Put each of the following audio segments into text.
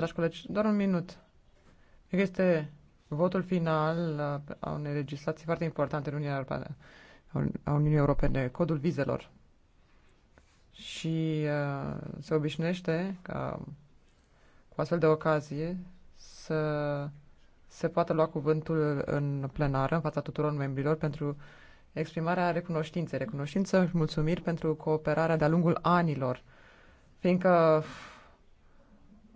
Dragi colegi, doar un minut. Este votul final uh, a unei legislații foarte importante în Uniunea Europeană, a Uniunii Europene, codul vizelor. Și uh, se obișnuiește ca cu astfel de ocazie să se poată lua cuvântul în plenară în fața tuturor membrilor pentru exprimarea recunoștinței. Recunoștință și mulțumiri pentru cooperarea de-a lungul anilor, fiindcă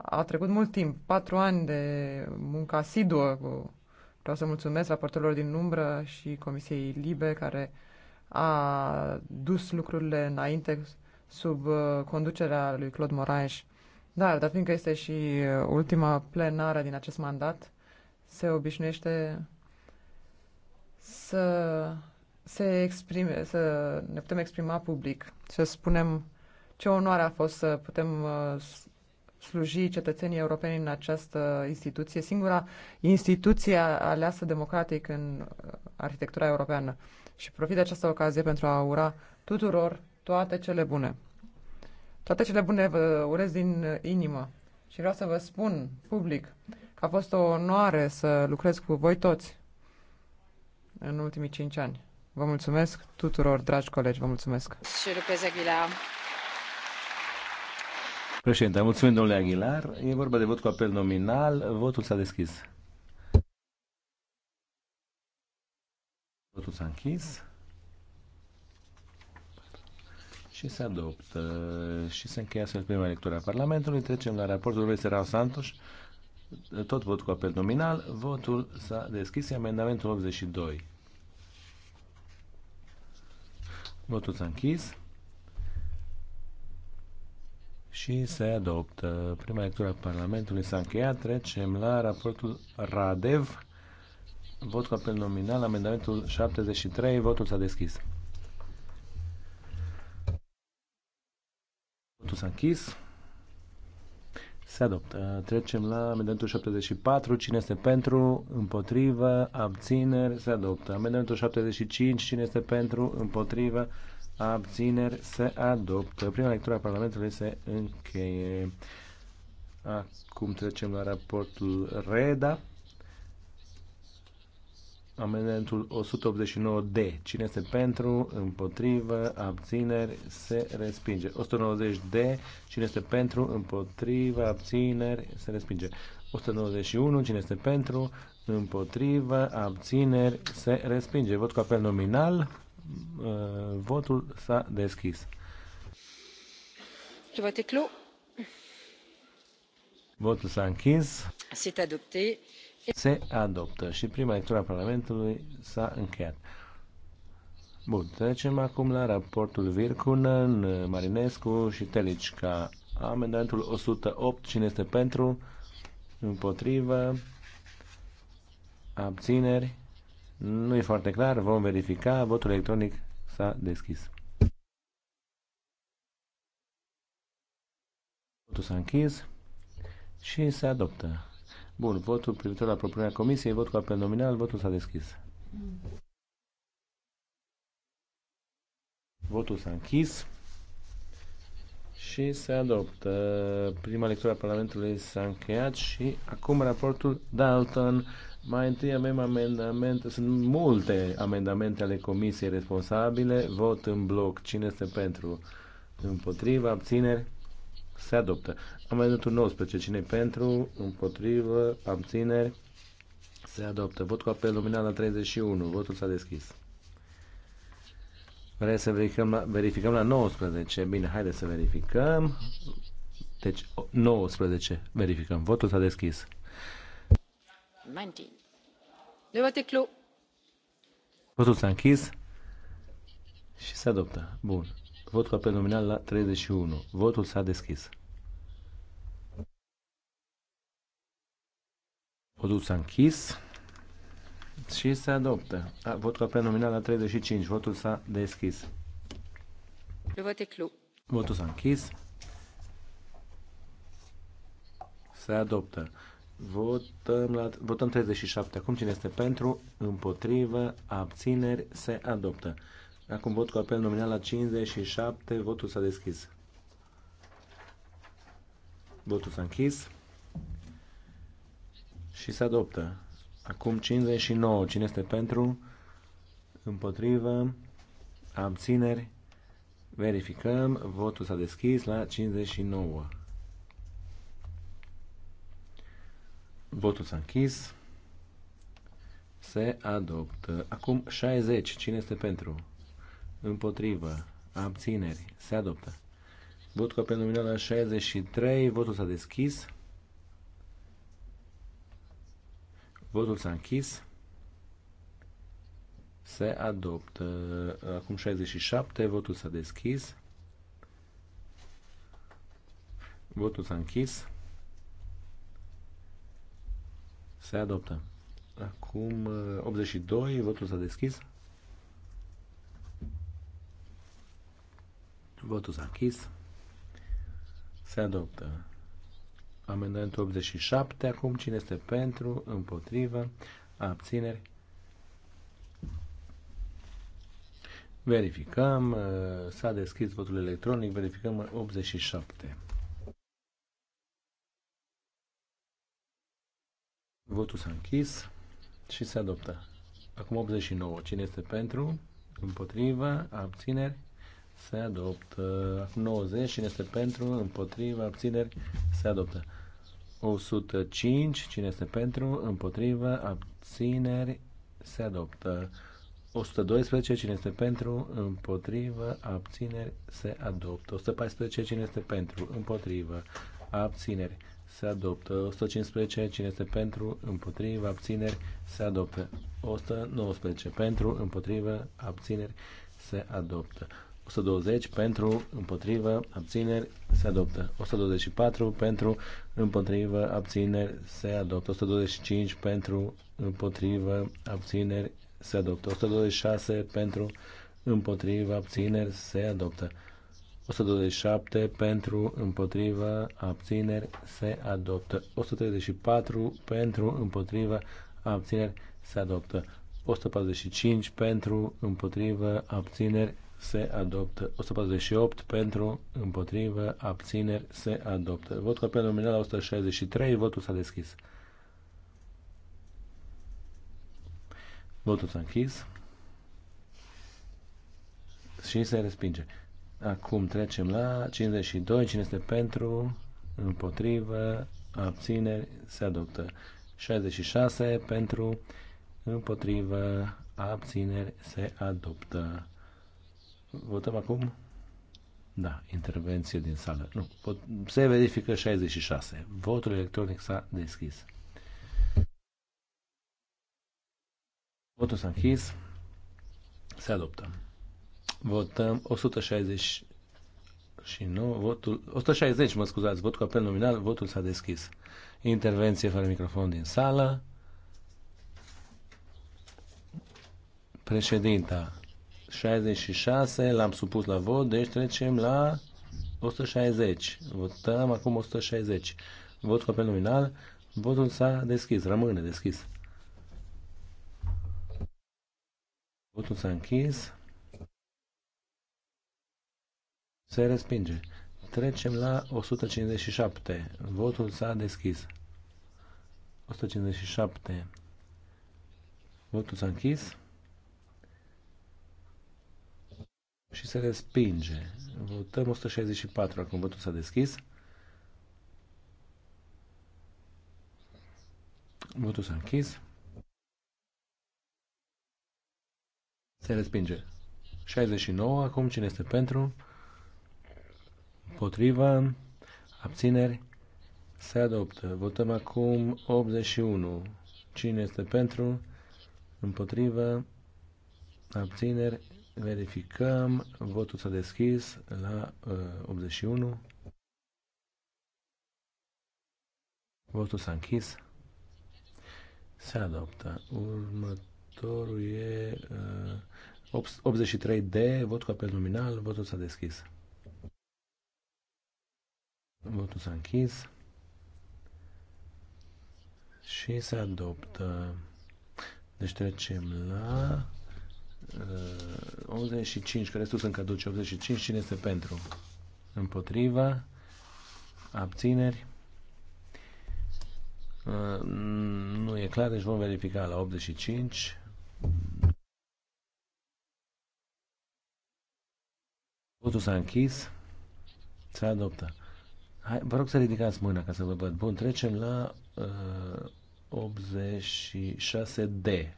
a trecut mult timp, patru ani de muncă asiduă. Cu... Vreau să mulțumesc raportorilor din umbră și Comisiei Libe care a dus lucrurile înainte sub uh, conducerea lui Claude Moraes. Da, dar fiindcă este și ultima plenară din acest mandat, se obișnuiește să se exprime, să ne putem exprima public, să spunem ce onoare a fost să putem uh, sluji cetățenii europeni în această instituție, singura instituție aleasă democratic în uh, arhitectura europeană. Și profit de această ocazie pentru a ura tuturor toate cele bune. Toate cele bune vă urez din inimă și vreau să vă spun public că a fost o onoare să lucrez cu voi toți în ultimii cinci ani. Vă mulțumesc tuturor, dragi colegi, vă mulțumesc. Și Lupez Aguilar. Președinte, mulțumim domnule Aguilar. E vorba de vot cu apel nominal. Votul s-a deschis. Votul s-a închis și se adoptă și se încheie astfel prima lectură a Parlamentului. Trecem la raportul lui Serau Santos, tot vot cu apel nominal. Votul s-a deschis, amendamentul 82. Votul s-a închis și se adoptă. Prima lectură a Parlamentului s-a încheiat. Trecem la raportul Radev. Vot cu apel nominal, amendamentul 73, votul s-a deschis. Votul s-a închis. Se adoptă. Trecem la amendamentul 74. Cine este pentru? Împotrivă? Abțineri? Se adoptă. Amendamentul 75. Cine este pentru? Împotrivă? abțineri, se adoptă. Prima lectură a Parlamentului se încheie. Acum trecem la raportul REDA. Amendamentul 189D. Cine este pentru, împotrivă, abțineri, se respinge. 190D. Cine este pentru, împotrivă, abțineri, se respinge. 191. Cine este pentru, împotrivă, abțineri, se respinge. Vot cu apel nominal. Uh, votul s-a deschis. Le vote clos. Votul s-a închis. C'est adopté. Se adoptă și prima lectură a Parlamentului s-a încheiat. Bun, trecem acum la raportul Virkunen, Marinescu și Telicca. Amendamentul 108, cine este pentru? Împotrivă? Abțineri? Nu e foarte clar, vom verifica. Votul electronic s-a deschis. Votul s-a închis și se adoptă. Bun, votul privitor la propunerea comisiei, votul cu apel nominal, votul s-a deschis. Votul s-a închis și se adoptă. Prima lectură a Parlamentului s-a încheiat și acum raportul Dalton mai întâi avem amendamente, sunt multe amendamente ale comisiei responsabile, vot în bloc, cine este pentru, împotriva, abțineri, se adoptă. Amendamentul 19, cine pentru, împotrivă, abțineri, se adoptă. Vot cu apel nominal la 31, votul s-a deschis. Vreau să verificăm la, verificăm la 19. Bine, haideți să verificăm. Deci, 19. Verificăm. Votul s-a deschis. Votul s-a închis și se adoptă. Bun. Votul pe nominal la 31. Votul s-a deschis. Votul s-a închis și se adoptă. Votul pe nominal la 35. Votul s-a deschis. Votul s-a închis. Se adoptă. Votăm, la, votăm 37. Acum cine este pentru, împotrivă, abțineri, se adoptă. Acum vot cu apel nominal la 57. Votul s-a deschis. Votul s-a închis. Și se adoptă. Acum 59. Cine este pentru? Împotrivă. Abțineri. Verificăm. Votul s-a deschis la 59. Votul s-a închis. Se adoptă. Acum 60. Cine este pentru? Împotrivă. Abțineri. Se adoptă. Vot cu apel nominal la 63. Votul s-a deschis. Votul s-a închis. Se adoptă. Acum 67. Votul s-a deschis. Votul s-a închis. Se adoptă. Acum 82, uh, votul s-a deschis. Votul s-a închis. Se adoptă. Amendamentul 87. Acum cine este pentru, împotrivă, abțineri? Verificăm. Uh, s-a deschis votul electronic. Verificăm 87. Votul s-a închis și se adoptă. Acum 89. Cine este pentru? Împotriva? Abțineri? Se adoptă. Acum 90. Cine este pentru? Împotriva? Abțineri? Se adoptă. 105. Cine este pentru? Împotriva? Abțineri? Se adoptă. 112. Cine este pentru? Împotriva? Abțineri? Se adoptă. 114. Cine este pentru? Împotriva? Abțineri? se adoptă. 115 cine este pentru, împotriva, abțineri, se adoptă. 119 pentru, împotriva, abțineri, se adoptă. 120 pentru, împotrivă, abțineri, se adoptă. 124 pentru, împotrivă, abțineri, se adoptă. 125 pentru, împotrivă, abțineri, se adoptă. 126 pentru, împotrivă, abțineri, se adoptă. 127 pentru, împotriva, abțineri, se adoptă. 134 pentru, împotriva, abțineri, se adoptă. 145 pentru, împotrivă, abțineri, se adoptă. 148 pentru, împotrivă, abțineri, se adoptă. Vot pe apel nominal 163, votul s-a deschis. Votul s-a închis și se respinge. Acum trecem la 52. Cine este pentru? Împotrivă? Abțineri? Se adoptă. 66. Pentru? Împotrivă? Abțineri? Se adoptă. Votăm acum? Da, intervenție din sală. Nu, pot, se verifică 66. Votul electronic s-a deschis. Votul s-a închis. Se adoptă. Votăm 169, votul, 160, mă scuzați, vot cu apel nominal, votul s-a deschis. Intervenție fără microfon din sală. Președinta, 66, l-am supus la vot, deci trecem la 160. Votăm acum 160. Vot cu apel nominal, votul s-a deschis, rămâne deschis. Votul s-a închis. Se respinge. Trecem la 157. Votul s-a deschis. 157. Votul s-a închis. Și se respinge. Votăm 164. Acum votul s-a deschis. Votul s-a închis. Se respinge. 69. Acum cine este pentru? Împotriva. Abțineri. Se adoptă. Votăm acum 81. Cine este pentru? Împotrivă. Abțineri. Verificăm. Votul s-a deschis la uh, 81. Votul s-a închis. Se adoptă. Următorul e uh, 83D. Vot cu apel nominal. Votul s-a deschis. Votul s-a închis și se adoptă. Deci trecem la uh, 85, care sus în caduce 85, cine este pentru? Împotriva, abțineri. Uh, nu e clar, deci vom verifica la 85. Votul s-a închis, se adoptă. Hai, vă rog să ridicați mâna ca să vă văd. Bun, trecem la uh, 86D.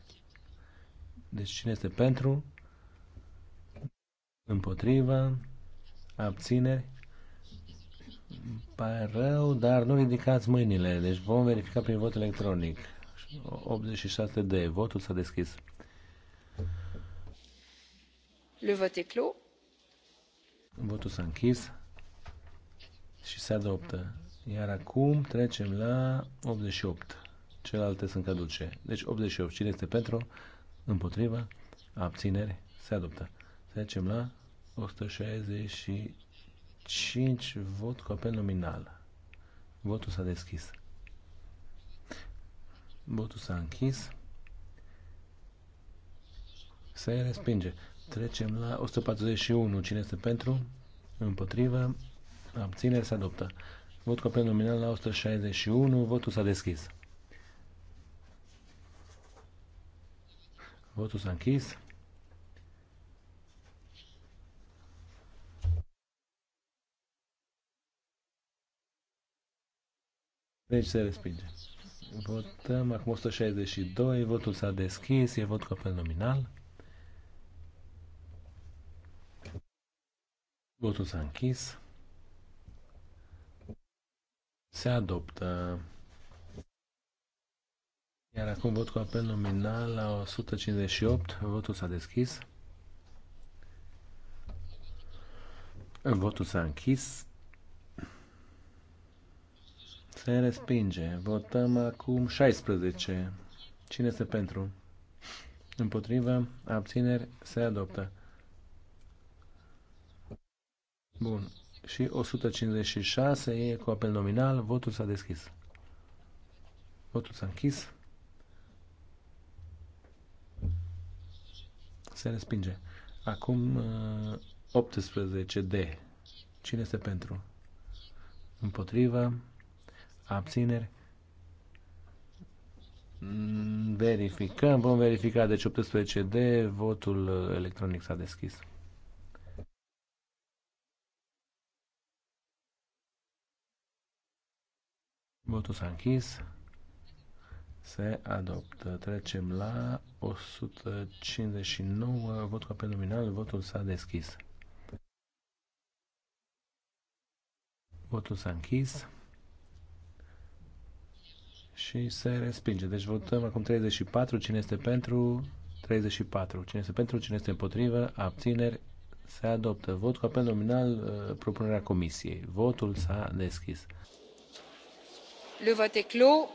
Deci cine este pentru? Împotriva? Abțineri? Pare rău, dar nu ridicați mâinile. Deci vom verifica prin vot electronic. 86D. Votul s-a deschis. Le vot e clos. Votul s-a închis și se adoptă. Iar acum trecem la 88. Celelalte sunt caduce. Deci 88. Cine este pentru? Împotriva? Abțineri? Se adoptă. Trecem la 165. Vot cu apel nominal. Votul s-a deschis. Votul s-a închis. Se respinge. Trecem la 141. Cine este pentru? Împotriva? abține, se adoptă. Vot cu apel nominal la 161, votul s-a deschis. Votul s-a închis. Deci se respinge. Votăm acum 162, votul s-a deschis, e vot cu apel nominal. Votul s-a închis. Se adoptă. Iar acum vot cu apel nominal la 158. Votul s-a deschis. Votul s-a închis. Se respinge. Votăm acum 16. Cine este pentru? Împotrivă, abțineri, se adoptă. Bun și 156 e cu apel nominal. Votul s-a deschis. Votul s-a închis. Se respinge. Acum 18 uh, D. Cine este pentru? Împotriva? Abțineri? Mm, verificăm, vom verifica. Deci 18 D, votul uh, electronic s-a deschis. Votul s-a închis. Se adoptă. Trecem la 159. Votul cu apel nominal. Votul s-a deschis. Votul s-a închis. Și se respinge. Deci votăm acum 34. Cine este pentru? 34. Cine este pentru? Cine este împotrivă? Abțineri? Se adoptă. Votul cu apel nominal. Uh, propunerea comisiei. Votul s-a deschis. Le vote est clos.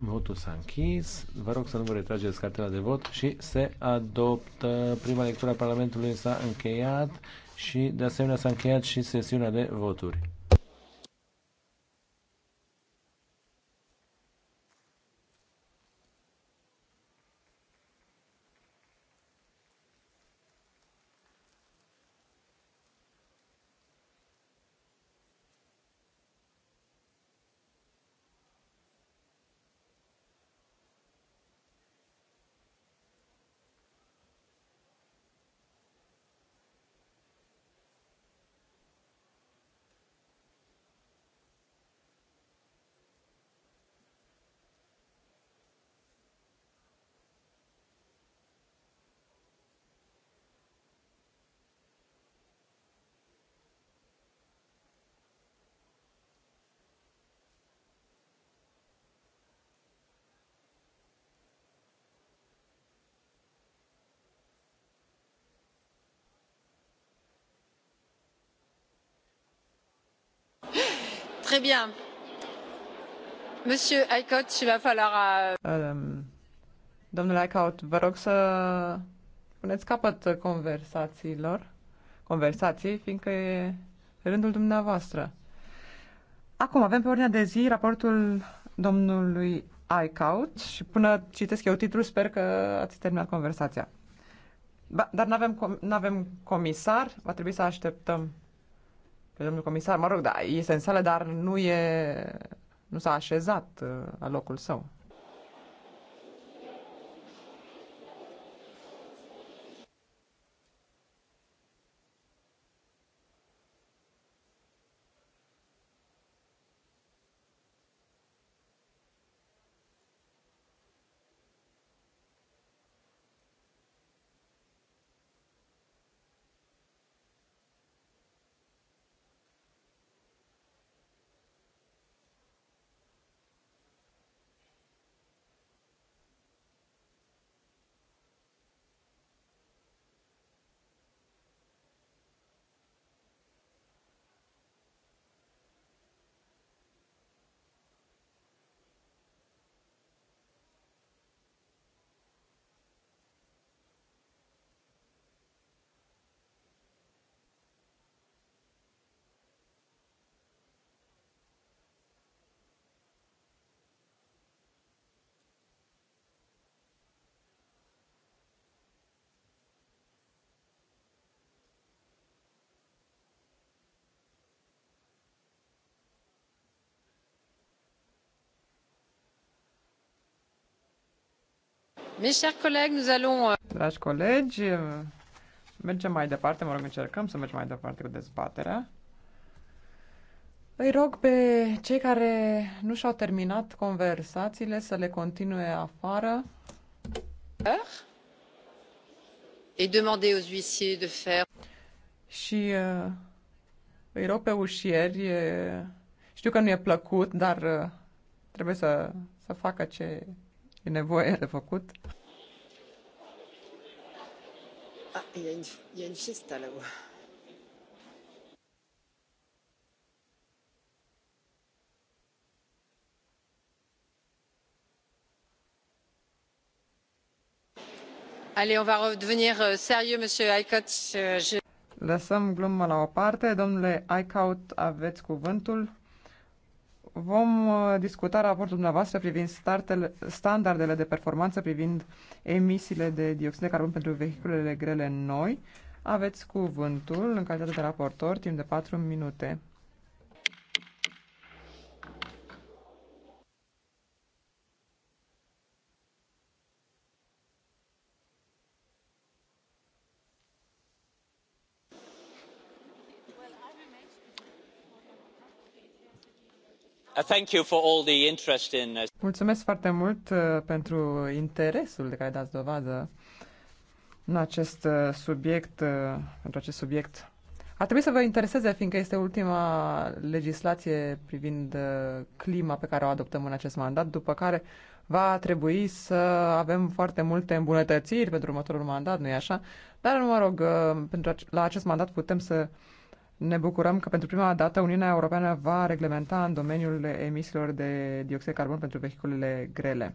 Votul s-a închis. Vă rog să nu vă retrageți cartela de vot și se adoptă. Prima lectură a Parlamentului s-a încheiat și de asemenea s-a încheiat și sesiunea de voturi. Très bien. Monsieur Aikot, il va falloir... Um, domnule Aikot, vă rog să puneți capăt conversațiilor, conversației, fiindcă e rândul dumneavoastră. Acum avem pe ordinea de zi raportul domnului iCout și până citesc eu titlul, sper că ați terminat conversația. Ba, dar nu avem com- avem comisar, va trebui să așteptăm pe domnul comisar. Mă rog, da, este în sală, dar nu e... nu s-a așezat uh, la locul său. Euh, Dragi colegi, mergem mai departe, mă rog, încercăm să mergem mai departe cu dezbaterea. Îi rog pe cei care nu și-au terminat conversațiile să le continue afară. Et demander aux huissiers de faire. Și uh, îi rog pe ușieri, uh, știu că nu e plăcut, dar uh, trebuie să, să facă ce e nevoie de făcut. Ah, e y a une, il y Allez, on va redevenir euh, sérieux, monsieur Aikot. Euh, je... Lăsăm gluma la o parte. Domnule Aikot, aveți cuvântul vom uh, discuta raportul dumneavoastră privind startele, standardele de performanță privind emisiile de dioxid de carbon pentru vehiculele grele noi. Aveți cuvântul în calitate de raportor timp de 4 minute. Uh, uh, Mulțumesc foarte mult uh, pentru interesul de care dați dovadă în acest subiect, pentru acest subiect. A trebui să vă intereseze, fiindcă este ultima legislație privind clima pe care o adoptăm în acest mandat, după care va trebui să avem foarte multe îmbunătățiri pentru următorul mandat, nu-i așa? Dar, mă rog, pentru, la acest mandat putem să ne bucurăm că pentru prima dată Uniunea Europeană va reglementa în domeniul emisiilor de dioxid de carbon pentru vehiculele grele.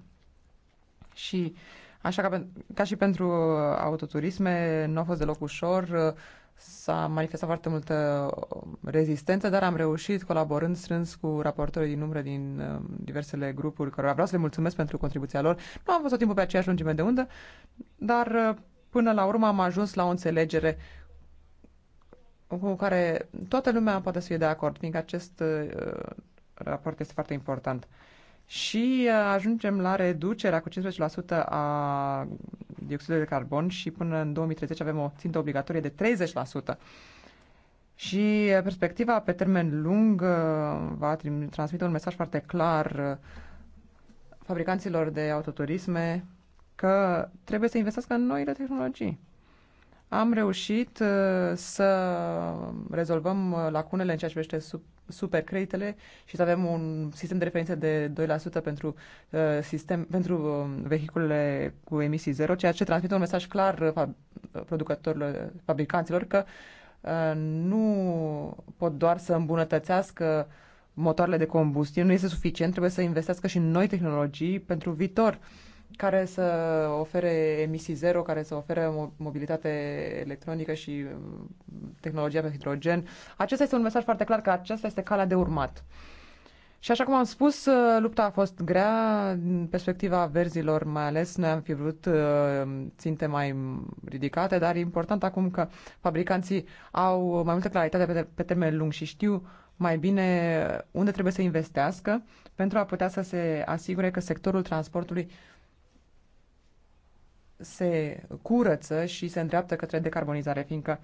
Și așa ca, ca și pentru uh, autoturisme, nu a fost deloc ușor. Uh, s-a manifestat foarte multă uh, rezistență, dar am reușit, colaborând strâns cu raportorii din umbră din diversele grupuri, cărora vreau să le mulțumesc pentru contribuția lor. Nu am fost tot timpul pe aceeași lungime de undă, dar până la urmă am ajuns la o înțelegere cu care toată lumea poate să fie de acord, fiindcă acest uh, raport este foarte important. Și uh, ajungem la reducerea cu 15% a dioxidului de carbon și până în 2030 avem o țintă obligatorie de 30%. Și uh, perspectiva pe termen lung uh, va transmite un mesaj foarte clar uh, fabricanților de autoturisme că trebuie să investească în noile tehnologii am reușit uh, să rezolvăm uh, lacunele în ceea ce privește supercreditele și să avem un sistem de referință de 2% pentru, uh, sistem, pentru vehiculele cu emisii zero, ceea ce transmite un mesaj clar producătorilor, fabricanților că nu pot doar să îmbunătățească motoarele de combustie, nu este suficient, trebuie să investească și în noi tehnologii pentru viitor care să ofere emisii zero, care să ofere mobilitate electronică și mm, tehnologia pe hidrogen. Acesta este un mesaj foarte clar că aceasta este calea de urmat. Și așa cum am spus, uh, lupta a fost grea din perspectiva verzilor, mai ales noi am fi vrut uh, ținte mai ridicate, dar e important acum că fabricanții au mai multă claritate pe termen lung și știu mai bine unde trebuie să investească pentru a putea să se asigure că sectorul transportului se curăță și se îndreaptă către decarbonizare, fiindcă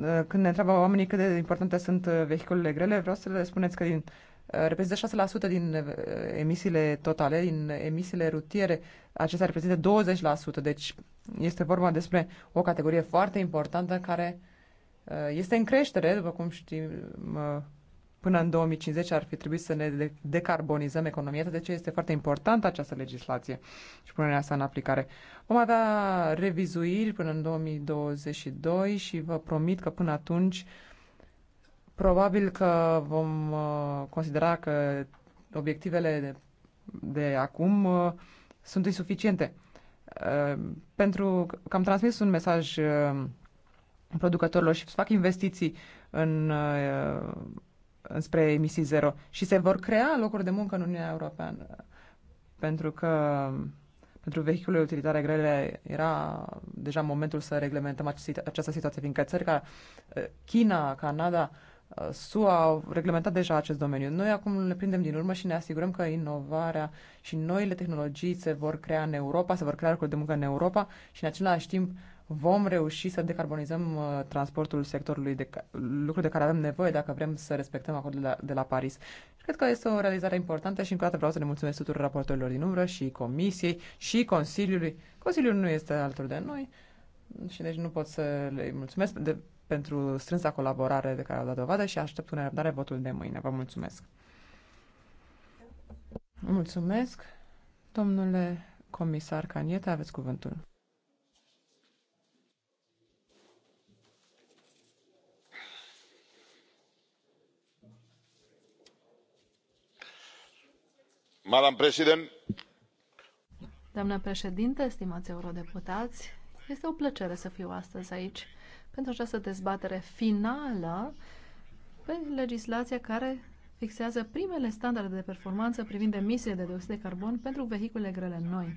uh, când ne întreabă oamenii cât de importante sunt uh, vehiculele grele, vreau să le spuneți că din uh, reprezintă 6% din emisiile totale, din emisiile rutiere, acestea reprezintă 20%, deci este vorba despre o categorie foarte importantă care este în creștere, după cum știm, până în 2050 ar fi trebuit să ne decarbonizăm economia, de ce este foarte importantă această legislație și punerea sa în aplicare. Vom avea revizuiri până în 2022 și vă promit că până atunci probabil că vom uh, considera că obiectivele de, de acum uh, sunt insuficiente. Uh, pentru că am transmis un mesaj producătorilor și fac investiții în spre emisii zero și se vor crea locuri de muncă în Uniunea Europeană. Pentru că pentru vehiculele utilitare grele era deja momentul să reglementăm această situație, fiindcă țări ca eh, China, Canada, eh, SUA au reglementat deja acest domeniu. Noi acum le prindem din urmă și ne asigurăm că inovarea și noile tehnologii se vor crea în Europa, se vor crea locuri de muncă în Europa și în același timp vom reuși să decarbonizăm uh, transportul sectorului, de, lucru de care avem nevoie dacă vrem să respectăm acordul de la, de la Paris. Și cred că este o realizare importantă și încă o dată vreau să le mulțumesc tuturor raportorilor din umbră și Comisiei și Consiliului. Consiliul nu este altul de noi și deci nu pot să le mulțumesc de, pentru strânsa colaborare de care au dat dovadă și aștept cu nerăbdare votul de mâine. Vă mulțumesc! Mulțumesc! Domnule comisar Canieta, aveți cuvântul. doamnă președintă stimați eurodeputați este o plăcere să fiu astăzi aici pentru această dezbatere finală pe legislația care fixează primele standarde de performanță privind emisiile de dioxid de carbon pentru vehiculele grele noi.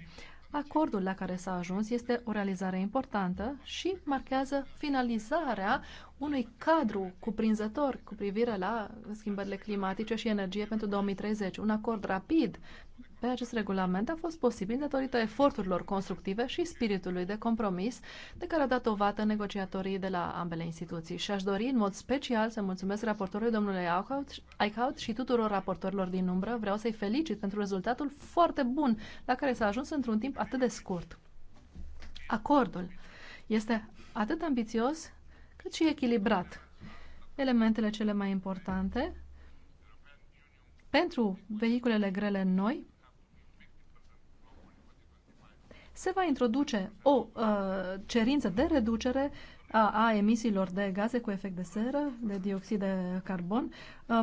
Acordul la care s-a ajuns este o realizare importantă și marchează finalizarea unui cadru cuprinzător cu privire la schimbările climatice și energie pentru 2030. Un acord rapid pe acest regulament a fost posibil datorită eforturilor constructive și spiritului de compromis de care a dat ovată negociatorii de la ambele instituții. Și aș dori în mod special să mulțumesc raportorului domnului Eichhout și tuturor raportorilor din umbră. Vreau să-i felicit pentru rezultatul foarte bun la care s-a ajuns într-un timp atât de scurt. Acordul este atât ambițios cât și echilibrat elementele cele mai importante pentru vehiculele grele noi, se va introduce o uh, cerință de reducere a, a emisiilor de gaze cu efect de seră, de dioxid de carbon, uh,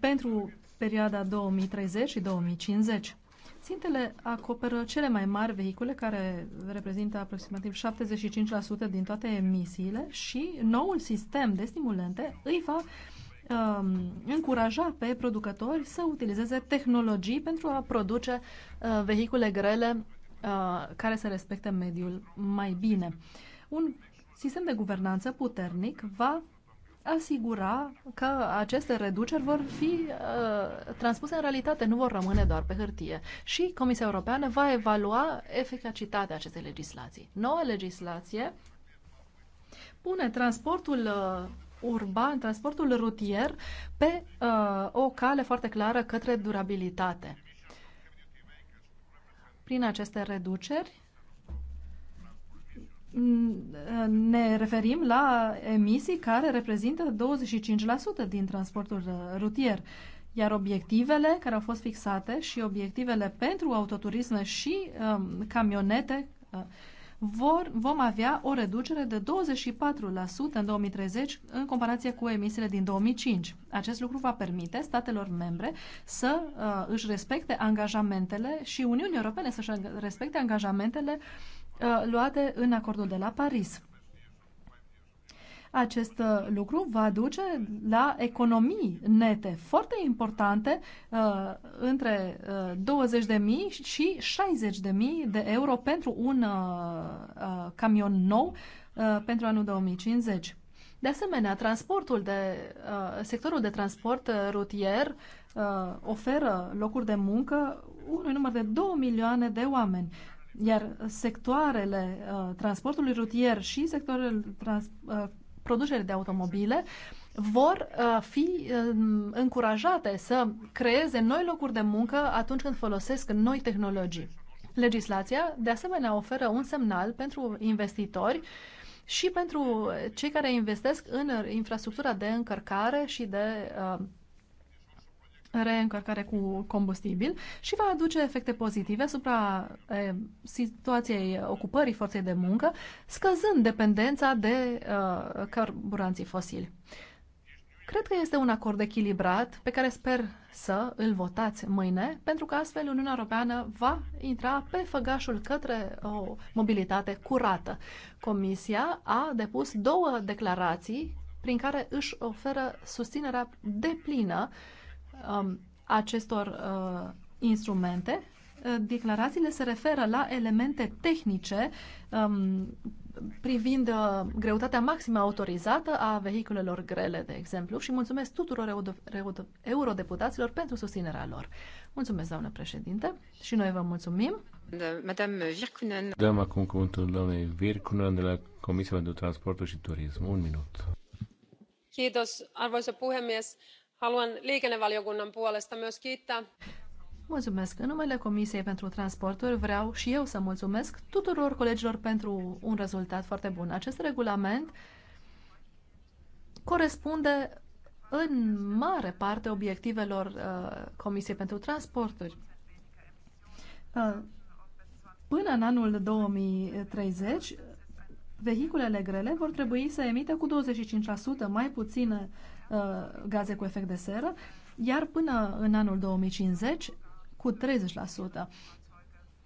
pentru perioada 2030 și 2050. Țintele acoperă cele mai mari vehicule, care reprezintă aproximativ 75% din toate emisiile și noul sistem de stimulente îi va um, încuraja pe producători să utilizeze tehnologii pentru a produce uh, vehicule grele uh, care să respecte mediul mai bine. Un sistem de guvernanță puternic va asigura că aceste reduceri vor fi uh, transpuse în realitate, nu vor rămâne doar pe hârtie. Și Comisia Europeană va evalua eficacitatea acestei legislații. Noua legislație pune transportul uh, urban, transportul rutier, pe uh, o cale foarte clară către durabilitate. Prin aceste reduceri, Mm, ne referim la emisii care reprezintă 25% din transportul uh, rutier. Iar obiectivele care au fost fixate și obiectivele pentru autoturisme și um, camionete uh, vor, vom avea o reducere de 24% în 2030 în comparație cu emisiile din 2005. Acest lucru va permite statelor membre să uh, își respecte angajamentele și Uniunii Europene să-și respecte angajamentele uh, Uh, luate în acordul de la Paris. Acest uh, lucru va duce la economii nete foarte importante uh, între 20.000 și 60.000 de euro pentru un camion nou pentru anul 2050. De asemenea, transportul de, sectorul de transport rutier oferă locuri de muncă unui număr de 2 milioane de oameni. Iar sectoarele uh, transportului rutier și sectoarele trans, uh, producerii de automobile vor uh, fi uh, încurajate să creeze noi locuri de muncă atunci când folosesc noi tehnologii. Legislația, de asemenea, oferă un semnal pentru investitori și pentru cei care investesc în infrastructura de încărcare și de uh, reîncărcare cu combustibil și va aduce efecte pozitive asupra e, situației ocupării forței de muncă, scăzând dependența de e, carburanții fosili. Cred că este un acord echilibrat pe care sper să îl votați mâine, pentru că astfel Uniunea Europeană va intra pe făgașul către o mobilitate curată. Comisia a depus două declarații prin care își oferă susținerea deplină uh, um, acestor uh, instrumente, uh, declarațiile se referă la elemente tehnice um, privind uh, greutatea maximă autorizată a vehiculelor grele, de exemplu, și mulțumesc tuturor eurodeputaților pentru susținerea lor. Mulțumesc, doamnă președinte, și noi vă mulțumim. Dăm acum cuvântul doamnei Virkunen de la Comisia pentru Transportul și Turism. Un minut. Kiitos, arvoisa puhemies. Haluan liikennevaliokunnan puolesta myös kiittää. Mulțumesc. În numele Comisiei pentru Transporturi vreau și eu să mulțumesc tuturor colegilor pentru un rezultat foarte bun. Acest regulament corespunde în mare parte obiectivelor uh, Comisiei pentru Transporturi. Uh, până în anul 2030, vehiculele grele vor trebui să emită cu 25% mai puține Uh, gaze cu efect de seră, iar până în anul 2050 cu 30%.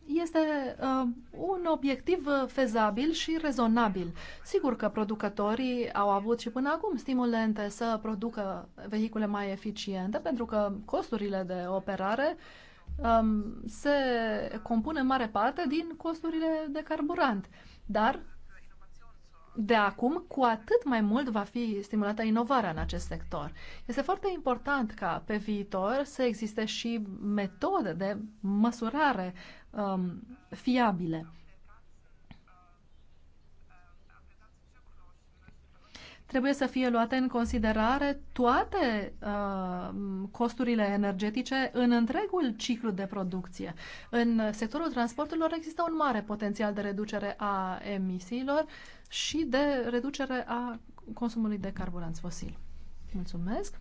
Este uh, un obiectiv uh, fezabil și rezonabil. Sigur că producătorii au avut și până acum stimulente să producă vehicule mai eficiente, pentru că costurile de operare um, se compun în mare parte din costurile de carburant. Dar de acum, cu atât mai mult va fi stimulată inovarea în acest sector. Este foarte important ca pe viitor să existe și metode de măsurare um, fiabile. Trebuie să fie luate în considerare toate uh, costurile energetice în întregul ciclu de producție. În sectorul transporturilor există un mare potențial de reducere a emisiilor uh, și de reducere a consumului de carburanți fosili. Mulțumesc.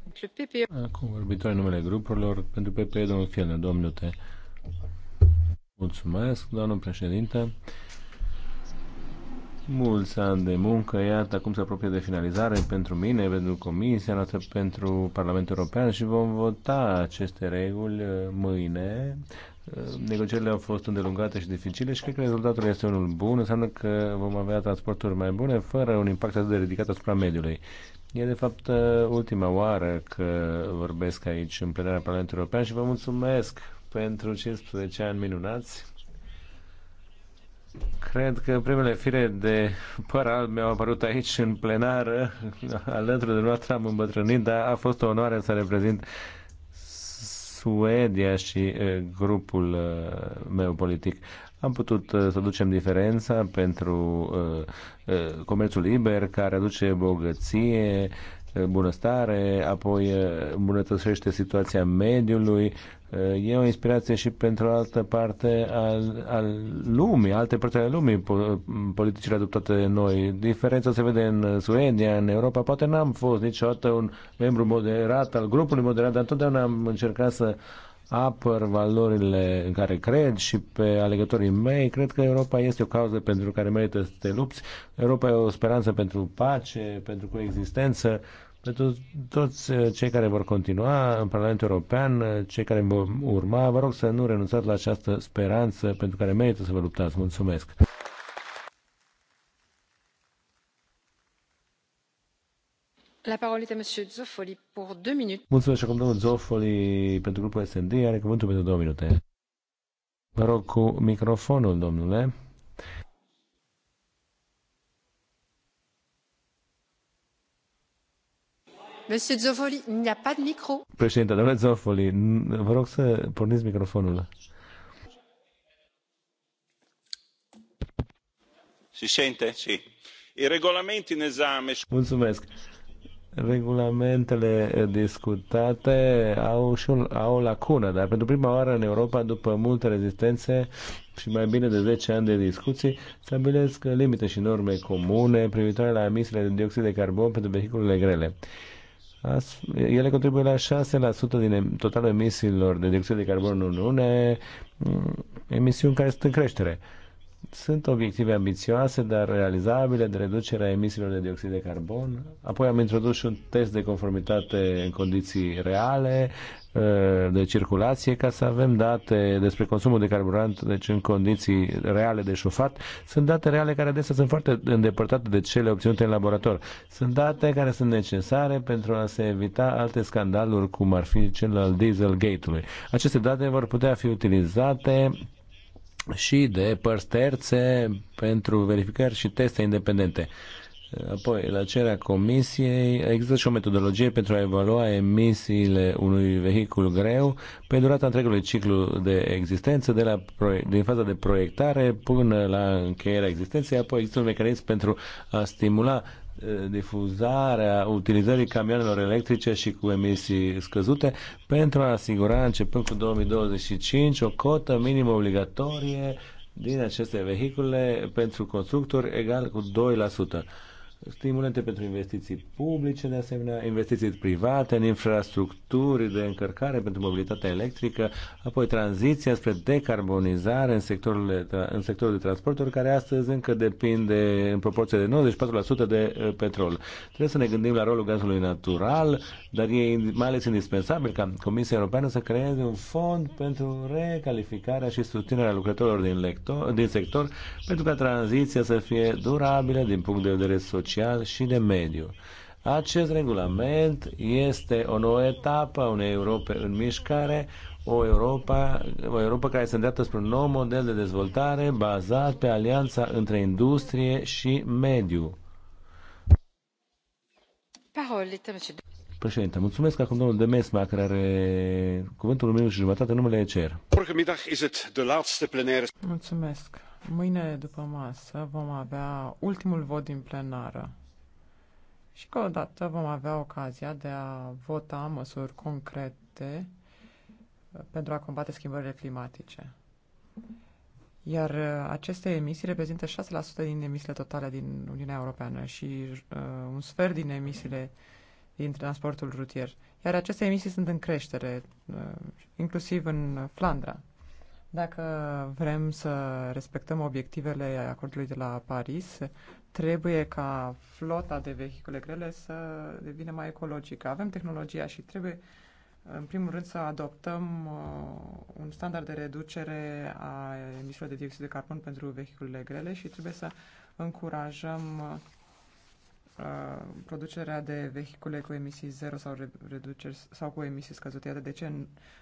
Acum vorbitoare numele grupurilor pentru Pe domnul Fielner, două minute. Mulțumesc, doamnă președinte. Mulți ani de muncă, iată acum se apropie de finalizare pentru mine, pentru Comisia noastră, pentru Parlamentul European și vom vota aceste reguli uh, mâine Negocierile au fost îndelungate și dificile și cred că rezultatul este unul bun. Înseamnă că vom avea transporturi mai bune fără un impact atât de ridicat asupra mediului. E de fapt ultima oară că vorbesc aici în plenarea Parlamentului European și vă mulțumesc pentru 15 ani minunați. Cred că primele fire de păr alb mi-au apărut aici în plenară. Alături de noastră am îmbătrânit, dar a fost o onoare să reprezint Suedia și grupul meu politic. Am putut să ducem diferența pentru comerțul liber care aduce bogăție, bunăstare, apoi îmbunătățește situația mediului. E o inspirație și pentru altă parte al, al lumii, alte părți ale lumii, politicile adoptate de noi. Diferența se vede în Suedia, în Europa. Poate n-am fost niciodată un membru moderat al grupului moderat, dar întotdeauna am încercat să apăr valorile în care cred și pe alegătorii mei. Cred că Europa este o cauză pentru care merită să te lupți. Europa e o speranță pentru pace, pentru coexistență pentru toți eh, cei care vor continua în Parlamentul European, eh, cei care vor urma, vă rog să nu renunțați la această speranță pentru care merită să vă luptați. Mulțumesc! La parole este Monsieur Zofoli pour deux minutes. Mulțumesc acum domnul Zoffoli pentru grupul SND are cuvântul pentru două minute. Vă rog cu microfonul, domnule. Monsieur Zofoli, il n'y a pas de micro. Președinte, domnule Zofoli, vă rog să porniți microfonul. Si sente? Sì. I regolamenti in esame... Mulțumesc. Regulamentele eh, discutate au și un, au o lacună, dar pentru prima oară în Europa, după multe rezistențe și mai bine de 10 ani de discuții, stabilesc limite și norme comune privitoare la emisiile de dioxid de carbon pentru vehiculele grele. Ele contribuie la 6% din totalul emisiilor de dioxid de carbon în Uniune, mm, emisiuni care sunt în creștere. Sunt obiective ambițioase, dar realizabile de reducerea emisiilor de dioxid de carbon. Apoi am introdus și un test de conformitate în condiții reale, Uh, de circulație ca să avem date despre consumul de carburant, deci în condiții reale de șofat. Sunt date reale care adesea sunt foarte îndepărtate de cele obținute în laborator. Sunt date care sunt necesare pentru a se evita alte scandaluri, cum ar fi cel al Dieselgate-ului. Aceste date vor putea fi utilizate și de părți terțe pentru verificări și teste independente. Apoi, la cererea comisiei, există și o metodologie pentru a evalua emisiile unui vehicul greu pe durata întregului ciclu de existență, de la din faza de proiectare până la încheierea existenței. Apoi există un mecanism pentru a stimula eh, difuzarea utilizării camioanelor electrice și cu emisii scăzute pentru a asigura, începând cu 2025, o cotă minimă obligatorie din aceste vehicule pentru constructori egal cu 2% stimulente pentru investiții publice, de asemenea, investiții private în infrastructuri de încărcare pentru mobilitatea electrică, apoi tranziția spre decarbonizare în sectorul, în sectorul de transporturi, care astăzi încă depinde în proporție de 94% de uh, petrol. Trebuie să ne gândim la rolul gazului natural, dar e mai ales indispensabil ca Comisia Europeană să creeze un fond pentru recalificarea și susținerea lucrătorilor din, lector, din sector, pentru ca tranziția să fie durabilă din punct de vedere social social și de mediu. Acest regulament este o nouă etapă a unei Europe în mișcare, o Europa, o Europa care se îndreaptă spre un nou model de dezvoltare bazat pe alianța între industrie și mediu. Președinte, mulțumesc acum domnul Demesma, care are cuvântul meu și jumătate numele cer. Mulțumesc. Mâine după masă vom avea ultimul vot din plenară și că odată vom avea ocazia de a vota măsuri concrete uh, pentru a combate schimbările climatice. Iar uh, aceste emisii reprezintă 6% din emisiile totale din Uniunea Europeană și uh, un sfert din emisiile din transportul rutier. Iar aceste emisii sunt în creștere, uh, inclusiv în Flandra. Dacă vrem să respectăm obiectivele acordului de la Paris, trebuie ca flota de vehicule grele să devină mai ecologică. Avem tehnologia și trebuie, în primul rând, să adoptăm uh, un standard de reducere a emisiilor de dioxid de carbon pentru vehiculele grele și trebuie să încurajăm uh, producerea de vehicule cu emisii zero sau reduceri sau cu emisii scăzute. Iată de ce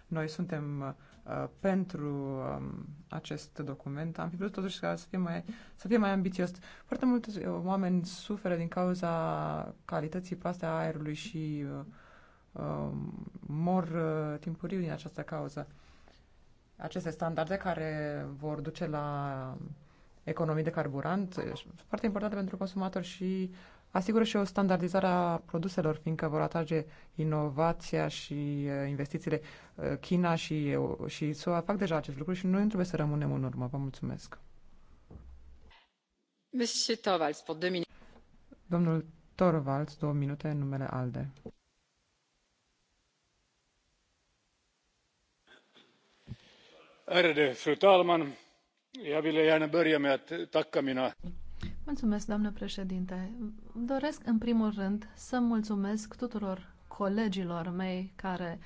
noi suntem uh, Uh, pentru um, acest document. Am fi vrut totuși ca să fie mai, să fie mai ambițios. Foarte mulți uh, oameni suferă din cauza calității proaste a aerului și uh, um, mor uh, timpuriu din această cauză. Aceste standarde care vor duce la economii de carburant, uh, foarte importante pentru consumatori și asigură și o standardizare a produselor, fiindcă vor atrage inovația și uh, investițiile. Uh, China și, și SUA fac deja acest lucru și noi nu trebuie să rămânem în urmă. Vă mulțumesc. Domnul Torvalds, două minute în numele ALDE. Ärade fru talman! Jag ville gärna börja med att tacka mina Mulțumesc, doamnă președinte. Doresc, în primul rând, să mulțumesc tuturor colegilor mei care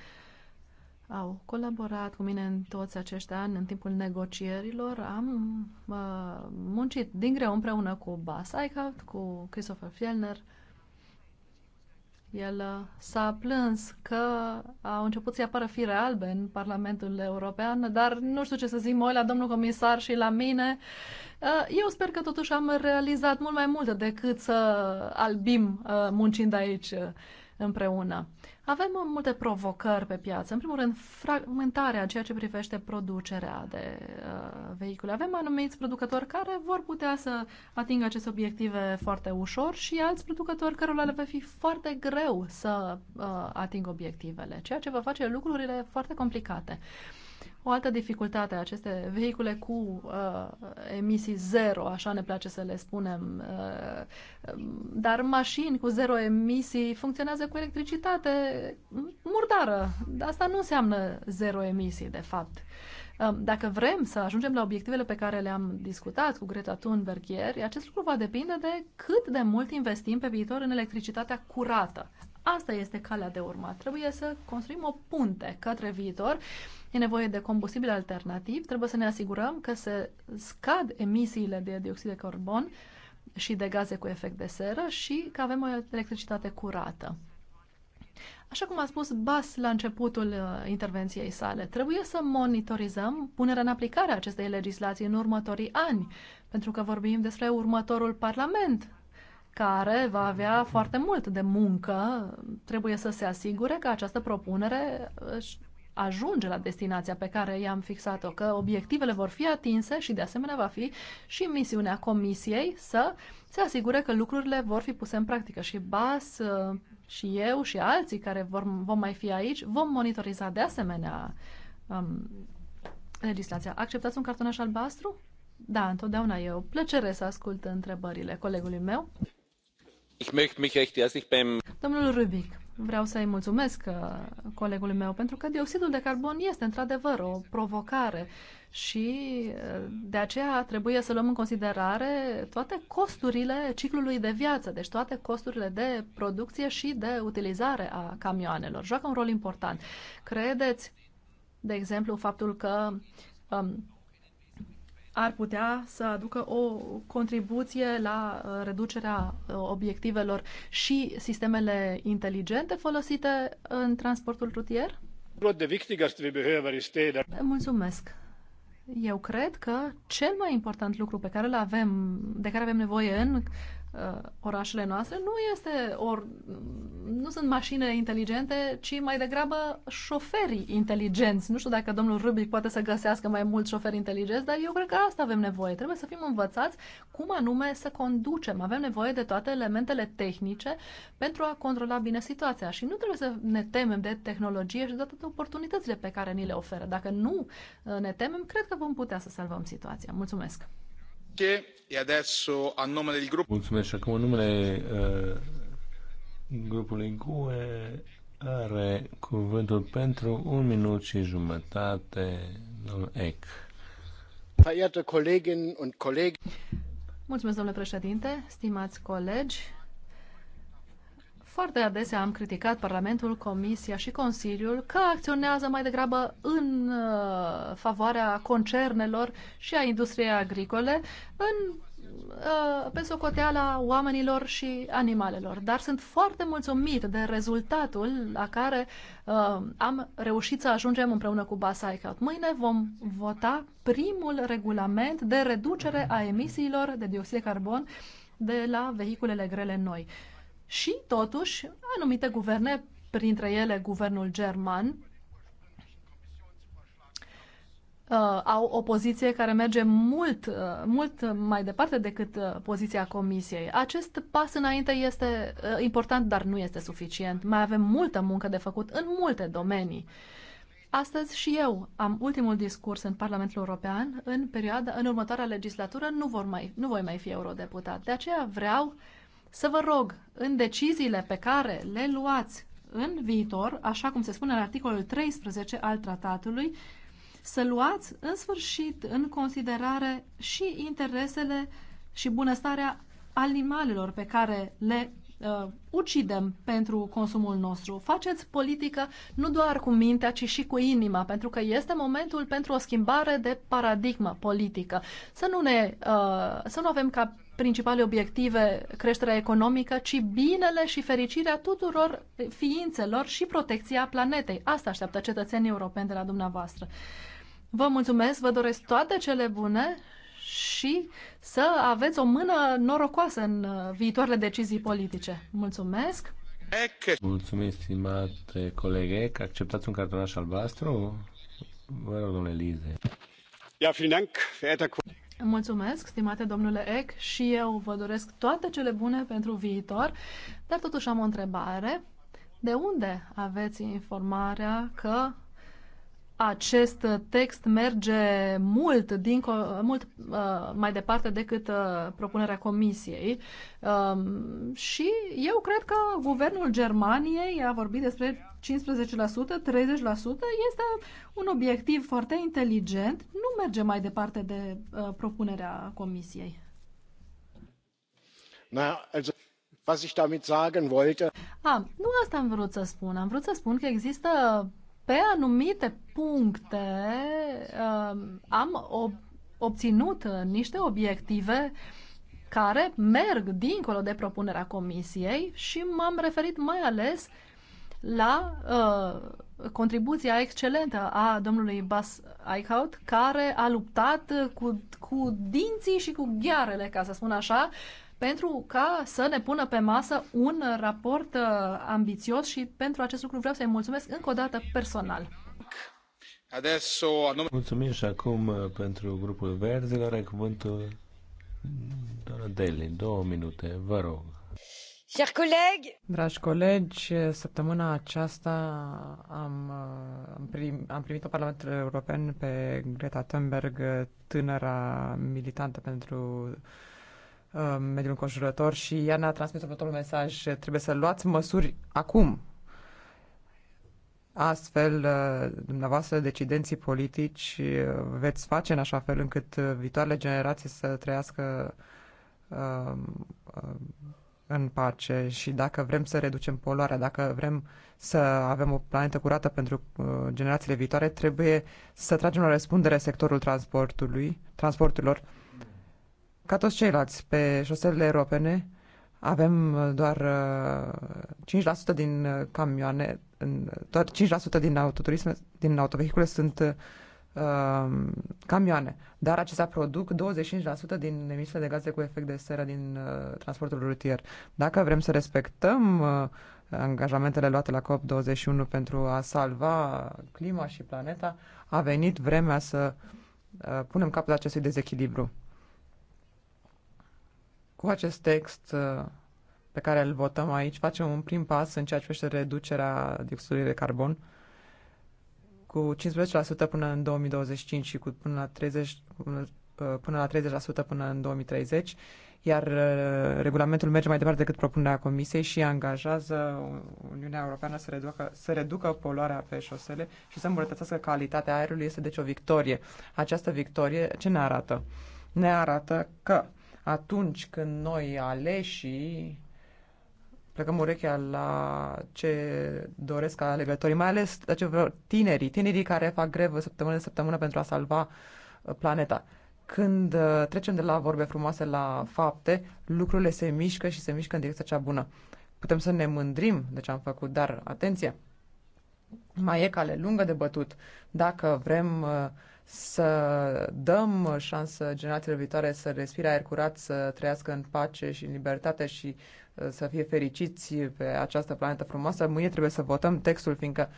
au colaborat cu mine în toți acești ani, în timpul negocierilor. Am uh, muncit din greu împreună cu Bas Eichhout, cu Christopher Fielner, uh, el uh, s-a plâns că au început să-i apară fire albe în Parlamentul European, dar nu știu ce să zic, mă la domnul comisar și la mine. Uh, eu sper că totuși am realizat mult mai multe decât să albim uh, muncind aici împreună. Avem multe provocări pe piață. În primul rând, fragmentarea ceea ce privește producerea de uh, vehicule. Avem anumiți producători care vor putea să atingă aceste obiective foarte ușor și alți producători cărora le va fi foarte greu să uh, atingă obiectivele, ceea ce va face lucrurile foarte complicate. Uh, o altă dificultate a aceste vehicule cu uh, emisii zero, așa ne place să le spunem, uh, dar mașini cu zero emisii funcționează cu electricitate murdară. Asta nu înseamnă zero emisii, de fapt. Um, dacă vrem să ajungem la obiectivele pe care le-am discutat cu Greta Thunberg ieri, acest lucru va depinde de cât de mult investim pe viitor în electricitatea curată. Asta este calea de urmat. Trebuie să construim o punte către viitor e nevoie de combustibil alternativ, trebuie să ne asigurăm că se scad emisiile de dioxid de carbon și de gaze cu efect de seră și că avem o electricitate curată. Așa cum a spus Bas la începutul uh, intervenției sale, trebuie să monitorizăm punerea în aplicare a acestei legislații în următorii ani, pentru că vorbim despre următorul Parlament care va avea foarte mult de muncă. Trebuie să se asigure că această propunere ajunge la destinația pe care i-am fixat-o, că obiectivele vor fi atinse și de asemenea va fi și misiunea comisiei să se asigure că lucrurile vor fi puse în practică și BAS uh, și eu și alții care vor, vom mai fi aici vom monitoriza de asemenea um, legislația. Acceptați un cartonaș albastru? Da, întotdeauna e o plăcere să ascult întrebările colegului meu. Ich möchte mich recht herzlich beim Domnul Rubic vreau să-i mulțumesc uh, colegului meu pentru că dioxidul de carbon este într-adevăr o provocare și uh, de aceea trebuie să luăm în considerare toate costurile ciclului de viață, deci toate costurile de producție și de utilizare a camioanelor. Joacă un rol important. Credeți, de exemplu, faptul că um, ar putea să aducă o contribuție la uh, reducerea uh, obiectivelor și sistemele inteligente folosite în transportul rutier? Mulțumesc. Eu cred că cel mai important lucru pe care îl avem, de care avem nevoie în Uh, orașele noastre nu este or, nu sunt mașini inteligente, ci mai degrabă șoferi inteligenți. Nu știu dacă domnul Rubic poate să găsească mai mulți șoferi inteligenți, dar eu cred că asta avem nevoie. Trebuie să fim învățați cum anume să conducem. Avem nevoie de toate elementele tehnice pentru a controla bine situația și nu trebuie să ne temem de tehnologie și de toate oportunitățile pe care ni le oferă. Dacă nu uh, ne temem, cred că vom putea să salvăm situația. Mulțumesc! Okay. Mulțumesc și acum numele uh, grupului GUE are cuvântul pentru un minut și jumătate, domnul Eck. Mulțumesc, domnule președinte, stimați colegi. Foarte adesea am criticat Parlamentul, Comisia și Consiliul că acționează mai degrabă în uh, favoarea concernelor și a industriei agricole, în uh, pe socoteala oamenilor și animalelor. Dar sunt foarte mulțumit de rezultatul la care uh, am reușit să ajungem împreună cu Basaicat. Mâine vom vota primul regulament de reducere a emisiilor de dioxid de carbon de la vehiculele grele noi și, totuși, anumite guverne, printre ele guvernul german, uh, au o poziție care merge mult, uh, mult mai departe decât uh, poziția Comisiei. Acest pas înainte este important, dar nu este suficient. Mai avem multă muncă de făcut în multe domenii. Astăzi și eu am ultimul discurs în Parlamentul European. În perioada, în următoarea legislatură nu, vor mai, nu voi mai fi eurodeputat. De aceea vreau uh, să vă rog, în deciziile pe care le luați în viitor, așa cum se spune în articolul 13 al tratatului, să luați în sfârșit în considerare și interesele și bunăstarea animalelor pe care le uh, ucidem pentru consumul nostru. Faceți politică nu doar cu mintea, ci și cu inima, pentru că este momentul pentru o schimbare de paradigmă politică. Să nu, ne, uh, să nu avem ca principale obiective creșterea economică, ci binele și fericirea tuturor ființelor și protecția planetei. Asta așteaptă cetățenii europeni de la dumneavoastră. Vă mulțumesc, vă doresc toate cele bune și să aveți o mână norocoasă în uh, viitoarele decizii politice. Mulțumesc! Mulțumesc, stimate colege, că acceptați un cartonaș albastru. Vă rog, domnule Lize. Ja, vielen Dank, verehrter Mulțumesc, stimate domnule Eck, și eu vă doresc toate cele bune pentru viitor, dar totuși am o întrebare. De unde aveți informarea că acest text merge mult, dinco, mult uh, mai departe decât uh, propunerea comisiei. Um, și eu cred că guvernul Germaniei a vorbit despre 15%, 30%, este un obiectiv foarte inteligent. Nu merge mai departe de uh, propunerea Comisiei. Na, also, was ich damit sagen wollte... A, nu asta am vrut să spun. Am vrut să spun că există pe anumite puncte uh, am ob- obținut niște obiective care merg dincolo de propunerea Comisiei și m-am referit mai ales uh, la uh, contribuția excelentă a domnului Bas Eichhout, care a luptat uh, cu, cu dinții și cu ghearele, ca să spun așa, pentru ca să ne pună pe masă un raport uh, ambițios și pentru acest lucru vreau să-i mulțumesc încă o dată personal. Mulțumim și acum uh, pentru grupul verzilor, ai cuvântul doamna Deli, două minute, vă rog. Dragi colegi, săptămâna aceasta am, am, prim, am primit-o Parlamentul European pe Greta Thunberg, tânăra militantă pentru uh, mediul înconjurător și ea ne-a transmis următorul mesaj. Trebuie să luați măsuri acum. Astfel, uh, dumneavoastră, decidenții politici, uh, veți face în așa fel încât viitoarele generații să trăiască uh, uh, în pace și dacă vrem să reducem poluarea, dacă vrem să avem o planetă curată pentru uh, generațiile viitoare, trebuie să tragem la răspundere sectorul transportului, transporturilor. Ca toți ceilalți, pe șoselele europene avem uh, doar 5% uh, din camioane, doar 5% din autoturisme, din autovehicule sunt Um, camioane, dar acestea produc 25% din emisiile de gaze cu efect de seră din uh, transportul rutier. Dacă vrem să respectăm uh, angajamentele luate la COP21 pentru a salva clima și planeta, a venit vremea să uh, punem capăt acestui dezechilibru. Cu acest text uh, pe care îl votăm aici, facem un prim pas în ceea ce privește reducerea dioxidului de carbon uh, cu 15% până în 2025 și cu până la 30, uh, până la 30% până în 2030, iar uh, regulamentul merge mai departe decât propunerea Comisiei și angajează Uniunea Europeană să reducă, să reducă poluarea pe șosele și să îmbunătățească calitatea aerului. Este deci o victorie. Această victorie ce ne arată? Ne arată că atunci când noi aleșii plecăm urechea la ce doresc alegătorii, mai ales la ce vreau tinerii, tinerii care fac grevă săptămână de săptămână pentru a salva uh, planeta. Când uh, trecem de la vorbe frumoase la fapte, lucrurile se mișcă și se mișcă în direcția cea bună. Putem să ne mândrim de ce am făcut, dar atenție, mai e cale lungă de bătut. Dacă vrem uh, să dăm șansă generațiilor viitoare să respire aer curat, să trăiască în pace și în libertate și să fie fericiți pe această planetă frumoasă. Mâine trebuie să votăm textul, fiindcă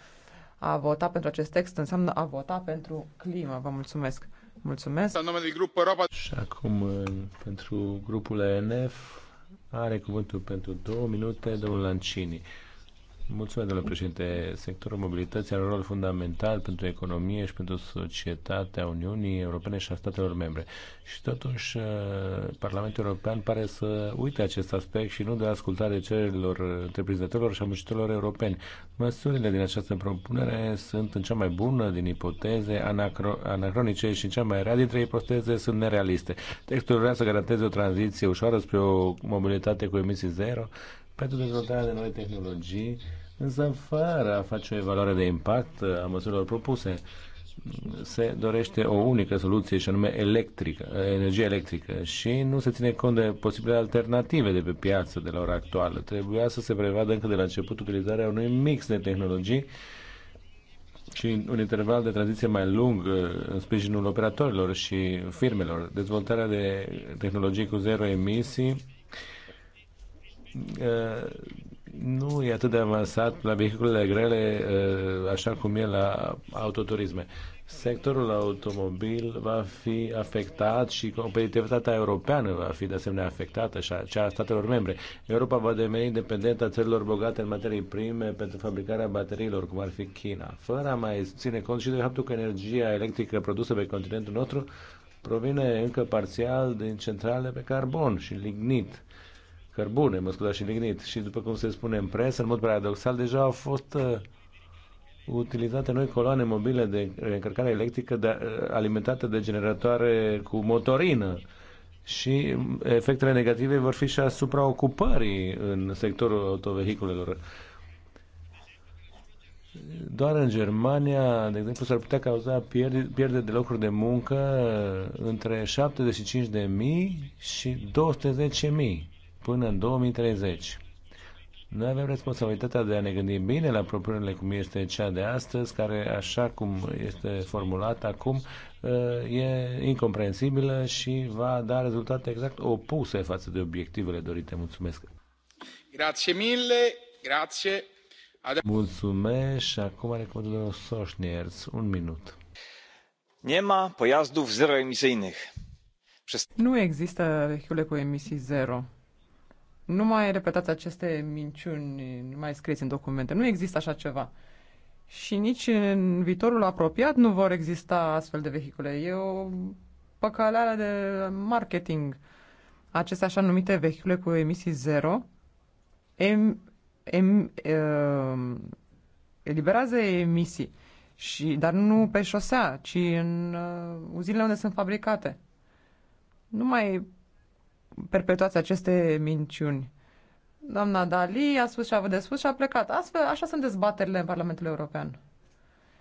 a vota pentru acest text înseamnă a vota pentru climă. Vă mulțumesc! Mulțumesc! Și acum, pentru grupul ENF, are cuvântul pentru două minute domnul Lancini. Mulțumesc, domnule președinte. Sectorul mobilității are un rol fundamental pentru economie și pentru societatea Uniunii Europene și a statelor membre. Și totuși, eh, Parlamentul European pare să uite acest aspect și nu de ascultare cererilor întreprinzătorilor și a muncitorilor europeni. Măsurile din această propunere sunt în cea mai bună din ipoteze anacro- anacronice și în cea mai rea dintre ipoteze sunt nerealiste. Textul vrea să garanteze o tranziție ușoară spre o mobilitate cu emisii zero pentru dezvoltarea de noi tehnologii însă fără a face o evaluare de impact a măsurilor propuse. Se dorește o unică soluție și anume electrică, energie electrică și nu se ține cont de posibile alternative de pe piață de la ora actuală. Trebuia să se prevadă încă de la început utilizarea unui mix de tehnologii și un interval de tranziție mai lung uh, în sprijinul operatorilor și firmelor. Dezvoltarea de tehnologii cu zero emisii uh, nu e atât de avansat la vehiculele grele uh, așa cum e la autoturisme. Sectorul automobil va fi afectat și competitivitatea europeană va fi de asemenea afectată și a, cea a statelor membre. Europa va deveni independentă a țărilor bogate în materii prime pentru fabricarea bateriilor, cum ar fi China, fără a mai ține cont și de faptul că energia electrică produsă pe continentul nostru provine încă parțial din centrale pe carbon și lignit cărbune, mă și lignit. Și după cum se spune în presă, în mod paradoxal, deja au fost uh, utilizate noi coloane mobile de încărcare electrică de, uh, alimentate de generatoare cu motorină și um, efectele negative vor fi și asupra ocupării în sectorul autovehiculelor. Doar în Germania, de exemplu, s-ar putea cauza pierde, pierde de locuri de muncă între 75.000 și 210.000 până în 2030. Noi avem responsabilitatea de a ne gândi bine la propunerile cum este cea de astăzi, care, așa cum este formulată acum, uh, e incomprensibilă și va da rezultate exact opuse față de obiectivele dorite. Mulțumesc! Grazie mille, grazie! Mulțumesc și acum are cuvântul domnul Soșnierț. Un minut. Nema pojazdów zeroemisyjnych. Nu există vehicule cu emisii zero. Nu mai repetați aceste minciuni, nu mai scrieți în documente. Nu există așa ceva. Și nici în viitorul apropiat nu vor exista astfel de vehicule. E o păcăleală de marketing. Aceste așa numite vehicule cu emisii zero em, em, uh, eliberează emisii, și, dar nu pe șosea, ci în uh, uzinele unde sunt fabricate. Nu mai perpetuați aceste minciuni. Doamna Dali a spus a avut de spus și a plecat. Astfel, așa sunt dezbaterile în Parlamentul European.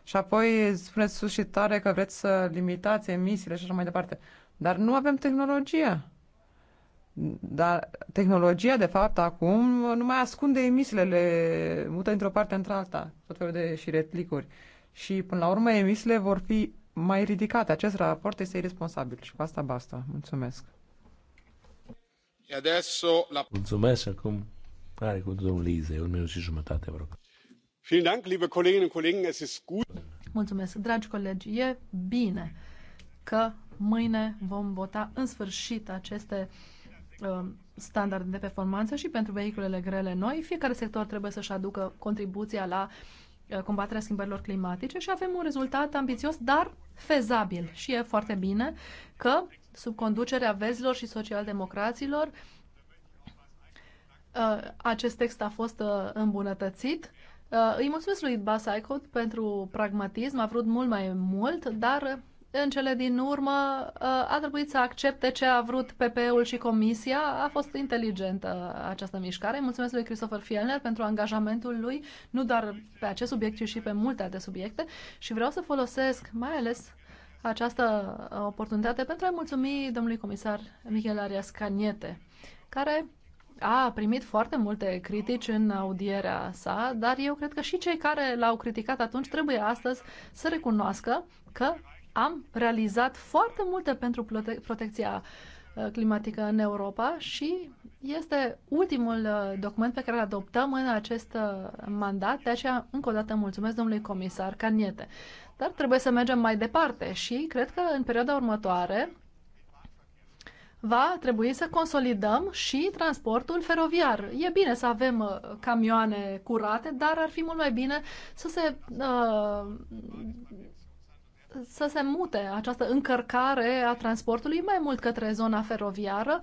Și apoi spuneți sus și tare că vreți să limitați emisiile și așa mai departe. Dar nu avem tehnologie. Dar tehnologia, de fapt, acum nu mai ascunde emisiile, le mută dintr-o parte într-alta, tot felul de replicuri. Și, până la urmă, emisiile vor fi mai ridicate. Acest raport este irresponsabil și cu asta basta. Mulțumesc. Mulțumesc acum are cuvântul domnul Lize, un minut și jumătate, vă rog. Mulțumesc, dragi colegi. E bine că mâine vom vota în sfârșit aceste uh, standarde de performanță și pentru vehiculele grele noi. Fiecare sector trebuie să-și aducă contribuția la uh, combaterea schimbărilor climatice și avem un rezultat ambițios, dar fezabil. Și e foarte bine că sub conducerea vezilor și socialdemocraților. Uh, acest text a fost uh, îmbunătățit. Uh, îi mulțumesc lui Bas pentru pragmatism, a vrut mult mai mult, dar în cele din urmă a trebuit să accepte ce a vrut PP-ul și Comisia. A fost inteligentă această mișcare. Mulțumesc lui Christopher Fielner pentru angajamentul lui, nu doar pe acest subiect, ci și pe multe alte subiecte. Și vreau să folosesc mai ales această uh, oportunitate pentru a-i mulțumi domnului comisar Michel Arias Caniete, care a primit foarte multe critici în audierea sa, dar eu cred că și cei care l-au criticat atunci trebuie astăzi să recunoască că am realizat foarte multe pentru prote protecția uh, climatică în Europa și este ultimul uh, document pe care îl adoptăm în acest mandat. De aceea, încă o dată, mulțumesc domnului comisar Caniete. Dar trebuie să mergem mai departe și cred că în perioada următoare va trebui să consolidăm și transportul feroviar. E bine să avem uh, camioane curate, dar ar fi mult mai bine să se, uh, să se mute această încărcare a transportului mai mult către zona feroviară,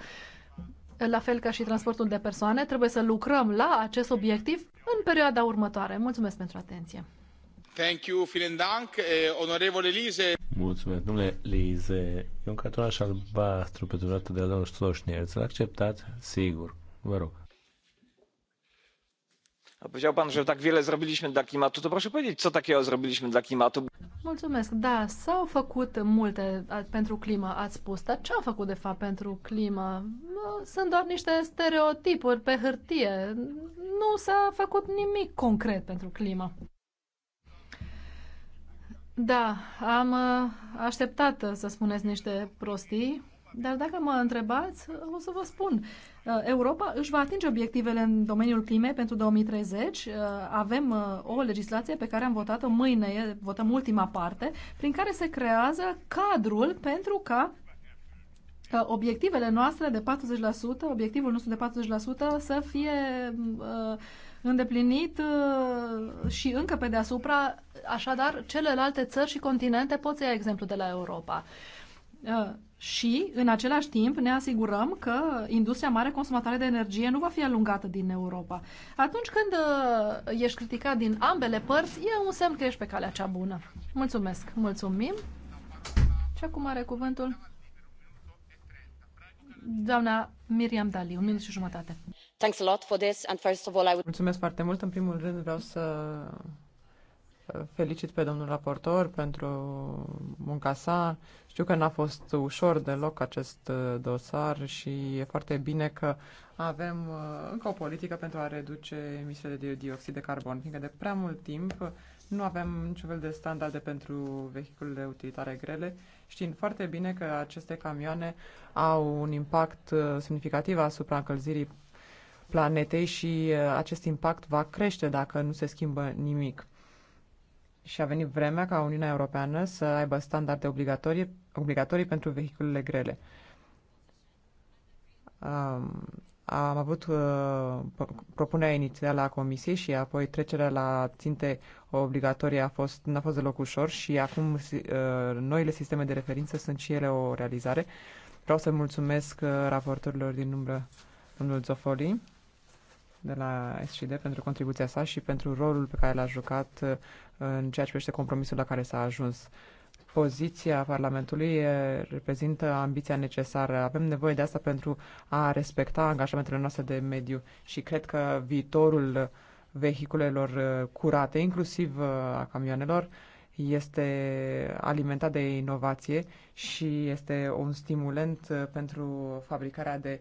la fel ca și transportul de persoane. Trebuie să lucrăm la acest obiectiv în perioada următoare. Mulțumesc pentru atenție! Thank you, vielen Dank, eh, onorevole Lise. Mulțumesc, domnule Lise. E un cartonaș albastru pe durată de la domnul Stoșnier. Ți-l acceptat? Sigur. Vă rog. Powiedział pan, że tak wiele zrobiliśmy dla klimatu, to proszę powiedzieć, co takiego zrobiliśmy dla klimatu? Mulțumesc, da, s-au făcut multe pentru clima ați spus, dar ce au făcut de fapt pentru clima? Sunt doar niște stereotipuri pe hârtie, nu s-a făcut nimic concret pentru clima. Da, am uh, așteptat uh, să spuneți niște prostii, dar dacă mă întrebați, uh, o să vă spun. Europa își va atinge obiectivele în domeniul climei pentru 2030. Avem o legislație pe care am votat-o mâine, votăm ultima parte, prin care se creează cadrul pentru ca obiectivele noastre de 40%, obiectivul nostru de 40% să fie uh, îndeplinit uh, și încă pe deasupra, așadar, celelalte țări și continente pot să ia exemplu de la Europa. Uh, și, în același timp, ne asigurăm că industria mare consumatoare de energie nu va fi alungată din Europa. Atunci când uh, ești criticat din ambele părți, e un semn că ești pe calea cea bună. Mulțumesc! Mulțumim! Și acum are cuvântul doamna Miriam Dali, un minut și jumătate. Mulțumesc foarte mult. În primul rând vreau să felicit pe domnul raportor pentru munca sa. Știu că n-a fost ușor deloc acest uh, dosar și e foarte bine că avem uh, încă o politică pentru a reduce emisiile de dioxid de carbon, fiindcă de prea mult timp nu avem niciun fel de standarde pentru vehiculele utilitare grele, știind foarte bine că aceste camioane au un impact uh, semnificativ asupra încălzirii planetei și uh, acest impact va crește dacă nu se schimbă nimic. Și a venit vremea ca Uniunea Europeană să aibă standarde obligatorii, obligatorii pentru vehiculele grele. Um, am avut uh, propunerea inițială a Comisiei și apoi trecerea la ținte obligatorie a fost, n-a fost deloc ușor și acum uh, noile sisteme de referință sunt și ele o realizare. Vreau să mulțumesc uh, raportorilor din umbră, domnul Zofoli de la SCD pentru contribuția sa și pentru rolul pe care l-a jucat uh, în ceea ce privește compromisul la care s-a ajuns. Poziția Parlamentului reprezintă ambiția necesară. Avem nevoie de asta pentru a respecta angajamentele noastre de mediu și cred că viitorul vehiculelor uh, curate, inclusiv uh, a camioanelor, este alimentat de inovație și este un stimulent pentru fabricarea de uh,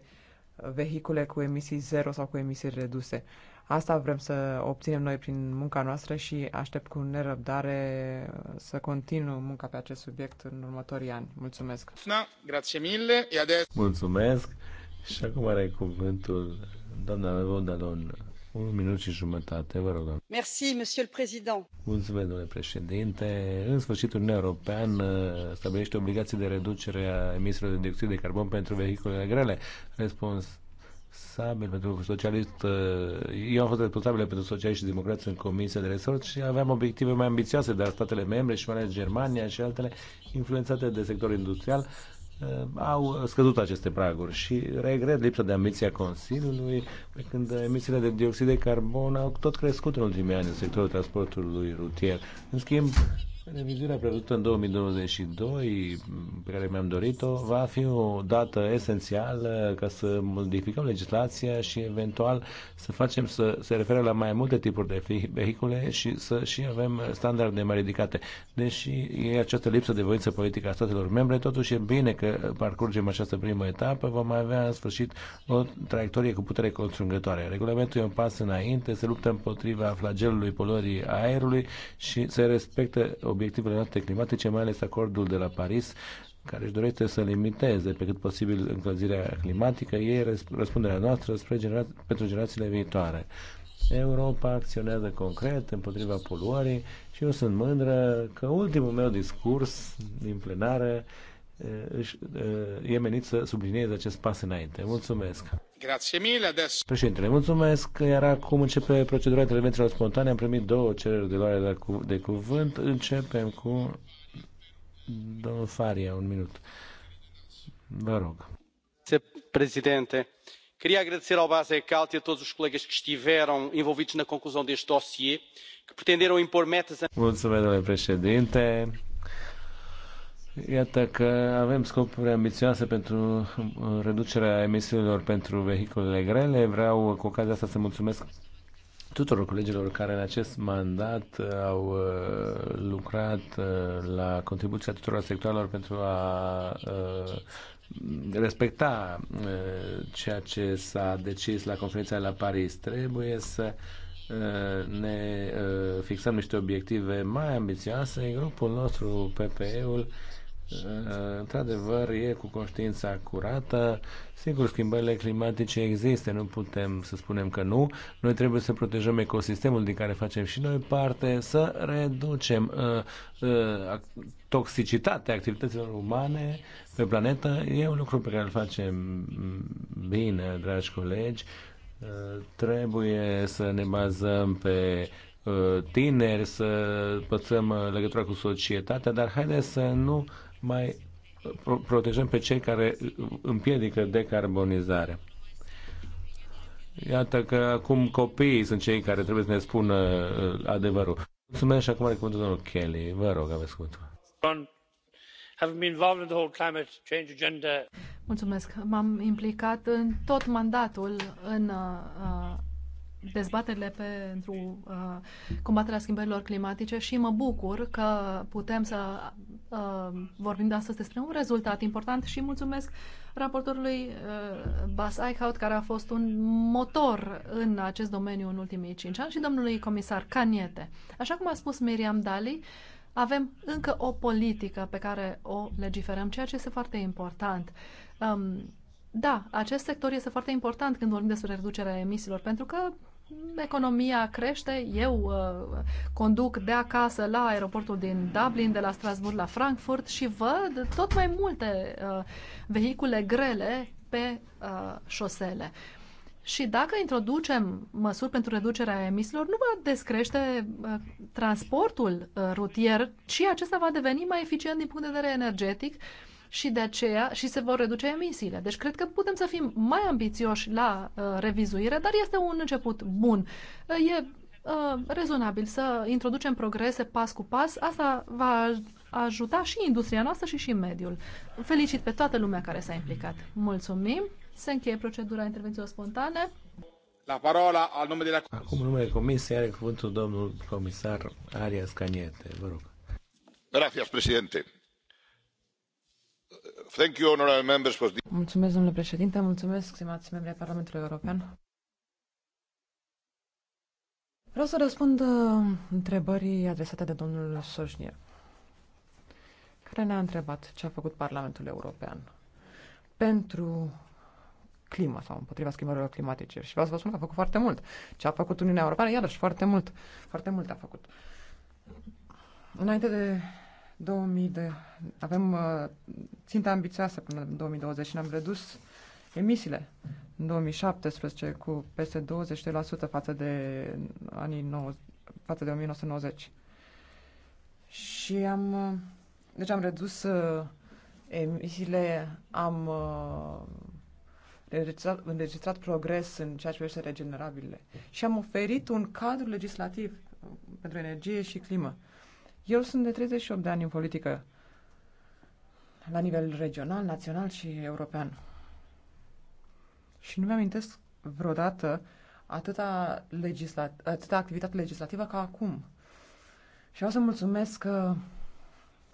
vehicule cu emisii zero sau cu emisii reduse. Asta vrem să obținem noi prin munca noastră și aștept cu nerăbdare să continu munca pe acest subiect în următorii ani. Mulțumesc! Na, grazie mille! Mulțumesc! Și acum are cuvântul doamna Rondalon monsieur le président. Mulțumesc, domnule președinte. În sfârșit, Uniunea Europeană uh, stabilește obligații de reducere a emisiilor de dioxid de carbon pentru vehiculele grele. responsabil pentru socialist, uh, eu am fost responsabil pentru socialiști și democrați în Comisia de Resort și aveam obiective mai ambițioase, dar statele membre și mai ales Germania și altele influențate de sectorul industrial Uh, au scăzut aceste praguri și regret lipsa de ambiția Consiliului, pe când emisiile de dioxid de carbon au tot crescut în ultimii ani în sectorul transportului rutier. În schimb, Revizuirea prevăzută în 2022, pe care mi-am dorit-o, va fi o dată esențială ca să modificăm legislația și eventual să facem să se refere la mai multe tipuri de vehicule și să și avem standarde mai ridicate. Deși e această lipsă de voință politică a statelor membre, totuși e bine că parcurgem această primă etapă, vom mai avea în sfârșit o traiectorie cu putere constrângătoare. Regulamentul e un pas înainte, se luptă împotriva flagelului poluării aerului și se respectă obiectivele noastre climatice, mai ales acordul de la Paris, care își dorește să limiteze pe cât posibil încălzirea climatică, e răspunderea noastră spre genera- pentru generațiile viitoare. Europa acționează concret împotriva poluării și eu sunt mândră că ultimul meu discurs din plenară Uh, își, uh, e menit să sublinieze acest pas înainte. Mulțumesc! Președintele, mulțumesc, iar acum începe procedura intervențiilor spontane. Am primit două cereri de luare de, cu- de cuvânt. Începem cu domnul Faria, un minut. Vă rog. Președinte, queria agradecer ao Bas Calte e a todos os colegas que estiveram envolvidos na conclusão deste dossiê, que pretenderam impor metas... Mulțumesc, obrigado, președinte Iată că avem scopuri ambițioase pentru uh, reducerea emisiilor pentru vehiculele grele. Vreau uh, cu ocazia asta să mulțumesc tuturor colegilor care în acest mandat uh, au lucrat la contribuția tuturor sectoarelor pentru a respecta ceea ce s-a decis la conferința la Paris. Trebuie să ne fixăm niște obiective mai ambițioase. Grupul nostru, PPE-ul, Uh, într-adevăr, e cu conștiința curată. Sigur, schimbările climatice există, nu putem să spunem că nu. Noi trebuie să protejăm ecosistemul din care facem și noi parte, să reducem uh, uh, toxicitatea activităților umane pe planetă. E un lucru pe care îl facem bine, dragi colegi. Uh, trebuie să ne bazăm pe uh, tineri, să păstrăm uh, legătura cu societatea, dar haideți să nu uh, mai protejăm pe cei care împiedică decarbonizarea. Iată că acum copiii sunt cei care trebuie să ne spună uh, adevărul. Mulțumesc și acum are cuvântul domnul Kelly. Vă rog, aveți cuvântul. Mulțumesc. M-am implicat în tot mandatul în uh, dezbaterile pentru uh, combaterea schimbărilor climatice și mă bucur că putem să uh, vorbim de astăzi despre un rezultat important și mulțumesc raportorului uh, Bas Eichhout, care a fost un motor în acest domeniu în ultimii cinci ani și domnului comisar Caniete. Așa cum a spus Miriam Dali, avem încă o politică pe care o legiferăm, ceea ce este foarte important. Um, da, acest sector este foarte important când vorbim despre reducerea emisiilor, pentru că economia crește. Eu uh, conduc de acasă la aeroportul din Dublin, de la Strasburg la Frankfurt și văd tot mai multe uh, vehicule grele pe uh, șosele. Și dacă introducem măsuri pentru reducerea emisiilor, nu va descrește uh, transportul uh, rutier, ci acesta va deveni mai eficient din punct de vedere energetic uh, și de aceea și se vor reduce emisiile. Deci cred că putem să fim mai ambițioși la uh, revizuire, dar este un început bun. Uh, e uh, rezonabil să introducem progrese pas cu pas. Asta va ajuta și industria noastră și și mediul. Felicit pe toată lumea care s-a implicat. Mulțumim. Se încheie procedura intervențiilor spontane. La parola al nume de la Acum numele Comisiei are cuvântul domnul comisar Arias Caniete. Vă rog. Gracias, presidente. Mulțumesc, domnule președinte, mulțumesc, stimați membri ai Parlamentului European. Vreau să răspund uh, întrebării adresate de domnul Soșnier, care ne-a întrebat ce a făcut Parlamentul European pentru climă sau împotriva schimbărilor climatice. Și vreau să vă spun că a făcut foarte mult. Ce a făcut Uniunea Europeană, iarăși, foarte mult. Foarte mult a făcut. Înainte de 2000 de, avem uh, ținta ambițioasă până în 2020 și ne-am redus emisiile în 2017 cu peste 20% față de anii 90, față de 1990. Și am uh, deci am redus uh, emisiile, am uh, înregistrat, înregistrat progres în ceea ce privește regenerabile și am oferit un cadru legislativ pentru energie și climă. Uh, eu sunt de 38 de ani în politică, la nivel regional, național și european. Și nu mi-amintesc vreodată atâta, legislat- atâta activitate legislativă ca acum. Și vreau să mulțumesc uh,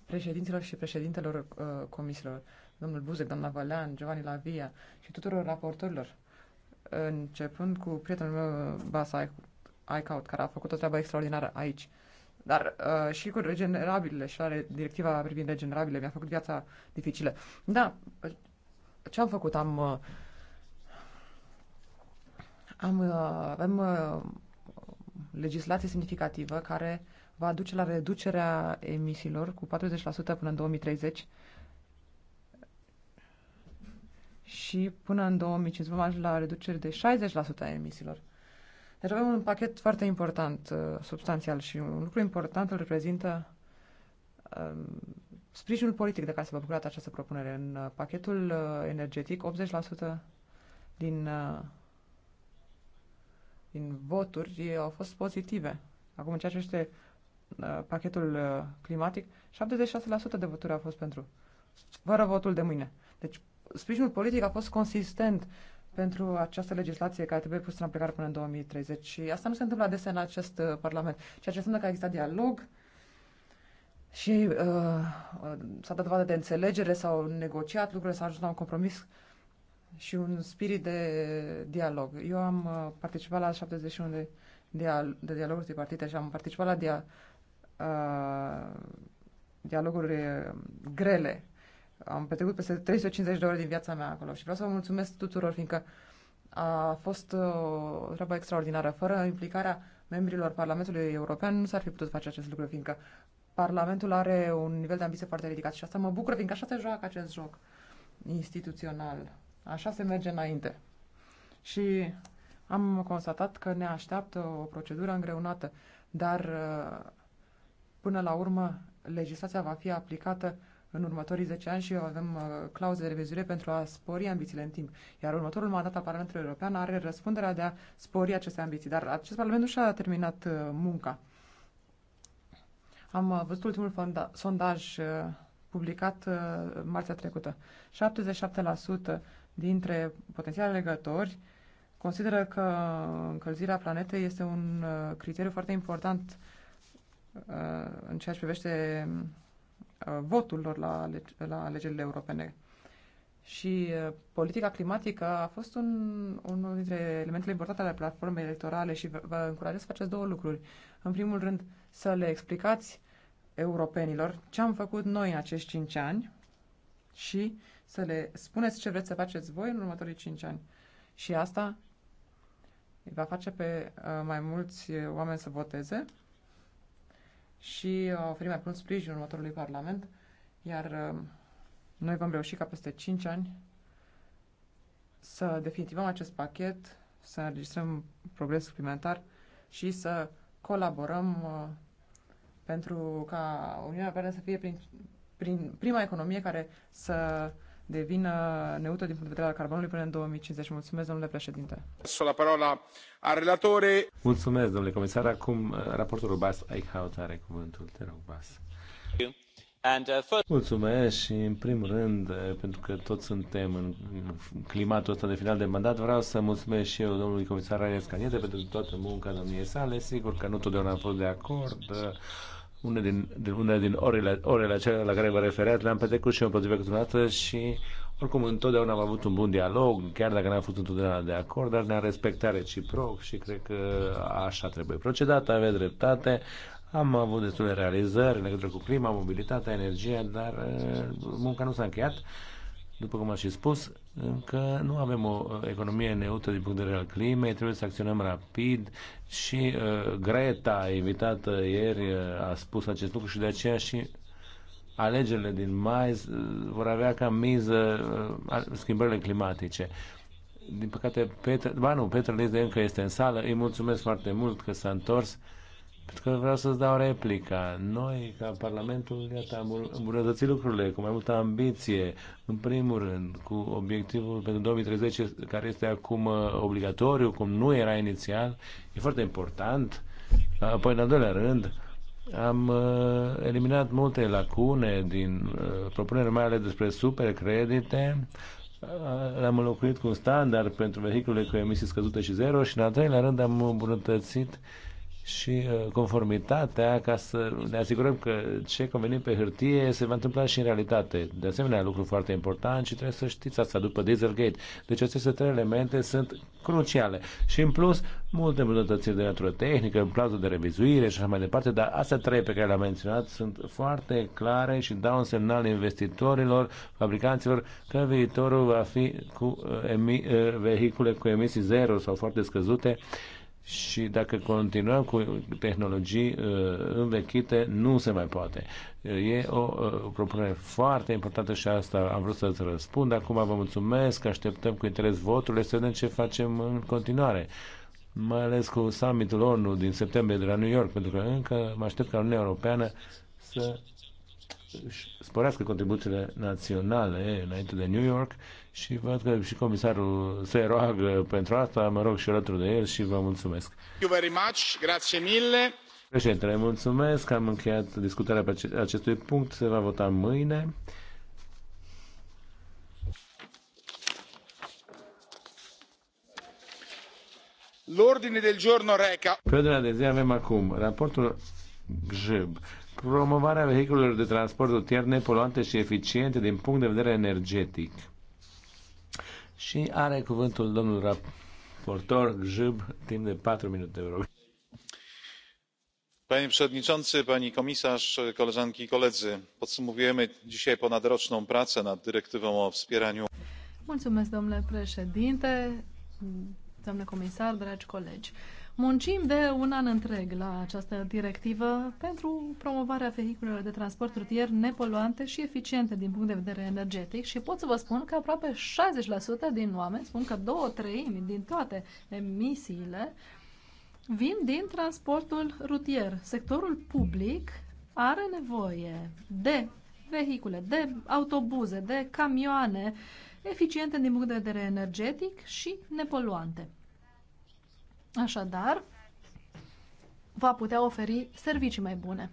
președinților și președintelor uh, comisiilor, domnul Buzec, doamna Valean, Giovanni Lavia și tuturor raportorilor, începând cu prietenul meu, Basa Aicaut, care a făcut o treabă extraordinară aici. Dar uh, și cu regenerabilele și are directiva privind regenerabile mi-a făcut viața dificilă. Da, ce am făcut? Am, uh, am, uh, avem uh, legislație semnificativă care va duce la reducerea emisiilor cu 40% până în 2030 și până în 2050 vom ajunge la reduceri de 60% a emisiilor. Deci avem un pachet foarte important, uh, substanțial și un lucru important îl reprezintă um, sprijinul politic de care s-a bucurat această propunere. În uh, pachetul uh, energetic, 80% din, din voturi au fost pozitive. Acum, în ceea ce este pachetul climatic, 76% de voturi au fost pentru, fără votul de mâine. Deci, sprijinul politic a fost consistent pentru această legislație care trebuie pusă în aplicare până în 2030. Și asta nu se întâmplă adesea în acest uh, Parlament, ceea ce înseamnă că a existat dialog și uh, uh, s-a dat dovadă de înțelegere, s-au negociat lucrurile, s-a ajuns la un compromis și un spirit de dialog. Eu am uh, participat la 71 de, dial- de dialoguri tripartite și am participat la dia- uh, dialoguri grele am petrecut peste 350 de ore din viața mea acolo și vreau să vă mulțumesc tuturor, fiindcă a fost uh, o treabă extraordinară. Fără implicarea membrilor Parlamentului European nu s-ar fi putut face acest lucru, fiindcă Parlamentul are un nivel de ambiție foarte ridicat și asta mă bucură, fiindcă așa se joacă acest joc instituțional. Așa se merge înainte. Și am constatat că ne așteaptă o procedură îngreunată, dar uh, până la urmă legislația va fi aplicată în următorii 10 ani și avem uh, clauze de revizuire pentru a spori ambițiile în timp. Iar următorul mandat al Parlamentului European are răspunderea de a spori aceste ambiții. Dar acest Parlament nu și-a terminat uh, munca. Am uh, văzut ultimul fonda- sondaj publicat marțea trecută. 77% dintre potențiali legători consideră că încălzirea planetei este un criteriu foarte important în ceea ce privește Uh, votul lor la, alege, la alegerile europene. Și uh, politica climatică a fost un, unul dintre elementele importante ale platformei electorale și vă, vă încurajez să faceți două lucruri. În primul rând, să le explicați europenilor ce am făcut noi în acești cinci ani și să le spuneți ce vreți să faceți voi în următorii cinci ani. Și asta îi va face pe uh, mai mulți oameni să voteze și a uh, oferit mai mult sprijin următorului Parlament, iar uh, noi vom reuși ca peste 5 ani să definitivăm acest pachet, să înregistrăm progres suplimentar și să colaborăm uh, pentru ca Uniunea Europeană să fie prin, prin prima economie care să devină neutră din punct de vedere al carbonului până în 2050. Mulțumesc, domnule președinte. La parola a relatore. Mulțumesc, domnule comisar. Acum, uh, raportorul Bas Eichhout are cuvântul. Te rog, Bas. Uh, mulțumesc și în primul rând, uh, pentru că toți suntem în climatul ăsta de final de mandat, vreau să mulțumesc și eu domnului comisar Arias Caniete pentru toată munca domniei sale. Sigur că nu totdeauna am fost de acord una din, din, una din orele, orele acelea la care vă referat, le-am petrecut și eu împotriva câteodată și oricum întotdeauna am avut un bun dialog, chiar dacă n-am fost întotdeauna de acord, dar ne-am respectat reciproc și cred că așa trebuie procedat, aveți dreptate. Am avut destule realizări în legătură cu clima, mobilitatea, energia, dar eh, munca nu s-a încheiat. După cum am și spus, încă nu avem o uh, economie neutră din punct de vedere al climei, trebuie să acționăm rapid și uh, Greta, invitată ieri, uh, a spus acest lucru și de aceea și alegerile din mai uh, vor avea ca miză schimbările climatice. Din păcate, Petre, ba nu, Petre Lize încă este în sală. Îi mulțumesc foarte mult că s-a întors. Pentru că vreau să-ți dau replica. Noi, ca Parlamentul, iată, am îmbunătățit lucrurile cu mai multă ambiție. În primul rând, cu obiectivul pentru 2030, care este acum uh, obligatoriu, cum nu era inițial, e foarte important. Apoi, în al doilea rând, am uh, eliminat multe lacune din uh, propunere, mai ales despre supercredite. Uh, am înlocuit cu un standard pentru vehiculele cu emisii scăzute și zero și, în al treilea rând, am îmbunătățit uh, și uh, conformitatea ca să ne asigurăm că ce convenim pe hârtie se va întâmpla și în realitate. De asemenea, lucru foarte important și trebuie să știți asta după Dieselgate. Deci aceste trei elemente sunt cruciale. Și în plus, multe îmbunătățiri de natură tehnică, în plazul de revizuire și așa mai departe, dar astea trei pe care le-am menționat sunt foarte clare și dau un semnal investitorilor, fabricanților, că viitorul va fi cu uh, uh, vehicule cu emisii zero sau foarte scăzute și dacă continuăm cu tehnologii uh, învechite, nu se mai poate. Uh, e o, uh, o propunere foarte importantă și asta am vrut să-ți răspund. Acum vă mulțumesc, așteptăm cu interes voturile, să vedem ce facem în continuare mai ales cu summitul ONU din septembrie de la New York, pentru că încă mă aștept ca Uniunea Europeană să sporească contribuțiile naționale înainte de New York și văd că și comisarul se roagă pentru asta, mă rog și alături de el și vă mulțumesc. Thank you very much, grazie mille. Președintele, mulțumesc, am încheiat discutarea pe acestui punct, se va vota mâine. L'ordine del giorno reca. Pe ordinea de zi avem acum raportul GJB, promovarea vehiculelor de transport rutier nepoluante și eficiente din punct de vedere energetic și are cuvântul domnul raportor Grzyb timp de 4 minute, vă rog. Panie przewodniczący, pani komisarz, koleżanki i koledzy. Podsumowujemy dzisiaj ponadroczną pracę nad dyrektywą o wspieraniu. Mulțumesc, domnule președinte, domnule comisar, dragi colegi. Muncim de un an întreg la această directivă pentru promovarea vehiculelor de transport rutier nepoluante și eficiente din punct de vedere energetic și pot să vă spun că aproape 60% din oameni spun că două treimi din toate emisiile vin din transportul rutier. Sectorul public are nevoie de vehicule, de autobuze, de camioane eficiente din punct de vedere energetic și nepoluante. Așadar, va putea oferi servicii mai bune.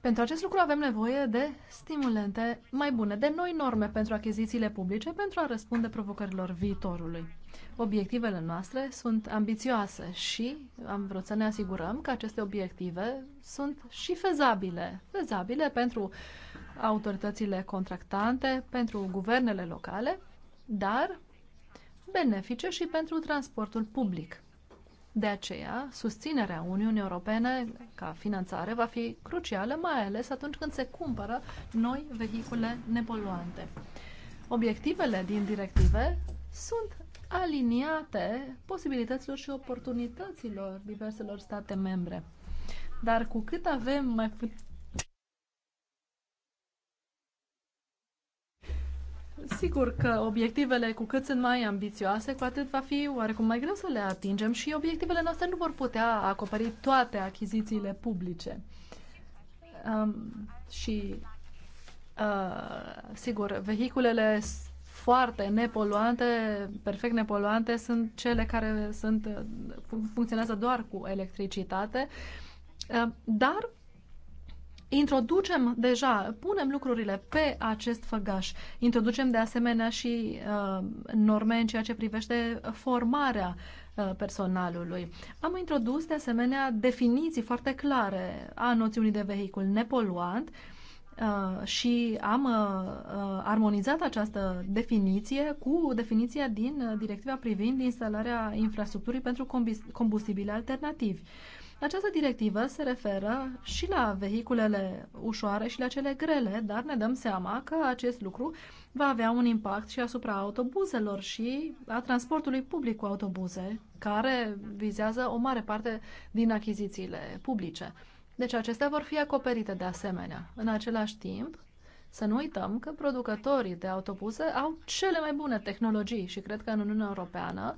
Pentru acest lucru avem nevoie de stimulente mai bune, de noi norme pentru achizițiile publice pentru a răspunde provocărilor viitorului. Obiectivele noastre sunt ambițioase și am vrut să ne asigurăm că aceste obiective sunt și fezabile. Fezabile pentru autoritățile contractante, pentru guvernele locale, dar benefice și pentru transportul public. De aceea, susținerea Uniunii Europene ca finanțare va fi crucială, mai ales atunci când se cumpără noi vehicule nepoluante. Obiectivele din directive sunt aliniate posibilităților și oportunităților diverselor state membre. Dar cu cât avem mai Sigur că obiectivele, cu cât sunt mai ambițioase, cu atât va fi oarecum mai greu să le atingem și obiectivele noastre nu vor putea acoperi toate achizițiile publice. Um, și, uh, sigur, vehiculele foarte nepoluante, perfect nepoluante, sunt cele care sunt, funcționează doar cu electricitate, uh, dar introducem deja, punem lucrurile pe acest făgaș. Introducem de asemenea și uh, norme în ceea ce privește formarea uh, personalului. Am introdus de asemenea definiții foarte clare a noțiunii de vehicul nepoluant uh, și am uh, uh armonizat această definiție cu definiția din directiva privind instalarea infrastructurii pentru combustibili alternativi. Uh, această directivă se referă și la vehiculele ușoare și la cele grele, dar ne dăm seama că acest lucru va avea un impact și asupra autobuzelor și a transportului public cu autobuze, care vizează o mare parte din achizițiile publice. Deci acestea vor fi acoperite de asemenea. În același timp, să nu uităm că producătorii de autobuze au cele mai bune tehnologii și cred că în Uniunea Europeană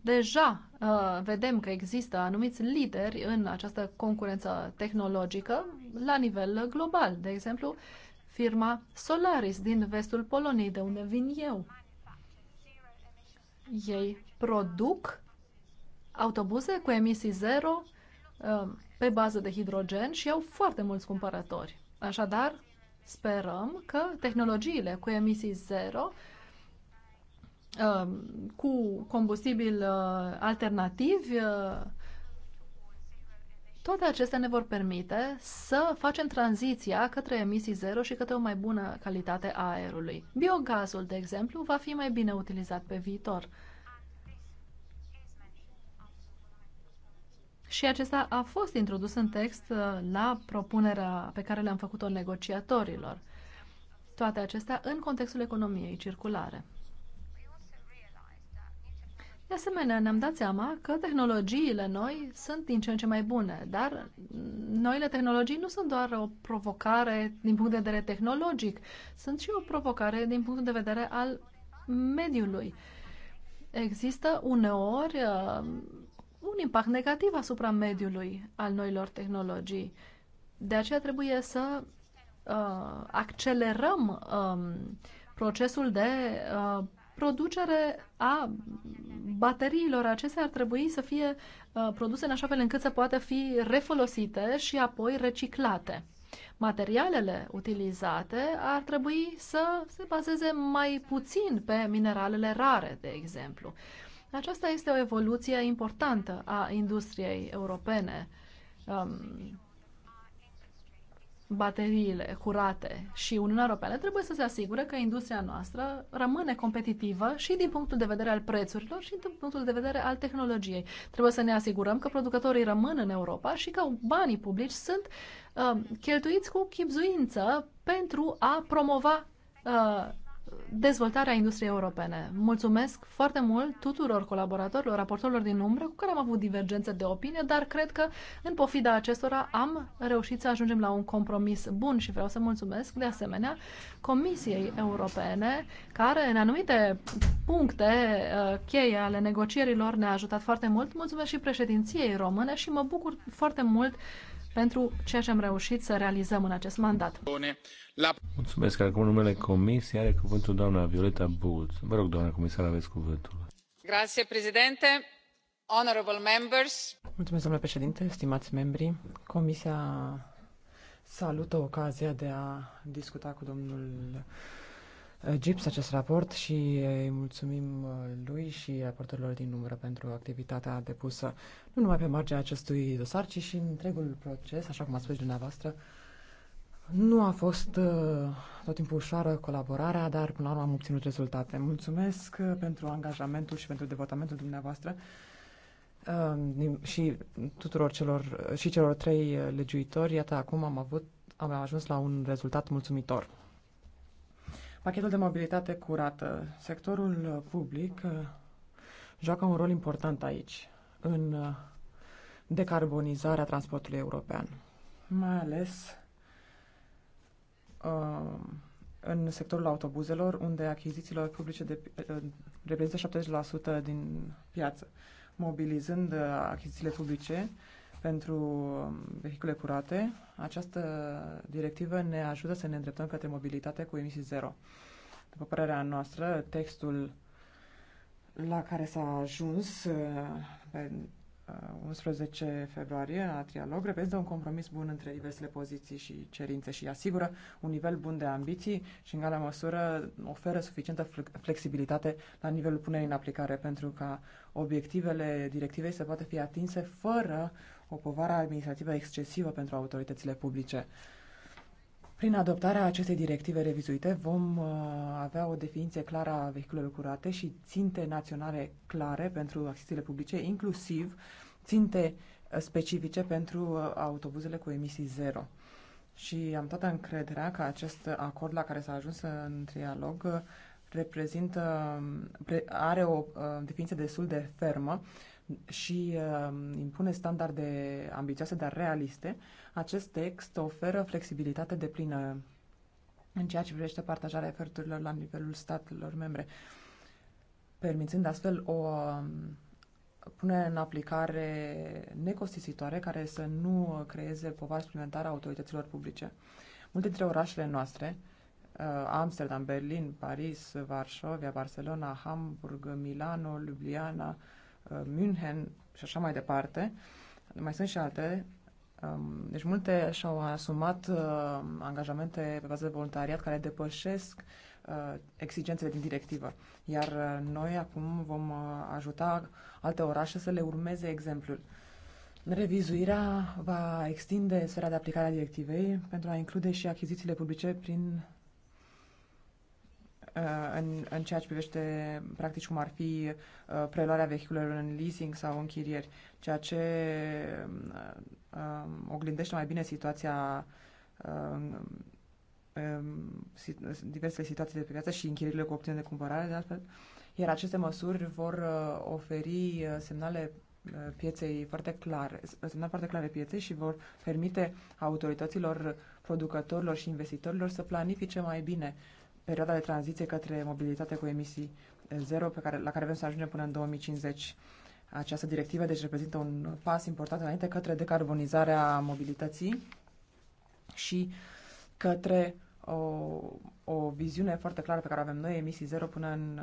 deja uh, vedem că există anumiți lideri în această concurență tehnologică la nivel global. De exemplu, firma Solaris din vestul Poloniei, de unde vin eu. Ei produc autobuze cu emisii zero uh, pe bază de hidrogen și au foarte mulți cumpărători. Așadar, sperăm că tehnologiile cu emisii zero uh, Uh, cu combustibil uh, alternativ, uh, toate acestea ne vor permite să facem tranziția către emisii zero și către o mai bună calitate a aerului. Biogazul, de exemplu, va fi mai bine utilizat pe viitor. Și acesta a fost introdus în text la propunerea pe care le-am făcut-o negociatorilor. Toate acestea în contextul economiei circulare. De asemenea, ne-am dat seama că tehnologiile noi sunt din ce în ce mai bune, dar noile tehnologii nu sunt doar o provocare din punct de vedere tehnologic, sunt și o provocare din punct de vedere al mediului. Există uneori uh, un impact negativ asupra mediului al noilor tehnologii. De aceea trebuie să uh, accelerăm uh, procesul de uh, producere a bateriilor acestea ar trebui să fie uh, produse în așa fel încât să poată fi refolosite și apoi reciclate. Materialele utilizate ar trebui să se bazeze mai puțin pe mineralele rare, de exemplu. Aceasta este o evoluție importantă a industriei europene. Um, bateriile curate și Uniunea Europeană trebuie să se asigure că industria noastră rămâne competitivă și din punctul de vedere al prețurilor și din punctul de vedere al tehnologiei. Trebuie să ne asigurăm că producătorii rămân în Europa și că banii publici sunt uh, cheltuiți cu chipzuință pentru a promova uh, dezvoltarea industriei europene. Mulțumesc foarte mult tuturor colaboratorilor, raportorilor din umbră, cu care am avut divergențe de opinie, dar cred că în pofida acestora am reușit să ajungem la un compromis bun și vreau să mulțumesc de asemenea Comisiei Europene, care în anumite puncte uh, cheie ale negocierilor ne-a ajutat foarte mult. Mulțumesc și președinției române și mă bucur foarte mult pentru ceea ce am reușit să realizăm în acest mandat. Mulțumesc. Acum numele Comisiei are cuvântul doamna Violeta Bulț. Vă rog, doamna comisar, aveți cuvântul. Grazie, președinte. Honorable members. Mulțumesc, domnule președinte, stimați membri. Comisia salută ocazia de a discuta cu domnul GIPS acest raport și îi mulțumim uh, lui și raportorilor din numără pentru activitatea depusă nu numai pe marginea acestui dosar, ci și întregul proces, așa cum ați spus dumneavoastră. Nu a fost uh, tot timpul ușoară colaborarea, dar până la urmă am obținut rezultate. Mulțumesc uh, pentru angajamentul și pentru devotamentul dumneavoastră și tuturor celor și celor trei legiuitori. Iată, acum am avut am ajuns la un rezultat mulțumitor. Pachetul de mobilitate curată. Sectorul uh, public uh, joacă un rol important aici, în uh, decarbonizarea transportului european, mai ales în sectorul autobuzelor, unde achizițiile publice de, reprezintă 70% din piață. Mobilizând achizițiile publice, pentru um, vehicule curate, această directivă ne ajută să ne îndreptăm către mobilitate cu emisii zero. După părerea noastră, textul la care s-a ajuns uh, pe 11 uh, februarie la trialog reprezintă un compromis bun între diversele poziții și cerințe și asigură un nivel bun de ambiții și în gala măsură oferă suficientă flexibilitate la nivelul punerii în aplicare pentru ca obiectivele directivei să poată fi atinse fără o povară administrativă excesivă pentru autoritățile publice. Prin adoptarea acestei directive revizuite vom uh, avea o definiție clară a vehiculelor curate și ținte naționale clare pentru achizițiile publice, inclusiv ținte uh, specifice pentru uh, autobuzele cu emisii zero. Și am toată încrederea că acest acord la care s-a ajuns în trialog uh, reprezintă, um, are o definiție destul de fermă și um, impune standarde ambițioase, dar realiste, acest text oferă flexibilitate de plină în ceea ce privește partajarea eforturilor la nivelul statelor membre, permițând astfel o um, punere în aplicare necostisitoare care să nu creeze povară suplimentară a autorităților publice. Multe dintre orașele noastre, uh, Amsterdam, Berlin, Paris, Varșovia, Barcelona, Hamburg, Milano, Ljubljana, Uh, München și așa mai departe. Mai sunt și alte. Um, deci multe și-au asumat uh, angajamente pe bază de voluntariat care depășesc uh, exigențele din directivă. Iar noi acum vom ajuta alte orașe să le urmeze exemplul. Revizuirea va extinde sfera de aplicare a directivei pentru a include și achizițiile publice prin Uh, în, în ceea ce privește practic cum ar fi uh, preluarea vehiculelor în leasing sau în chirieri, ceea ce um, uh, oglindește mai bine situația um, um, diversele situații de pe piață și închirierile cu opțiune de cumpărare, de altfel. Iar aceste măsuri vor oferi semnale pieței foarte clare, semnale foarte clare pieței și vor permite autorităților, producătorilor și investitorilor să planifice mai bine perioada de tranziție către mobilitate cu emisii zero pe care, la care vrem să ajungem până în 2050. Această directivă deci reprezintă un pas important înainte către decarbonizarea mobilității și către o, o viziune foarte clară pe care avem noi, emisii zero până în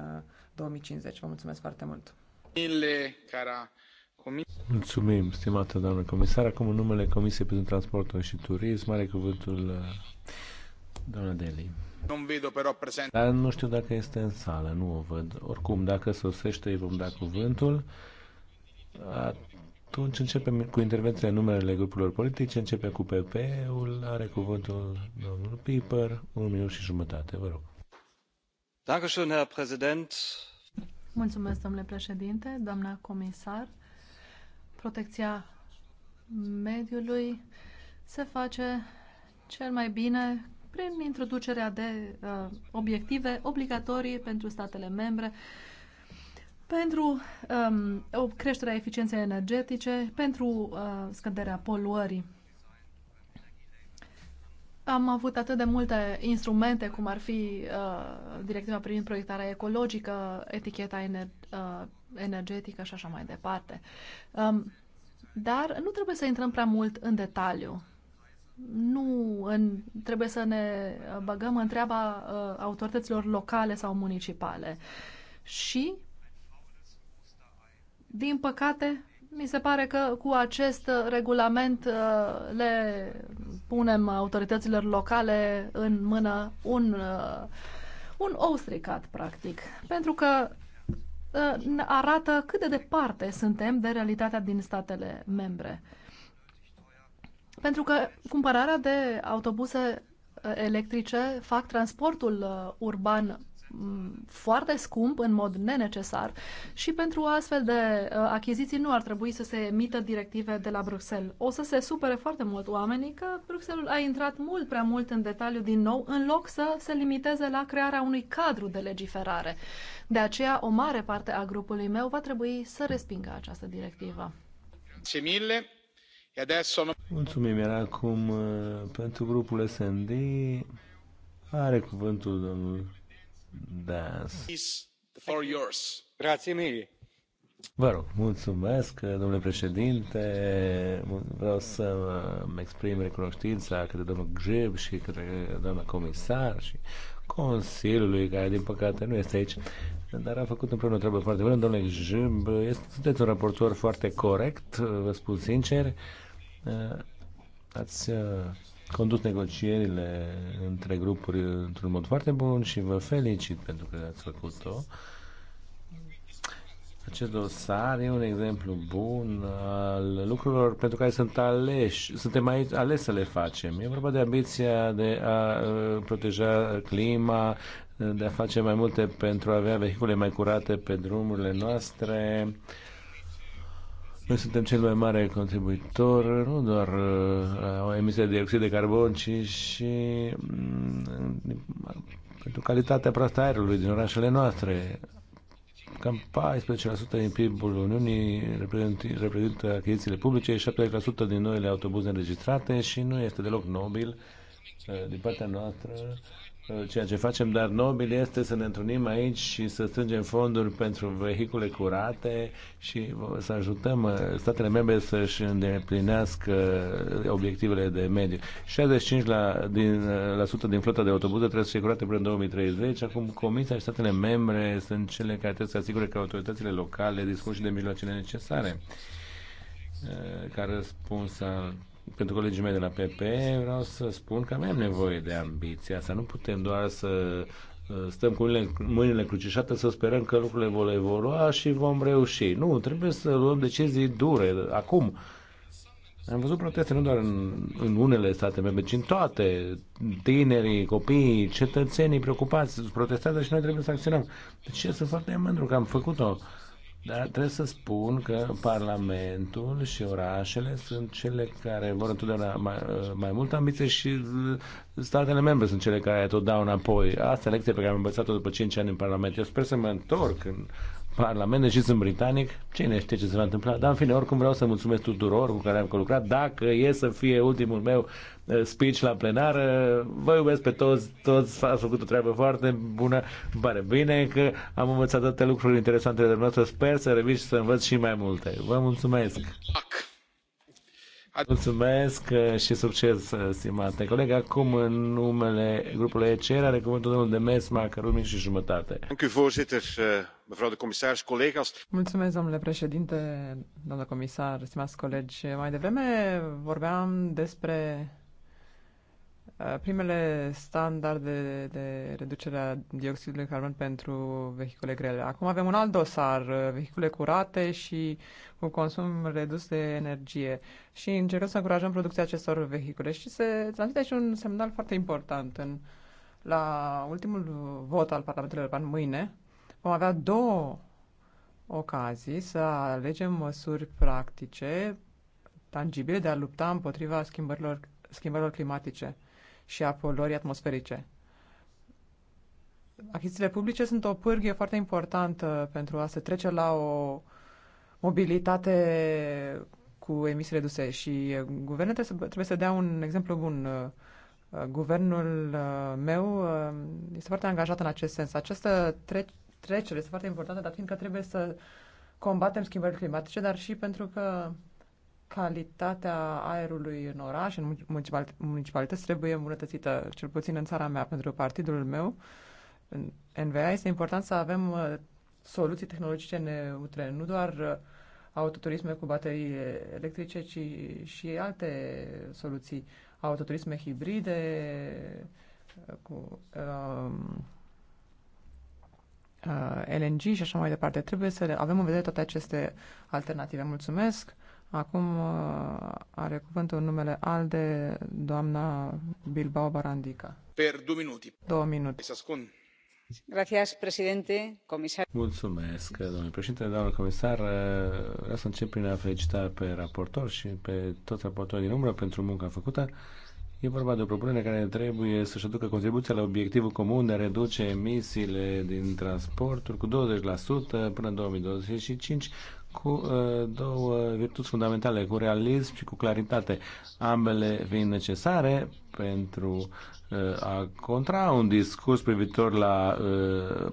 2050. Uh, Vă mulțumesc foarte mult! Mulțumim, stimată doamnă comisar. Acum, în numele Comisiei pentru Transportul și Turism, are cuvântul uh, doamna Deli vedo però prezent. Dar nu știu dacă este în sală, nu o văd. Oricum, dacă sosește, îi vom da cuvântul. Atunci începem cu intervenția numerele grupurilor politice, începem cu PP-ul, are cuvântul domnul Piper, un minut și jumătate, vă rog. Dankeschön, Herr Präsident. Mulțumesc, domnule președinte, doamna comisar. Protecția mediului se face cel mai bine prin introducerea de uh, obiective obligatorii pentru statele membre, pentru um, o creșterea eficienței energetice, pentru uh, scăderea poluării. Am avut atât de multe instrumente, cum ar fi uh, directiva privind proiectarea ecologică, eticheta ener- uh, energetică și așa mai departe. Um, dar nu trebuie să intrăm prea mult în detaliu nu în, trebuie să ne uh, băgăm în treaba uh, autorităților locale sau municipale. Și, din păcate, mi se pare că cu acest uh, regulament uh, le punem autorităților locale în mână un, uh, un ou stricat, practic. Pentru că uh, arată cât de departe suntem de realitatea din statele membre. Uh, pentru că cumpărarea de autobuse eh, electrice fac transportul eh, urban mm, foarte scump în mod nenecesar și pentru astfel de eh, achiziții nu ar trebui să se emită directive de la Bruxelles. O să se supere foarte mult oamenii că Bruxelles a intrat mult prea mult în detaliu din nou în loc să se limiteze la crearea unui cadru de legiferare. De aceea o mare parte a grupului meu va trebui să respingă această directivă. Mulțumesc Mulțumim, era acum uh, pentru grupul SND. Are cuvântul domnul Das. For Grazie mille. Vă rog, mulțumesc, domnule președinte. Vreau să mă exprim recunoștința către domnul Grib și către doamna comisar și Consiliului, care din păcate nu este aici, dar a făcut împreună treabă foarte bună. Domnule Grib, sunteți un raportor foarte corect, vă spun sincer. Eh, ați eh, condus negocierile între grupuri într-un mod foarte bun și vă felicit pentru că ați făcut-o. Acest dosar e un exemplu bun al lucrurilor pentru care sunt aleși, suntem aici ales să le facem. E vorba de ambiția de a eh, proteja clima, de a face mai multe pentru a avea vehicule mai curate pe drumurile noastre, noi suntem cel mai mare contribuitor nu doar la uh, emisia de dioxid de carbon, ci și mm, pentru calitatea proastă aerului din orașele noastre. Cam 14% din PIB-ul Uniunii reprezintă achizițiile publice, 7% din noile autobuze înregistrate și nu este deloc nobil uh, din partea noastră Uh, ceea ce facem, dar nobil este să ne întâlnim aici și să strângem fonduri pentru vehicule curate și să ajutăm uh, statele membre să-și îndeplinească uh, obiectivele de mediu. 65% la, din, la sută din flota de autobuze trebuie să fie curate până în 2030. Acum Comisia și statele membre sunt cele care trebuie să asigure că autoritățile locale dispun și de mijloacele necesare ca răspuns al pentru colegii mei de la PP, vreau să spun că avem nevoie de ambiția asta. Nu putem doar să uh, stăm cu mâinile, mâinile crucișate să sperăm că lucrurile vor evolua și vom reuși. Nu, trebuie să luăm decizii dure, acum. Am văzut proteste nu doar în, în unele state membre, ci în toate. Tinerii, copiii, cetățenii preocupați protestează și noi trebuie să acționăm. Deci eu sunt foarte mândru că am făcut-o. Uh, dar trebuie să spun că Parlamentul și orașele sunt cele care vor întotdeauna mai, mai multă ambiție și statele membre sunt cele care tot dau înapoi. Asta e lecția pe care am învățat-o după 5 ani în Parlament. Eu sper să mă întorc în Parlament, deși sunt britanic, cine știe ce se va întâmpla. Dar, în fine, oricum vreau să mulțumesc tuturor cu care am lucrat. Dacă e să fie ultimul meu Uh, speech la plenară. Vă iubesc pe toți, toți ați făcut o treabă foarte bună. Îmi pare bine că am învățat toate lucruri interesante de noastră. Sper să revin și să învăț și mai multe. Vă mulțumesc! Mulțumesc uh, și succes, uh, stimate colegi. Acum, în numele grupului ECR, are cuvântul domnul de Mesma, cărumi și jumătate. Mulțumesc, domnule președinte, domnule comisar, stimați colegi. Mai devreme vorbeam despre Uh, primele standarde de reducere a dioxidului de carbon pentru vehicule grele. Acum avem un alt dosar, uh, vehicule curate și cu consum redus de energie și încercăm să încurajăm producția acestor vehicule și se transmite și un semnal foarte important. În, la ultimul vot al Parlamentului European mâine vom avea două ocazii să alegem măsuri practice tangibile de a lupta împotriva schimbărilor, schimbărilor climatice și a poluării atmosferice. Achizițiile publice sunt o pârghie foarte importantă pentru a se trece la o mobilitate cu emisii reduse și guvernele trebuie să, trebuie să dea un exemplu bun. Guvernul meu este foarte angajat în acest sens. Această tre- trecere este foarte importantă, dar fiindcă trebuie să combatem schimbările climatice, dar și pentru că calitatea aerului în oraș, în municipalități, trebuie îmbunătățită, cel puțin în țara mea, pentru partidul meu, în NVA, este important să avem uh, soluții tehnologice neutre, nu doar uh, autoturisme cu baterii electrice, ci și alte soluții, autoturisme hibride, uh, cu um, LNG și așa mai departe. Trebuie să avem în vedere toate aceste alternative. Mulțumesc! Acum uh, are cuvântul numele ALDE, doamna Bilbao Barandica. Per două minute. Două minute. Să ascund. Gracias, președinte, comisar. Mulțumesc, domnule președinte, doamnă comisar. Uh, vreau să încep prin a felicita pe raportor și pe toți raportorii din umbră pentru munca făcută. E vorba de o propunere care trebuie să-și aducă contribuția la obiectivul comun de a reduce emisiile din transporturi cu 20% până în 2025, cu uh, două virtuți fundamentale, cu realism și cu claritate. Ambele vin necesare pentru Uh, a contra un discurs privitor la uh,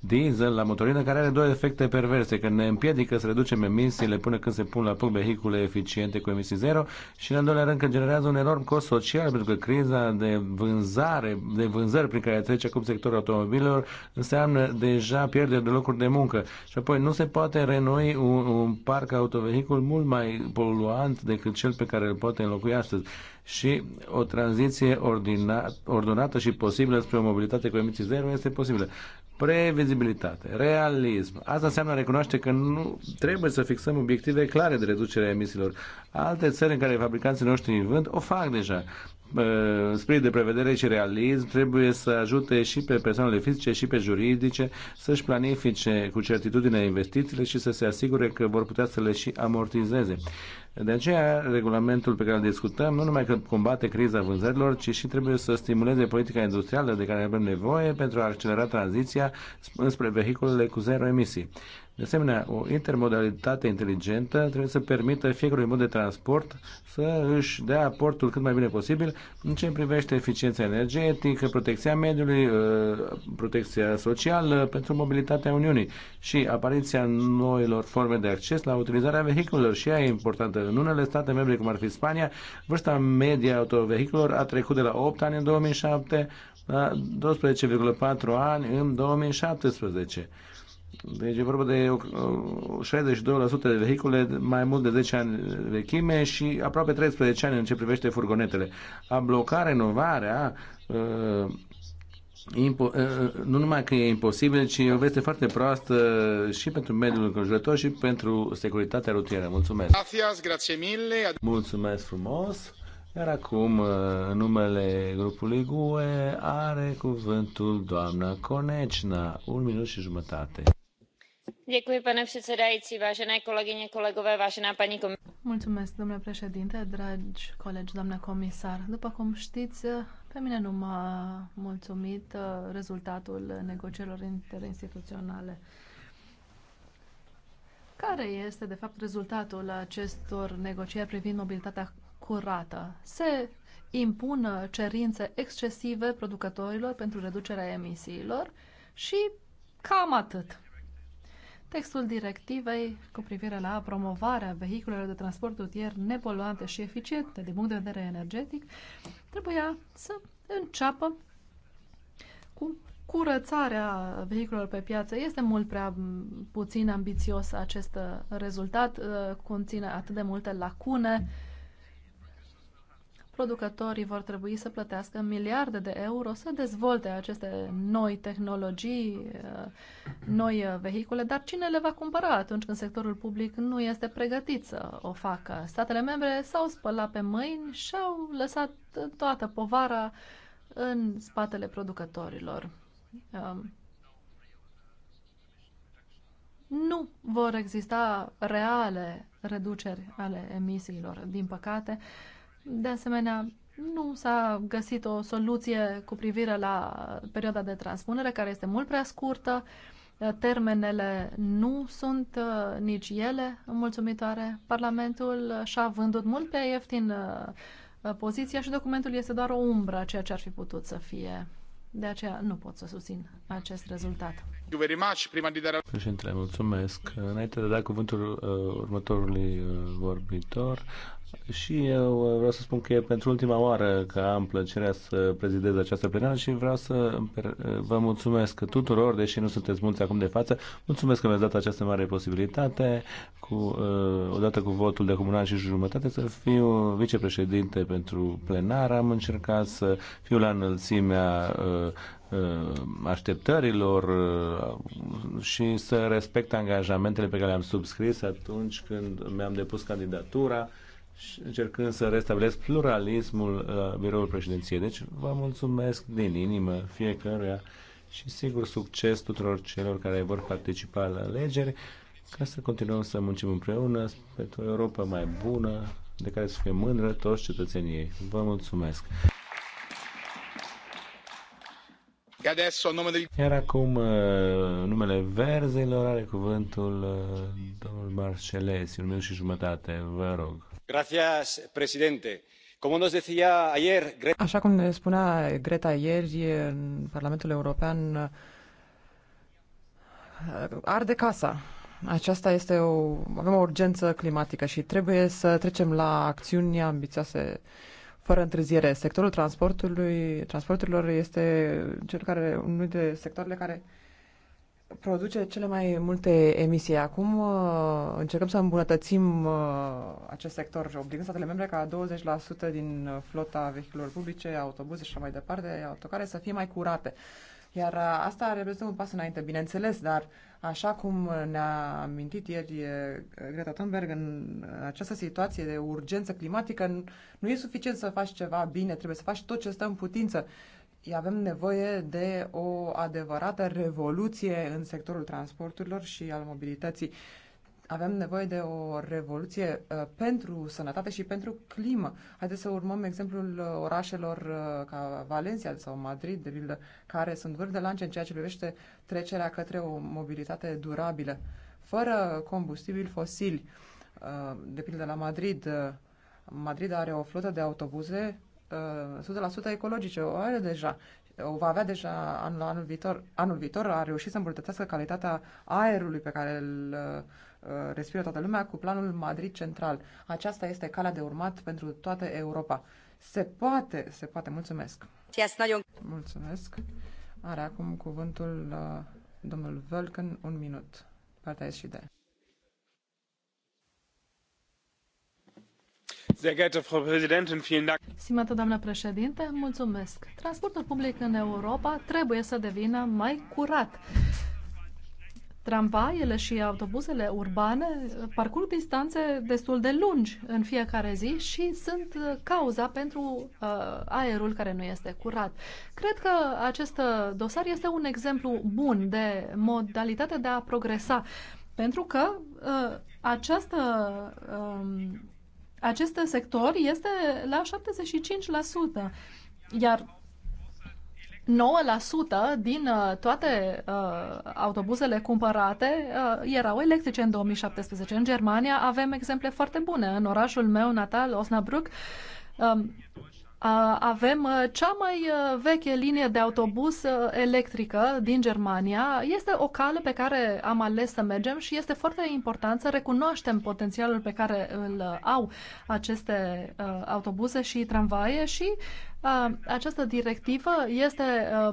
diesel, la motorină, care are două efecte perverse, că ne împiedică să reducem emisiile până când se pun la punct vehicule eficiente cu emisii zero și, în al doilea rând, că generează un enorm cost social, pentru că criza de vânzare, de vânzări prin care trece acum sectorul automobilelor, înseamnă deja pierderi de locuri de muncă. Și apoi nu se poate renoi un, un parc autovehicul mult mai poluant decât cel pe care îl poate înlocui astăzi și o tranziție ordinat, ordonată și posibilă spre o mobilitate cu emisii zero este posibilă. Previzibilitate, realism. Asta înseamnă recunoaște că nu trebuie să fixăm obiective clare de reducere a emisiilor. Alte țări în care fabricanții noștri vând o fac deja spirit de prevedere și realism trebuie să ajute și pe persoanele fizice și pe juridice să-și planifice cu certitudine investițiile și să se asigure că vor putea să le și amortizeze. De aceea, regulamentul pe care îl discutăm nu numai că combate criza vânzărilor, ci și trebuie să stimuleze politica industrială de care avem nevoie pentru a accelera tranziția spre vehiculele cu zero emisii. De asemenea, o intermodalitate inteligentă trebuie să permită fiecărui mod de transport să își dea aportul cât mai bine posibil în ce privește eficiența energetică, protecția mediului, uh, protecția socială pentru mobilitatea Uniunii și apariția noilor forme de acces la utilizarea vehiculelor și ea e importantă. În unele state membre, cum ar fi Spania, vârsta medie a autovehiculelor a trecut de la 8 ani în 2007 la 12,4 ani în 2017 deci e vorba de 62% de vehicule mai mult de 10 ani vechime și aproape 13 ani în ce privește furgonetele. A bloca renovarea uh, uh, uh, nu numai că e imposibil, ci e o veste foarte proastă și pentru mediul înconjurător și pentru securitatea rutieră. Mulțumesc! Mulțumesc frumos! Iar acum, numele grupului GUE, are cuvântul doamna Conecna. Un minut și jumătate pane předsedající vážené kolegyně kolegové vážená paní Mulțumesc, domnule președinte, dragi colegi, doamnă comisar. După cum știți, pe mine nu m-a mulțumit uh, rezultatul negocierilor interinstituționale. Care este, de fapt, rezultatul acestor negocieri privind mobilitatea curată? Se impun cerințe excesive producătorilor pentru reducerea emisiilor și cam atât. Textul directivei cu privire la promovarea vehiculelor de transport rutier nepoluante și eficiente din punct de vedere energetic trebuia să înceapă cu curățarea vehiculelor pe piață. Este mult prea puțin ambițios acest rezultat, uh, conține atât de multe lacune producătorii vor trebui să plătească miliarde de euro să dezvolte aceste noi tehnologii, uh, noi uh, vehicule, dar cine le va cumpăra atunci când sectorul public nu este pregătit să o facă? Statele membre s-au spălat pe mâini și au lăsat toată povara în spatele producătorilor. Um, nu vor exista reale reduceri ale emisiilor, din păcate. Uh, de asemenea, nu s-a găsit o soluție cu privire la perioada de transpunere, care este mult prea scurtă. Termenele nu sunt uh, nici ele mulțumitoare. Parlamentul și-a vândut mult pe ieftin uh, uh, poziția și documentul este doar o umbră a ceea ce ar fi putut să fie. De aceea nu pot să susțin acest rezultat. Președintele, mulțumesc. Înainte de a da cuvântul următorului vorbitor, și eu vreau să spun că e pentru ultima oară că am plăcerea să prezidez această plenară și vreau să vă mulțumesc tuturor, deși nu sunteți mulți acum de față, mulțumesc că mi-ați dat această mare posibilitate, cu, uh, odată cu votul de comunal și jumătate, să fiu vicepreședinte pentru plenară. Am încercat să fiu la înălțimea uh, uh, așteptărilor și să respect angajamentele pe care le-am subscris atunci când mi-am depus candidatura și încercând să restabilesc pluralismul uh, biroul președinției. Deci vă mulțumesc din inimă fiecăruia și sigur succes tuturor celor care vor participa la alegeri ca să continuăm să muncim împreună pentru o Europa mai bună de care să fie mândră toți cetățenii ei. Vă mulțumesc! Iar acum uh, numele verzilor are cuvântul uh, domnul Marcelesi, un minut și jumătate, vă rog. Așa cum ne spunea Greta ieri în Parlamentul European, arde casa. Aceasta este o, avem o urgență climatică și trebuie să trecem la acțiuni ambițioase fără întârziere. Sectorul transportului, transporturilor este cel care, unul dintre sectoarele care uh, produce cele mai multe emisii. Acum uh, încercăm să îmbunătățim uh, acest sector, obligând statele membre ca 20% din uh, flota vehiculelor publice, autobuze și așa mai departe, autocare, să fie mai curate. Iar asta reprezintă un pas înainte, bineînțeles, dar așa cum ne-a amintit ieri Greta Thunberg, în această situație de urgență climatică, nu e suficient să faci ceva bine, trebuie să faci tot ce stă în putință avem nevoie de o adevărată revoluție în sectorul transporturilor și al mobilității. Avem nevoie de o revoluție uh, pentru sănătate și pentru climă. Haideți să urmăm exemplul uh, orașelor uh, ca Valencia sau Madrid, de bildă, care sunt vârf de lance în ceea ce privește trecerea către o mobilitate durabilă, fără combustibili fosili. Uh, de pildă, la Madrid, uh, Madrid are o flotă de autobuze 100% ecologice. O are deja. O va avea deja anul, anul viitor. Anul viitor a reușit să îmbunătățească calitatea aerului pe care îl uh, respiră toată lumea cu planul Madrid Central. Aceasta este calea de urmat pentru toată Europa. Se poate, se poate. Mulțumesc. Mulțumesc. Are acum cuvântul uh, domnul Völken, un minut. Partea de. Stimată doamnă președinte, mulțumesc. Transportul public în Europa trebuie să devină mai curat. Tramvaiele și autobuzele urbane parcurg distanțe destul de lungi în fiecare zi și sunt cauza pentru uh, aerul care nu este curat. Cred că acest dosar este un exemplu bun de modalitate de a progresa, pentru că uh, această uh, acest sector este la 75%, iar 9% din uh, toate uh, autobuzele cumpărate uh, erau electrice în 2017. În Germania avem exemple foarte bune. În orașul meu natal, Osnabrück, um, avem uh, cea mai uh, veche linie de autobuz uh, electrică din Germania. Este o cale pe care am ales să mergem și este foarte important să recunoaștem potențialul pe care îl au aceste autobuze și tramvaie și această directivă este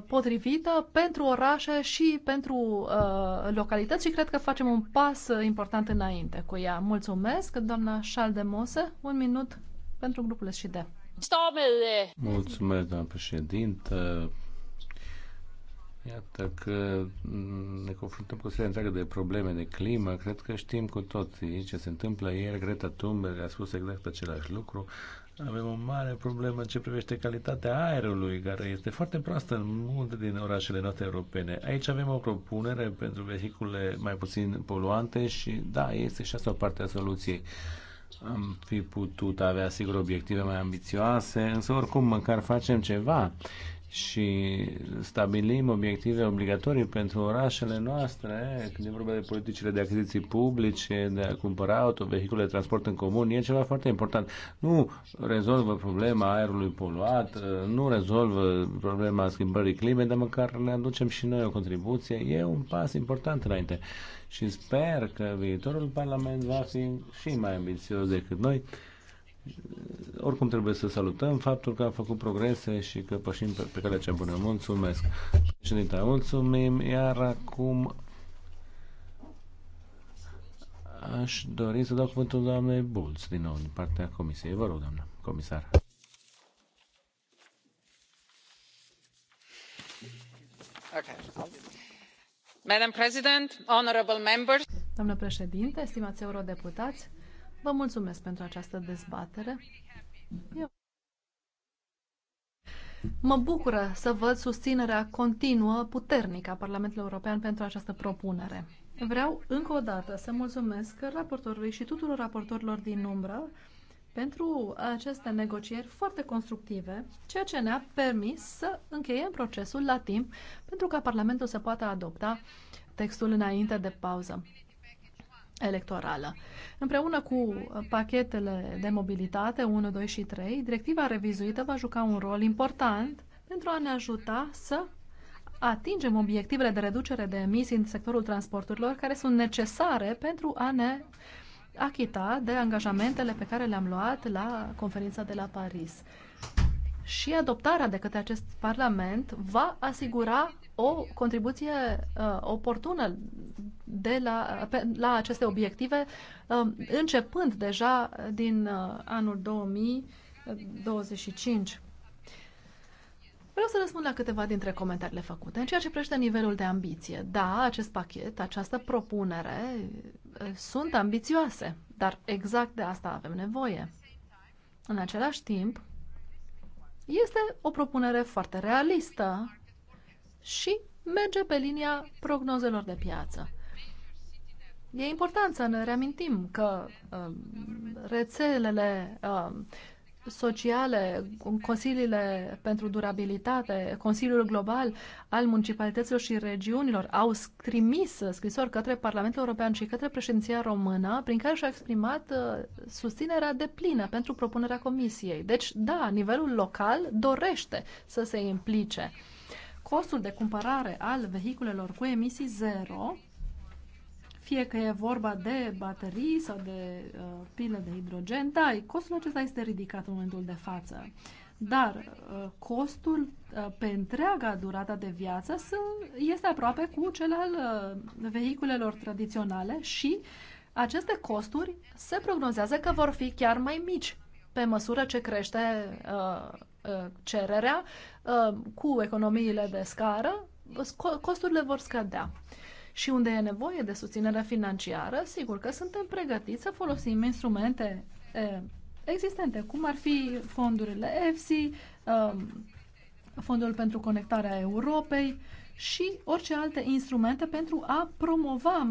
potrivită pentru orașe și pentru localități și cred că facem un pas important înainte cu ea. Mulțumesc, doamna Schaldemose. Un minut pentru grupul SD. Øh, Mulțumesc, doamnă președintă. Iată că mm, ne confruntăm cu o serie întreagă de probleme de climă. Cred că știm cu toții ce se întâmplă. Ieri Greta Thunberg a spus exact același lucru. Avem o mare problemă în ce privește calitatea aerului, care este foarte proastă în multe din orașele noastre europene. Aici avem o propunere pentru vehicule mai puțin poluante și, da, este și asta o parte a soluției. Am fi putut avea, sigur, obiective mai ambițioase, însă oricum măcar facem ceva și stabilim obiective obligatorii pentru orașele noastre, când e vorba de politicile de achiziții publice, de a cumpăra autovehicule de transport în comun, e ceva foarte important. Nu rezolvă problema aerului poluat, nu rezolvă problema schimbării climei, dar măcar ne aducem și noi o contribuție. E un pas important înainte și sper că viitorul Parlament va fi și mai ambițios decât noi. Oricum trebuie să salutăm faptul că a făcut progrese și că pășim pe, pe calea cea bună. Mulțumesc, președinte. Mulțumim, iar acum aș dori să dau cuvântul doamnei Bulț din nou din partea Comisiei. Vă rog, doamnă comisar. Okay doamnă președintă stimați eurodeputați vă mulțumesc pentru această dezbatere. Eu... Mă bucură să văd susținerea continuă, puternică a Parlamentului European pentru această propunere. Vreau încă o dată să mulțumesc raportorului și tuturor raportorilor din umbră pentru aceste negocieri foarte constructive, ceea ce ne-a permis să încheiem procesul la timp pentru ca Parlamentul să poată adopta textul înainte de pauză electorală. Împreună cu pachetele de mobilitate 1, 2 și 3, directiva revizuită va juca un rol important pentru a ne ajuta să atingem obiectivele de reducere de emisii în sectorul transporturilor care sunt necesare pentru a ne uh, achita de angajamentele pe care le-am luat la conferința de la Paris. Și adoptarea de către acest Parlament va asigura o contribuție uh, oportună de la, pe, la aceste obiective, uh, începând deja din uh, anul 2025. Vreau să răspund la câteva dintre comentariile făcute. În ceea ce privește nivelul de ambiție, da, acest pachet, această propunere eh, sunt ambițioase, dar exact de asta avem nevoie. În același timp, este o propunere foarte realistă și merge pe linia prognozelor de piață. E important să ne reamintim că uh, rețelele uh, sociale, consiliile pentru durabilitate, Consiliul Global al Municipalităților și Regiunilor au trimis scrisori către Parlamentul European și către președinția română, prin care și-au exprimat uh, susținerea de plină pentru propunerea Comisiei. Deci, da, nivelul local dorește să se implice. Costul de cumpărare al vehiculelor cu emisii zero fie că e vorba de baterii sau de uh, pile de hidrogen, da, costul acesta este ridicat în momentul de față. Dar uh, costul uh, pe întreaga durata de viață este aproape cu cel al uh, vehiculelor tradiționale și aceste costuri se prognozează că vor fi chiar mai mici pe măsură ce crește uh, uh, cererea uh, cu economiile de scară, costurile vor scădea și unde e nevoie de susținere financiară, sigur că suntem pregătiți să folosim instrumente existente, cum ar fi fondurile EFSI, um, Fondul pentru Conectarea Europei și orice alte instrumente pentru a promova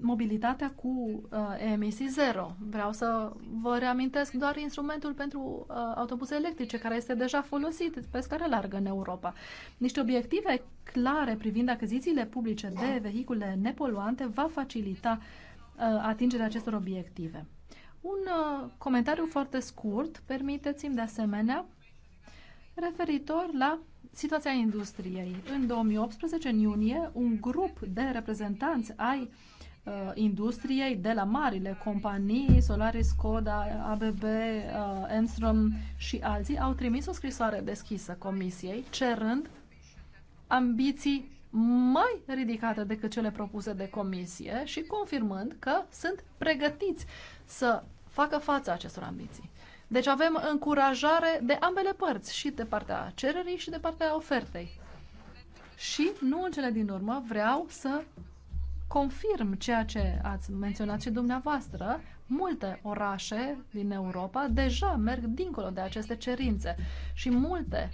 mobilitatea cu uh, emisii zero. Vreau să vă reamintesc doar instrumentul pentru uh, autobuze electrice, care este deja folosit pe scară largă în Europa. Niște obiective clare privind achizițiile publice de vehicule nepoluante va facilita uh, atingerea acestor obiective. Un uh, comentariu foarte scurt, permiteți-mi de asemenea referitor la situația industriei. În 2018, în iunie, un grup de reprezentanți ai uh, industriei de la marile companii, Solaris, Coda, ABB, uh, Enstrom și alții, au trimis o scrisoare deschisă comisiei cerând ambiții mai ridicate decât cele propuse de comisie și confirmând că sunt pregătiți să facă față acestor ambiții. Deci avem încurajare de ambele părți, și de partea cererii și de partea ofertei. Și, nu în cele din urmă, vreau să confirm ceea ce ați menționat și dumneavoastră. Multe orașe din Europa deja merg dincolo de aceste cerințe și multe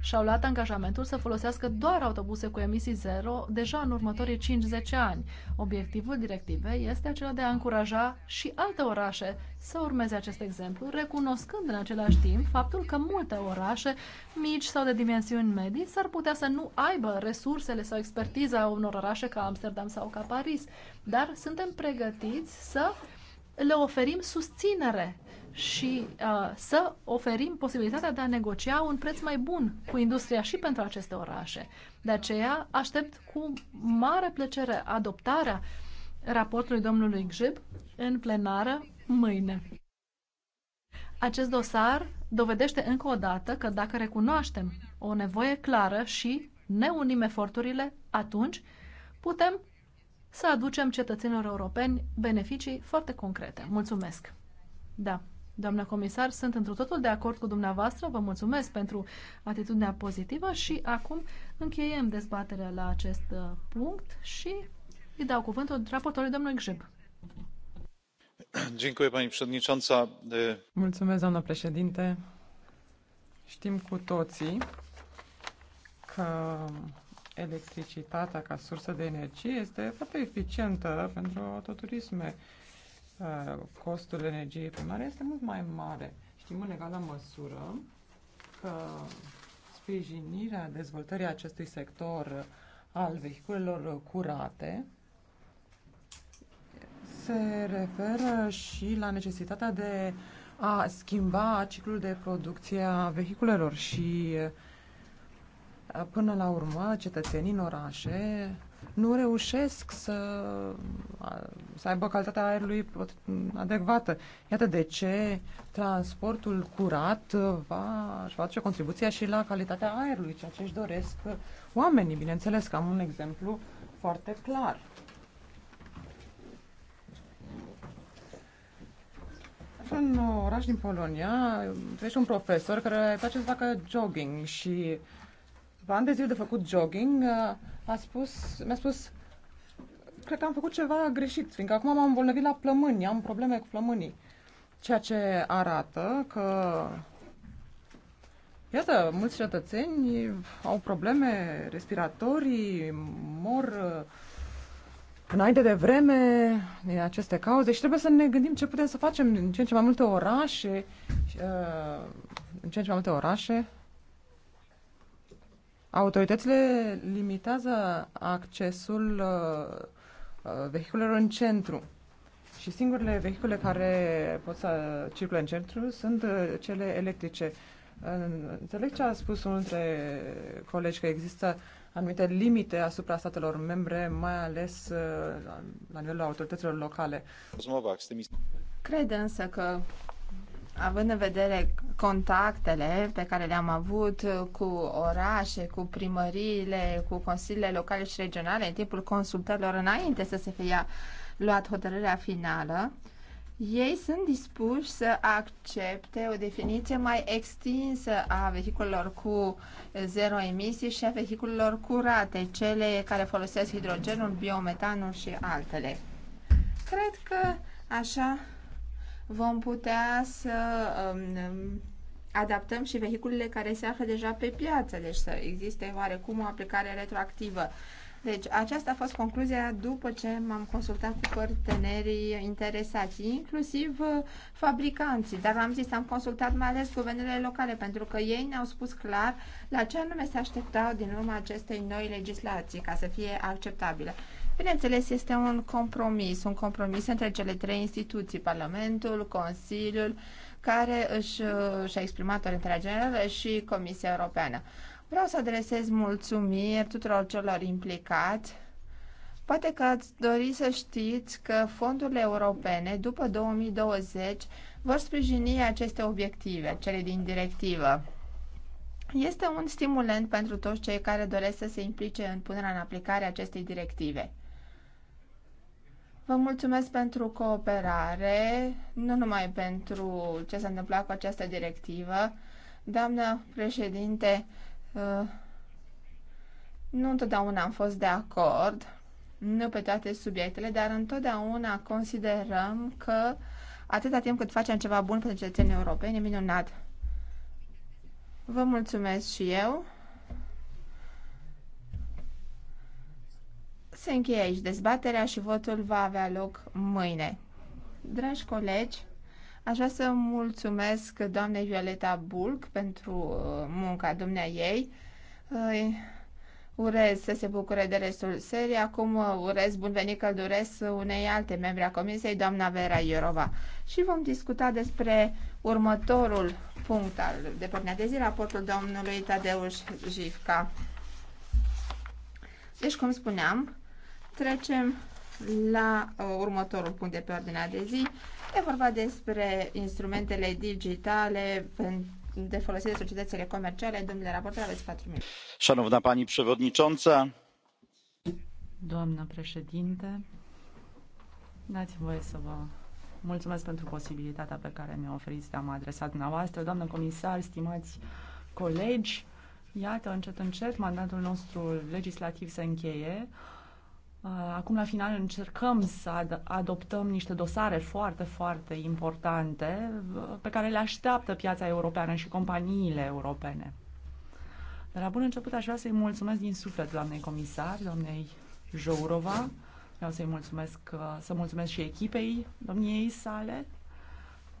și-au luat angajamentul să folosească doar autobuse cu emisii zero deja în următorii 5-10 ani. Obiectivul directivei este acela de a încuraja și alte orașe să urmeze acest exemplu, recunoscând în același timp faptul că multe orașe, mici sau de dimensiuni medii, s-ar putea să nu aibă resursele sau expertiza unor orașe ca Amsterdam sau ca Paris, dar suntem pregătiți să le oferim susținere și uh, să oferim posibilitatea de a negocia un preț mai bun cu industria și pentru aceste orașe. De aceea aștept cu mare plăcere adoptarea raportului domnului Gjib în plenară mâine. Acest dosar dovedește încă o dată că dacă recunoaștem o nevoie clară și ne unim eforturile, atunci putem să aducem cetățenilor europeni beneficii foarte concrete. Mulțumesc! Da. Doamna comisar, sunt într totul de acord cu dumneavoastră. Vă mulțumesc pentru atitudinea pozitivă și acum încheiem dezbaterea la acest uh, punct și îi dau cuvântul raportorului domnului Grzyb. Mulțumesc, doamnă președinte. Știm cu toții că electricitatea ca sursă de energie este foarte eficientă pentru autoturisme. Uh, costul energiei primare este mult mai mare. Știm în egală măsură că sprijinirea dezvoltării acestui sector al vehiculelor curate se referă și la necesitatea de a schimba ciclul de producție a vehiculelor și uh, până la urmă cetățenii în orașe nu reușesc să, să aibă calitatea aerului adecvată. Iată de ce transportul curat va, își va aduce contribuția și la calitatea aerului, ceea ce își doresc oamenii. Bineînțeles că am un exemplu foarte clar. În oraș din Polonia trăiește un profesor care îi place să facă jogging și uh, ani de zile de făcut jogging, uh, a spus, mi-a spus, cred că am făcut ceva greșit, fiindcă acum m-am îmbolnăvit la plămâni, am probleme cu plămânii. Ceea ce arată că, iată, mulți cetățeni au probleme respiratorii, mor uh, înainte de vreme din aceste cauze și trebuie să ne gândim ce putem să facem în ce în ce mai multe orașe, uh, în ce în ce mai multe orașe Autoritățile limitează accesul uh, uh, vehiculelor în centru. Și singurele vehicule care pot să circule în centru sunt uh, cele electrice. Înțeleg ce a spus unul dintre colegi că există anumite limite asupra statelor membre, mai ales uh, la nivelul autorităților locale. Crede însă că având în vedere contactele pe care le-am avut cu orașe, cu primăriile, cu consiliile locale și regionale în timpul consultărilor înainte să se fie luat hotărârea finală, ei sunt dispuși să accepte o definiție mai extinsă a vehiculelor cu zero emisii și a vehiculelor curate, cele care folosesc hidrogenul, biometanul și altele. Cred că așa vom putea să um, adaptăm și vehiculele care se află deja pe piață, deci să existe oarecum o aplicare retroactivă. Deci, aceasta a fost concluzia după ce m-am consultat cu partenerii interesați, inclusiv uh, fabricanții, dar am zis, am consultat mai ales guvernele locale, pentru că ei ne-au spus clar la ce anume se așteptau din urma acestei noi legislații ca să fie acceptabile. Bineînțeles, este un compromis, un compromis între cele trei instituții, Parlamentul, Consiliul, care își, uh, și-a exprimat orientarea generală și Comisia Europeană. Vreau să adresez mulțumiri tuturor celor implicați. Poate că ați dori să știți că fondurile europene după 2020 vor sprijini aceste obiective, cele din directivă. Este un stimulent pentru toți cei care doresc să se implice în punerea în aplicare a acestei directive. Vă mulțumesc pentru cooperare, nu numai pentru ce s-a întâmplat cu această directivă. Doamnă președinte, uh, nu întotdeauna am fost de acord, nu pe toate subiectele, dar întotdeauna considerăm că atâta timp cât facem ceva bun pentru cetățenii europeni, e minunat. Vă mulțumesc și eu. Se încheie aici dezbaterea și votul va avea loc mâine. Dragi colegi, aș vrea să mulțumesc doamnei Violeta Bulc pentru uh, munca dumnea ei. Urez să se bucure de restul serii. Acum uh, urez bun venit călduresc unei alte membre a comisiei, doamna Vera Iorova. Și vom discuta despre următorul punct al de pornea de zi, raportul domnului Tadeuș Jivca. Deci, cum spuneam, Trecem la uh, următorul punct de pe ordinea de zi. E vorba despre instrumentele digitale de folosire societățile comerciale. Domnule raportor, aveți 4 minute. Șanovna Pani Przewodnicząca. Doamna președinte, dați voie să vă mulțumesc pentru posibilitatea pe care mi-o oferiți de a mă adresa dumneavoastră. Doamnă comisar, stimați colegi, iată, încet, încet, mandatul nostru legislativ se încheie. Uh, Uh, acum, la final, încercăm să ad- adoptăm niște dosare foarte, foarte importante uh, pe care le așteaptă piața europeană și companiile europene. De la bun început aș vrea să-i mulțumesc din suflet doamnei comisar, doamnei Jourova. Vreau să-i mulțumesc, uh, să mulțumesc și echipei domniei sale.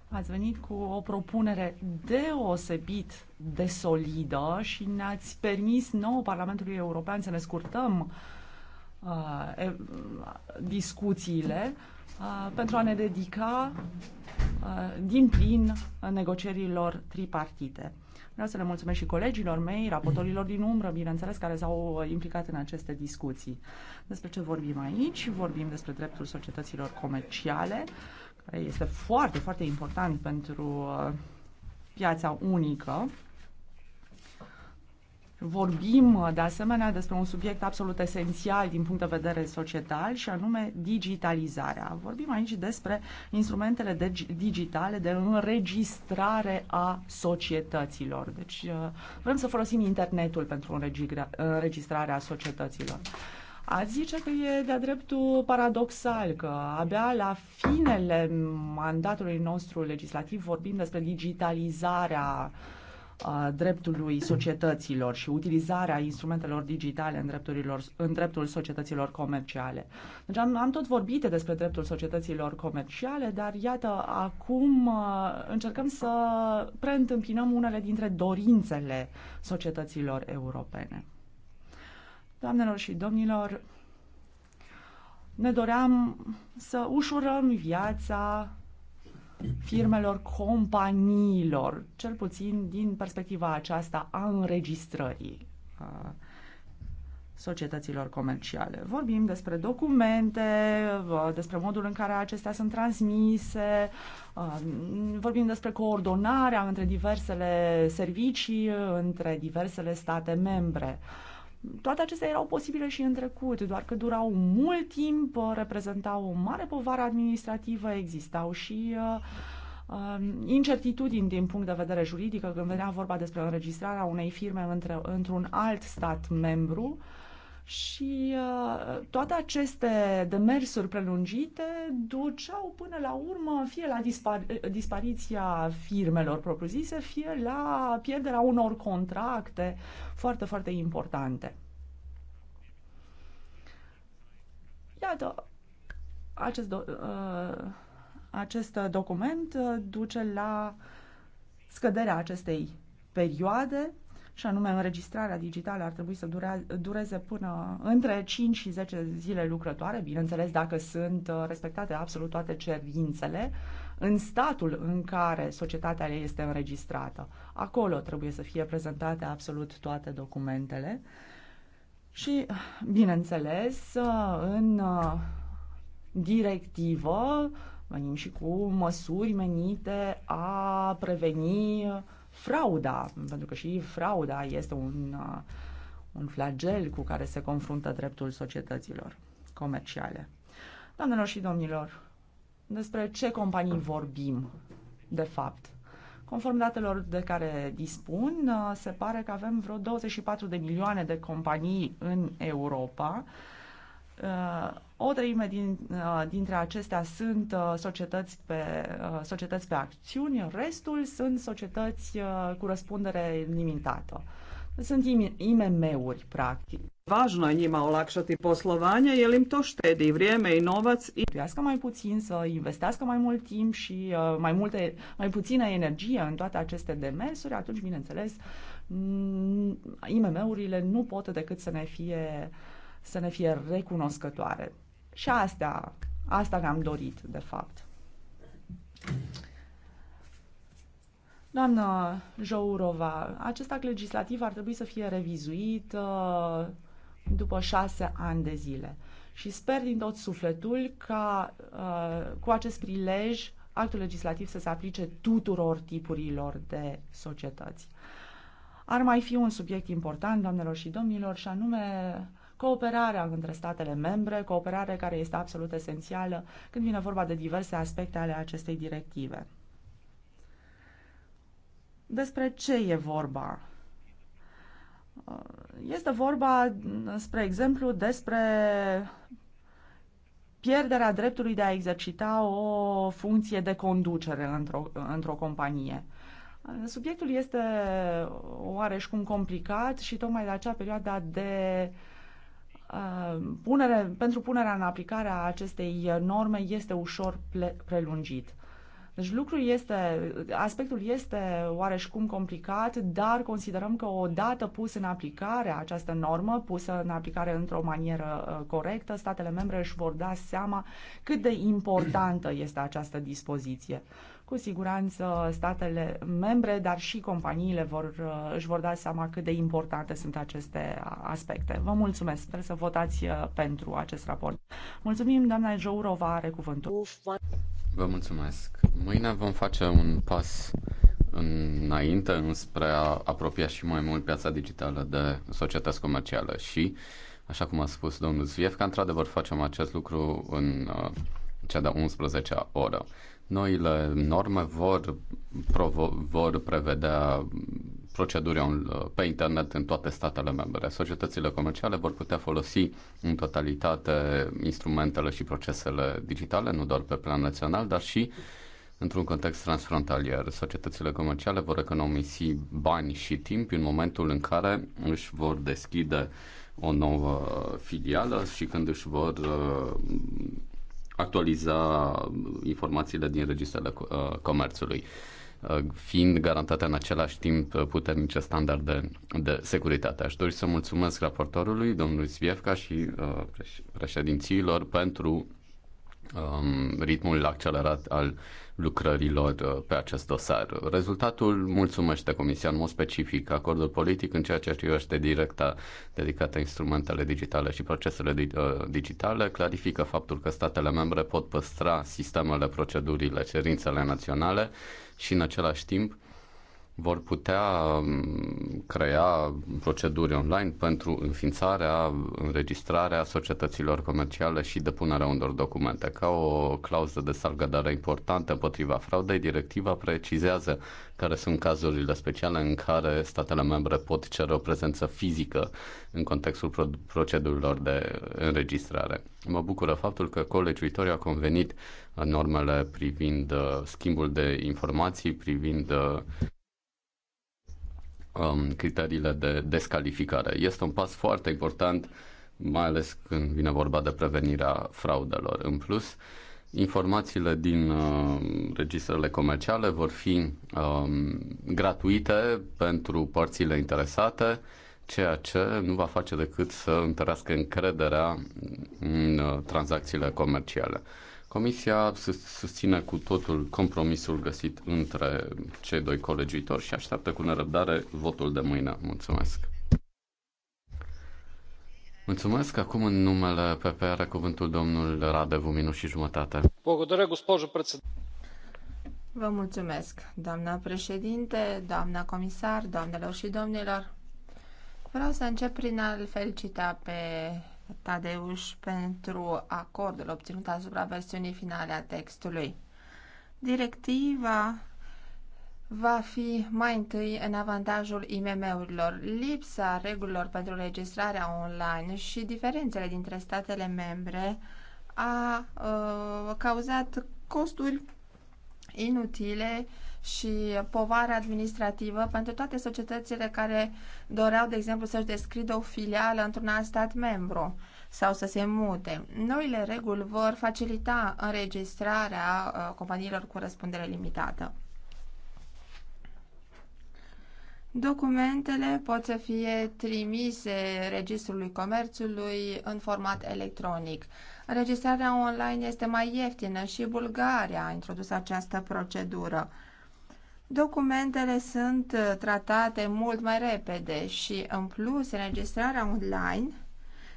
Ați venit cu o propunere deosebit de solidă și ne-ați permis nouă Parlamentului European să ne scurtăm uh, Uh, discuțiile uh, pentru a ne dedica uh, din plin negocierilor tripartite. Vreau să le mulțumesc și colegilor mei, raportorilor din umbră, bineînțeles, care s-au implicat în aceste discuții. Despre ce vorbim aici? Vorbim despre dreptul societăților comerciale, care este foarte, foarte important pentru piața unică. Vorbim uh, de asemenea despre un subiect absolut esențial din punct de vedere societal și anume digitalizarea. Vorbim aici despre instrumentele de digitale de înregistrare a societăților. Deci uh, vrem să folosim internetul pentru înregistrarea societăților. A zice că e de-a dreptul paradoxal că abia la finele mandatului nostru legislativ vorbim despre digitalizarea uh, dreptului societăților și utilizarea instrumentelor digitale în, drepturilor, în dreptul societăților comerciale. Deci am, am tot vorbit despre dreptul societăților comerciale, dar iată, acum uh, încercăm să preîntâmpinăm unele dintre dorințele societăților europene. Doamnelor și domnilor, ne doream să ușurăm viața firmelor, companiilor, cel puțin din perspectiva aceasta a înregistrării societăților comerciale. Vorbim despre documente, despre modul în care acestea sunt transmise, vorbim despre coordonarea între diversele servicii, între diversele state membre. Toate acestea erau posibile și în trecut, doar că durau mult timp, uh, reprezentau o mare povară administrativă, existau și uh, um, incertitudini din punct de vedere juridic când venea vorba despre înregistrarea unei firme între, într-un alt stat membru. Uh, și uh, toate aceste demersuri prelungite duceau până la urmă fie la dispar- dispariția firmelor propriu-zise, fie la pierderea unor contracte foarte, foarte importante. Iată, acest, do- uh, acest document uh, duce la scăderea acestei perioade și anume înregistrarea digitală ar trebui să dureze până între 5 și 10 zile lucrătoare, bineînțeles dacă sunt uh, respectate absolut toate cerințele în statul în care societatea este înregistrată. Acolo trebuie să fie prezentate absolut toate documentele și, bineînțeles, uh, în uh, directivă venim și cu măsuri menite a preveni frauda, pentru că și frauda este un, uh, un flagel cu care se confruntă dreptul societăților comerciale. Doamnelor și domnilor, despre ce companii vorbim, de fapt? Conform datelor de care dispun, uh, se pare că avem vreo 24 de milioane de companii în Europa uh, o treime din, uh, dintre acestea sunt uh, societăți pe, uh, societăți pe acțiuni, restul sunt societăți cu răspundere limitată. Sunt IMM-uri, practic. Važno je njima olakšati poslovanje jer im to štedi vrijeme i novac i mai puțin să investească mai mult timp și mai multe mai puțină energie în toate aceste demersuri, atunci bineînțeles mm, IMM-urile nu pot decât să ne fie să ne fie recunoscătoare. Și asta, asta ne-am dorit, de fapt. Doamnă Jourova, acest act legislativ ar trebui să fie revizuit uh, după șase ani de zile. Și sper din tot sufletul ca uh, cu acest prilej actul legislativ să se aplice tuturor tipurilor de societăți. Ar mai fi un subiect important, doamnelor și domnilor, și anume cooperarea între statele membre, cooperare care este absolut esențială când vine vorba de diverse aspecte ale acestei directive. Despre ce e vorba? Este vorba, spre exemplu, despre pierderea dreptului de a exercita o funcție de conducere într-o, într-o companie. Subiectul este oareși cum complicat și tocmai de acea perioadă de uh, Uh, punere, pentru punerea în aplicare a acestei norme este ușor prelungit. Deci lucrul este, aspectul este oareșcum complicat, dar considerăm că odată pus în aplicare această normă, pusă în aplicare într-o manieră uh, corectă, statele membre își vor da seama cât de importantă este această dispoziție. Cu siguranță statele membre, dar și companiile vor, uh, își vor da seama cât de importante sunt aceste uh, aspecte. Vă mulțumesc, sper să votați uh, pentru acest raport. Mulțumim, doamna Jourova are cuvântul. Vă mulțumesc. Mâine vom face un pas înainte înspre a apropia și mai mult piața digitală de societăți comerciale și, așa cum a spus domnul Zviev, că într-adevăr facem acest lucru în cea de 11-a oră. Noile norme vor, provo- vor prevedea proceduri pe internet în toate statele membre. Societățile comerciale vor putea folosi în totalitate instrumentele și procesele digitale, nu doar pe plan național, dar și într-un context transfrontalier. Societățile comerciale vor economisi bani și timp în momentul în care își vor deschide o nouă filială și când își vor uh, actualiza informațiile din registrele uh, comerțului uh, fiind garantate în același timp uh, puternice standarde de securitate. Aș dori să mulțumesc raportorului, domnului Sviefca și președinților pentru um, ritmul accelerat al lucrărilor uh, pe acest dosar. Rezultatul mulțumește Comisia în mod specific acordul politic în ceea ce privește directa dedicată instrumentele digitale și procesele uh, digitale, clarifică faptul că statele membre pot păstra sistemele, procedurile, cerințele naționale și în același timp vor putea um, crea proceduri online pentru înființarea, înregistrarea societăților comerciale și depunerea unor documente. Ca o clauză de salvgardare importantă împotriva fraudei, directiva precizează care sunt cazurile speciale în care statele membre pot cere o prezență fizică în contextul procedurilor de înregistrare. Mă bucură faptul că colegiuitorii au convenit normele privind uh, schimbul de informații, privind uh, um, criteriile de descalificare. Este un pas foarte important, mai ales când vine vorba de prevenirea fraudelor. În plus, informațiile din uh, registrele comerciale vor fi um, gratuite pentru părțile interesate, ceea ce nu va face decât să întărească încrederea în uh, tranzacțiile comerciale. Comisia sus- susține cu totul compromisul găsit între cei doi colegiuitori și așteaptă cu nerăbdare votul de mâine. Mulțumesc! Mulțumesc. Acum în numele PP are cuvântul domnul Radev, un minut și jumătate. Vă mulțumesc, doamna președinte, doamna comisar, doamnelor și domnilor. Vreau să încep prin a-l felicita pe Tadeuș pentru acordul obținut asupra versiunii finale a textului. Directiva va fi mai întâi în avantajul IMM-urilor. Lipsa regulilor pentru registrarea online și diferențele dintre statele membre a uh, cauzat costuri inutile uh, și povara administrativă pentru toate societățile care doreau, de exemplu, să-și deschidă o filială într-un alt stat membru sau să se mute. Noile reguli vor facilita înregistrarea uh, companiilor cu răspundere limitată. Documentele pot să fie trimise Registrului Comerțului în format electronic. Înregistrarea online este mai ieftină și Bulgaria a introdus această procedură documentele sunt uh, tratate mult mai repede și, în plus, înregistrarea online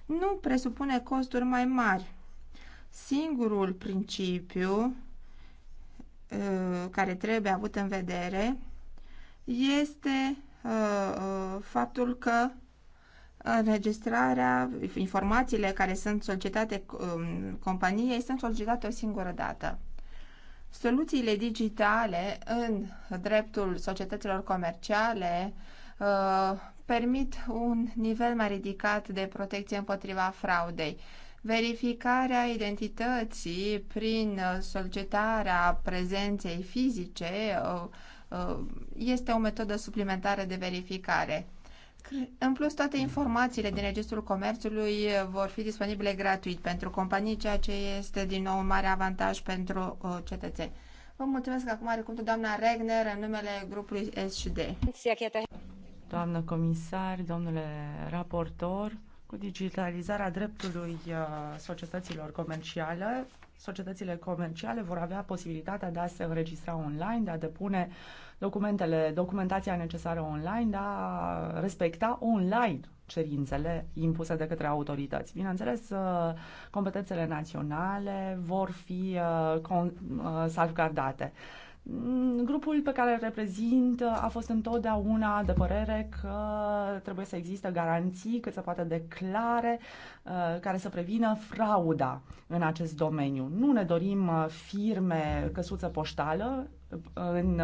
nu presupune costuri mai mari. Singurul principiu uh, care trebuie avut în vedere este uh, faptul că înregistrarea, informațiile care sunt solicitate um, companiei sunt solicitate o singură dată. Soluțiile digitale în dreptul societăților comerciale uh, permit un nivel mai ridicat de protecție împotriva fraudei. Verificarea identității prin uh, solicitarea prezenței fizice uh, uh, este o metodă suplimentară de verificare. În plus, toate informațiile din registrul comerțului eh, vor fi disponibile gratuit pentru companii, ceea ce este din nou un mare avantaj pentru eh, cetățeni. Vă mulțumesc acum are cuvântul doamna Regner în numele grupului SD. Doamnă comisar, domnule raportor, cu digitalizarea dreptului eh, societăților comerciale, societățile comerciale vor avea posibilitatea de a se înregistra online, de a depune uh, documentele, documentația necesară online, da, respecta online cerințele impuse de către autorități. Bineînțeles, uh, competențele naționale vor fi uh, uh, salvgardate. Grupul pe care îl reprezint a fost întotdeauna de părere că trebuie să există garanții cât se poate de clare uh, care să prevină frauda în acest domeniu. Nu ne dorim uh, firme căsuță poștală uh, în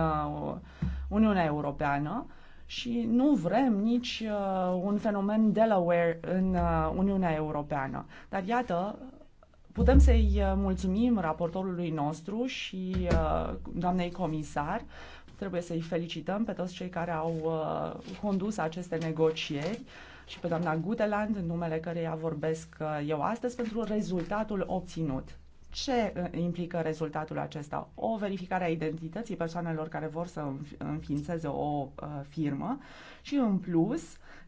Uniunea Europeană și nu vrem nici un fenomen Delaware în Uniunea Europeană. Dar iată, Putem să-i uh, mulțumim raportorului nostru și uh, doamnei comisar. Trebuie să-i felicităm pe toți cei care au uh, condus aceste negocieri și pe doamna Guteland, în numele căreia vorbesc eu astăzi, pentru rezultatul obținut. Ce implică rezultatul acesta? O verificare a identității persoanelor care vor să înființeze o firmă și, în plus,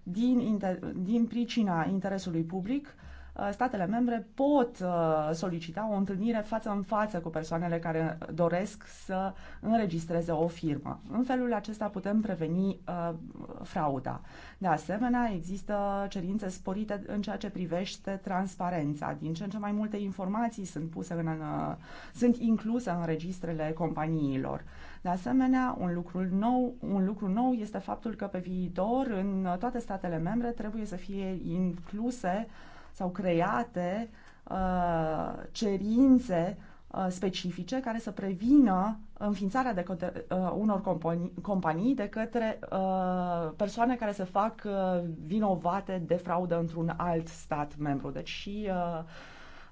din, inter- din pricina interesului public, uh, Uh, statele membre pot uh, solicita o întâlnire față în față cu persoanele care doresc să înregistreze o firmă. În felul acesta putem preveni uh, frauda. De asemenea, există cerințe sporite în ceea ce privește transparența. Din ce în ce mai multe informații sunt puse în, sunt incluse în registrele companiilor. De asemenea, un lucru nou, un lucru nou este faptul că pe viitor în toate statele membre trebuie să fie incluse uh, sau create uh, cerințe uh, specifice care să prevină înființarea de către, uh, unor companii, companii de către uh, persoane care se fac uh, vinovate de fraudă într-un alt stat membru. Deci și uh,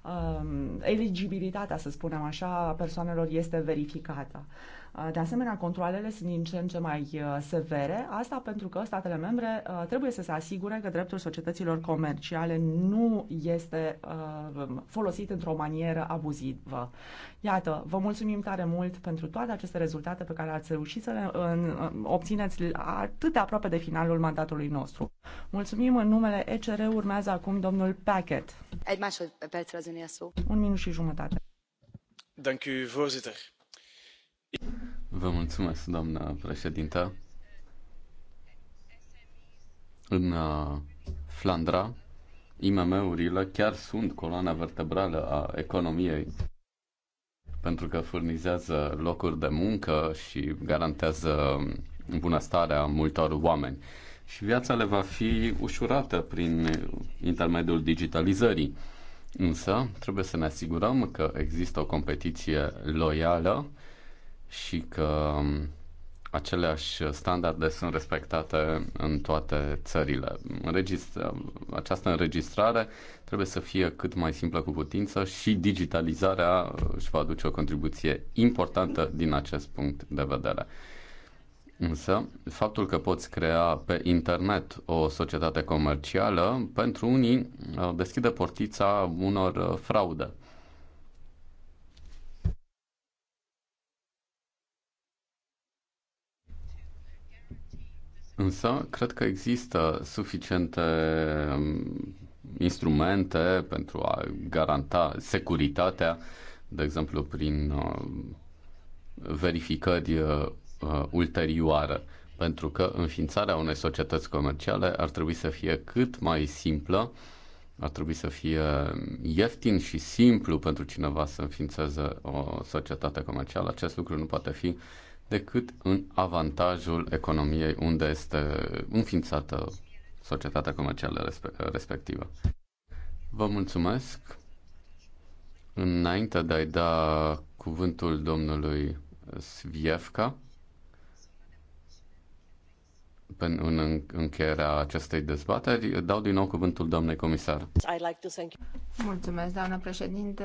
uh, eligibilitatea, să spunem așa, a persoanelor este verificată. Uh, de asemenea, controlele sunt din ce în ce mai uh, severe, asta pentru că statele membre uh, trebuie să se asigure că dreptul societăților comerciale nu este uh, folosit într-o manieră abuzivă. Iată, vă mulțumim tare mult pentru toate aceste rezultate pe care ați reușit să le obțineți atât de aproape de finalul mandatului nostru. Mulțumim în numele ECR, urmează acum domnul Packet. Un minut și jumătate. Dank u, voorzitter. Vă mulțumesc, doamna președintă. În uh, Flandra, IMM-urile chiar sunt coloana vertebrală a economiei pentru că furnizează locuri de muncă și garantează bunăstarea multor oameni. Și viața le va fi ușurată prin intermediul digitalizării. Însă, trebuie să ne asigurăm că există o competiție loială și că um, aceleași standarde sunt respectate în toate țările. Înregistra- această înregistrare trebuie să fie cât mai simplă cu putință și digitalizarea uh, își va aduce o contribuție importantă din acest punct de vedere. Însă, faptul că poți crea pe internet o societate comercială, pentru unii uh, deschide portița unor uh, fraude. Însă, cred că există suficiente um, instrumente pentru a garanta securitatea, de exemplu, prin um, verificări uh, uh, ulterioare. Pentru că înființarea unei societăți comerciale ar trebui să fie cât mai simplă, ar trebui să fie ieftin și simplu pentru cineva să înființeze o societate comercială. Acest lucru nu poate fi uh, decât în avantajul economiei unde este înființată societatea comercială respectivă. Vă mulțumesc. Înainte de a-i da cuvântul domnului Sviefka, în încheierea acestei dezbateri. Dau din nou cuvântul doamnei comisar. Mulțumesc, doamnă președinte,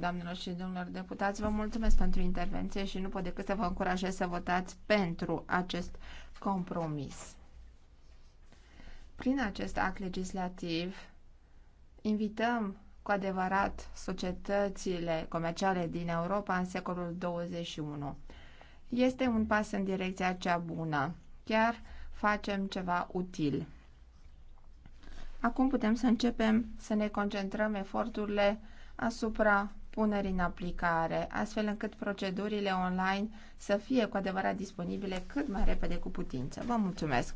doamnelor și domnilor deputați. Vă mulțumesc pentru intervenție și nu pot decât să vă încurajez să votați pentru acest compromis. Prin acest act legislativ invităm cu adevărat societățile comerciale din Europa în secolul 21. Este un pas în direcția cea bună. Chiar facem ceva util. Acum putem să începem să ne concentrăm eforturile asupra punerii în aplicare, astfel încât procedurile online să fie cu adevărat disponibile cât mai repede cu putință. Vă mulțumesc!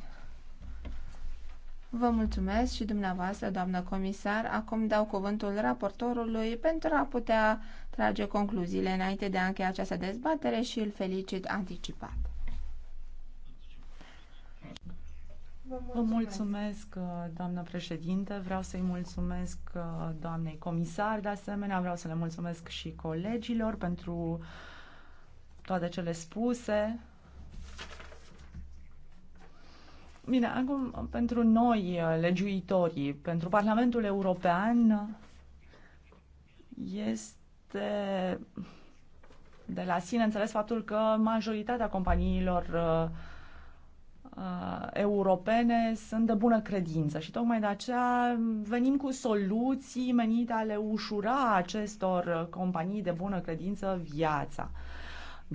Vă mulțumesc și dumneavoastră, doamnă comisar. Acum dau cuvântul raportorului pentru a putea trage concluziile înainte de a încheia această dezbatere și îl felicit anticipat. Vă mulțumesc, mulțumesc uh, doamnă președinte. Vreau să-i mulțumesc uh, doamnei comisar, de asemenea. Vreau să le mulțumesc și colegilor pentru toate cele spuse. Bine, acum pentru noi, uh, legiuitorii, pentru Parlamentul European, este de la sine înțeles faptul că majoritatea companiilor uh, uh, europene sunt de bună credință și tocmai de aceea venim cu soluții menite a le ușura acestor companii de bună credință viața.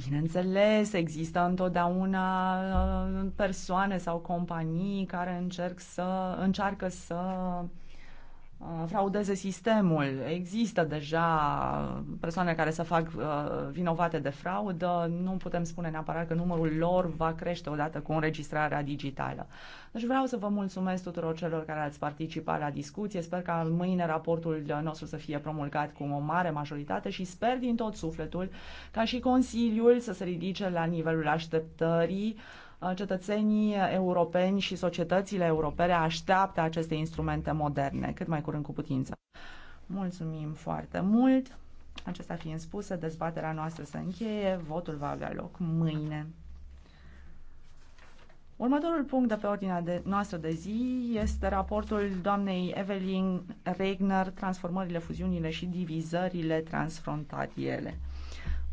Bineînțeles, există întotdeauna uh, persoane sau companii care încerc să, încearcă să Uh, fraudeze sistemul. Există deja persoane care se fac uh, vinovate de fraudă, nu putem spune neapărat că numărul lor va crește odată cu înregistrarea digitală. Deci vreau să vă mulțumesc tuturor celor care ați participat la discuție, sper că mâine raportul nostru să fie promulgat cu o mare majoritate și sper din tot sufletul ca și Consiliul să se ridice la nivelul așteptării uh, cetățenii europeni și societățile europene așteaptă aceste instrumente moderne, cât mai curând cu putință. Mulțumim foarte mult! Acesta fiind spusă, dezbaterea noastră se încheie, votul va avea loc mâine. Următorul punct de pe ordinea de, noastră de zi este raportul doamnei Evelyn Regner, transformările, fuziunile și divizările transfrontaliere.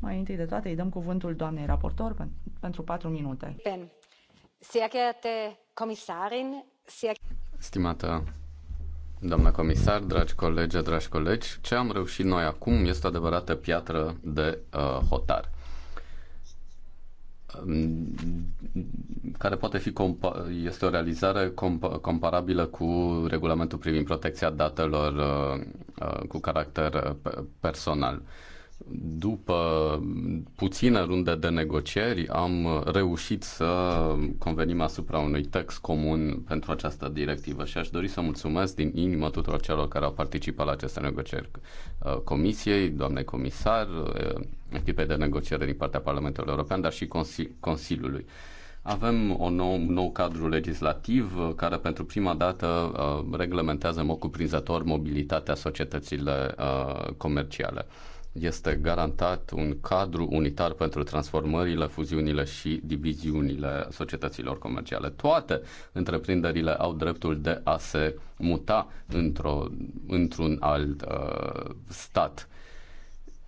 Mai întâi de toate îi dăm cuvântul doamnei raportor pentru 4 minute. Ben. Stimată doamnă comisar, dragi colegi, dragi colegi, ce am reușit noi acum este o adevărată piatră de uh, hotar um, care poate fi compa- este o realizare comp- comparabilă cu regulamentul privind protecția datelor uh, uh, cu caracter uh, personal. Uh, după puține runde de negocieri, am reușit să convenim asupra unui text comun pentru această directivă și aș dori să mulțumesc din inimă tuturor celor care au participat la aceste negocieri uh, Comisiei, doamnei comisar, uh, echipei de negociere din partea Parlamentului European, dar și Consili- Consiliului. Avem un nou, un nou cadru legislativ uh, care pentru prima dată uh, reglementează în mod cuprinzător mobilitatea societățile uh, comerciale este garantat un cadru unitar pentru transformările, fuziunile și diviziunile societăților comerciale. Toate întreprinderile au dreptul de a se muta într-o, într-un alt uh, stat.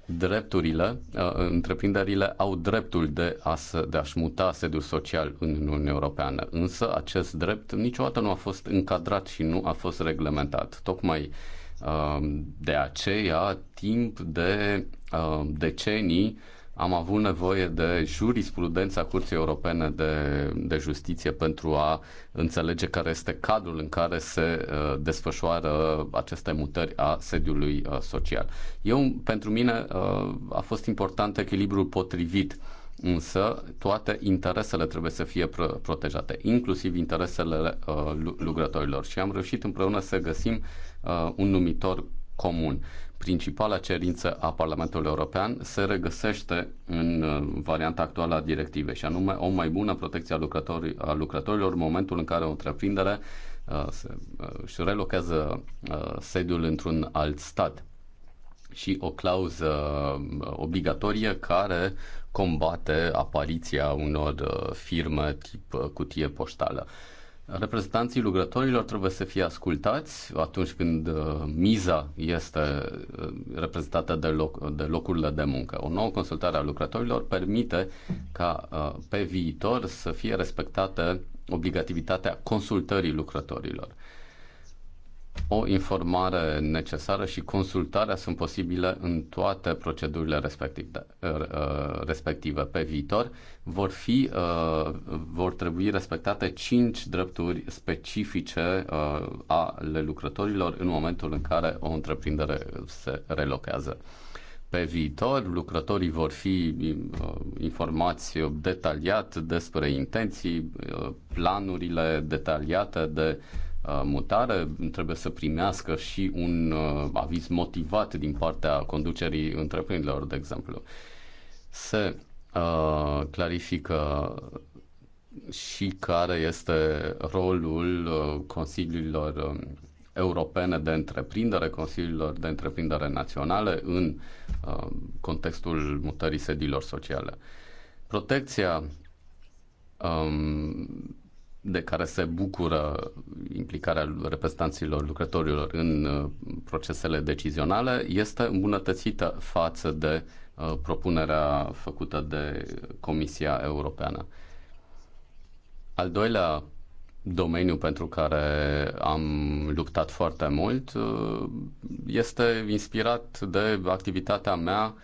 Drepturile, uh, întreprinderile au dreptul de, a se, de a-și muta sediul social în Uniunea Europeană, însă acest drept niciodată nu a fost încadrat și nu a fost reglementat. Tocmai uh, Um, de aceea, timp de um, decenii, am avut nevoie de jurisprudența Curții Europene de, de Justiție pentru a înțelege care este cadrul în care se uh, desfășoară aceste mutări a sediului uh, social. Eu, pentru mine uh, a fost important echilibrul potrivit însă toate interesele trebuie să fie protejate, inclusiv interesele uh, lucrătorilor și am reușit împreună să găsim uh, uh, un numitor comun. Principala cerință a Parlamentului European se regăsește în uh, varianta actuală a directivei, și anume o mai bună protecție a, lucrători, a lucrătorilor în momentul în care o întreprindere uh, se, uh, își relochează uh, sediul într-un alt stat și o clauză uh, obligatorie care combate apariția unor uh, firme tip cutie poștală. Uh, reprezentanții lucrătorilor trebuie să fie ascultați atunci când uh, miza este uh, reprezentată de, loc, de locurile de muncă. O nouă consultare a lucrătorilor permite ca uh, pe viitor să fie respectată obligativitatea consultării lucrătorilor o informare necesară și consultarea sunt posibile în toate procedurile respective. Uh, respective. Pe viitor vor, fi, uh, vor trebui respectate cinci drepturi specifice uh, ale lucrătorilor în momentul în care o întreprindere se relochează pe viitor. Lucrătorii vor fi informați detaliat despre intenții, planurile detaliate de Uh, mutare trebuie să primească și un uh, aviz motivat din partea conducerii întreprinderilor, de exemplu. Se uh, clarifică și care este rolul uh, consiliilor um, europene de întreprindere, consiliilor de întreprindere naționale în uh, contextul mutării sediilor sociale. Protecția um, de care se bucură implicarea reprezentanților lucrătorilor în uh, procesele decizionale este îmbunătățită față de uh, propunerea făcută de Comisia Europeană. Al doilea domeniu pentru care am luptat foarte mult uh, este inspirat de activitatea mea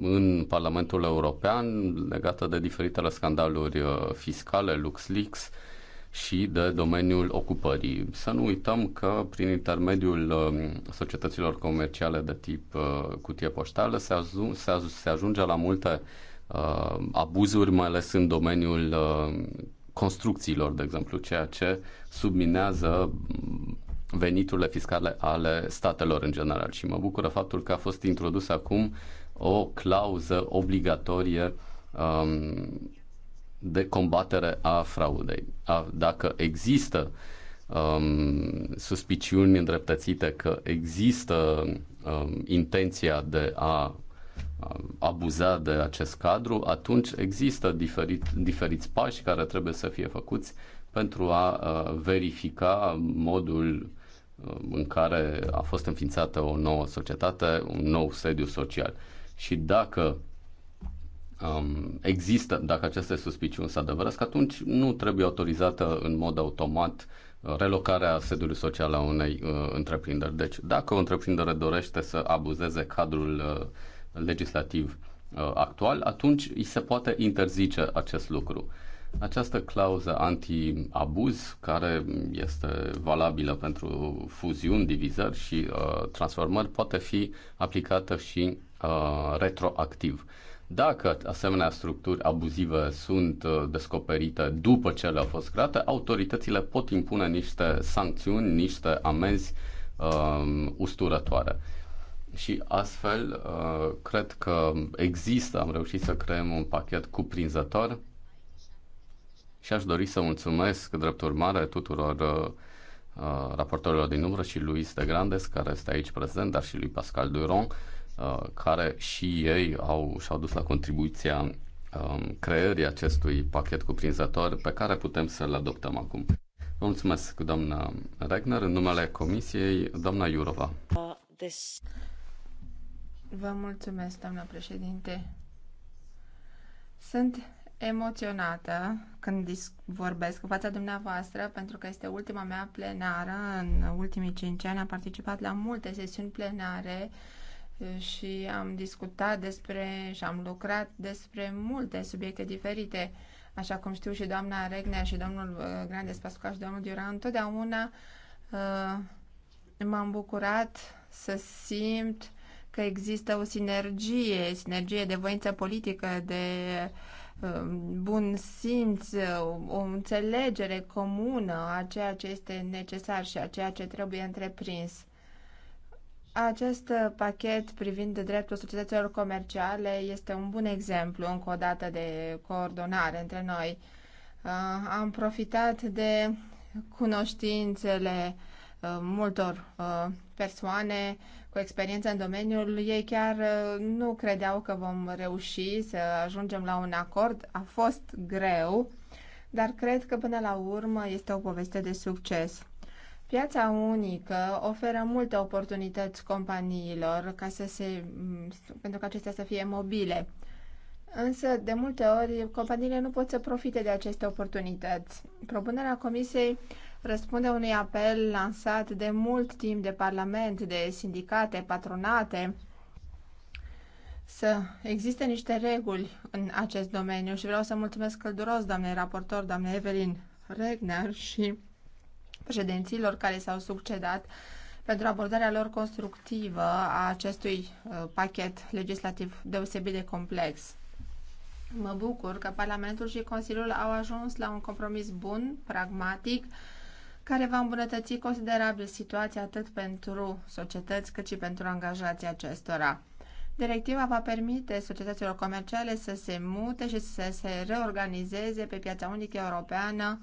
în Parlamentul European legată de diferitele scandaluri fiscale, LuxLeaks, și de domeniul ocupării. Să nu uităm că prin intermediul um, societăților comerciale de tip uh, cutie poștală se, aju- se, aj- se ajunge la multe uh, abuzuri, mai ales în domeniul uh, construcțiilor, de exemplu, ceea ce subminează mm, veniturile fiscale ale statelor în general. Și mă bucură faptul că a fost introdusă acum o clauză obligatorie um, de combatere a fraudei. A, dacă există um, suspiciuni îndreptățite că există um, intenția de a abuza de acest cadru, atunci există diferit, diferiți pași care trebuie să fie făcuți pentru a verifica modul um, în care a fost înființată o nouă societate, un nou sediu social. Și dacă um, există, dacă aceste suspiciuni se adevărăsc, atunci nu trebuie autorizată în mod automat uh, relocarea sediului social a unei uh, întreprinderi. Deci, dacă o întreprindere dorește să abuzeze cadrul uh, legislativ uh, actual, atunci îi se poate interzice acest lucru. Această clauză anti-abuz, care este valabilă pentru fuziuni, divizări și uh, transformări, poate fi aplicată și uh, retroactiv. Uh, dacă asemenea structuri abuzive sunt uh, descoperite după ce le-au fost create, autoritățile pot impune niște sancțiuni, niște amenzi um, usturătoare. Și astfel, uh, cred că există, am reușit să creăm un pachet cuprinzător și aș dori să mulțumesc, drept urmare, tuturor uh, uh raportorilor din umbră și lui Stegrandes, Grandes, care este aici prezent, dar și lui Pascal Duron, Uh, care și ei au, și-au dus la contribuția um, creării acestui pachet cuprinzător pe care putem să-l adoptăm acum. Vă mulțumesc, doamna Regner. În numele Comisiei, doamna Iurova. Vă mulțumesc, doamna președinte. Sunt emoționată când vorbesc cu fața dumneavoastră pentru că este ultima mea plenară. În ultimii cinci ani am participat la multe sesiuni plenare uh, și am discutat despre și am lucrat despre multe subiecte diferite. Așa cum știu și doamna Regnea și domnul uh, Grande Pascual și domnul Duran, întotdeauna uh, m-am bucurat să simt că există o sinergie, sinergie de voință politică, de uh, bun simț, o înțelegere comună a ceea ce este necesar și a ceea ce trebuie întreprins acest pachet privind dreptul societăților comerciale este un bun exemplu, încă o dată, de coordonare între noi. Uh, am profitat de cunoștințele uh, multor uh, persoane cu experiență în domeniul. Ei chiar nu credeau că vom reuși să ajungem la un acord. A fost greu, dar cred că până la urmă este o poveste de succes. Piața unică oferă multe oportunități companiilor ca să se, mm, pentru ca acestea să fie mobile. Însă, de multe ori, companiile nu pot să profite de aceste oportunități. Propunerea Comisiei răspunde unui apel lansat de mult timp de Parlament, de sindicate, patronate, să existe niște reguli în acest domeniu și vreau să mulțumesc călduros doamnei raportor, doamnei Evelyn Regner și președinților care s-au succedat pentru abordarea lor constructivă a acestui uh, pachet legislativ deosebit de complex. Mă bucur că Parlamentul și Consiliul au ajuns la un compromis bun, pragmatic, care va îmbunătăți considerabil situația atât pentru societăți cât și pentru angajații acestora. Directiva va permite societăților comerciale să se mute și să se reorganizeze pe piața unică europeană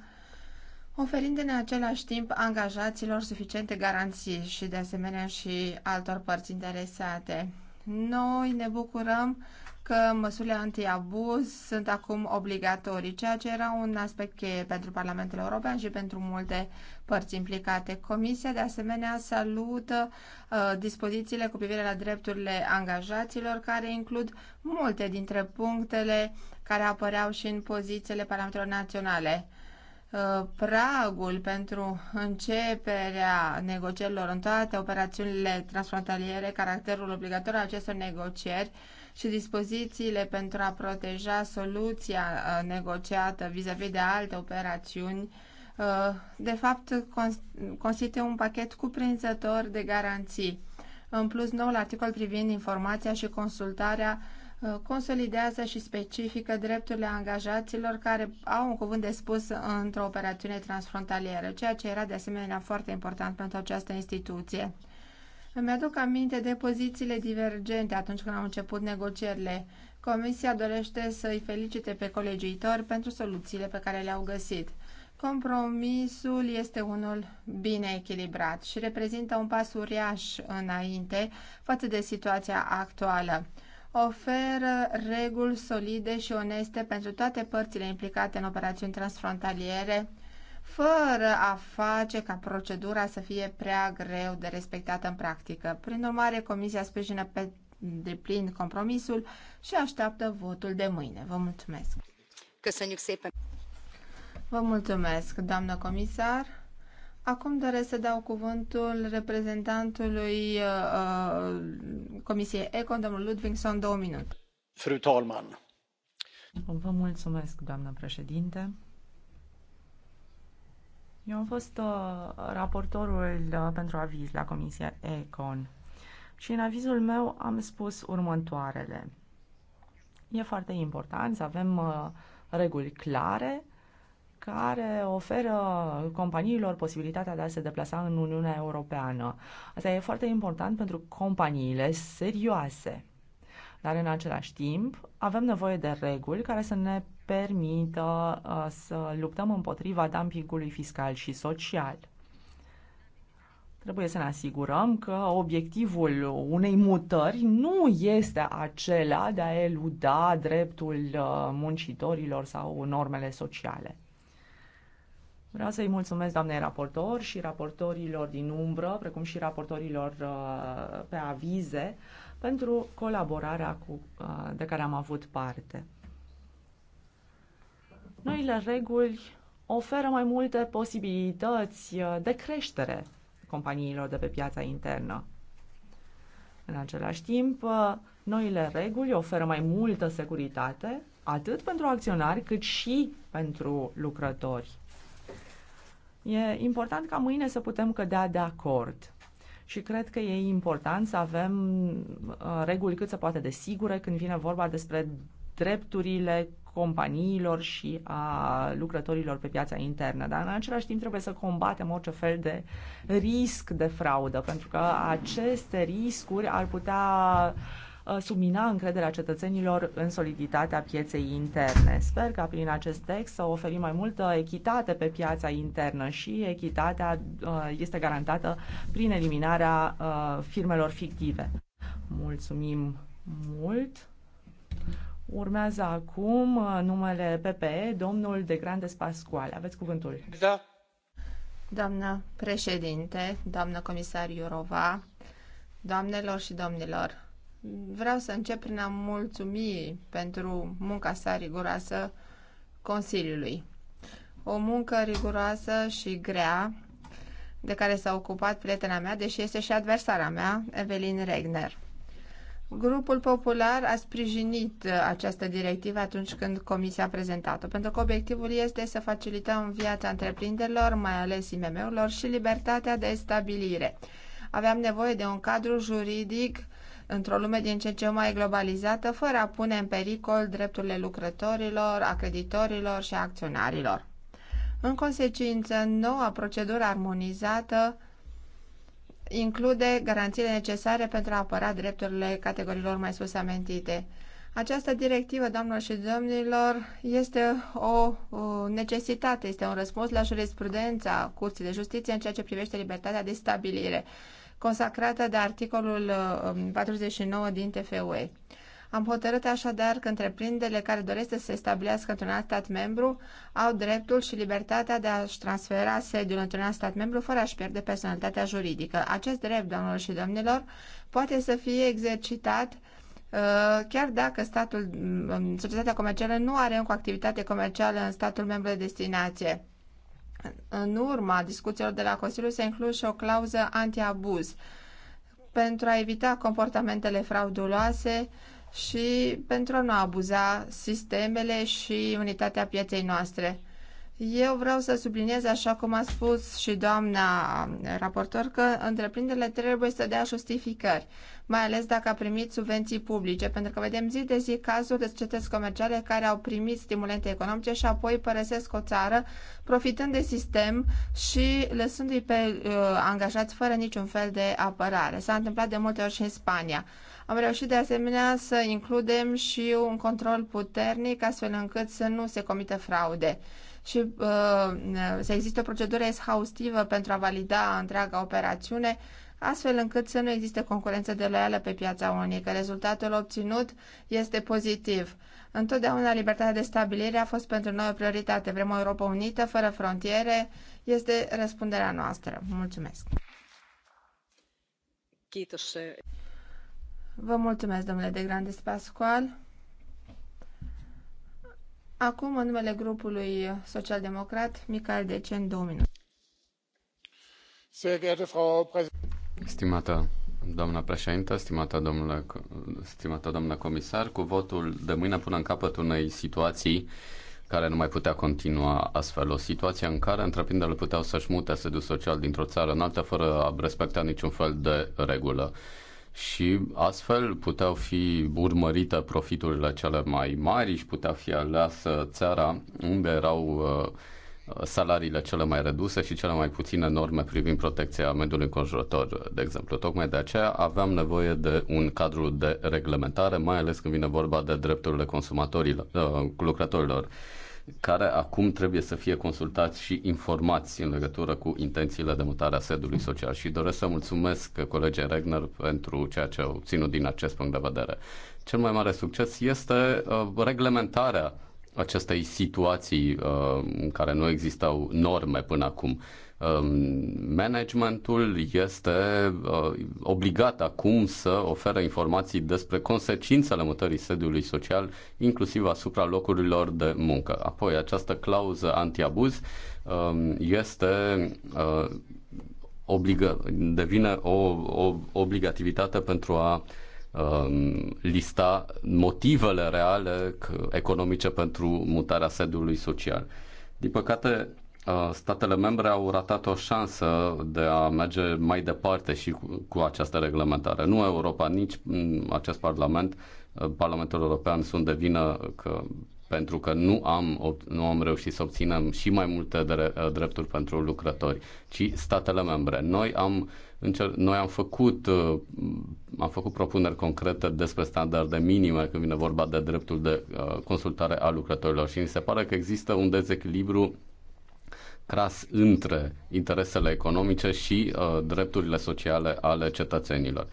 oferind în același timp angajaților suficiente garanții și de asemenea și altor părți interesate. Noi ne bucurăm că măsurile antiabuz sunt acum obligatorii, ceea ce era un aspect cheie pentru Parlamentul European și pentru multe părți implicate. Comisia, de asemenea, salută uh, dispozițiile cu privire la drepturile angajaților, care includ multe dintre punctele care apăreau și în pozițiile Parlamentelor Naționale. Uh, pragul pentru începerea negocierilor în toate operațiunile transfrontaliere, caracterul obligatoriu al acestor negocieri și dispozițiile pentru a proteja soluția uh, negociată vis-a-vis -vis de alte operațiuni, uh, de fapt constituie un pachet cuprinzător de garanții. În plus, noul articol privind informația și consultarea Uh, consolidează și specifică drepturile angajaților care au un cuvânt de spus într-o operațiune transfrontalieră, ceea ce era de asemenea foarte important pentru această instituție. Îmi aduc aminte de pozițiile divergente atunci când au început negocierile. Comisia dorește să-i felicite pe colegiitori pentru soluțiile pe care le-au găsit. Compromisul este unul bine echilibrat și reprezintă un pas uriaș înainte față de situația actuală oferă reguli solide și oneste pentru toate părțile implicate în operațiuni transfrontaliere, fără a face ca procedura să fie prea greu de respectată în practică. Prin urmare, Comisia sprijină pe deplin compromisul și așteaptă votul de mâine. Vă mulțumesc! Vă mulțumesc, doamnă comisar! Acum doresc să dau cuvântul reprezentantului uh, uh Comisiei Econ, domnul Ludvingson, două minute. Fru Tolman. Vă mulțumesc, doamnă președinte. Eu am fost uh, raportorul uh, pentru aviz la Comisia Econ și în avizul meu am spus următoarele. E foarte important să avem uh, reguli clare care oferă companiilor posibilitatea de a se deplasa în Uniunea Europeană. Asta e foarte important pentru companiile serioase. Dar în același timp avem nevoie de reguli care să ne permită uh, să luptăm împotriva dumpingului fiscal și social. Trebuie să ne asigurăm că obiectivul unei mutări nu este acela de a eluda dreptul uh, muncitorilor sau normele sociale. Vreau să-i mulțumesc doamnei raportor și raportorilor din umbră, precum și raportorilor uh, pe avize, pentru colaborarea cu, uh, de care am avut parte. Noile reguli oferă mai multe posibilități uh, de creștere companiilor de pe piața internă. În același timp, noile reguli oferă mai multă securitate, atât pentru acționari, cât și pentru lucrători. E important ca mâine să putem cădea de acord. Și cred că e important să avem uh, reguli cât se poate de sigure când vine vorba despre drepturile companiilor și a lucrătorilor pe piața internă, dar în același timp trebuie să combatem orice fel de risc de fraudă, pentru că aceste riscuri ar putea uh, Uh, submina încrederea cetățenilor în soliditatea pieței interne. Sper ca prin acest text să oferim mai multă echitate pe piața internă și echitatea uh, este garantată prin eliminarea uh, firmelor fictive. Mulțumim mult! Urmează acum numele PPE, domnul de grande Pascuale. Aveți cuvântul. Da. Doamnă președinte, doamnă comisar Iurova, doamnelor și domnilor, Vreau să încep prin a mulțumi pentru munca sa riguroasă Consiliului. O muncă riguroasă și grea de care s-a ocupat prietena mea, deși este și adversara mea, Evelyn Regner. Grupul Popular a sprijinit această directivă atunci când Comisia a prezentat-o, pentru că obiectivul este să facilităm viața întreprinderilor, mai ales IMM-urilor, și libertatea de stabilire. Aveam nevoie de un cadru juridic într-o lume din ce în ce mai globalizată, fără a pune în pericol drepturile lucrătorilor, a creditorilor și a acționarilor. În consecință, noua procedură armonizată include garanțiile necesare pentru a apăra drepturile categoriilor mai sus amintite. Această directivă, doamnelor și domnilor, este o, o necesitate, este un răspuns la jurisprudența Curții de Justiție în ceea ce privește libertatea de stabilire consacrată de articolul 49 uh, um, din TFUE. Am hotărât așadar că întreprinderile care doresc să se stabilească într-un alt stat membru au dreptul și libertatea de a-și transfera sediul într-un alt stat membru fără a-și pierde personalitatea juridică. Acest drept, doamnelor și domnilor, poate să fie exercitat uh, chiar dacă statul, um, societatea comercială nu are încă activitate comercială în statul membru de destinație în urma discuțiilor de la Consiliu se include și o clauză antiabuz pentru a evita comportamentele frauduloase și pentru a nu abuza sistemele și unitatea pieței noastre. Eu vreau să subliniez, așa cum a spus și doamna raportor, că întreprinderile trebuie să dea justificări, mai ales dacă a primit subvenții publice, pentru că vedem zi de zi cazuri de societăți comerciale care au primit stimulente economice și apoi părăsesc o țară, profitând de sistem și lăsându-i pe uh, angajați fără niciun fel de apărare. S-a întâmplat de multe ori și în Spania. Am reușit de asemenea să includem și un control puternic, astfel încât să nu se comită fraude și uh, să existe o procedură exhaustivă pentru a valida întreaga operațiune, astfel încât să nu existe concurență deloială pe piața unică. Rezultatul obținut este pozitiv. Întotdeauna libertatea de stabilire a fost pentru noi o prioritate. Vrem o Europa unită, fără frontiere, este răspunderea noastră. Mulțumesc! Vă mulțumesc, domnule de Grandes Pascual. Acum, în numele grupului social-democrat, Michael Decen, două minute. Stimată doamna președintă, stimată domnule, stimată doamnă comisar, cu votul de mâine până în capăt unei situații care nu mai putea continua astfel. O situație în care întreprinderile puteau să-și mute sediul social dintr-o țară în alta fără a respecta niciun fel de regulă și astfel puteau fi urmărite profiturile cele mai mari și putea fi aleasă țara unde erau uh, salariile cele mai reduse și cele mai puține norme privind protecția mediului înconjurător, de exemplu. Tocmai de aceea aveam nevoie de un cadru de reglementare, mai ales când vine vorba de drepturile consumatorilor, uh, lucrătorilor care acum trebuie să fie consultați și informați în legătură cu intențiile de mutare a sedului social. Și doresc să mulțumesc colegii Regner pentru ceea ce au ținut din acest punct de vedere. Cel mai mare succes este uh, reglementarea acestei situații uh, în care nu existau norme până acum. Um, managementul este uh, obligat acum să ofere informații despre consecințele mutării sediului social, inclusiv asupra locurilor de muncă. Apoi, această clauză antiabuz um, este uh, obligă, devine o, o obligativitate pentru a um, lista motivele reale economice pentru mutarea sediului social. Din păcate, Uh, statele membre au ratat o șansă de a merge mai departe și cu, cu această reglementare. Nu Europa, nici mm, acest Parlament, uh, Parlamentul European sunt de vină că pentru că nu am, nu am reușit să obținem și mai multe dre, uh, drepturi pentru lucrători, ci statele membre. Noi am, noi am făcut, am făcut propuneri concrete despre standarde minime când vine vorba de dreptul de consultare a lucrătorilor și mi se pare că există un dezechilibru cras între interesele economice și uh, drepturile sociale ale cetățenilor.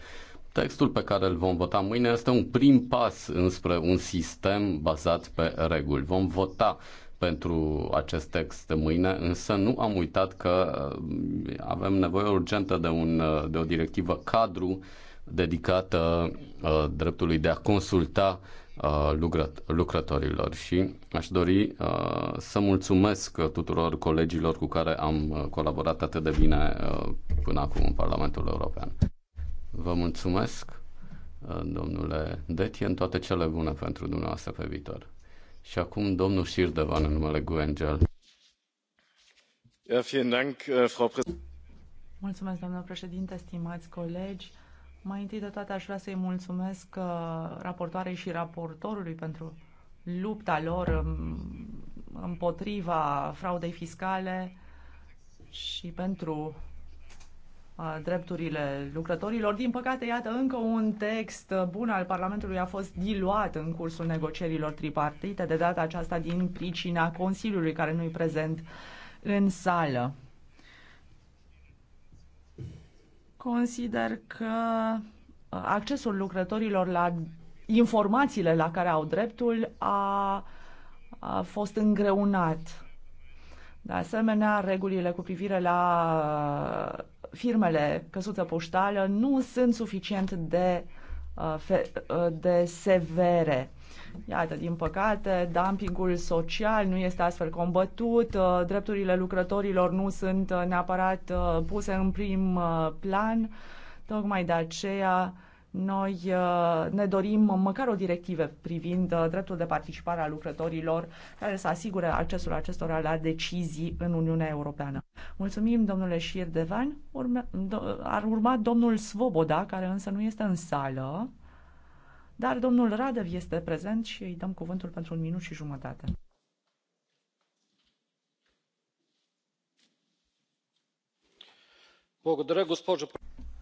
Textul pe care îl vom vota mâine este un prim pas înspre un sistem bazat pe reguli. Vom vota pentru acest text mâine, însă nu am uitat că uh, avem nevoie urgentă de, un, uh, de o directivă cadru dedicată uh, dreptului de a consulta uh, Uh, lucrătorilor și aș dori uh, să mulțumesc tuturor colegilor cu care am uh, colaborat atât de bine până acum în Parlamentul European. Vă mulțumesc, domnule Detien, toate cele bune pentru dumneavoastră pe viitor. Și acum domnul Șirdevan în numele Guengel. Mulțumesc, doamnă președinte, stimați colegi. Mai întâi de toate aș vrea să-i mulțumesc uh, raportoarei și raportorului pentru lupta lor um, împotriva fraudei fiscale și pentru uh, drepturile lucrătorilor. Din păcate, iată, încă un text bun al Parlamentului a fost diluat în cursul negocierilor tripartite, de data aceasta din pricina Consiliului, care nu-i prezent în sală. Consider că uh, accesul lucrătorilor la informațiile la care au dreptul a, a fost îngreunat. De asemenea, regulile cu privire la uh, firmele căsuță poștală nu sunt suficient de, uh, de severe. Iată, din păcate, dumpingul social nu este astfel combătut, uh, drepturile lucrătorilor nu sunt uh, neapărat uh, puse în prim plan. Tocmai de aceea noi ne dorim măcar o directivă privind dreptul de participare a lucrătorilor care să asigure accesul acestora la decizii în Uniunea Europeană. Mulțumim, domnule Șir Devan. ar urma domnul Svoboda, care însă nu este în sală dar domnul Radev este prezent și îi dăm cuvântul pentru un minut și jumătate.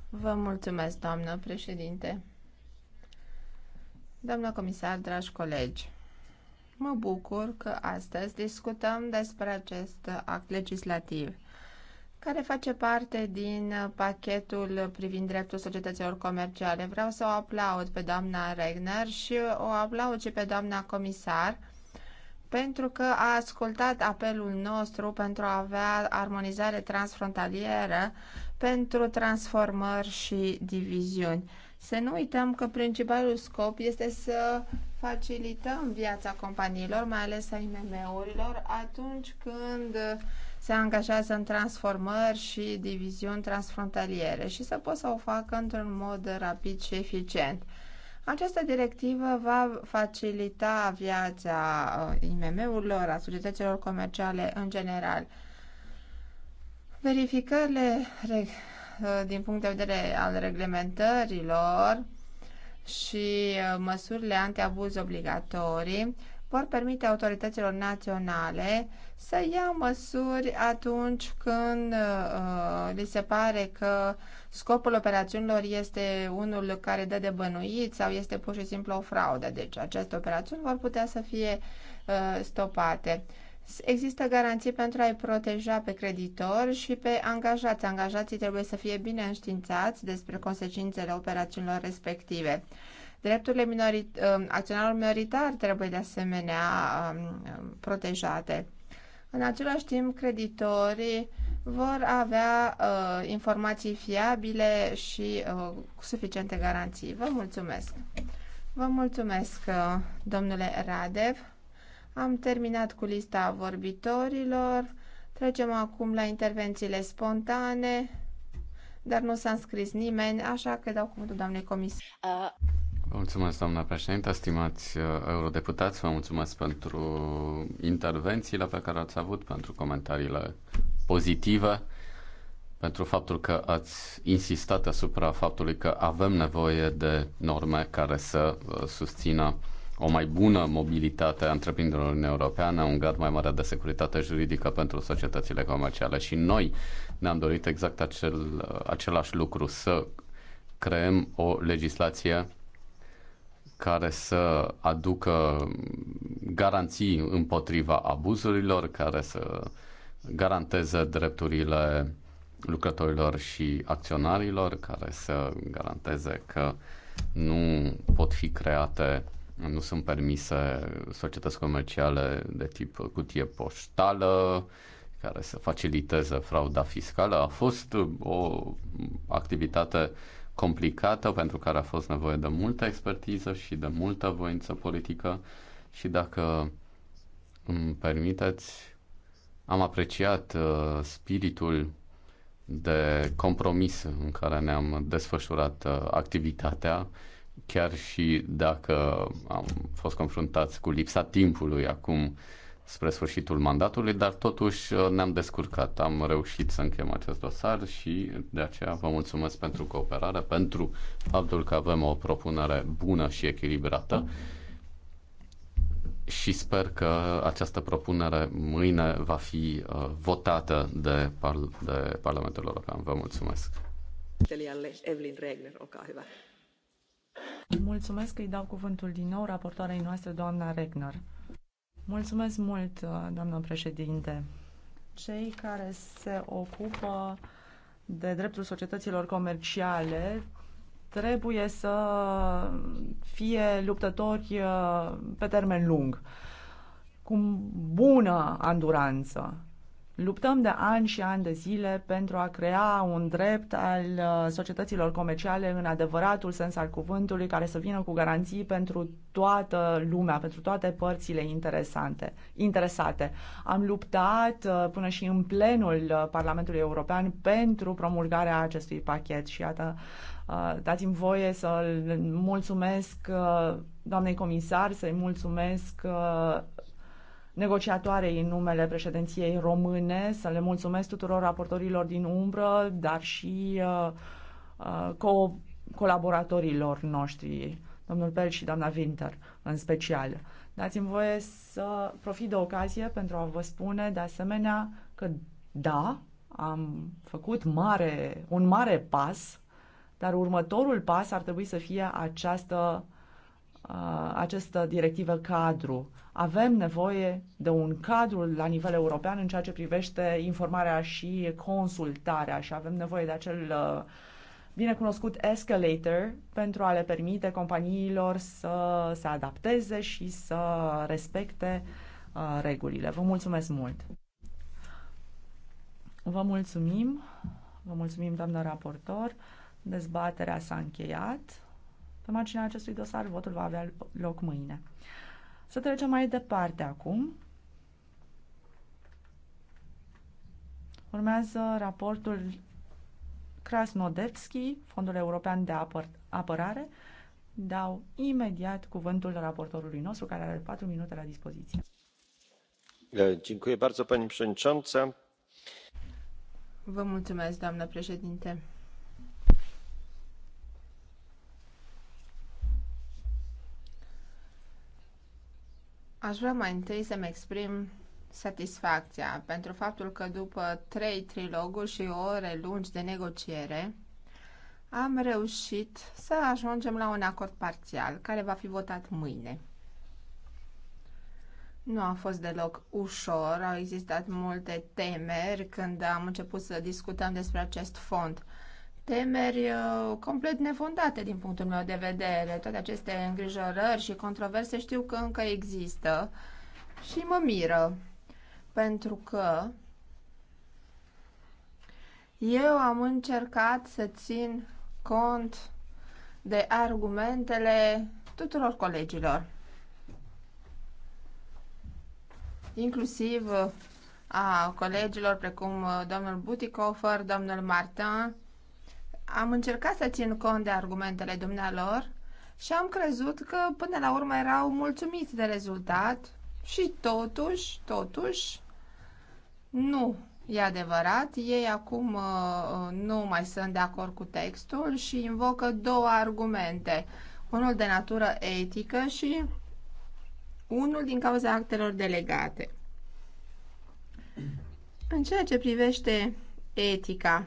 Vă mulțumesc, doamnă președinte. Doamnă comisar, dragi colegi, mă bucur că astăzi discutăm despre acest act legislativ – care face parte din uh, pachetul privind dreptul societăților comerciale. Vreau să o aplaud pe doamna Regner și o aplaud și pe doamna comisar pentru că a ascultat apelul nostru pentru a avea armonizare transfrontalieră pentru transformări și diviziuni. Să nu uităm că principalul scop este să facilităm viața companiilor, mai ales a IMM-urilor, atunci când se angajează în transformări și diviziuni transfrontaliere și să poată să o facă într-un mod rapid și eficient. Această directivă va facilita viața uh, IMM-urilor, a societăților comerciale în general. Verificările uh, din punct de vedere al reglementărilor și uh, măsurile antiabuz obligatorii vor permite autorităților naționale să ia măsuri atunci când uh, li se pare că scopul operațiunilor este unul care dă de bănuit sau este pur și simplu o fraudă. Deci aceste operațiuni vor putea să fie uh, stopate. Există garanții pentru a-i proteja pe creditor și pe angajați. Angajații trebuie să fie bine înștiințați despre consecințele operațiunilor respective. Drepturile minorit- um, acționarilor minoritari trebuie de asemenea um, protejate. În același timp, creditorii vor avea uh, informații fiabile și uh, cu suficiente garanții. Vă mulțumesc! Vă mulțumesc, uh, domnule Radev. Am terminat cu lista vorbitorilor. Trecem acum la intervențiile spontane, dar nu s-a înscris nimeni, așa că dau cuvântul doamnei comisar. Uh. Mulțumesc, doamna președintă, stimați uh, eurodeputați, vă mulțumesc pentru intervențiile pe care ați avut, pentru comentariile pozitive, pentru faptul că ați insistat asupra faptului că avem nevoie de norme care să uh, susțină o mai bună mobilitate a întreprinderilor în europeană, un grad mai mare de securitate juridică pentru societățile comerciale și noi ne-am dorit exact acel, uh, același lucru, să creăm o legislație care să aducă garanții împotriva abuzurilor, care să garanteze drepturile lucrătorilor și acționarilor, care să garanteze că nu pot fi create, nu sunt permise societăți comerciale de tip cutie poștală, care să faciliteze frauda fiscală. A fost o activitate uh, complicată pentru care a fost nevoie de multă expertiză și de multă voință politică și dacă îmi permiteți, am apreciat uh, spiritul de compromis în care ne-am desfășurat uh, activitatea, chiar și dacă am fost confruntați cu lipsa timpului acum spre sfârșitul mandatului, dar totuși uh, ne-am descurcat. Am reușit să încheiem acest dosar și de aceea vă mulțumesc pentru cooperare, pentru faptul că avem o propunere bună și echilibrată și sper că această propunere mâine va fi uh, votată de, par- de Parlamentul European. Vă mulțumesc! Evelyn Regner, Mulțumesc că îi dau cuvântul din nou raportoarei noastre, doamna Regner. Mulțumesc mult, uh, doamnă președinte. Cei care se ocupă de dreptul societăților comerciale trebuie să fie luptători uh, pe termen lung, cu bună anduranță. Luptăm de ani și ani de zile pentru a crea un drept al uh, societăților comerciale în adevăratul sens al cuvântului, care să vină cu garanții pentru toată lumea, pentru toate părțile interesante, interesate. Am luptat uh, până și în plenul uh, Parlamentului European pentru promulgarea acestui pachet și iată, dați-mi voie să-l mulțumesc doamnei comisar, să-i mulțumesc negociatoarei în numele președinției române, să le mulțumesc tuturor raportorilor din umbră, dar și uh, uh, co- colaboratorilor noștri, domnul Pel și doamna Winter în special. Dați-mi voie să profit de ocazie pentru a vă spune de asemenea că da, am făcut mare, un mare pas, dar următorul pas ar trebui să fie această uh, Uh, această directivă cadru. Avem nevoie de un cadru la nivel european în ceea ce privește informarea și consultarea și avem nevoie de acel uh, binecunoscut escalator pentru a le permite companiilor să se adapteze și să respecte uh, regulile. Vă mulțumesc mult! Vă mulțumim, vă mulțumim doamnă raportor, dezbaterea s-a încheiat. Pe marginea acestui dosar, votul va avea loc mâine. Să trecem mai departe acum. Urmează raportul Krasnodevski, Fondul European de Apăr Apărare. Dau imediat cuvântul raportorului nostru, care are patru minute la dispoziție. Vă mulțumesc, doamnă președinte. Aș vrea mai întâi să-mi exprim satisfacția pentru faptul că după trei triloguri și ore lungi de negociere, am reușit să ajungem la un acord parțial, care va fi votat mâine. Nu a fost deloc ușor, au existat multe temeri când am început să discutăm despre acest fond temeri uh, complet nefondate din punctul meu de vedere. Toate aceste îngrijorări și controverse știu că încă există și mă miră pentru că eu am încercat să țin cont de argumentele tuturor colegilor, inclusiv uh, a colegilor precum uh, domnul Butikofer, domnul Martin, am încercat să țin cont de argumentele dumnealor și am crezut că până la urmă erau mulțumiți de rezultat și totuși, totuși, nu e adevărat. Ei acum uh, uh nu mai sunt de acord cu textul și invocă două argumente. Unul de natură etică și unul din cauza actelor delegate. În ceea ce privește etica,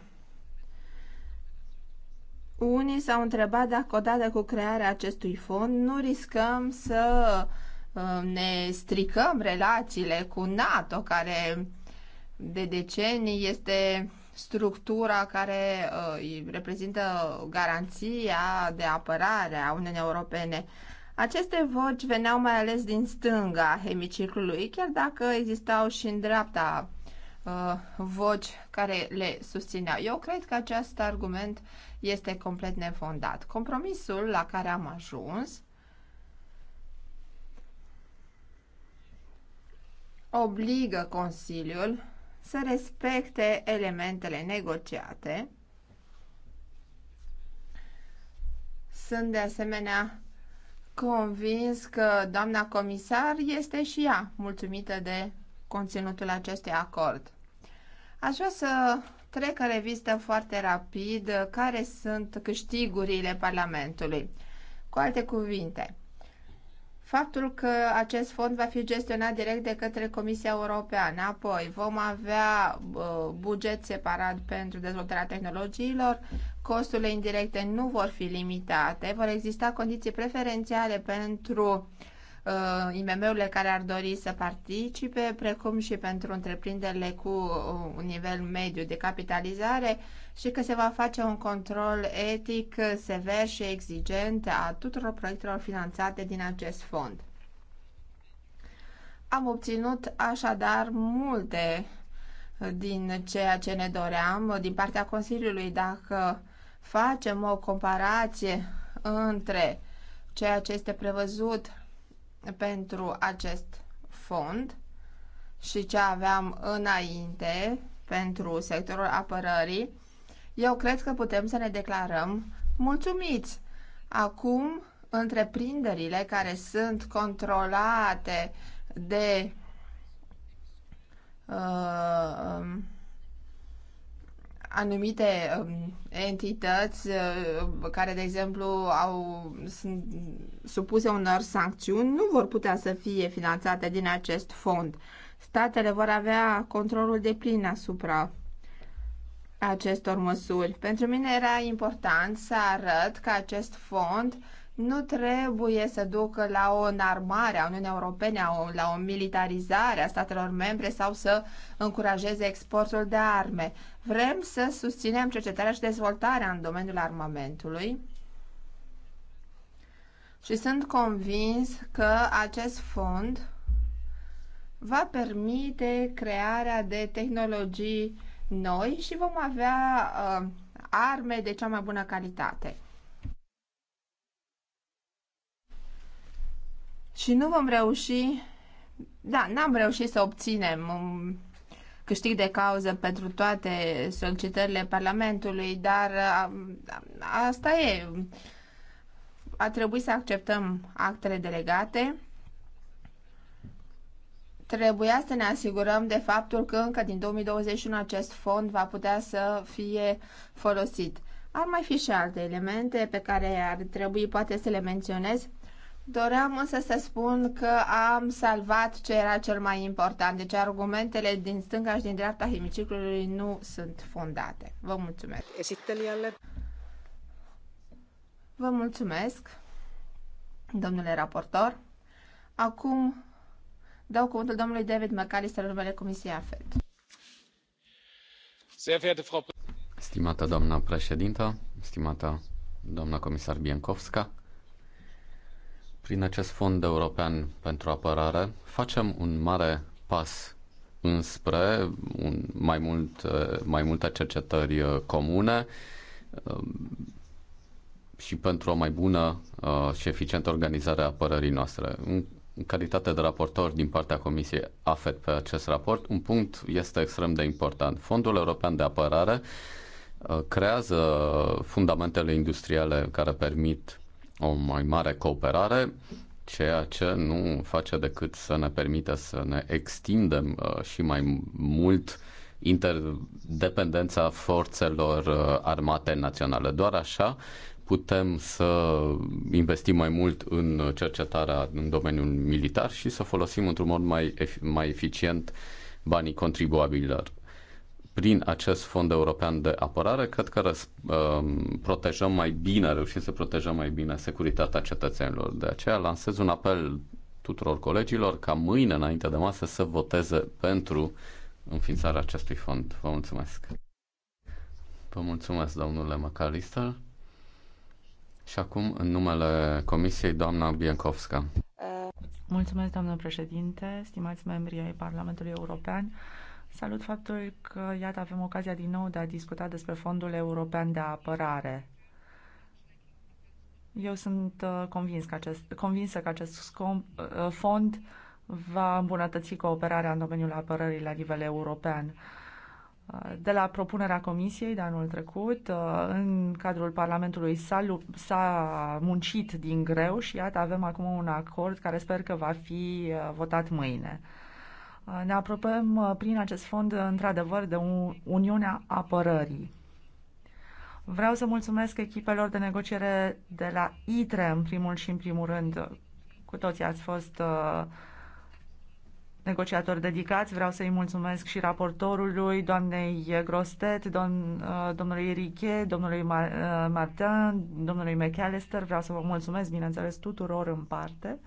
unii s-au întrebat dacă odată cu crearea acestui fond nu riscăm să uh, ne stricăm relațiile cu NATO, care de decenii este structura care uh, reprezintă garanția de apărare a Uniunii Europene. Aceste voci veneau mai ales din stânga hemiciclului, chiar dacă existau și în dreapta uh, voci care le susțineau. Eu cred că acest argument este complet nefondat. Compromisul la care am ajuns obligă Consiliul să respecte elementele negociate. Sunt de asemenea convins că doamna comisar este și ea mulțumită de conținutul acestui acord. Aș vrea să Trec în revistă foarte rapid uh, care sunt câștigurile Parlamentului. Cu alte cuvinte, faptul că acest fond va fi gestionat direct de către Comisia Europeană, apoi vom avea uh, buget separat pentru dezvoltarea tehnologiilor, costurile indirecte nu vor fi limitate, vor exista condiții preferențiale pentru uh, IMM-urile care ar dori să participe, precum și pentru întreprinderile cu uh, un nivel mediu de capitalizare și că se va face un control etic sever și exigent a tuturor proiectelor finanțate din acest fond. Am obținut așadar multe din ceea ce ne doream din partea Consiliului. Dacă facem o comparație între ceea ce este prevăzut pentru acest fond și ce aveam înainte pentru sectorul apărării, eu cred că putem să ne declarăm mulțumiți. Acum, întreprinderile care sunt controlate de uh, um, anumite um, entități uh, care, de exemplu, au, sunt supuse unor sancțiuni, nu vor putea să fie finanțate din acest fond. Statele vor avea controlul de plin asupra acestor măsuri. Pentru mine era important să arăt că acest fond nu trebuie să ducă la o înarmare a Uniunii Europene, la o militarizare a statelor membre sau să încurajeze exportul de arme. Vrem să susținem cercetarea și dezvoltarea în domeniul armamentului și sunt convins că acest fond va permite crearea de tehnologii noi și vom avea uh, arme de cea mai bună calitate. și nu vom reuși, da, n-am reușit să obținem un câștig de cauză pentru toate solicitările Parlamentului, dar asta e. A trebuit să acceptăm actele delegate. Trebuia să ne asigurăm de faptul că încă din 2021 acest fond va putea să fie folosit. Ar mai fi și alte elemente pe care ar trebui poate să le menționez. Doream însă să spun că am salvat ce era cel mai important, deci argumentele din stânga și din dreapta hemiciclului nu sunt fondate. Vă mulțumesc! Vă mulțumesc, domnule raportor. Acum dau cuvântul domnului David McAllister numele Comisiei AFET. Stimată doamna președintă, stimată doamna comisar Biancovska, prin acest fond european pentru apărare facem un mare pas înspre un, mai, mult, mai multe cercetări uh, comune um, și pentru o mai bună uh, și eficientă organizare a apărării noastre. În calitate de raportor din partea Comisiei AFET pe acest raport, un punct este extrem de important. Fondul European de Apărare uh, creează fundamentele industriale care permit o mai mare cooperare, ceea ce nu face decât să ne permită să ne extindem uh, și mai mult interdependența forțelor uh, armate naționale. Doar așa putem să investim mai mult în cercetarea în domeniul militar și să folosim într-un mod mai, mai eficient banii contribuabililor prin acest fond european de apărare, cred că um, protejăm mai bine, reușim să protejăm mai bine securitatea cetățenilor. De aceea lansez un apel tuturor colegilor ca mâine, înainte de masă, să voteze pentru înființarea acestui fond. Vă mulțumesc! Vă mulțumesc, domnule McAllister. Și acum, în numele Comisiei, doamna Biencovska. Mulțumesc, doamnă președinte, stimați membri ai Parlamentului European. Salut faptul că, iată, avem ocazia din nou de a discuta despre Fondul European de Apărare. Eu sunt uh, convins că acest, convinsă că acest uh, fond va îmbunătăți cooperarea în domeniul apărării la nivel european. Uh, de la propunerea Comisiei de anul trecut, în cadrul Parlamentului s-a, muncit din greu și iată avem acum un acord care sper că va fi votat mâine. Uh, ne apropiem uh, prin acest fond, uh, într-adevăr, de Uniunea Apărării. Vreau să mulțumesc echipelor de negociere de la ITRE, în primul și în primul rând. Cu toții ați fost negociatori dedicați. Vreau să-i mulțumesc și raportorului, doamnei Grostet, dom- domnului Riche, domnului Martin, domnului McAllister. Vreau să vă mulțumesc, bineînțeles, tuturor în parte.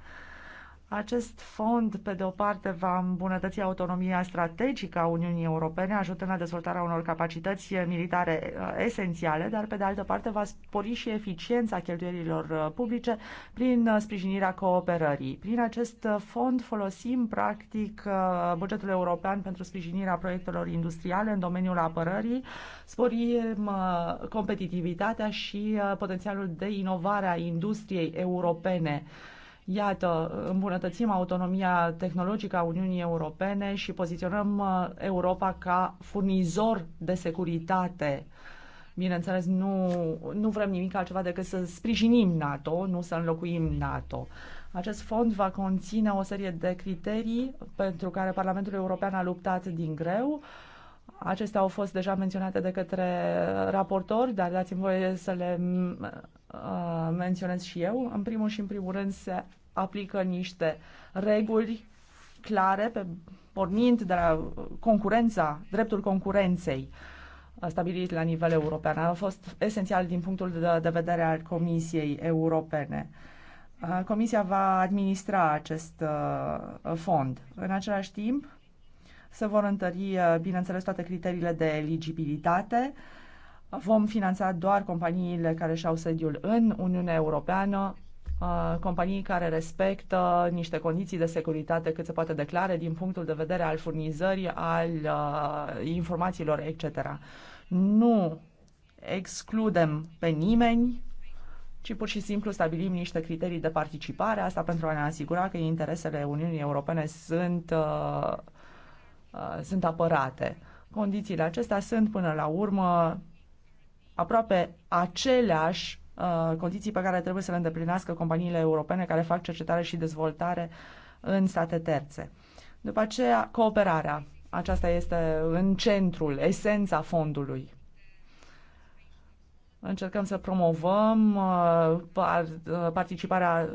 Acest fond, pe de o parte, va îmbunătăți autonomia strategică a Uniunii Europene, ajutând la dezvoltarea unor capacități militare uh, esențiale, dar, pe de altă parte, va spori și eficiența cheltuielilor uh, publice prin uh, sprijinirea cooperării. Prin acest fond folosim, practic, bugetul european pentru sprijinirea proiectelor industriale în domeniul apărării, sporim competitivitatea și potențialul de inovare a industriei europene. Iată, îmbunătățim autonomia tehnologică a Uniunii Europene și poziționăm uh, Europa ca furnizor de securitate. Bineînțeles, nu, nu vrem nimic altceva decât să sprijinim NATO, nu să înlocuim NATO. Acest fond va conține o serie de criterii pentru care Parlamentul European a luptat din greu. Acestea au fost deja menționate de către raportori, dar dați-mi voie să le Uh, menționez și eu. În primul și în primul rând se aplică niște reguli clare pe, pornind de la concurența, dreptul concurenței uh, stabilit la nivel european. A fost esențial din punctul de, de vedere al Comisiei Europene. Uh, Comisia va administra acest fond. În același timp, se vor întări, bineînțeles, toate criteriile de eligibilitate, uh, Vom finanța doar companiile care și-au sediul în Uniunea Europeană, uh, companii care respectă niște condiții de securitate cât se poate declare din punctul de vedere al furnizării, al uh, informațiilor, etc. Nu excludem pe nimeni, ci pur și simplu stabilim niște criterii de participare, asta pentru a ne asigura că interesele Uniunii Europene sunt, uh, sunt apărate. Condițiile acestea sunt până la urmă aproape aceleași uh, condiții pe care trebuie să le îndeplinească companiile europene care fac cercetare și dezvoltare în state terțe. După aceea, cooperarea. Aceasta este în centrul, esența fondului încercăm să promovăm uh, uh, participarea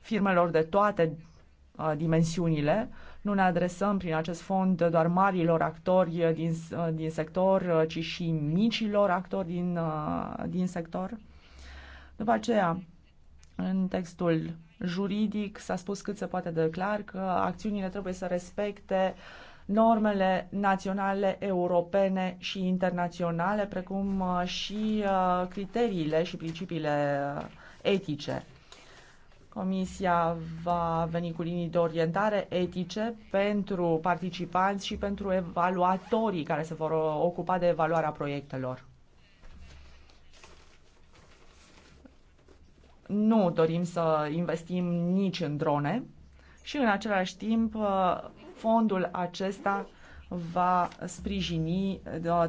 firmelor de toate uh, dimensiunile nu ne adresăm prin acest fond doar marilor actori din, din sector, ci și micilor actori din, uh, din sector. După aceea, în textul juridic s-a spus cât se poate de clar că acțiunile trebuie să respecte normele naționale, europene și internaționale, precum uh, și uh, criteriile și principiile etice. Comisia va veni cu linii de orientare etice pentru participanți și pentru evaluatorii care se vor ocupa de evaluarea proiectelor. Nu dorim să investim nici în drone și în același timp fondul acesta va sprijini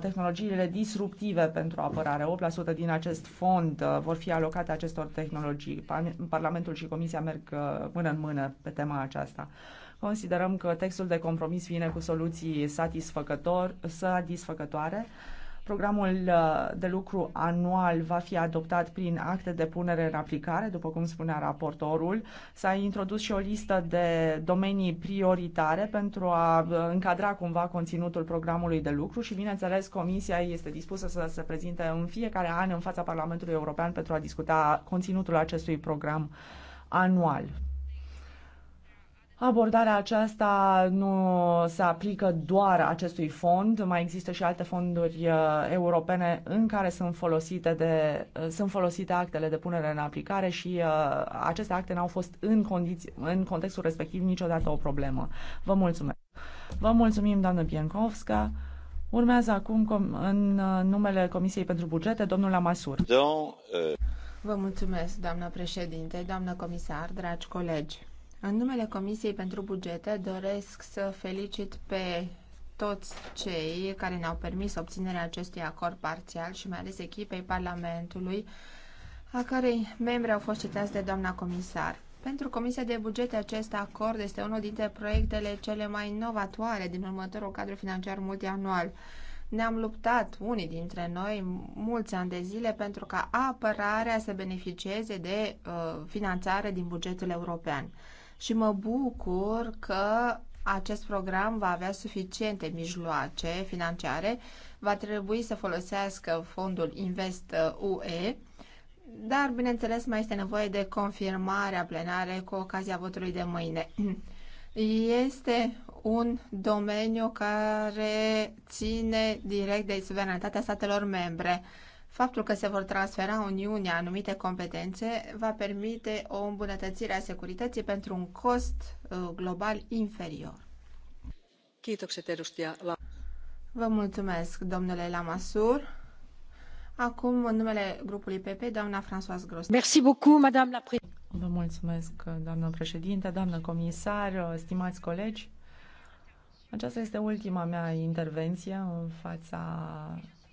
tehnologiile disruptive pentru apărare. 8% din acest fond uh, vor fi alocate acestor tehnologii. Parlamentul și Comisia merg uh, mână în mână pe tema aceasta. Considerăm că textul de compromis vine cu soluții satisfăcător, satisfăcătoare Programul uh, de lucru anual va fi adoptat prin acte de punere în aplicare, după cum spunea raportorul. S-a introdus și o listă de domenii prioritare pentru a uh, încadra cumva conținutul programului de lucru și, bineînțeles, Comisia este dispusă să se prezinte în fiecare an în fața Parlamentului European pentru a discuta conținutul acestui program anual. Abordarea aceasta nu se aplică doar acestui fond, mai există și alte fonduri uh, europene în care sunt folosite, de, uh, sunt folosite actele de punere în aplicare și uh, aceste acte n-au fost în, condiții, în contextul respectiv niciodată o problemă. Vă mulțumesc! Vă mulțumim, doamnă Bienkovska. Urmează acum în numele Comisiei pentru Bugete, domnul Amasur. Vă mulțumesc, doamnă președinte, doamnă comisar, dragi colegi. În numele Comisiei pentru Bugete doresc să felicit pe toți cei care ne-au permis obținerea acestui acord parțial și mai ales echipei Parlamentului, a cărei membri au fost citați de doamna comisar. Pentru Comisia de Bugete, acest acord este unul dintre proiectele cele mai inovatoare din următorul cadru financiar multianual. Ne-am luptat, unii dintre noi, mulți ani de zile pentru ca apărarea să beneficieze de uh, finanțare din bugetul european și mă bucur că acest program va avea suficiente mijloace financiare, va trebui să folosească fondul Invest UE, uh, dar, bineînțeles, mai este nevoie de confirmarea plenare cu ocazia votului de mâine. Este un domeniu care ține direct de suveranitatea statelor membre Faptul că se vor transfera Uniunea anumite competențe va permite o îmbunătățire a securității pentru un cost uh, global inferior. Vă mulțumesc, domnule Lamassoure. Acum, în numele grupului PP, doamna Françoise Gros. Merci beaucoup, madame la Vă mulțumesc, doamnă președinte, doamnă comisar, stimați colegi. Aceasta este ultima mea intervenție în fața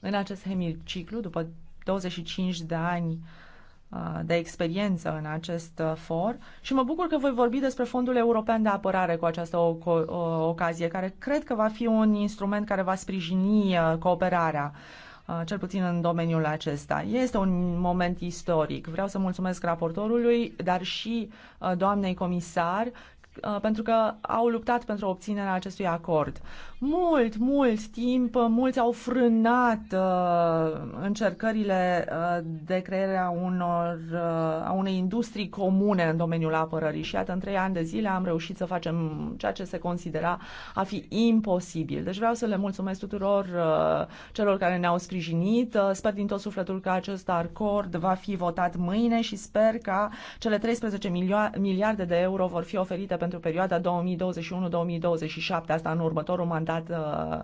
în acest hemiciclu, după 25 de ani uh, de experiență în acest uh, for și mă bucur că voi vorbi despre Fondul European de Apărare cu această uh, ocazie, care cred că va fi un instrument care va sprijini cooperarea cel puțin în domeniul acesta. Este un moment istoric. Vreau să mulțumesc raportorului, dar și doamnei comisar pentru că au luptat pentru obținerea acestui acord mult, mult timp, mulți au frânat uh, încercările uh, de creare a, unor, uh, a unei industrii comune în domeniul apărării și iată, în trei ani de zile am reușit să facem ceea ce se considera a fi imposibil. Deci vreau să le mulțumesc tuturor uh, celor care ne-au sprijinit. Uh, sper din tot sufletul că acest acord va fi votat mâine și sper ca cele 13 miliarde de euro vor fi oferite pentru perioada 2021-2027, asta în următorul mandat mandat uh,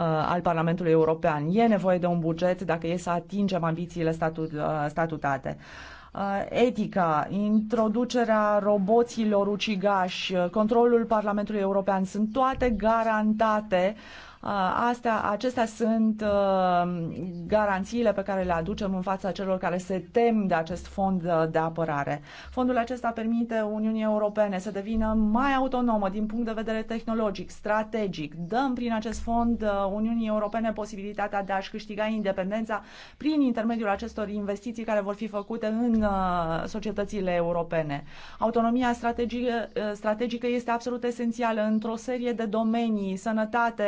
uh, al Parlamentului European. E nevoie de un buget dacă e să atingem ambițiile statut, uh, statutate etica, introducerea roboților ucigași, controlul Parlamentului European, sunt toate garantate Uh, astea, acestea sunt uh, garanțiile pe care le aducem în fața celor care se tem de acest fond uh, de apărare. Fondul acesta permite Uniunii Europene să devină mai autonomă din punct de vedere tehnologic, strategic. Dăm prin acest fond Uniunii Europene posibilitatea de a-și câștiga independența prin intermediul acestor investiții care vor fi făcute în societățile europene. Autonomia strategică este absolut esențială într-o serie de domenii, sănătate,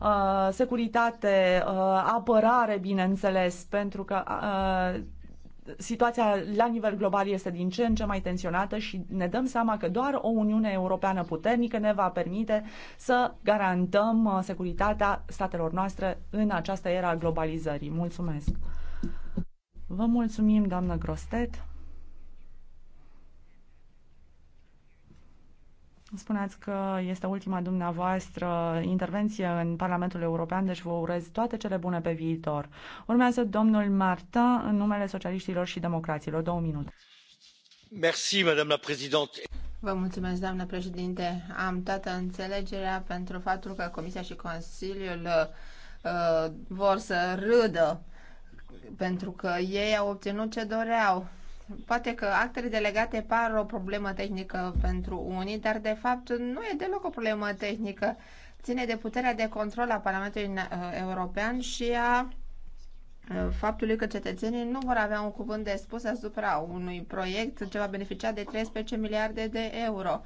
Uh, securitate, uh, apărare, bineînțeles, pentru că uh, situația la nivel global este din ce în ce mai tensionată și ne dăm seama că doar o Uniune Europeană puternică ne va permite să garantăm securitatea statelor noastre în această era globalizării. Mulțumesc! Vă mulțumim, doamnă Grostet! Spuneați că este ultima dumneavoastră intervenție în Parlamentul European, deci vă urez toate cele bune pe viitor. Urmează domnul Martin în numele socialiștilor și democraților. Două minute. Merci, madame la présidente. Vă mulțumesc, doamnă președinte. Am toată înțelegerea pentru faptul că Comisia și Consiliul uh, vor să râdă pentru că ei au obținut ce doreau Poate că actele delegate par o problemă tehnică pentru unii, dar de fapt nu e deloc o problemă tehnică. Ține de puterea de control a Parlamentului uh, European și a uh, faptului că cetățenii nu vor avea un cuvânt de spus asupra unui proiect ce va beneficia de 13 miliarde de euro.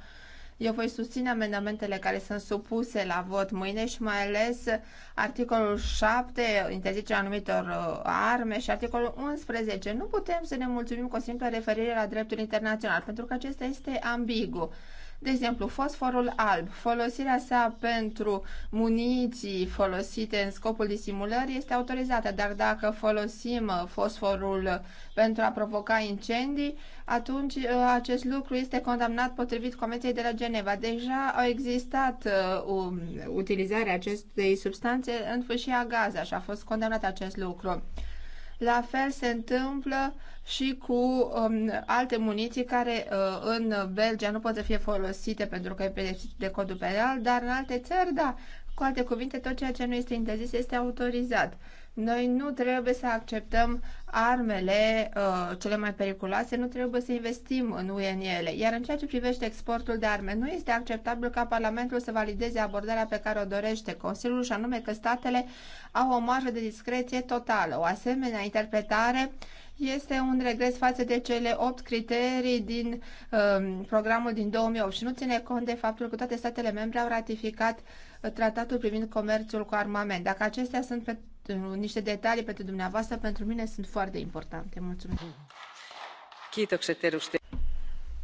Eu voi susține amendamentele care sunt supuse la vot mâine și mai ales articolul 7, interzicerea anumitor uh, arme și articolul 11. Nu putem să ne mulțumim cu o simplă referire la dreptul internațional, pentru că acesta este ambigu. De exemplu, fosforul alb, folosirea sa pentru muniții folosite în scopul disimulării este autorizată, dar dacă folosim fosforul pentru a provoca incendii, atunci uh, acest lucru este condamnat potrivit Convenției de la Geneva. Deja au existat uh, um, utilizarea acestei substanțe în fâșia Gaza și a fost condamnat acest lucru. La fel se întâmplă și cu um, alte muniții care uh, în Belgia nu pot să fie folosite pentru că e pedepsit de codul penal, dar în alte țări, da, cu alte cuvinte, tot ceea ce nu este interzis este autorizat. Noi nu trebuie să acceptăm armele uh, cele mai periculoase, nu trebuie să investim în UE în ele. Iar în ceea ce privește exportul de arme, nu este acceptabil ca Parlamentul să valideze abordarea pe care o dorește Consiliul, și anume că statele au o marjă de discreție totală. O asemenea interpretare este un regres față de cele opt criterii din um, programul din 2008 și nu ține cont de faptul că toate statele membre au ratificat uh, tratatul privind comerțul cu armament. Dacă acestea sunt pe niște detalii pentru dumneavoastră, pentru mine sunt foarte importante. Mulțumesc!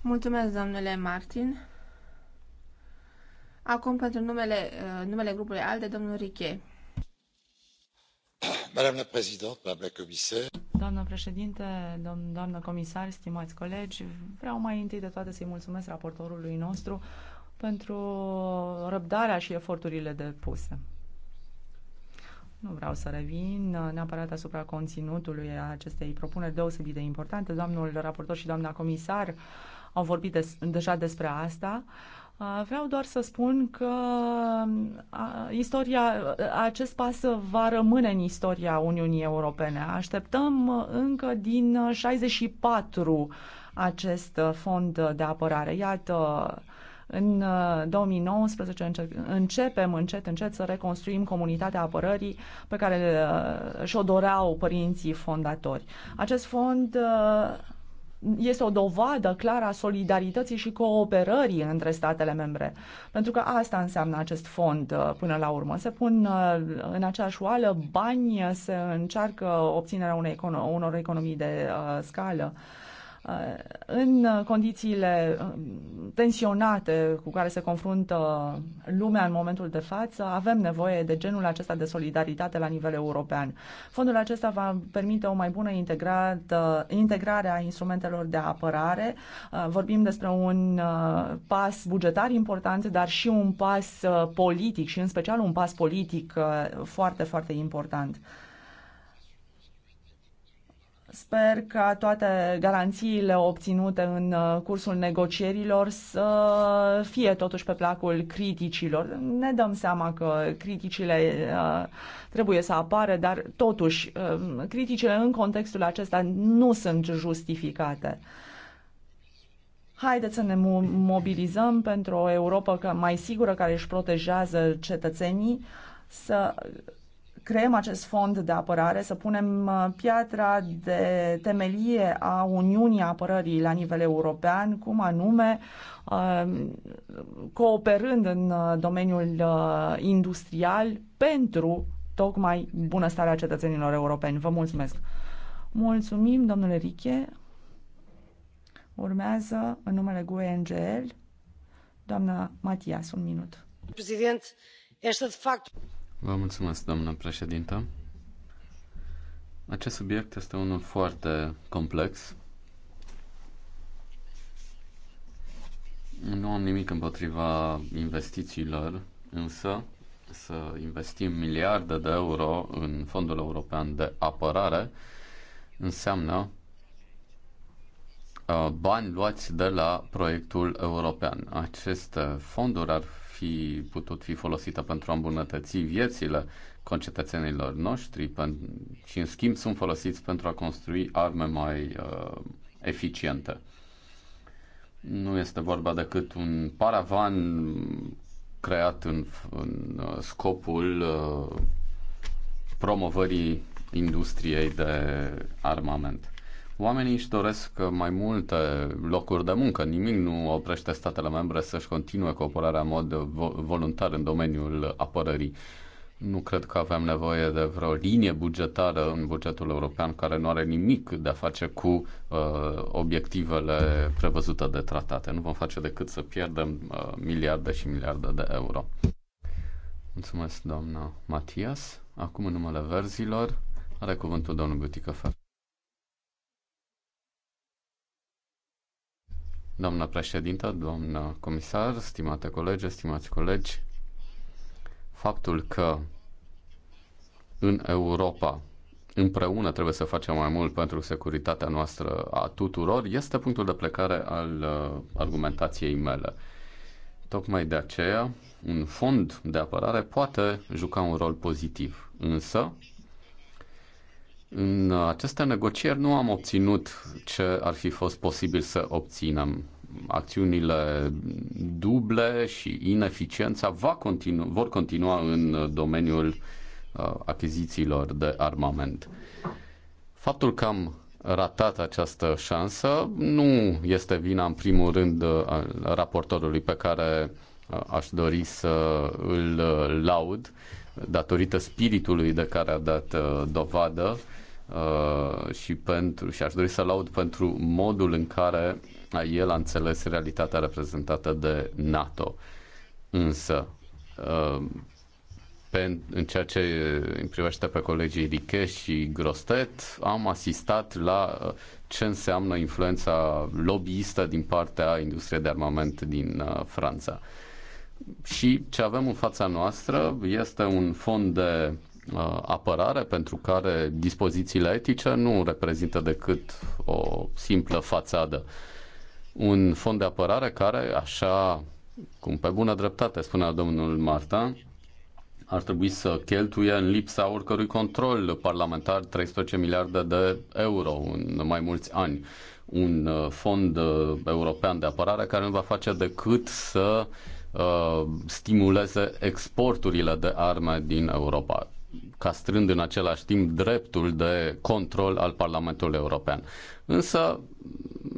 Mulțumesc, domnule Martin. Acum, pentru numele, uh, numele grupului ALDE, domnul Riche. Doamnă președinte, doamnă comisar. Doamna președinte, doamnă comisar, stimați colegi, vreau mai întâi de toate să-i mulțumesc raportorului nostru pentru răbdarea și eforturile depuse. Nu vreau să revin uh, neapărat asupra conținutului acestei propuneri deosebit de importante. Doamnul raportor și doamna comisar au vorbit des, deja despre asta. Uh, vreau doar să spun că uh, istoria, acest pas va rămâne în istoria Uniunii Europene. Așteptăm încă din 64 acest fond de apărare. Iată, în 2019 uh, începem încet, încet să reconstruim comunitatea apărării pe care uh, și-o doreau părinții fondatori. Acest fond uh, este o dovadă clară a solidarității și cooperării între statele membre. Pentru că asta înseamnă acest fond până la urmă. Se pun în aceeași oală bani, se încearcă obținerea unei, unor economii de scală. Uh, în condițiile um, tensionate cu care se confruntă lumea în momentul de față, avem nevoie de genul acesta de solidaritate la nivel european. Fondul acesta va permite o mai bună integrare a instrumentelor de apărare. Uh, vorbim despre un uh, pas bugetar important, dar și un pas politic și în special un pas politic foarte, foarte important. Sper ca toate garanțiile obținute în uh, cursul negocierilor să fie totuși pe placul criticilor. Ne dăm seama că criticile uh, trebuie să apară, dar totuși uh, criticile în contextul acesta nu sunt justificate. Haideți să ne mobilizăm pentru o Europa mai sigură care își protejează cetățenii, să creăm acest fond de apărare, să punem uh, piatra de temelie a Uniunii Apărării la nivel european, cum anume uh, cooperând în uh, domeniul industrial pentru tocmai bunăstarea cetățenilor europeni. Vă mulțumesc! Mulțumim, domnule Riche. Urmează, în numele GUE NGL, doamna Matias, un minut. Președinte, este de fapt Vă mulțumesc, doamnă președintă. Acest subiect este unul foarte complex. Nu am nimic împotriva investițiilor, însă să investim miliarde de euro în Fondul European de Apărare înseamnă uh, bani luați de la proiectul european. Aceste fonduri ar fi putut fi folosită pentru a îmbunătăți viețile concetățenilor noștri și, în schimb, sunt folosiți pentru a construi arme mai uh, eficiente. Nu este vorba decât un paravan creat în, în uh, scopul uh, promovării industriei de armament. Oamenii își doresc mai multe locuri de muncă. Nimic nu oprește statele membre să-și continue cooperarea în mod voluntar în domeniul apărării. Nu cred că avem nevoie de vreo linie bugetară în bugetul european care nu are nimic de a face cu uh, obiectivele prevăzute de tratate. Nu vom face decât să pierdem uh, miliarde și miliarde de euro. Mulțumesc, doamna Matias. Acum, în numele verzilor, are cuvântul domnul Butică Fer. Doamna președintă, doamna comisar, stimate colegi, stimați colegi, faptul că în Europa împreună trebuie să facem mai mult pentru securitatea noastră a tuturor este punctul de plecare al uh, argumentației mele. Tocmai de aceea, un fond de apărare poate juca un rol pozitiv, însă în aceste negocieri nu am obținut ce ar fi fost posibil să obținem. Acțiunile duble și ineficiența va continu- vor continua în domeniul uh, achizițiilor de armament. Faptul că am ratat această șansă nu este vina, în primul rând, al raportorului pe care uh, aș dori să îl uh, laud datorită spiritului de care a dat uh, dovadă Uh, și pentru și aș dori să laud pentru modul în care el a înțeles realitatea reprezentată de NATO. Însă, uh, în ceea ce îmi privește pe colegii Riche și Grostet, am asistat la uh, ce înseamnă influența lobbyistă din partea industriei de armament din Franța. Și ce avem în fața noastră este un fond de Uh, apărare pentru care dispozițiile etice nu reprezintă decât o simplă fațadă. Un fond de apărare care, așa cum pe bună dreptate spunea domnul Marta, ar trebui să cheltuie în lipsa oricărui control parlamentar 13 miliarde de euro în mai mulți ani. Un uh, fond uh, european de apărare care nu va face decât să uh, stimuleze exporturile de arme din Europa castrând în același timp dreptul de control al Parlamentului European. Însă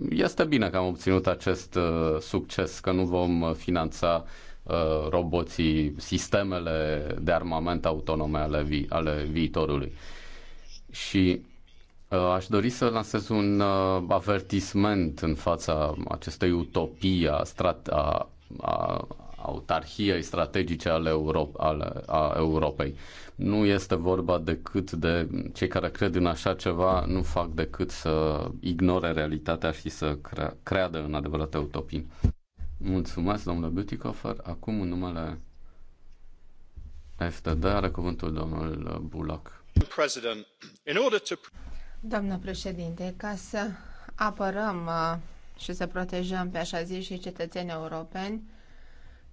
este bine că am obținut acest uh, succes, că nu vom finanța uh, roboții, sistemele de armament autonome ale, vi- ale viitorului. Și uh, Aș dori să lansez un uh, avertisment în fața acestei utopii a, strat- a, a autarhiei strategice ale, Euro- ale a Europei. Nu este vorba decât de cei care cred în așa ceva, nu fac decât să ignore realitatea și să crea, creadă în adevărate utopii. Mulțumesc, domnule Butikofer. Acum, în numele FTD, are cuvântul domnul Bulac. Doamnă președinte, ca să apărăm uh, și să protejăm pe așa zis și cetățenii europeni,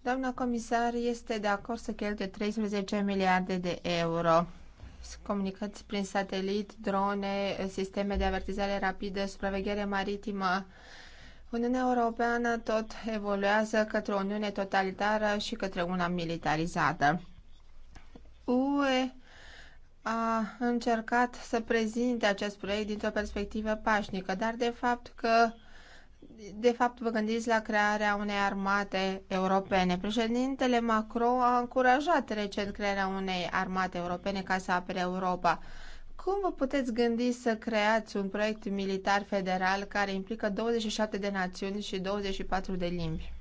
Doamna comisar este de acord să cheltuie 13 miliarde de euro. Comunicați prin satelit, drone, sisteme de avertizare rapidă, supraveghere maritimă. Uniunea Europeană tot evoluează către o Uniune totalitară și către una militarizată. UE a încercat să prezinte acest proiect dintr-o perspectivă pașnică, dar de fapt că de fapt, vă gândiți la crearea unei armate europene. Președintele Macron a încurajat recent crearea unei armate europene ca să apere Europa. Cum vă puteți gândi să creați un proiect militar federal care implică 27 de națiuni și 24 de limbi?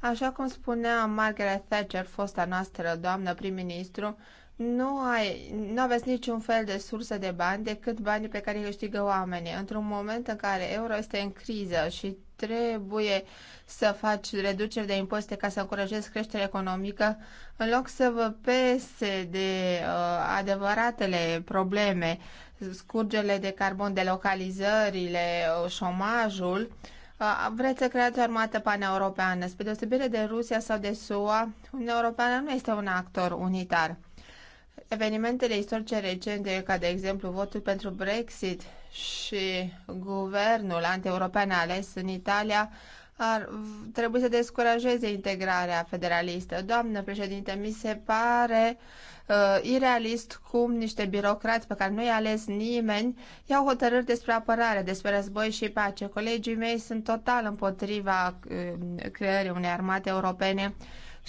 Așa cum spunea Margaret Thatcher, fosta noastră doamnă prim-ministru, nu, ai, nu aveți niciun fel de sursă de bani decât banii pe care îi câștigă oamenii. Într-un moment în care euro este în criză și trebuie să faci reduceri de impozite ca să încurajezi creșterea economică, în loc să vă pese de uh, adevăratele probleme, scurgele de carbon, delocalizările, uh, șomajul, uh, Vreți să creați o armată paneuropeană. Spre deosebire de Rusia sau de SUA, Uniunea Europeană nu este un actor unitar Evenimentele istorice recente, ca de exemplu votul pentru Brexit și guvernul antieuropean ales în Italia, ar trebui să descurajeze integrarea federalistă. Doamnă președinte, mi se pare uh, irealist cum niște birocrați pe care nu i-a ales nimeni iau hotărâri despre apărare, despre război și pace. Colegii mei sunt total împotriva uh, creării unei armate europene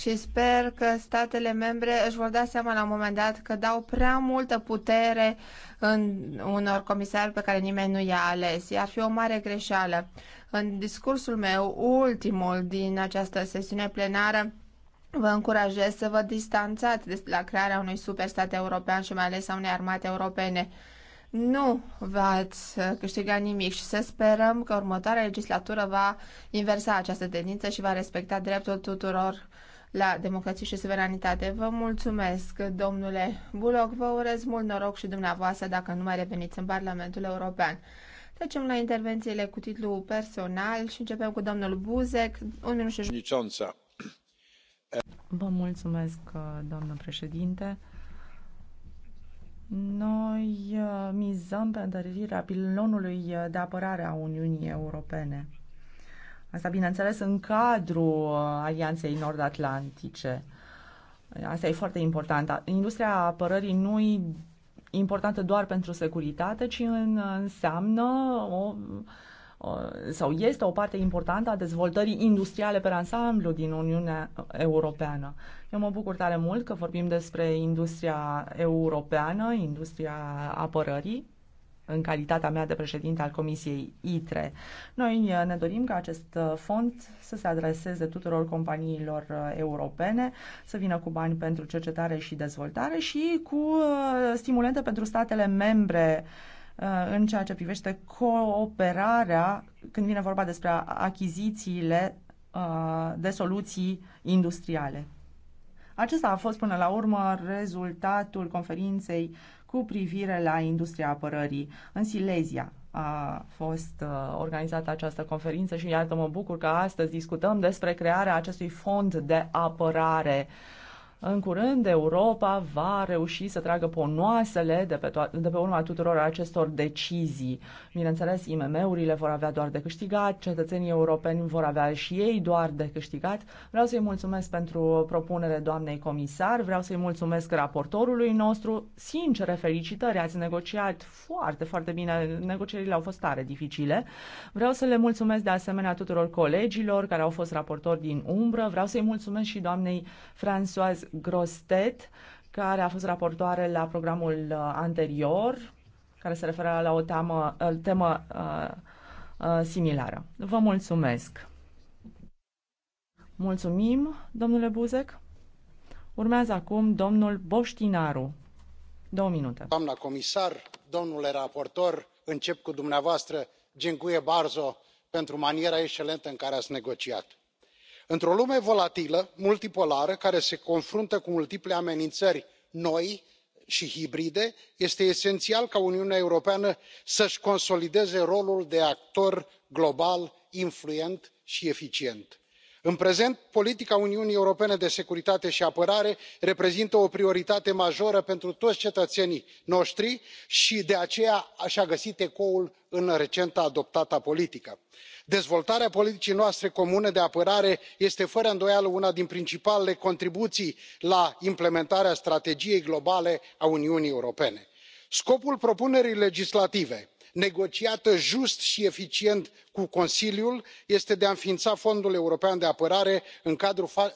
și sper că statele membre își vor da seama la un moment dat că dau prea multă putere în unor comisari pe care nimeni nu i-a ales. Ar fi o mare greșeală. În discursul meu, ultimul din această sesiune plenară, Vă încurajez să vă distanțați de la crearea unui superstat european și mai ales a unei armate europene. Nu v-ați câștigat nimic și să sperăm că următoarea legislatură va inversa această tendință și va respecta dreptul tuturor la democrație și suveranitate. Vă mulțumesc, domnule Buloc, vă urez mult noroc și dumneavoastră dacă nu mai reveniți în Parlamentul European. Trecem la intervențiile cu titlu personal și începem cu domnul Buzek. Un minut și jumătate. Vă mulțumesc, doamnă președinte. Noi uh, mizăm pe întărirea pilonului de apărare a Uniunii Europene. Asta, bineînțeles, în cadrul uh, Alianței Nord-Atlantice. Asta e foarte important. Industria apărării nu e importantă doar pentru securitate, ci în, uh, înseamnă o, o, sau este o parte importantă a dezvoltării industriale pe ansamblu din Uniunea Europeană. Eu mă bucur tare mult că vorbim despre industria europeană, industria apărării în calitatea mea de președinte al Comisiei ITRE. Noi uh, ne dorim ca acest uh, fond să se adreseze tuturor companiilor uh, europene, să vină cu bani pentru cercetare și dezvoltare și cu stimulente pentru statele membre în ceea ce privește cooperarea când vine vorba despre achizițiile de soluții industriale. Acesta a fost până la urmă rezultatul conferinței cu privire la industria apărării în Silezia. A fost uh, organizată această conferință și iată mă bucur că astăzi discutăm despre crearea acestui fond de apărare uh, în curând, Europa va reuși să tragă ponoasele de pe, de pe urma tuturor acestor decizii. Bineînțeles, IMM-urile vor avea doar de câștigat, cetățenii europeni vor avea și ei doar de câștigat. Vreau să-i mulțumesc pentru propunere doamnei comisar, vreau să-i mulțumesc raportorului nostru. Sincere, felicitări, ați negociat foarte, foarte bine, negocierile au fost tare dificile. Vreau să le mulțumesc de asemenea tuturor colegilor care au fost raportori din umbră, vreau să-i mulțumesc și doamnei Françoise Grostet, care a fost raportoare la programul uh, anterior, care se referă la o teamă, uh, temă uh, uh, similară. Vă mulțumesc! Mulțumim, domnule Buzec. Urmează acum domnul Boștinaru. Două minute. Doamna comisar, domnule raportor, încep cu dumneavoastră, Genguie Barzo, pentru maniera excelentă în care ați negociat într o lume volatilă multipolară care se confruntă cu multiple amenințări noi și hibride este esențial ca uniunea europeană să își consolideze rolul de actor global influent și eficient în prezent politica uniunii europene de securitate și apărare reprezintă o prioritate majoră pentru toți cetățenii noștri și de aceea și a găsit ecoul în recent adoptata politică. dezvoltarea politicii noastre comune de apărare este fără îndoială una din principalele contribuții la implementarea strategiei globale a uniunii europene. scopul propunerii legislative negociată just și eficient cu consiliul este de a înființa fondul european de apărare în eh,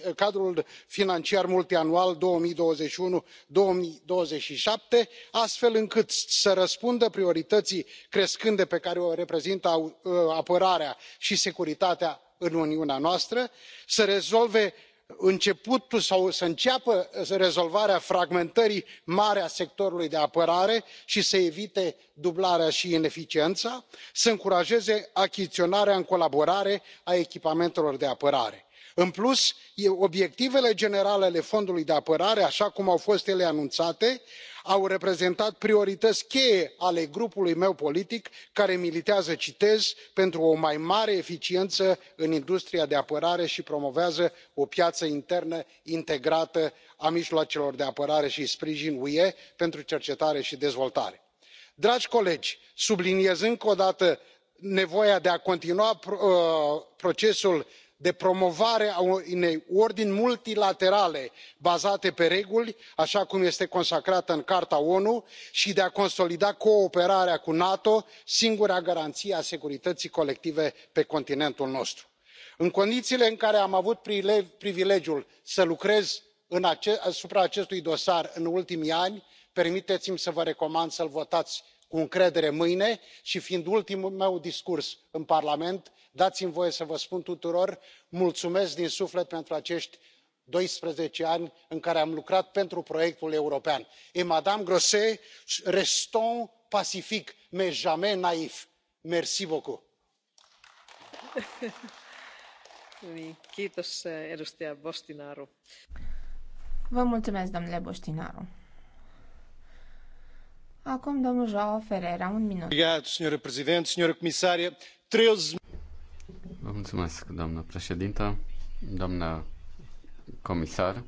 eh, cadrul financiar multianual două mii douăzeci și unu două mii douăzeci și șapte astfel încât să răspundă priorității crescânde pe care o reprezintă eh, apărarea și securitatea în uniunea noastră să rezolve începutul sau să înceapă rezolvarea fragmentării mari a sectorului de apărare și să evite dublarea și ineficiența să încurajeze achiziționarea în colaborare a echipamentelor de apărare. în plus obiectivele generale ale fondului de apărare așa cum au fost ele anunțate au reprezentat priorități cheie ale grupului meu politic care militează citez pentru o mai mare eficiență în industria de apărare și promovează o piață internă integrată a mijloacelor de apărare și sprijin ue pentru cercetare și dezvoltare. dragi colegi subliniez încă o dată nevoia de a continua uh, procesul de promovare a unei ordini multilaterale bazate pe reguli așa cum este consacrată în carta onu și de a consolida cooperarea cu nato singura garanție a securității colective pe continentul nostru. în condițiile în care am avut privilegiul să lucrez asupra acestui dosar în ultimii ani permiteți mi să vă recomand să l votați cu încredere mâine și fiind ultimul meu discurs în parlament dați mi voie să vă spun tuturor mulțumesc din suflet pentru acești doisprezece ani în care am lucrat pentru proiectul european et madame grossette restons pacifiques mais jamais naïfs. merci beaucoup. Eh, vă mulțumesc domnule botinaru. Acum domnul Joao Ferreira, un minut. Vă mulțumesc, doamnă președintă, doamnă comisar.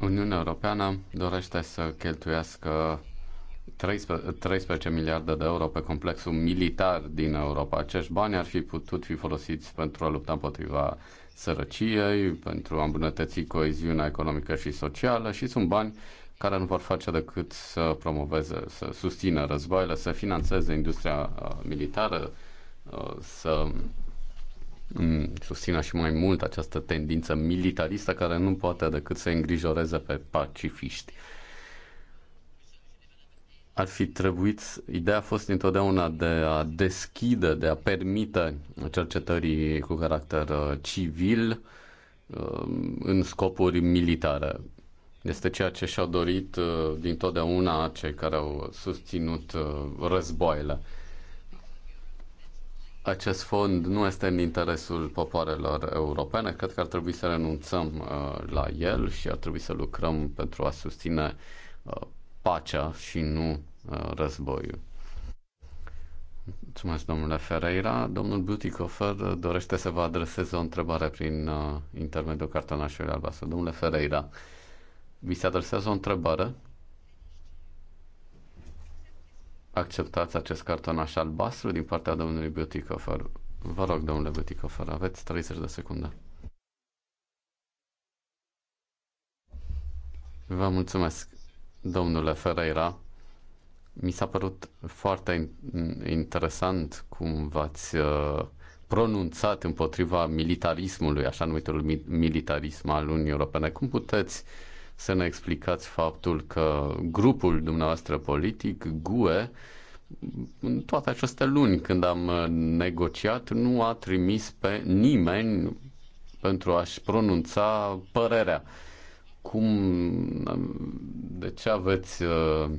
Uniunea Europeană dorește să cheltuiască 13, 13 miliarde de euro pe complexul militar din Europa. Acești bani ar fi putut fi folosiți pentru a lupta împotriva sărăciei, pentru a îmbunătăți coeziunea economică și socială și sunt bani care nu vor face decât să promoveze, să susțină războaiele, să financeze industria uh, militară, uh, să mm, susțină și mai mult această tendință militaristă care nu poate decât să îngrijoreze pe pacifiști. Ar fi trebuit, ideea a fost întotdeauna de a deschide, de a permite cercetării cu caracter uh, civil în scopuri militare. Este ceea ce și-au dorit uh, din totdeauna cei care au susținut uh, războaiele. Acest fond nu este în interesul popoarelor europene, cred că ar trebui să renunțăm uh, la el și ar trebui să lucrăm pentru a susține pacea și nu războiul. Mulțumesc, domnule Ferreira. Domnul Butikofer dorește să vă adreseze o întrebare prin uh, intermediul cartonașului albastru. Domnule Ferreira, uh, vi se adresează o întrebare. Acceptați acest cartonaș albastru din partea domnului Butikofer. Vă rog, domnule Butikofer, aveți 30 de secunde. Vă mulțumesc, domnule Ferreira. Mi s-a părut foarte interesant cum v-ați uh, pronunțat împotriva militarismului, așa numitul militarism al Uniunii Europene. Cum puteți uh, să ne explicați faptul că grupul dumneavoastră politic, GUE, în toate aceste luni când am uh, negociat, nu a trimis pe nimeni pentru a-și pronunța părerea. Cum, uh, de ce aveți uh,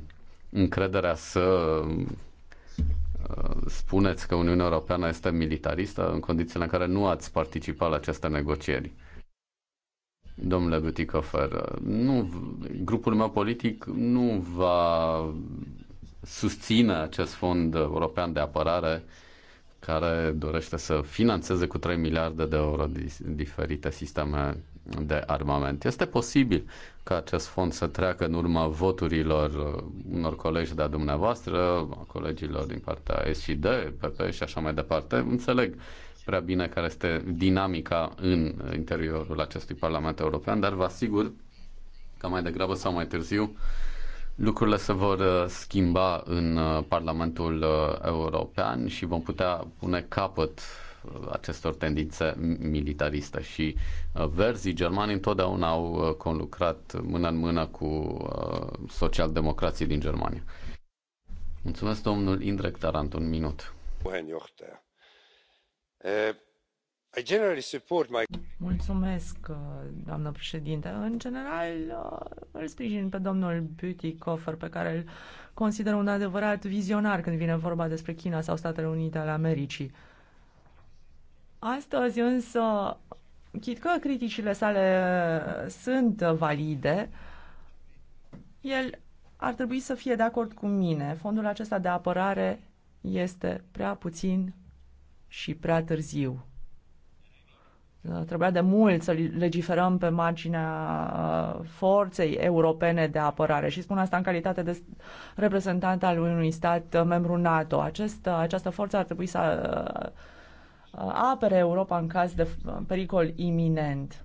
încrederea să uh, spuneți că Uniunea Europeană este militaristă în condițiile în care nu ați participat la aceste negocieri? domnule Buticofer, nu, grupul meu politic nu va susține acest fond european de apărare care dorește să financeze cu 3 miliarde de euro diferite sisteme de armament. Este posibil ca acest fond să treacă în urma voturilor uh, unor colegi de-a dumneavoastră, a colegilor din partea S PP și așa mai departe. Înțeleg prea bine care este dinamica în interiorul acestui Parlament European, dar vă asigur că mai degrabă sau mai târziu lucrurile se vor uh, schimba în uh, Parlamentul uh, European și vom putea pune capăt acestor tendințe militariste și verzii germani întotdeauna au conlucrat mână în mână cu socialdemocrații din Germania. Mulțumesc, domnul Indrek Tarant, un minut. Buen, Uh, Mulțumesc, uh, doamnă președinte. În general, uh, îl sprijin pe domnul Butikofer, pe care îl consider un adevărat vizionar când vine vorba despre China sau Statele Unite ale Americii. Astăzi, însă, chit că criticile sale sunt valide, el ar trebui să fie de acord cu mine. Fondul acesta de apărare este prea puțin și prea târziu. Da, trebuia de mult să legiferăm pe marginea uh, forței europene de apărare și spun asta în calitate de reprezentant al unui stat uh, membru NATO. Acest, uh, această forță ar trebui să apere Europa în caz de pericol iminent.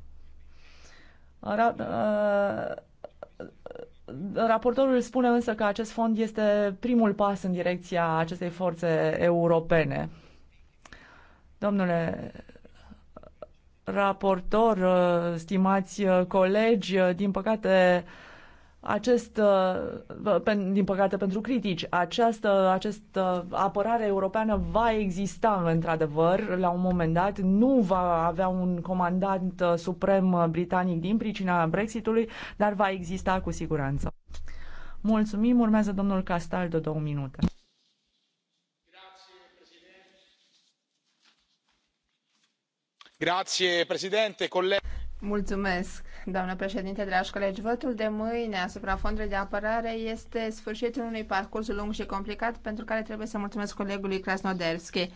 Raportorul spune însă că acest fond este primul pas în direcția acestei forțe europene. Domnule raportor, uh, stimați uh, colegi, uh, din păcate acest, din păcate pentru critici, această, această apărare europeană va exista într-adevăr la un moment dat, nu va avea un comandant suprem britanic din pricina Brexitului, dar va exista cu siguranță. Mulțumim, urmează domnul Castaldo două minute. Grazie, președinte, colegi. Mulțumesc, doamnă președinte, dragi colegi. Votul de mâine asupra fondului de apărare este sfârșitul unui parcurs lung și complicat pentru care trebuie să mulțumesc colegului Krasnodelski.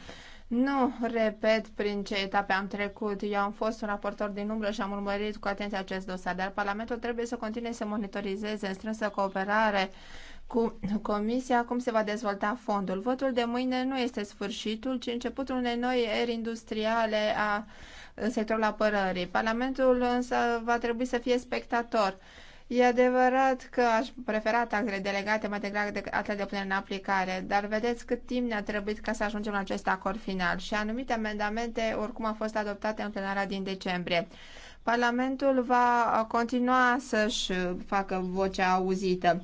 Nu repet prin ce etape am trecut. Eu am fost un raportor din umbră și am urmărit cu atenție acest dosar, dar Parlamentul trebuie să continue să monitorizeze în strânsă cooperare cu Comisia cum se va dezvolta fondul. Votul de mâine nu este sfârșitul, ci începutul unei noi eri industriale a sectorului apărării. Parlamentul însă va trebui să fie spectator. E adevărat că aș prefera actele delegate mai degrabă decât actele de punere în aplicare, dar vedeți cât timp ne-a trebuit ca să ajungem la acest acord final și anumite amendamente oricum au fost adoptate în plenarea din decembrie. Parlamentul va continua să-și facă vocea auzită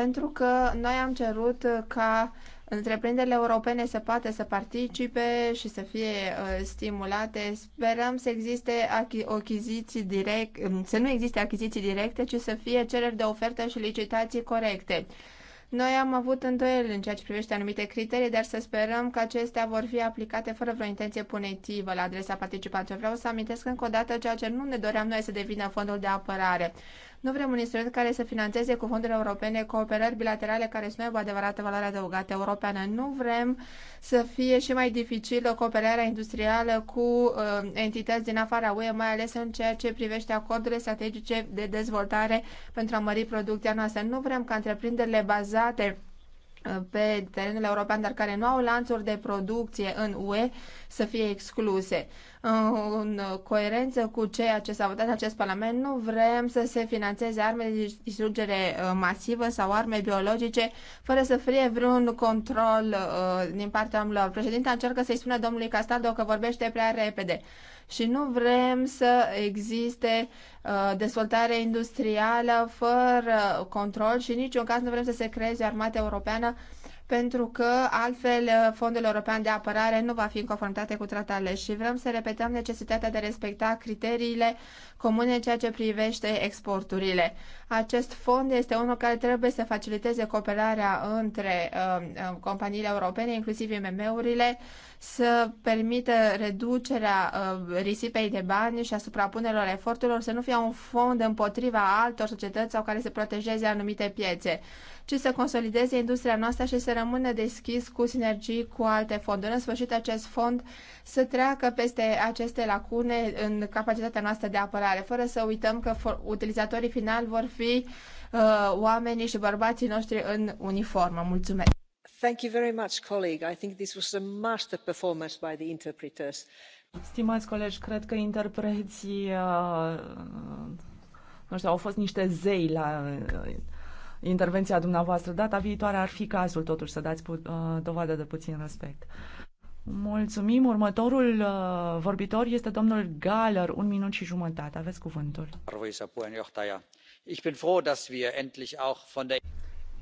pentru că noi am cerut uh, ca întreprinderile europene să poată să participe și să fie uh, stimulate. Sperăm să existe achiziții direct, um, să nu existe achiziții directe, ci să fie cereri de ofertă și licitații corecte. Noi am avut îndoieli în ceea ce privește anumite criterii, dar să sperăm că acestea vor fi aplicate fără vreo intenție punitivă la adresa participanților. Vreau să amintesc încă o dată ceea ce nu ne doream noi să devină fondul de apărare. Nu vrem un instrument care să financeze cu fonduri europene cooperări bilaterale care să nu aibă adevărată valoare adăugată europeană. Nu vrem să fie și mai dificilă cooperarea industrială cu uh, entități din afara UE, mai ales în ceea ce privește acordurile strategice de dezvoltare pentru a mări producția noastră. Nu vrem ca întreprinderile bazate Uh, pe terenul european, dar care nu au lanțuri de producție în UE, să fie excluse. Uh, în coerență cu ceea ce s-a votat în acest Parlament, nu vrem să se financeze arme de distrugere uh, masivă sau arme biologice fără să fie vreun control din partea omului. Președinta încearcă să-i spună domnului Castaldo că vorbește prea repede și nu vrem să existe uh, dezvoltare industrială fără control și niciun caz nu vrem să se creeze o armată europeană pentru că altfel uh, Fondul European de Apărare nu va fi în conformitate cu tratele și vrem să repetăm necesitatea de a respecta criteriile comune în ceea ce privește exporturile. Acest fond este unul care trebuie să faciliteze cooperarea între uh, uh companiile europene, inclusiv mm urile să permită reducerea uh, risipei de bani și a suprapunerilor eforturilor, să nu fie un fond împotriva altor societăți sau care să protejeze anumite piețe ci să consolideze industria noastră și să rămână deschis cu sinergii cu alte fonduri. În sfârșit, acest fond să treacă peste aceste lacune în capacitatea noastră de apărare, fără să uităm că utilizatorii finali vor fi uh, oamenii și bărbații noștri în uniformă. Mulțumesc! Thank you very much, colleague. I think this was a master performance by the interpreters. Stimați colegi, cred că interpreții uh, nu știu, au fost niște zei la uh, intervenția dumneavoastră. Data viitoare ar fi cazul totuși să dați pu- uh, dovadă de puțin respect. Mulțumim. Următorul uh, vorbitor este domnul Galer, un minut și jumătate. Aveți cuvântul. Ich bin froh, dass wir endlich auch von der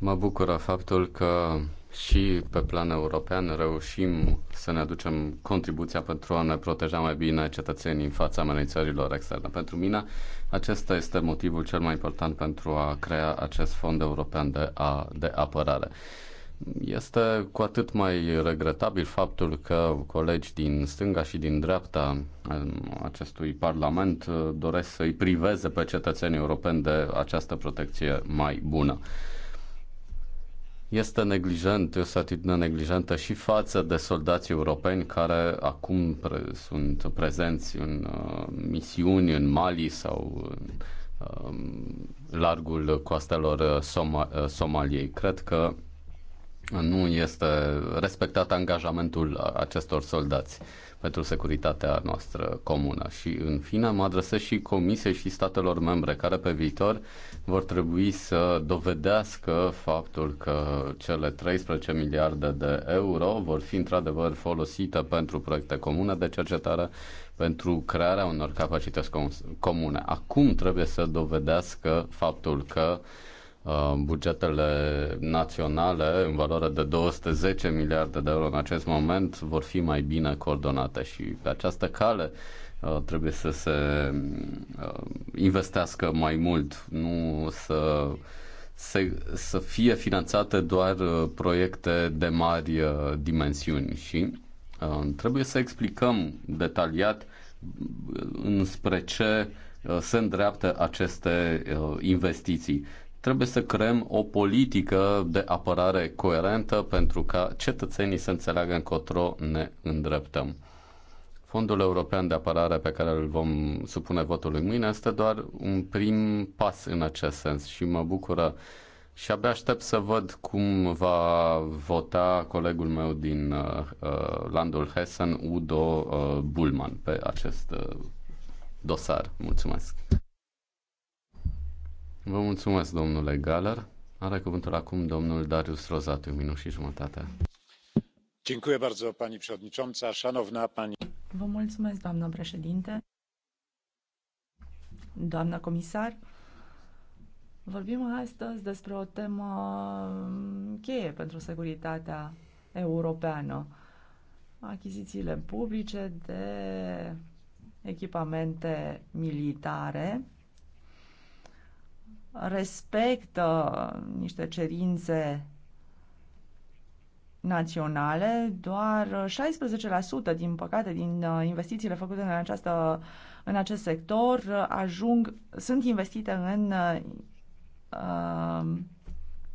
Mă bucură faptul că și pe plan european reușim să ne aducem contribuția pentru a ne proteja mai bine cetățenii în fața amenințărilor externe. Pentru mine, acesta este motivul cel mai important pentru a crea acest fond european de, a, de apărare. Este cu atât mai regretabil faptul că colegi din stânga și din dreapta um, acestui parlament uh, doresc să-i priveze pe cetățenii europeni de această protecție mai bună este neglijent, este o atitudine neglijentă și față de soldații europeni care acum pre- sunt prezenți în uh, misiuni în Mali sau în uh, largul coastelor uh, Soma- uh, Somaliei. Cred că nu este respectat angajamentul acestor soldați pentru securitatea noastră comună. Și în fine mă adresez și Comisiei și statelor membre care pe viitor vor trebui să dovedească faptul că cele 13 miliarde de euro vor fi într-adevăr folosite pentru proiecte comune de cercetare pentru crearea unor capacități comune. Acum trebuie să dovedească faptul că uh, Uh, bugetele naționale în valoare de 210 miliarde de euro în acest moment vor fi mai bine coordonate și pe această cale uh, trebuie să se uh, investească mai mult, nu să să, să fie finanțate doar proiecte de mari dimensiuni și trebuie să explicăm detaliat înspre ce se îndreaptă aceste investiții. Trebuie să creăm o politică de apărare coerentă pentru ca cetățenii să înțeleagă încotro ne îndreptăm. Fondul European de Apărare pe care îl vom supune votului mâine este doar un prim pas în acest sens și mă bucură și abia aștept să văd cum va vota colegul meu din uh, uh landul Hessen, Udo uh, Bullman, pe acest uh, dosar. Mulțumesc! Vă mulțumesc, domnule Galer. Are cuvântul acum domnul Darius Rozatiu, minut și jumătate. Dziękuję bardzo, pani przewodnicząca, szanowna pani. Vă mulțumesc, doamnă președinte. Doamna comisar, vorbim astăzi despre o temă cheie pentru securitatea europeană. Achizițiile publice de echipamente militare respectă niște cerințe naționale, doar 16% din păcate din uh, investițiile făcute în, această, în acest sector ajung, sunt investite în, uh,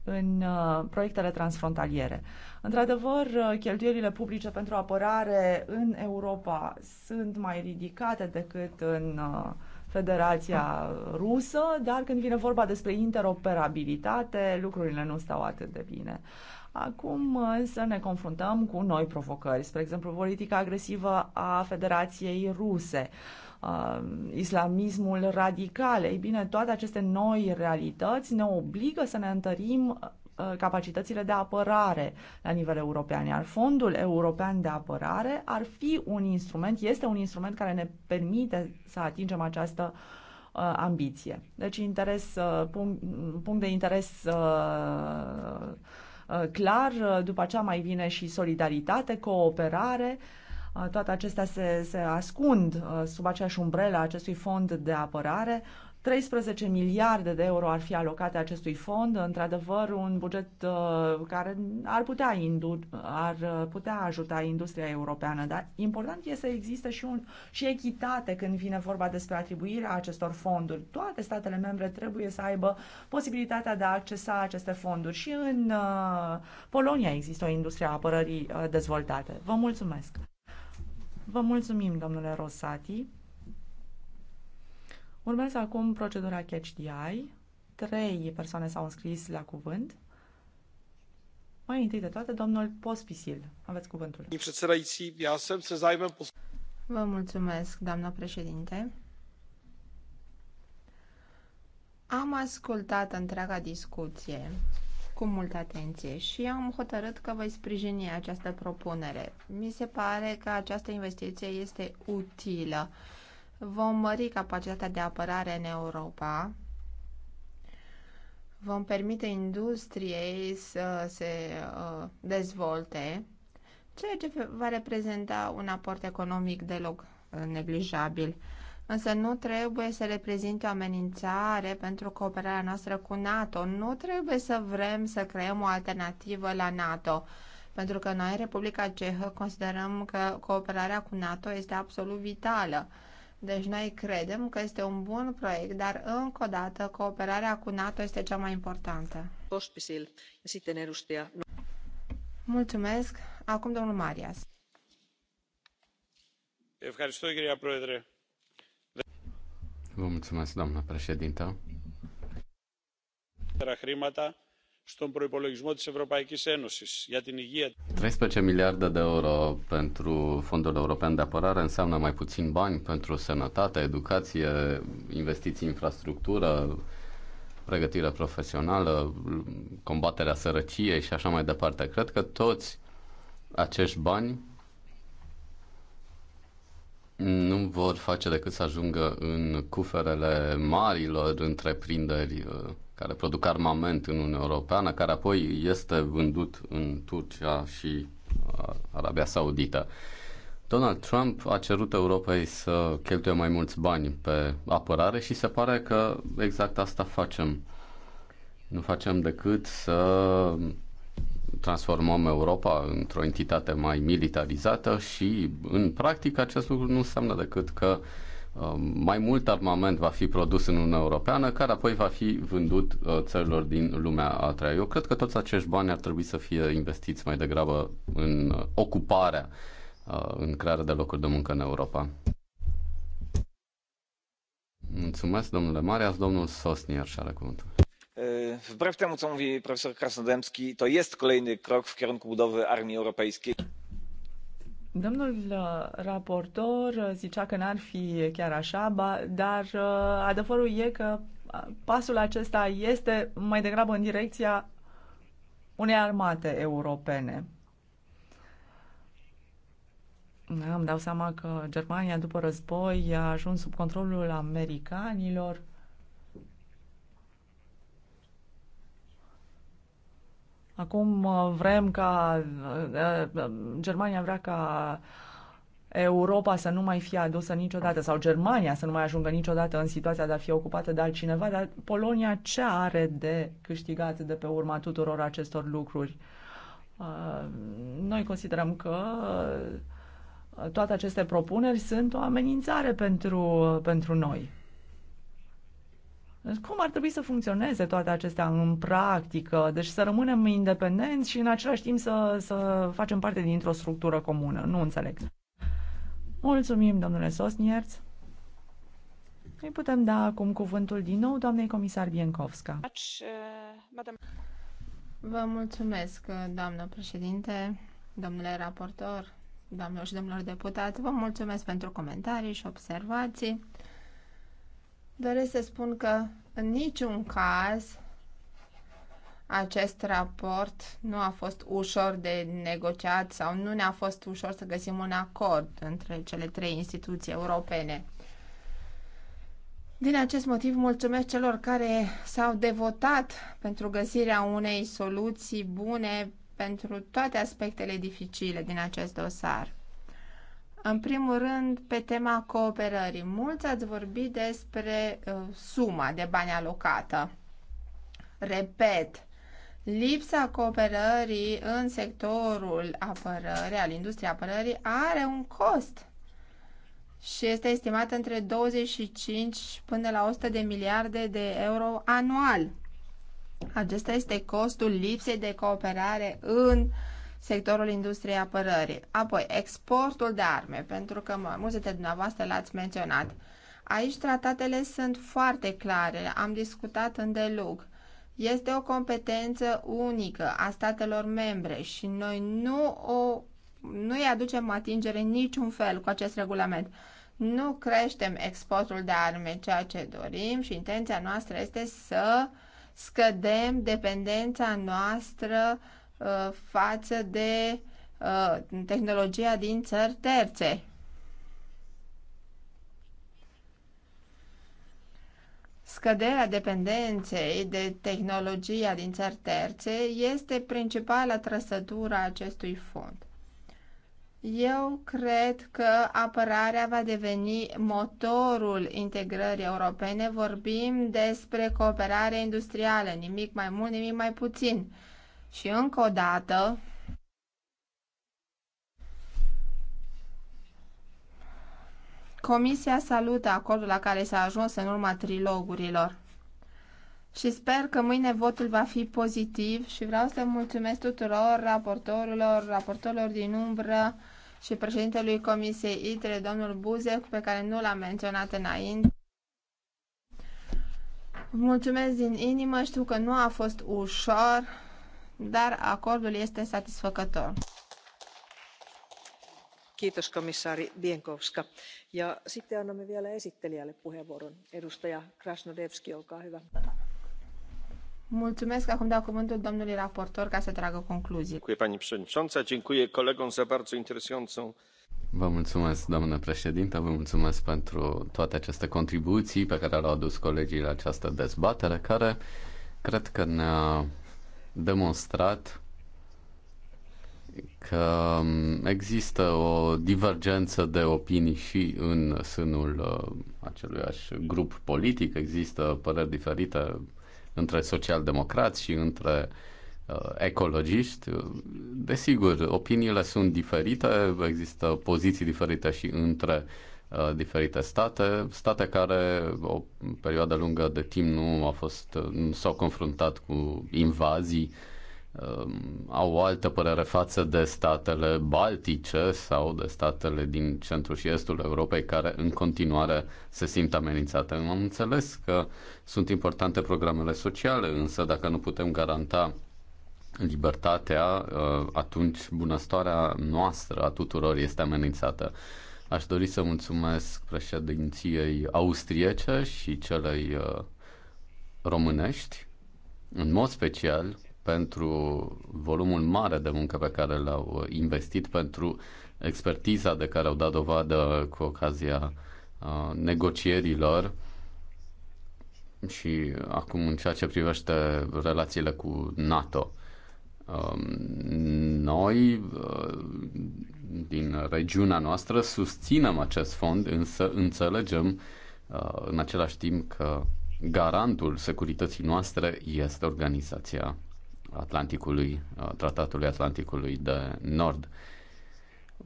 în uh, proiectele transfrontaliere. Într-adevăr, cheltuielile publice pentru apărare în Europa sunt mai ridicate decât în uh, Federația Rusă, dar când vine vorba despre interoperabilitate, lucrurile nu stau atât de bine. Acum însă ne confruntăm cu noi provocări, spre exemplu politica agresivă a Federației Ruse, uh, islamismul radical. Ei bine, toate aceste noi realități ne obligă să ne întărim Uh, capacitățile de apărare la nivel european, iar Fondul European de Apărare ar fi un instrument, este un instrument care ne permite să atingem această uh, ambiție. Deci interes, uh, punct, punct de interes uh, uh, clar, uh, după aceea mai vine și solidaritate, cooperare, uh, toate acestea se, se ascund sub aceeași umbrelă acestui fond de apărare. 13 miliarde de euro ar fi alocate acestui fond, într-adevăr un buget uh, care ar putea, ar putea ajuta industria europeană, dar important este să existe și, un, și echitate când vine vorba despre atribuirea acestor fonduri. Toate statele membre trebuie să aibă posibilitatea de a accesa aceste fonduri și în uh, Polonia există o industrie a apărării uh, dezvoltate. Vă mulțumesc! Vă mulțumim, domnule Rosati. Urmează acum procedura Catch the Eye. Trei persoane s-au înscris la cuvânt. Mai întâi de toate, domnul Pospisil. Aveți cuvântul. Vă mulțumesc, doamna președinte. Am ascultat întreaga discuție cu multă atenție și am hotărât că voi sprijini această propunere. Mi se pare că această investiție este utilă vom mări capacitatea de apărare în Europa, vom permite industriei să se uh, dezvolte, ceea ce va reprezenta un aport economic deloc uh, neglijabil. Însă nu trebuie să reprezinte o amenințare pentru cooperarea noastră cu NATO. Nu trebuie să vrem să creăm o alternativă la NATO pentru că noi, Republica Cehă, considerăm că cooperarea cu NATO este absolut vitală. Deci noi credem că este un bun proiect, dar încă o dată cooperarea cu NATO este cea mai importantă. Mulțumesc. Acum domnul Marias. Vă mulțumesc, doamnă președintă στον προπολογισμό της Ευρωπαϊκής Ένωσης για την υγεία. 13 miliarde de euro pentru fondul european de apărare înseamnă mai puțin bani pentru sănătate, educație, investiții, infrastructură, pregătire profesională, combaterea sărăciei și așa mai departe. Cred că toți acești bani nu vor face decât să ajungă în cuferele marilor întreprinderi uh, care produc armament în Uniunea Europeană, care apoi este vândut în Turcia și uh, Arabia Saudită. Donald Trump a cerut Europei să cheltuie mai mulți bani pe apărare și se pare că exact asta facem. Nu facem decât să transformăm Europa într-o entitate mai militarizată și, în practică, acest lucru nu înseamnă decât că uh, Um, mai mult armament va fi produs în Uniunea Europeană, care apoi va fi vândut uh, țărilor din lumea a treia. Eu cred că toți acești bani ar trebui să fie investiți mai degrabă în uh, ocuparea, uh, în crearea de locuri de muncă în Europa. Mulțumesc, domnule Marias. Domnul Sosnier și are cuvântul. Wbrew temu, co mówi profesor Krasnodębski, to jest kolejny krok w kierunku budowy armii europejskiej. Domnul uh, raportor uh, zicea că n-ar fi chiar așa, dar uh, adevărul e că pasul acesta este mai degrabă în direcția unei armate europene. Da, îmi dau seama că Germania după război a ajuns sub controlul americanilor Acum uh, vrem ca uh, uh, Germania vrea ca Europa să nu mai fie adusă niciodată sau Germania să nu mai ajungă niciodată în situația de a fi ocupată de altcineva, dar Polonia ce are de câștigat de pe urma tuturor acestor lucruri? Noi considerăm că toate aceste propuneri sunt o amenințare pentru, pentru noi. Deci cum ar trebui să funcționeze toate acestea în practică? Deci să rămânem independenți și în același timp să, să facem parte dintr-o structură comună. Nu înțeleg. Mulțumim, domnule Sosnierț. Îi putem da acum cuvântul din nou doamnei comisar Biencovska. Vă mulțumesc, doamnă președinte, domnule raportor, doamnelor și domnilor deputați. Vă mulțumesc pentru comentarii și observații. Doresc să spun că în niciun caz acest raport nu a fost ușor de negociat sau nu ne-a fost ușor să găsim un acord între cele trei instituții europene. Din acest motiv, mulțumesc celor care s-au devotat pentru găsirea unei soluții bune pentru toate aspectele dificile din acest dosar. În primul rând, pe tema cooperării. Mulți ați vorbit despre uh, suma de bani alocată. Repet, lipsa cooperării în sectorul apărării, al industriei apărării, are un cost și este estimat între 25 până la 100 de miliarde de euro anual. Acesta este costul lipsei de cooperare în uh, sectorul industriei apărării. Apoi, exportul de arme, pentru că mă, mulți dintre dumneavoastră l-ați menționat. Aici tratatele sunt foarte clare, am discutat îndelung. Este o competență unică a statelor membre și noi nu o nu îi aducem atingere niciun fel cu acest regulament. Nu creștem exportul de arme, ceea ce dorim și intenția noastră este să scădem dependența noastră Uh, față de uh, tehnologia din țări terțe. Scăderea dependenței de tehnologia din țări terțe este principala trăsătură a acestui fond. Eu cred că apărarea va deveni motorul integrării europene. Vorbim despre cooperare industrială, nimic mai mult, nimic mai puțin. Și încă o dată, Comisia salută acordul la care s-a ajuns în urma trilogurilor. Și sper că mâine votul va fi pozitiv și vreau să mulțumesc tuturor raportorilor, raportorilor din umbră și președintelui Comisiei ITRE, domnul Buzec, pe care nu l-am menționat înainte. Mulțumesc din inimă, știu că nu a fost ușor dar acordul este satisfăcător. Kiitos komissaari Bienkowska. Ja sitten annamme vielä esittelijälle puheenvuoron. Edustaja olkaa hyvä. Mulțumesc. Acum dau cuvântul domnului raportor ca să tragă concluzii. Dziękuję pani przewodnicząca, dziękuję kolegom za bardzo interesującą Vă mulțumesc, doamnă președintă, vă mulțumesc pentru toate aceste contribuții pe care le-au adus colegii la această dezbatere, care cred că ne-a demonstrat că um, există o divergență de opinii și în sânul uh, aceluiași grup politic, există păreri diferite între socialdemocrați și între uh, ecologiști. Desigur, opiniile sunt diferite, există poziții diferite și între uh, Uh, diferite state, state care o perioadă lungă de timp nu au fost, uh, nu s-au confruntat cu invazii, uh, au o altă părere față de statele baltice sau de statele din centrul și estul Europei care în continuare se simt amenințate. Am înțeles că sunt importante programele sociale, însă dacă nu putem garanta libertatea, atunci bunăstarea noastră a tuturor este amenințată. Aș dori să mulțumesc președinției austriece și celei uh, românești, în mod special pentru volumul mare de muncă pe care l-au uh, investit, pentru expertiza de care au dat dovadă cu ocazia uh, negocierilor și acum în ceea ce privește relațiile cu NATO. Um, noi, uh, din regiunea noastră, susținem acest fond, însă înțelegem uh, în același timp că garantul securității noastre este Organizația Atlanticului, uh, Tratatului Atlanticului de Nord.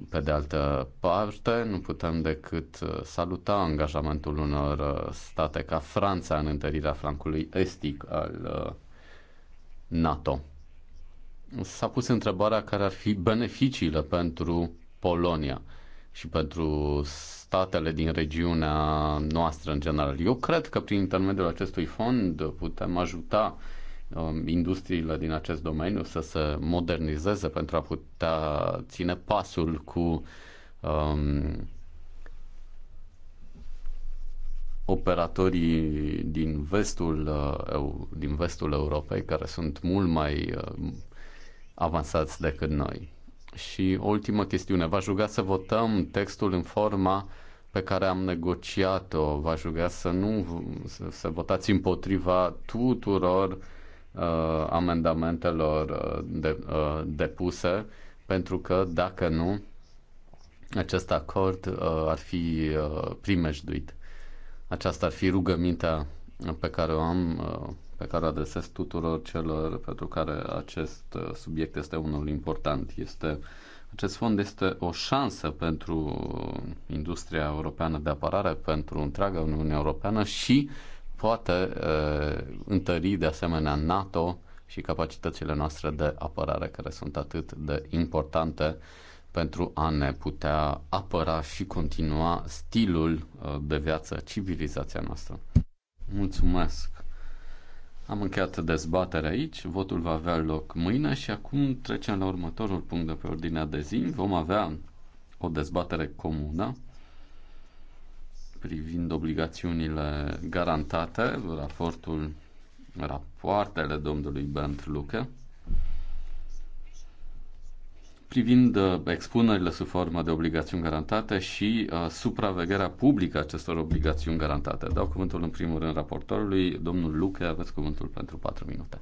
Pe de altă parte, nu putem decât saluta angajamentul unor state ca Franța în întărirea flancului estic al NATO s-a pus întrebarea care ar fi beneficiile pentru Polonia și pentru statele din regiunea noastră în general. Eu cred că prin intermediul acestui fond putem ajuta um, industriile din acest domeniu să se modernizeze pentru a putea ține pasul cu um, operatorii din vestul, uh, din vestul Europei care sunt mult mai uh, avansați decât noi. Și o ultimă chestiune, v-aș ruga să votăm textul în forma pe care am negociat-o, v-aș ruga să nu să, să votați împotriva tuturor uh, amendamentelor uh, de, uh, depuse, pentru că dacă nu, acest acord uh, ar fi uh, primejduit. Aceasta ar fi rugămintea pe care o am uh, pe care o adresez tuturor celor pentru care acest uh, subiect este unul important. Este, acest fond este o șansă pentru industria europeană de apărare, pentru întreaga Uniune Europeană și poate uh, întări de asemenea NATO și capacitățile noastre de apărare care sunt atât de importante pentru a ne putea apăra și continua stilul uh, de viață, civilizația noastră. Mulțumesc! Am încheiat dezbaterea aici, votul va avea loc mâine și acum trecem la următorul punct de pe ordinea de zi. Vom avea o dezbatere comună privind obligațiunile garantate, raportul, rapoartele domnului Bent Luca privind uh, expunerile sub formă de obligațiuni garantate și uh, supravegherea publică acestor obligațiuni garantate. Dau cuvântul în primul rând raportorului, domnul Luche, aveți cuvântul pentru 4 minute.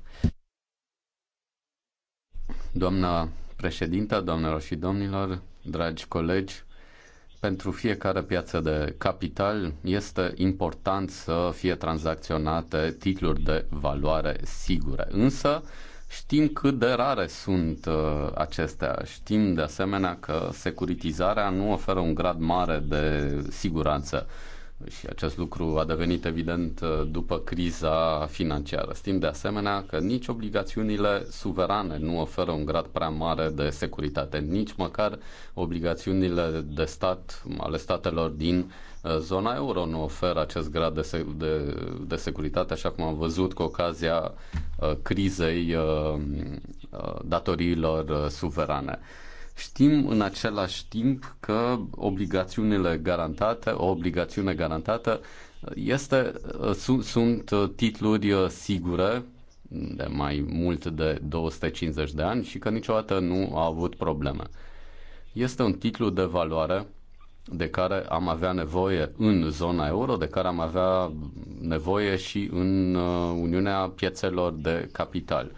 Doamna președintă, doamnelor și domnilor, dragi colegi, pentru fiecare piață de capital este important să fie tranzacționate titluri de valoare sigure. Însă, Știm cât de rare sunt uh, acestea. Știm de asemenea că securitizarea nu oferă un grad mare de siguranță. Uh, și acest lucru a devenit evident uh, după criza financiară. Stim de asemenea că nici obligațiunile suverane nu oferă un grad prea mare de securitate, nici măcar obligațiunile de stat ale statelor din uh, zona euro nu oferă acest grad de, de, de securitate, așa cum am văzut cu ocazia uh, crizei datoriilor suverane. Știm în același timp că obligațiunile garantate, o obligațiune garantată este, sunt, sunt titluri sigure de mai mult de 250 de ani și că niciodată nu a avut probleme. Este un titlu de valoare de care am avea nevoie în zona euro, de care am avea nevoie și în uh, Uniunea Piețelor de Capital.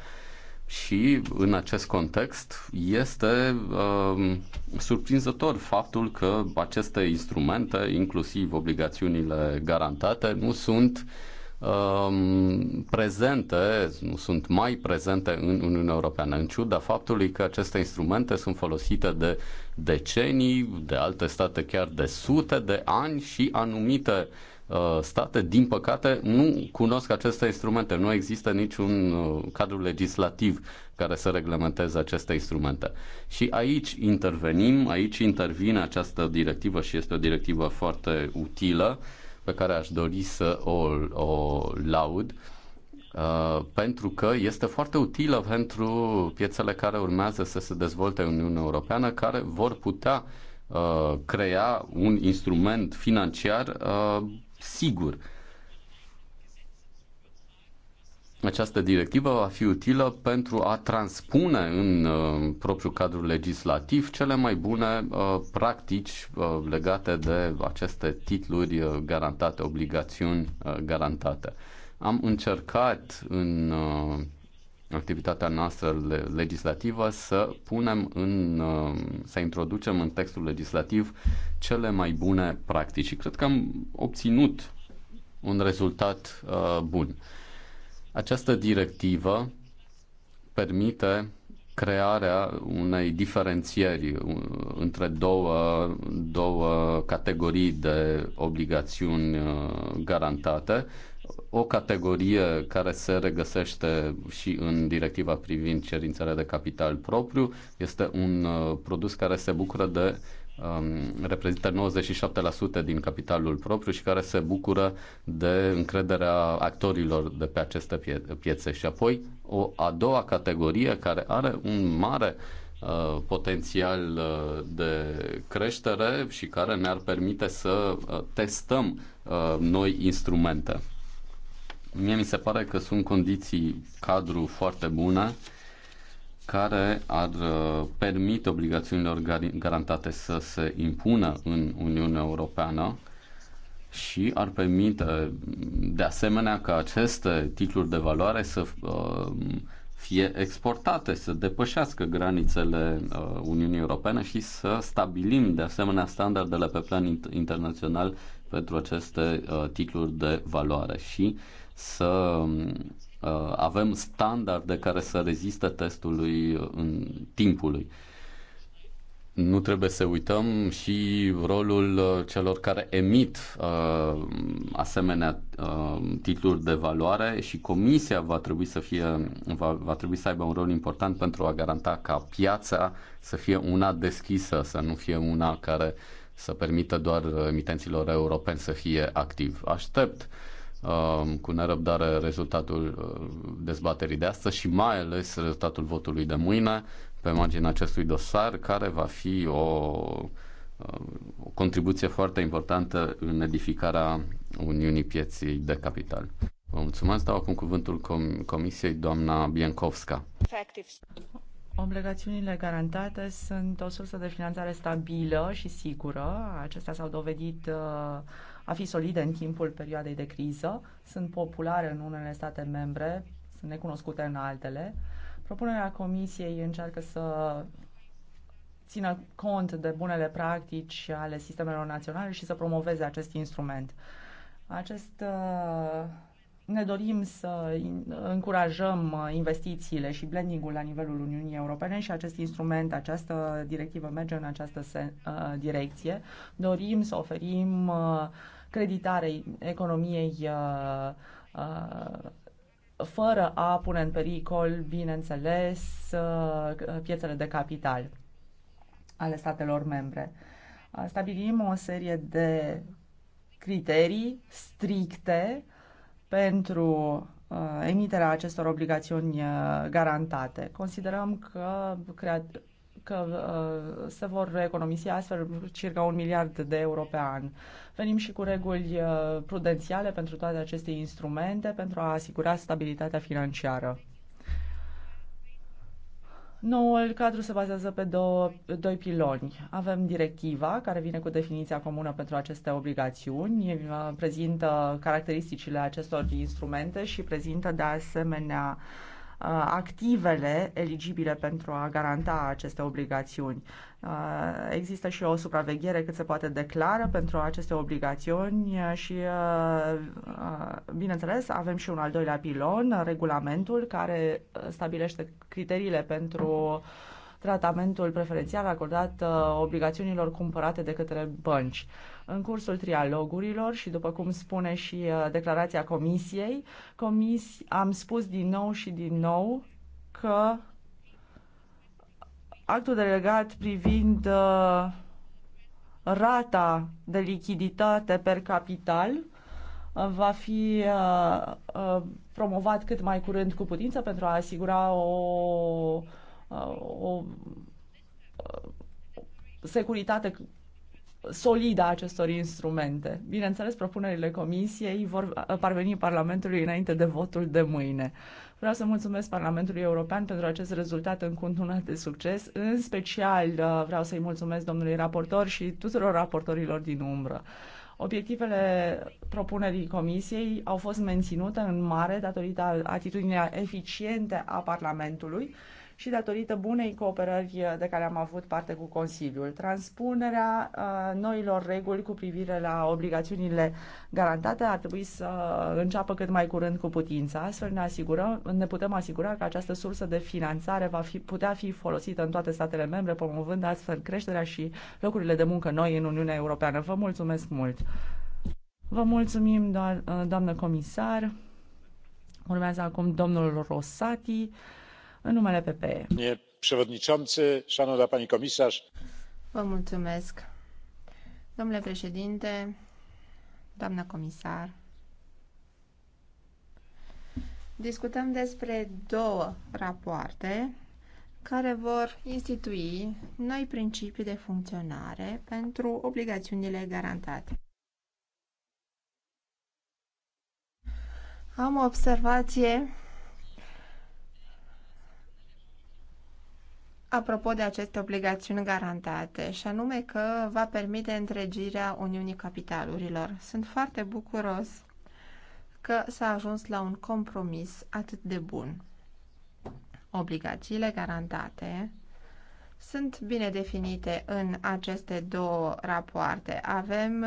Și în acest context este uh, surprinzător faptul că aceste instrumente, inclusiv obligațiunile garantate, nu sunt uh, prezente, nu sunt mai prezente în Uniunea Europeană, în ciuda faptului că aceste instrumente sunt folosite de decenii, de alte state chiar de sute de ani și anumite uh, Uh, state, din păcate, nu cunosc aceste instrumente. Nu există niciun uh, cadru legislativ care să reglementeze aceste instrumente. Și aici intervenim, aici intervine această directivă și este o directivă foarte utilă pe care aș dori să o, o laud. Uh, pentru că este foarte utilă pentru piețele care urmează să se dezvolte în Uniunea Europeană, care vor putea uh, crea un instrument financiar uh, sigur. Această directivă va fi utilă pentru a transpune în uh, propriul cadru legislativ cele mai bune uh, practici uh, legate de aceste titluri uh, garantate, obligațiuni uh, garantate. Am încercat în uh, activitatea noastră legislativă să punem în, uh, să introducem în textul legislativ cele mai bune practici. Și cred că am obținut un rezultat uh, bun. Această directivă permite crearea unei diferențieri uh, între două, două categorii de obligațiuni uh, garantate o categorie care se regăsește și în directiva privind cerințele de capital propriu. Este un uh, produs care se bucură de um, reprezintă 97% din capitalul propriu și care se bucură de încrederea actorilor de pe aceste pie- piețe. Și apoi o a doua categorie care are un mare uh, potențial uh, de creștere și care ne-ar permite să testăm noi instrumente. Mie mi se pare că sunt condiții cadru foarte bune care ar uh, permite obligațiunilor garantate să se impună în Uniunea Europeană și ar permite mm, de asemenea ca aceste titluri de valoare să uh, fie exportate, să depășească granițele uh, Uniunii Europene și să stabilim de asemenea standardele pe plan internațional pentru aceste titluri de valoare și să uh, avem standarde care să reziste testului în timpului. Nu trebuie să uităm și rolul uh, celor care emit uh, asemenea uh, titluri de valoare și comisia va trebui să fie va, va trebui să aibă un rol important pentru a garanta ca piața să fie una deschisă, să nu fie una care să permită doar emitenților europeni să fie activ. Aștept uh, Um, cu nerăbdare rezultatul uh, dezbaterii de astăzi și mai ales rezultatul votului de mâine pe marginea acestui dosar, care va fi o, uh, o contribuție foarte importantă în edificarea Uniunii Pieții de Capital. Vă mulțumesc, dau acum cuvântul com- Comisiei, doamna Biancovska. Obligațiunile garantate sunt o sursă de finanțare stabilă și sigură. Acestea s-au dovedit uh, a fi solide în timpul perioadei de criză, sunt populare în unele state membre, sunt necunoscute în altele. Propunerea Comisiei încearcă să țină cont de bunele practici ale sistemelor naționale și să promoveze acest instrument. Acest uh, ne dorim să încurajăm uh, investițiile și blending-ul la nivelul Uniunii Europene și acest instrument, această directivă merge în această uh, direcție. Dorim să oferim uh, creditare economiei uh, uh, fără a pune în pericol, bineînțeles, uh, piețele de capital ale statelor membre. Stabilim o serie de criterii stricte pentru emiterea acestor obligațiuni garantate. Considerăm că că uh, se vor economisi astfel circa un miliard de euro pe an. Venim și cu reguli uh, prudențiale pentru toate aceste instrumente pentru a asigura stabilitatea financiară. Noul cadru se bazează pe două, doi piloni. Avem directiva, care vine cu definiția comună pentru aceste obligațiuni, uh, prezintă caracteristicile acestor instrumente și prezintă de asemenea uh, Uh, activele eligibile pentru a garanta aceste obligațiuni. Uh, există și o supraveghere cât se poate declară pentru aceste obligațiuni uh, și, bineînțeles, avem și un al doilea pilon, regulamentul, care stabilește criteriile pentru tratamentul preferențial acordat obligațiunilor cumpărate de către bănci. Uh, în cursul trialogurilor și după cum spune și uh, declarația comisiei, comis, am spus din nou și din nou că actul delegat privind uh, rata de lichiditate per capital uh, va fi promovat cât mai curând cu putință pentru a asigura o, o, o securitate solidă a acestor instrumente. Bineînțeles, propunerile comisiei vor uh, parveni Parlamentului înainte de votul de mâine. Vreau să mulțumesc Parlamentului European pentru acest rezultat încununat de succes. În special uh, vreau să-i mulțumesc domnului raportor și tuturor raportorilor din umbră. Obiectivele propunerii Comisiei au fost menținute în mare datorită atitudinii eficiente a Parlamentului și datorită bunei cooperări uh, de care am avut parte cu Consiliul. Transpunerea uh, noilor reguli cu privire la obligațiunile garantate ar trebui să înceapă cât mai curând cu putință. Astfel ne, asigurăm, ne putem asigura că această sursă de finanțare va fi, putea fi folosită în toate statele membre, promovând astfel creșterea și locurile de muncă noi în Uniunea Europeană. Vă mulțumesc mult! Vă mulțumim, uh, doamnă comisar. Urmează acum domnul Rosati mulțumesc. Domnule președinte, doamnă comisar, discutăm despre două rapoarte care vor institui noi principii de funcționare pentru obligațiunile garantate. Am o observație apropo de aceste obligațiuni garantate, și anume că va permite întregirea Uniunii Capitalurilor. Sunt foarte bucuros că s-a ajuns la un compromis atât de bun. Obligațiile garantate sunt bine definite în aceste două rapoarte. Avem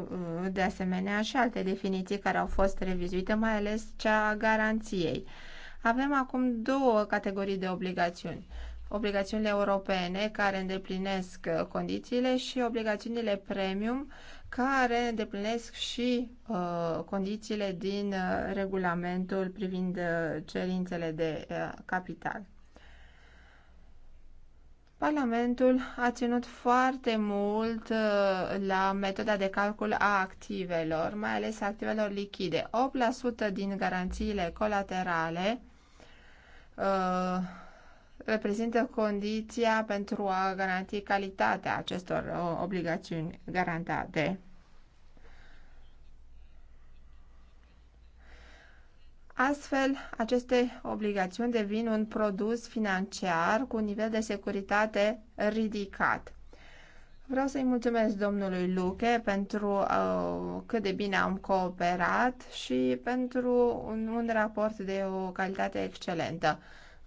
uh, de asemenea și alte definiții care au fost revizuite, mai ales cea a garanției. Avem acum două categorii de obligațiuni obligațiunile europene care îndeplinesc uh, condițiile și obligațiunile premium care îndeplinesc și uh, condițiile din uh, regulamentul privind uh, cerințele de uh, capital. Parlamentul a ținut foarte mult uh, la metoda de calcul a activelor, mai ales activelor lichide. 8% din garanțiile colaterale uh, reprezintă condiția pentru a garanti calitatea acestor uh, obligațiuni garantate. Astfel, aceste obligațiuni devin un produs financiar cu un nivel de securitate ridicat. Vreau să-i mulțumesc domnului Luche pentru uh, cât de bine am cooperat și pentru un, un raport de o calitate excelentă.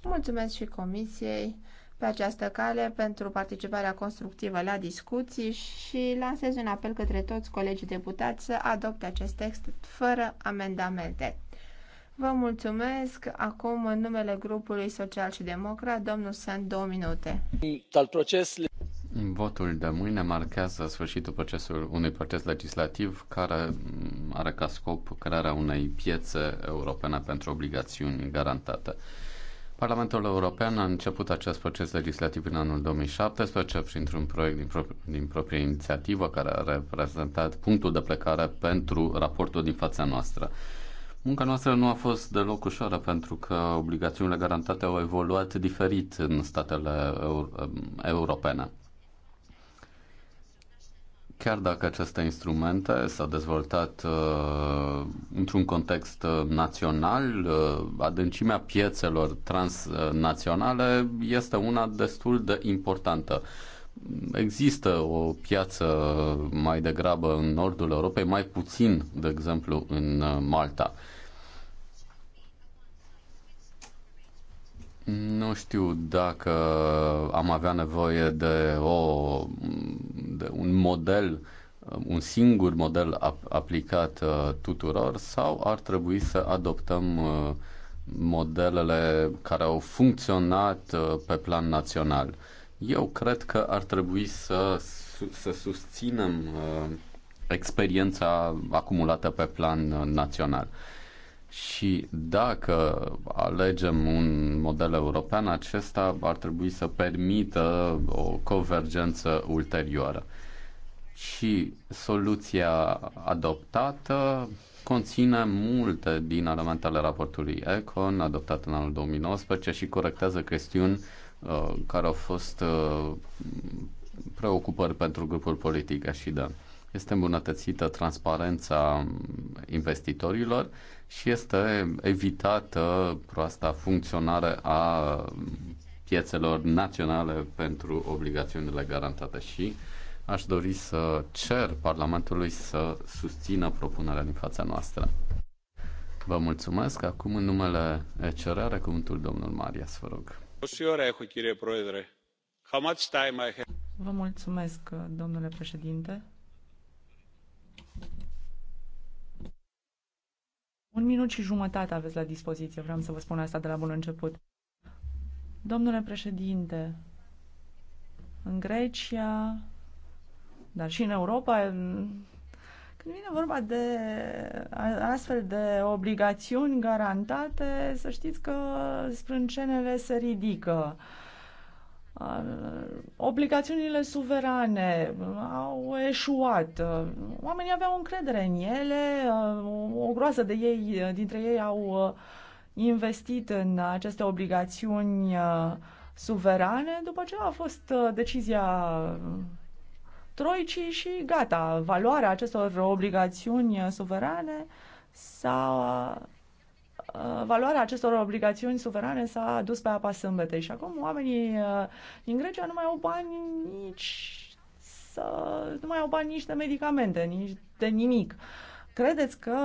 Mulțumesc și Comisiei pe această cale pentru participarea constructivă la discuții și lansez un apel către toți colegii deputați să adopte acest text fără amendamente. Vă mulțumesc. Acum, în numele grupului Social și Democrat, domnul Sand, două minute. Votul de mâine marchează sfârșitul procesul unui proces legislativ care mm, are ca scop crearea unei piețe europene pentru obligațiuni garantate. Parlamentul European a început acest proces legislativ în anul 2017 printr-un proiect din, pro- din proprie inițiativă care a reprezentat punctul de plecare pentru raportul din fața noastră. Munca noastră nu a fost deloc ușoară pentru că obligațiunile garantate au evoluat diferit în statele euro- europene. Chiar dacă aceste instrumente s-au dezvoltat uh, într-un context uh, național, uh, adâncimea piețelor transnaționale este una destul de importantă. Există o piață mai degrabă în nordul Europei, mai puțin, de exemplu, în uh, Malta. Nu știu dacă am avea nevoie de o de un model, um, un singur model ap- aplicat uh, tuturor sau ar trebui să adoptăm uh, modelele care au funcționat uh, pe plan național. Eu cred că ar trebui să, să susținem experiența acumulată pe plan național și dacă alegem un model european, acesta ar trebui să permită o convergență ulterioară. Și soluția adoptată conține multe din elementele raportului ECON, adoptat în anul 2019, și corectează chestiuni uh, care au fost uh, preocupări pentru grupul politic și Este îmbunătățită transparența investitorilor și este evitată proasta funcționare a piețelor naționale pentru obligațiunile garantate și aș dori să cer Parlamentului să susțină propunerea din fața noastră. Vă mulțumesc. Acum, în numele ECR, are cuvântul domnul Marias, vă rog. Vă mulțumesc, domnule președinte. Un minut și jumătate aveți la dispoziție, vreau să vă spun asta de la bun început. Domnule președinte, în Grecia, dar și în Europa, când vine vorba de astfel de obligațiuni garantate, să știți că sprâncenele se ridică. Uh, obligațiunile suverane uh, au eșuat. Uh, oamenii aveau încredere în ele, uh, o groază de ei, dintre ei au investit în aceste obligațiuni suverane, după ce a fost decizia troicii și gata, valoarea acestor obligațiuni suverane s-a Uh, valoarea acestor obligațiuni suverane s-a dus pe apa sâmbetei și acum oamenii uh, din Grecia nu mai au bani nici să nu mai au bani nici de medicamente, nici de nimic. Credeți că,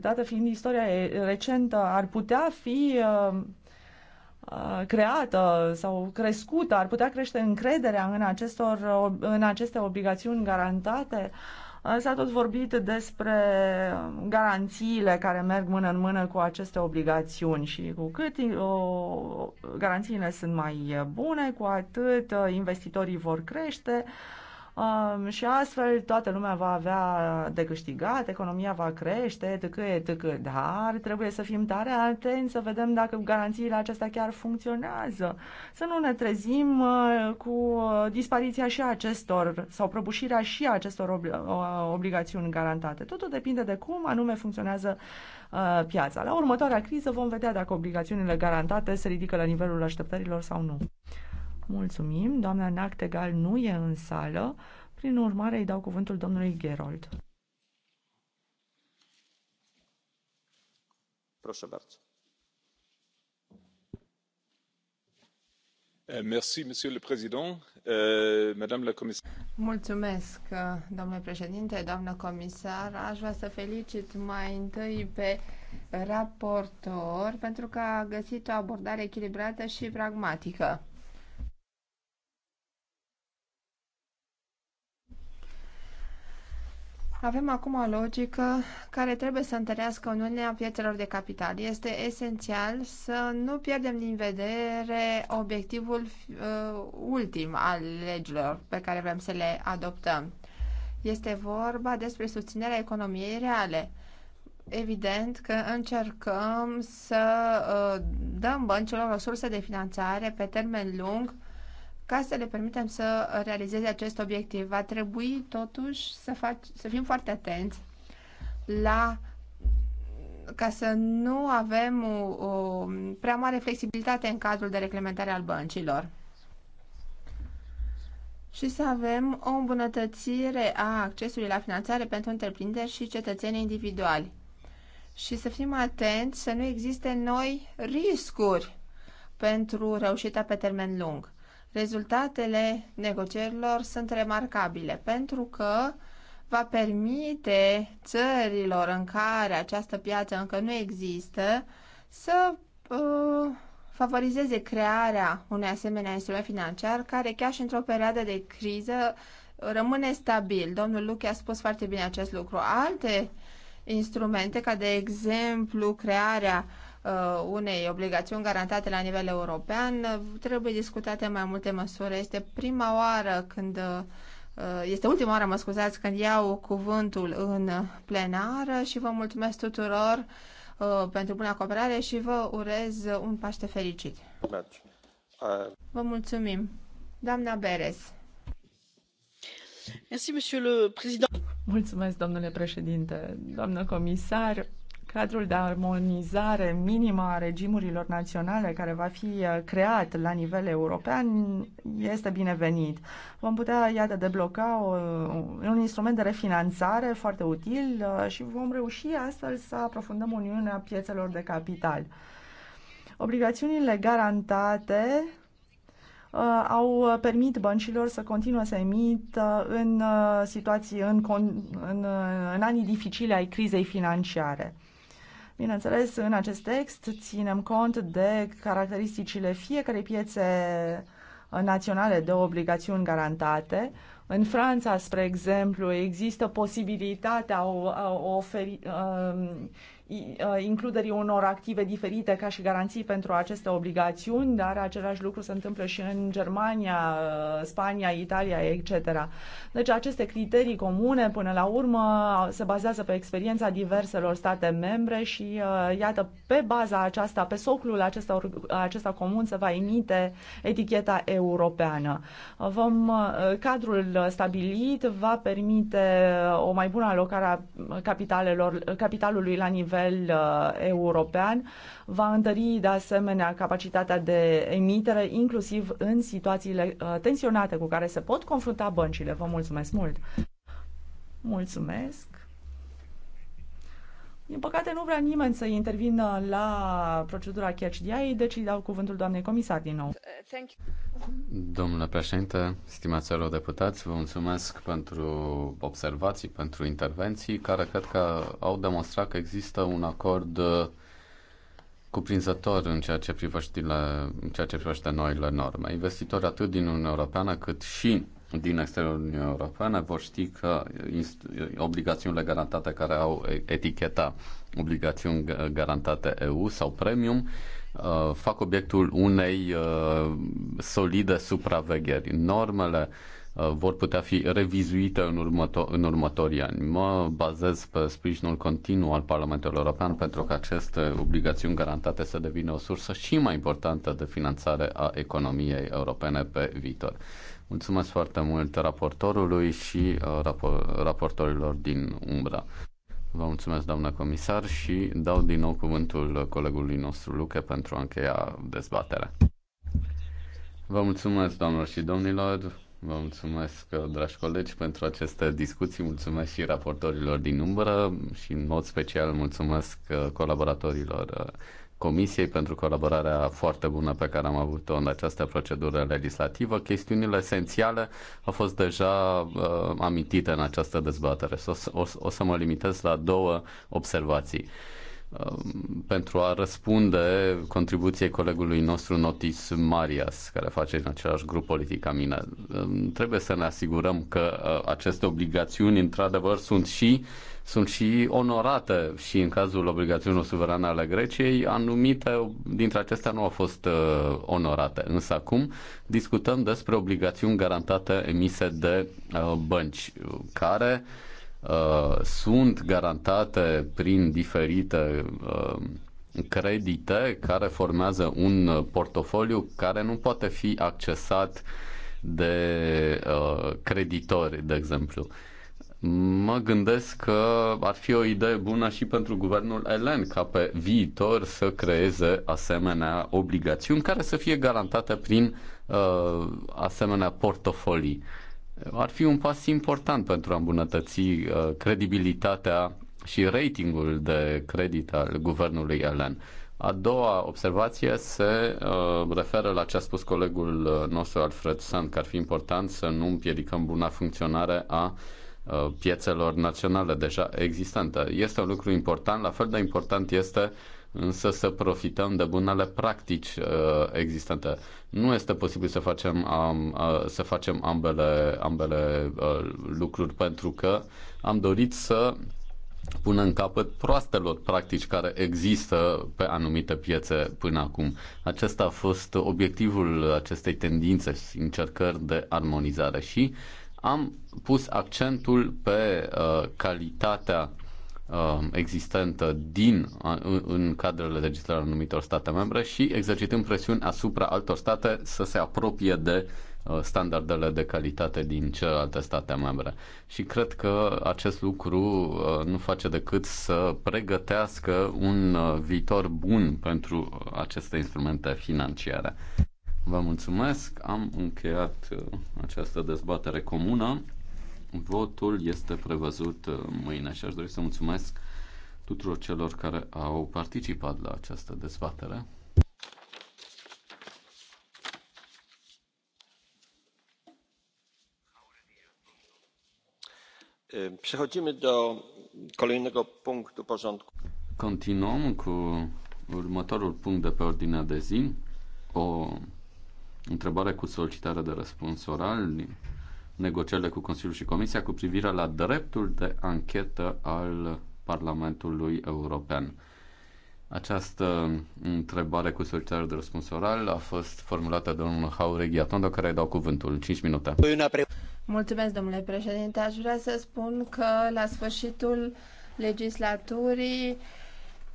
dată fiind istoria recentă, ar putea fi uh, creată sau crescută, ar putea crește încrederea în, acestor, în aceste obligațiuni garantate? Uh, S-a tot vorbit despre garanțiile care merg mână în mână cu aceste obligațiuni și cu cât uh, o, garanțiile sunt mai bune, cu atât uh, investitorii vor crește, Um, și astfel toată lumea va avea de câștigat, economia va crește, etc., etc. Dar trebuie să fim tare atenți să vedem dacă garanțiile acestea chiar funcționează. Să nu ne trezim uh, cu dispariția și acestor sau prăbușirea și acestor obli- uh, obligațiuni garantate. Totul depinde de cum anume funcționează uh, piața. La următoarea criză vom vedea dacă obligațiunile garantate se ridică la nivelul așteptărilor sau nu. Mulțumim. Doamna Nactegal nu e în sală. Prin urmare, îi dau cuvântul domnului Gerold. Proszę bardzo. Euh, euh, Mulțumesc, uh, domnule președinte, doamnă comisar. Aș vrea să felicit mai întâi pe raportor pentru că a găsit o abordare echilibrată și pragmatică. Avem acum o logică care trebuie să întărească Uniunea Piețelor de Capital. Este esențial să nu pierdem din vedere obiectivul uh, ultim al legilor pe care vrem să le adoptăm. Este vorba despre susținerea economiei reale. Evident că încercăm să uh, dăm băncilor resurse de finanțare pe termen lung ca să le permitem să realizeze acest obiectiv, va trebui totuși să, fac, să fim foarte atenți la ca să nu avem o, o prea mare flexibilitate în cadrul de reglementare al băncilor și să avem o îmbunătățire a accesului la finanțare pentru întreprinderi și cetățeni individuali și să fim atenți să nu existe noi riscuri pentru reușita pe termen lung. Rezultatele negocierilor sunt remarcabile pentru că va permite țărilor în care această piață încă nu există să uh, favorizeze crearea unui asemenea instrument financiar care chiar și într-o perioadă de criză rămâne stabil. Domnul Luchi a spus foarte bine acest lucru. Alte instrumente, ca de exemplu crearea uh, Uh, unei obligațiuni garantate la nivel european, trebuie discutate mai multe măsuri. Este prima oară când uh, este ultima oară, mă scuzați, când iau cuvântul în plenară și vă mulțumesc tuturor uh, pentru bună cooperare și vă urez un Paște fericit. Vă mulțumim. Doamna Beres. Mulțumesc, domnule președinte, doamnă comisar cadrul de armonizare minimă a regimurilor naționale care va fi uh, creat la nivel european este binevenit. Vom putea, iată, debloca o, uh, un instrument de refinanțare foarte util uh, și vom reuși astfel să aprofundăm Uniunea piețelor de capital. Obligațiunile garantate au permit băncilor să continue să emit în situații, în, în, în anii dificile ai crizei financiare. Bineînțeles, în acest text ținem cont de caracteristicile fiecarei piețe uh, naționale de obligațiuni garantate. În Franța, spre exemplu, există posibilitatea oferi, um, Uh, includerii unor active diferite ca și garanții pentru aceste obligațiuni, dar același lucru se întâmplă și în Germania, uh, Spania, Italia, etc. Deci aceste criterii comune, până la urmă, se bazează pe experiența diverselor state membre și, uh, iată, pe baza aceasta, pe soclul acesta, acesta comun se va emite eticheta europeană. Vom, cadrul stabilit va permite o mai bună alocare a capitalelor, capitalului la nivel nivel uh, european va întări de asemenea capacitatea de emitere, inclusiv în situațiile uh, tensionate cu care se pot confrunta băncile. Vă mulțumesc mult! Mulțumesc! Din păcate, nu vrea nimeni să intervină la procedura catch DI, deci îi dau cuvântul doamnei comisar din nou. Domnule președinte, stimați eurodeputați, vă mulțumesc pentru observații, pentru intervenții, care cred că au demonstrat că există un acord uh, cuprinzător în ceea ce privește, în ceea ce privește noile norme. Investitori atât din Uniunea Europeană cât și din exteriorul Uniunii Europene vor ști că obligațiunile garantate care au eticheta obligațiuni garantate EU sau premium uh, fac obiectul unei uh, solide supravegheri. Normele uh, vor putea fi revizuite în, următo- în următorii ani. Mă bazez pe sprijinul continuu al Parlamentului European pentru că aceste obligațiuni garantate să devină o sursă și mai importantă de finanțare a economiei europene pe viitor. Mulțumesc foarte mult raportorului și uh, raportorilor din Umbra. Vă mulțumesc, doamnă comisar, și dau din nou cuvântul colegului nostru, Luca, pentru a încheia dezbaterea. Vă mulțumesc, doamnelor și domnilor, vă mulțumesc, uh, dragi colegi, pentru aceste discuții, mulțumesc și raportorilor din umbră și, în mod special, mulțumesc uh, colaboratorilor Comisiei pentru colaborarea foarte bună pe care am avut-o în această procedură legislativă. Chestiunile esențiale au fost deja uh, amintite în această dezbatere. O, o, o să mă limitez la două observații. Uh, Um, pentru a răspunde contribuției colegului nostru Notis Marias, care face în același grup politic ca mine. Um, trebuie să ne asigurăm că uh, aceste obligațiuni, într-adevăr, sunt și sunt și onorate și în cazul obligațiunilor suverane ale Greciei, anumite dintre acestea nu au fost uh, onorate. Însă acum discutăm despre obligațiuni garantate emise de uh, bănci, care uh, Uh, sunt garantate prin diferite uh, credite care formează un portofoliu care nu poate fi accesat de uh, creditori, de exemplu. Mă gândesc că ar fi o idee bună și pentru guvernul elen ca pe viitor să creeze asemenea obligațiuni care să fie garantate prin uh, asemenea portofolii. Uh, ar fi un pas important pentru a îmbunătăți uh, credibilitatea și ratingul de credit al guvernului elen. A doua observație se uh, referă la ce a spus colegul uh, nostru Alfred Sand, că ar fi important să nu împiedicăm buna funcționare a uh, piețelor naționale deja existente. Este un lucru important, la fel de important este uh, însă să profităm de bunele practici uh, existente. Nu este posibil să facem, um, uh, să facem ambele, ambele uh, lucruri pentru că am dorit să pună în capăt proastelor practici care există pe anumite piețe până acum. Acesta a fost obiectivul acestei tendințe și încercări de armonizare și am pus accentul pe uh, calitatea Um, existentă din, în cadrele legislare anumitor state membre și exercitând presiuni asupra altor state să se apropie de uh, standardele de calitate din celelalte state membre. Și cred că acest lucru uh, nu face decât să pregătească un uh, viitor bun pentru aceste instrumente financiare. Vă mulțumesc, am încheiat această dezbatere comună. Votul este prevăzut uh, mâine și aș dori să mulțumesc tuturor celor care au participat la această dezbatere. Przechodzimy do kolejnego punktu porządku. Continuăm cu următorul punct de pe ordinea de zi, o întrebare cu solicitare de răspuns oral negocierile cu Consiliul și Comisia cu privire la dreptul de anchetă al Parlamentului European. Această întrebare cu solicitare de răspuns oral a fost formulată de domnul Haureghi Atondo, care îi dau cuvântul. 5 minute. Mulțumesc, domnule președinte. Aș vrea să spun că la sfârșitul legislaturii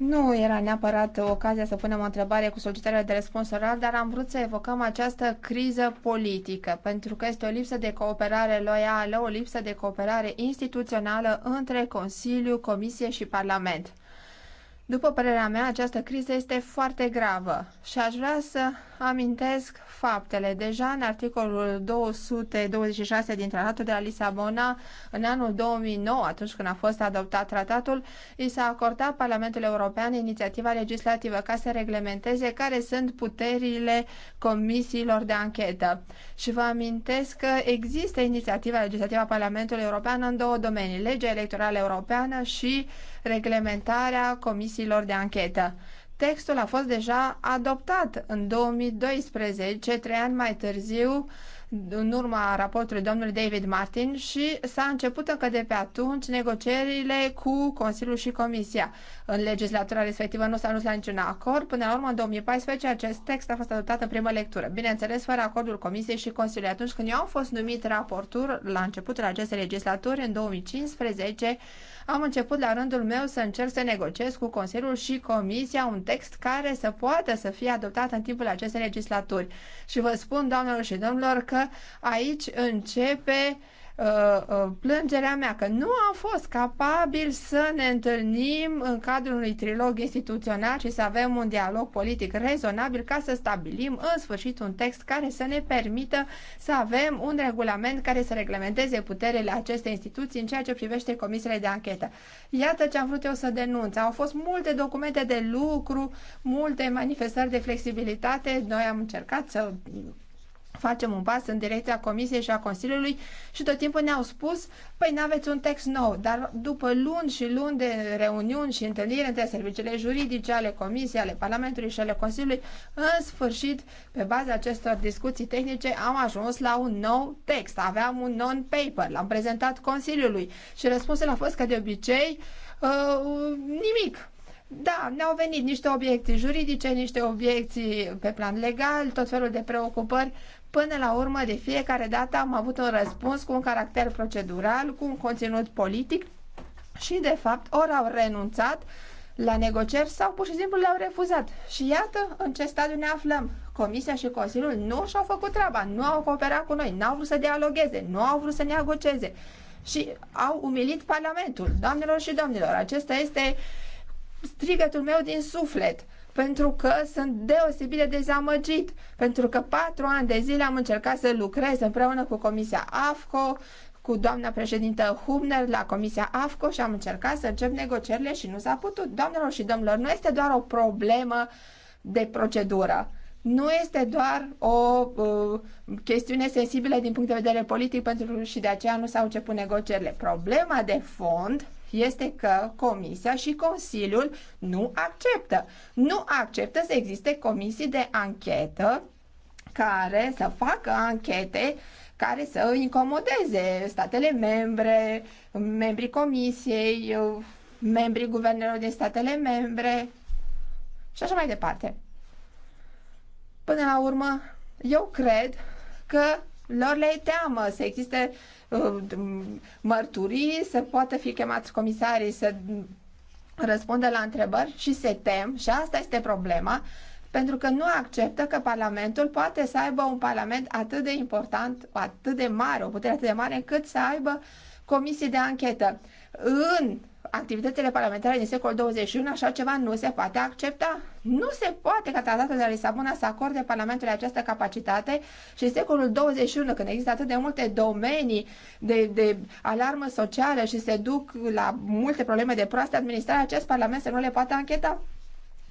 nu era neapărat ocazia să punem o întrebare cu solicitarea de răspuns oral, dar am vrut să evocăm această criză politică, pentru că este o lipsă de cooperare loială, o lipsă de cooperare instituțională între Consiliu, Comisie și Parlament. După părerea mea, această criză este foarte gravă și aș vrea să amintesc faptele. Deja în articolul 226 din Tratatul de la Lisabona, în anul 2009, atunci când a fost adoptat tratatul, i s-a acordat Parlamentul European inițiativa legislativă ca să reglementeze care sunt puterile comisiilor de anchetă. Și vă amintesc că există inițiativa legislativă a Parlamentului European în două domenii, legea electorală europeană și uh, reglementarea comisiilor de anchetă. Textul a fost deja adoptat în 2012, trei ani mai târziu, în urma raportului domnului David Martin și s-a început încă de pe atunci negocierile cu Consiliul și Comisia. În legislatura respectivă nu s-a ajuns la niciun acord. Până la urmă, în 2014, acest text a fost adoptat în primă lectură. Bineînțeles, fără acordul Comisiei și Consiliului. Atunci când eu am fost numit raportor la începutul acestei legislaturi, în 2015, am început la rândul meu să încerc să negociez cu Consiliul și Comisia un text care să poată să fie adoptat în timpul acestei legislaturi. Și vă spun, doamnelor și domnilor, că aici începe uh, Uh, uh, plângerea mea că nu am fost capabil să ne întâlnim în cadrul unui trilog instituțional și să avem un dialog politic rezonabil ca să stabilim în sfârșit un text care să ne permită să avem un regulament care să reglementeze puterile acestei instituții în ceea ce privește comisiile de anchetă. Iată ce am vrut eu să denunț. Au fost multe documente de lucru, multe manifestări de flexibilitate. Noi am încercat să facem un pas în direcția Comisiei și a Consiliului și tot timpul ne-au spus, păi n-aveți un text nou, dar după luni și luni de reuniuni și întâlniri între serviciile juridice ale Comisiei, ale Parlamentului și ale Consiliului, în sfârșit, pe baza acestor discuții tehnice, am ajuns la un nou text. Aveam un non-paper, l-am prezentat Consiliului și răspunsul a fost că de obicei uh, nimic, da, ne-au venit niște obiecții juridice, niște obiecții pe plan legal, tot felul de preocupări Până la urmă, de fiecare dată am avut un răspuns cu un caracter procedural, cu un conținut politic și, de fapt, ori au renunțat la negocieri sau pur și simplu le-au refuzat. Și iată în ce stadiu ne aflăm. Comisia și Consiliul nu și-au făcut treaba, nu au cooperat cu noi, nu au vrut să dialogueze, nu au vrut să negocieze și au umilit Parlamentul. Doamnelor și domnilor, acesta este strigătul meu din suflet pentru că sunt deosebit de dezamăgit, pentru că patru ani de zile am încercat să lucrez împreună cu Comisia AFCO, cu doamna președintă Humner la Comisia AFCO și am încercat să încep negocierile și nu s-a putut. Doamnelor și domnilor, nu este doar o problemă de procedură. Nu este doar o uh, chestiune sensibilă din punct de vedere politic pentru și de aceea nu s-au început negocierile. Problema de fond este că Comisia și Consiliul nu acceptă. Nu acceptă să existe comisii de anchetă care să facă anchete care să incomodeze statele membre, membrii comisiei, membrii guvernelor din statele membre și așa mai departe. Până la urmă, eu cred că lor le e teamă să existe Uh, mărturii, să poată fi chemați comisarii să răspundă la întrebări și se tem, și asta este problema, pentru că nu acceptă că Parlamentul poate să aibă un Parlament atât de important, atât de mare, o putere atât de mare, încât să aibă comisii de anchetă. În activitățile parlamentare din secolul 21, așa ceva nu se poate accepta. Nu se poate ca tratatul de la Lisabona să acorde Parlamentului această capacitate și în secolul 21, când există atât de multe domenii de, de alarmă socială și se duc la multe probleme de proastă administrare, acest Parlament să nu le poată ancheta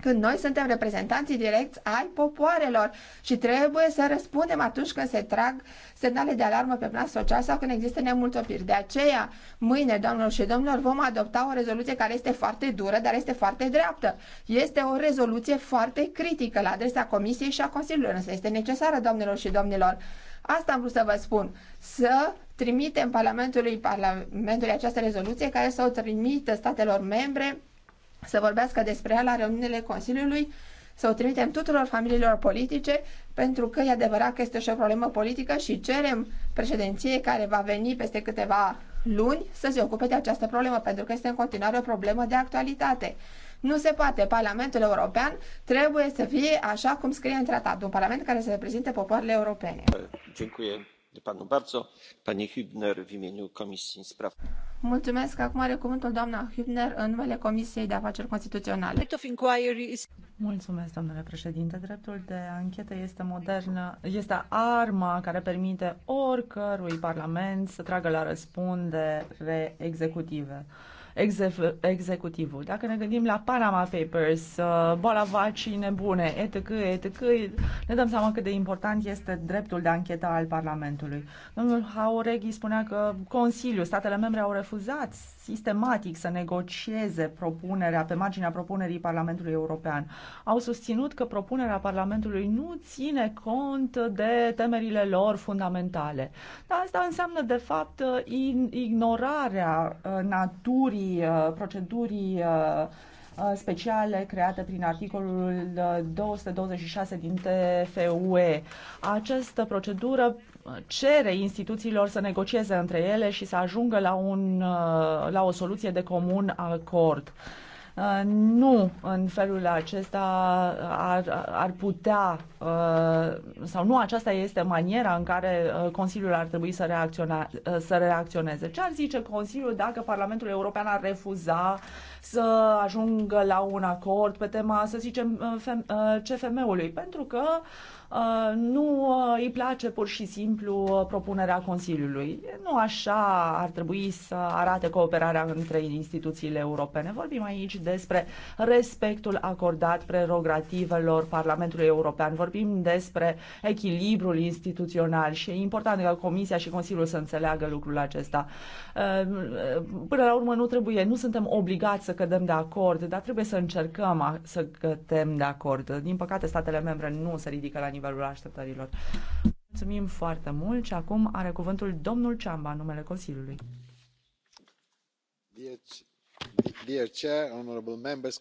când noi suntem reprezentanții direcți ai popoarelor și trebuie să răspundem atunci când se trag semnale de alarmă pe plan social sau când există nemulțumiri. De aceea, mâine, doamnelor și domnilor, vom adopta o rezoluție care este foarte dură, dar este foarte dreaptă. Este o rezoluție foarte critică la adresa Comisiei și a Consiliului, însă este necesară, doamnelor și domnilor. Asta am vrut să vă spun. Să trimitem Parlamentului, Parlamentului această rezoluție care să o trimită statelor membre să vorbească despre ea la reuniunile Consiliului, să o trimitem tuturor familiilor politice, pentru că e adevărat că este și o problemă politică și cerem președinției care va veni peste câteva luni să se ocupe de această problemă, pentru că este în continuare o problemă de actualitate. Nu se poate. Parlamentul European trebuie să fie așa cum scrie în tratat, un parlament care să reprezinte popoarele europene. Dziękuję. Mulțumesc. Acum are cuvântul doamna Hübner în numele Comisiei de Afaceri Constituționale. Mulțumesc, domnule președinte. Dreptul de anchetă este modern, este arma care permite oricărui parlament să tragă la răspundere executive executivul. Dacă ne gândim la Panama Papers, uh, boala vacii nebune, etc., etc., ne dăm seama cât de important este dreptul de anchetă al Parlamentului. Domnul Haureghi spunea că Consiliul, statele membre au refuzat sistematic să negocieze propunerea pe marginea propunerii Parlamentului European. Au susținut că propunerea Parlamentului nu ține cont de temerile lor fundamentale. Dar asta înseamnă, de fapt, ignorarea uh, naturii uh, procedurii uh, speciale create prin articolul 226 din TFUE. Această procedură cere instituțiilor să negocieze între ele și să ajungă la, un, uh, la o soluție de comun acord. Uh, nu în felul acesta ar, ar putea, uh, sau nu aceasta este maniera în care Consiliul ar trebui să, reacționa, să reacționeze. Ce ar zice Consiliul dacă Parlamentul European ar refuza să ajungă la un acord pe tema, să zicem, CFM-ului? Pentru că uh, Uh, nu uh, îi place pur și simplu uh, propunerea Consiliului. Nu așa ar trebui să arate cooperarea între instituțiile europene. Vorbim aici despre respectul acordat prerogativelor Parlamentului European. Vorbim despre echilibrul instituțional și e important ca Comisia și Consiliul să înțeleagă lucrul acesta. Până la urmă nu trebuie, nu suntem obligați să cădem de acord, dar trebuie să încercăm să cădem de acord. Din păcate, statele membre nu se ridică la nimic nivelul așteptărilor. Mulțumim foarte mult și acum are cuvântul domnul Ceamba, numele Consiliului. Dear, dear Chair, honorable members,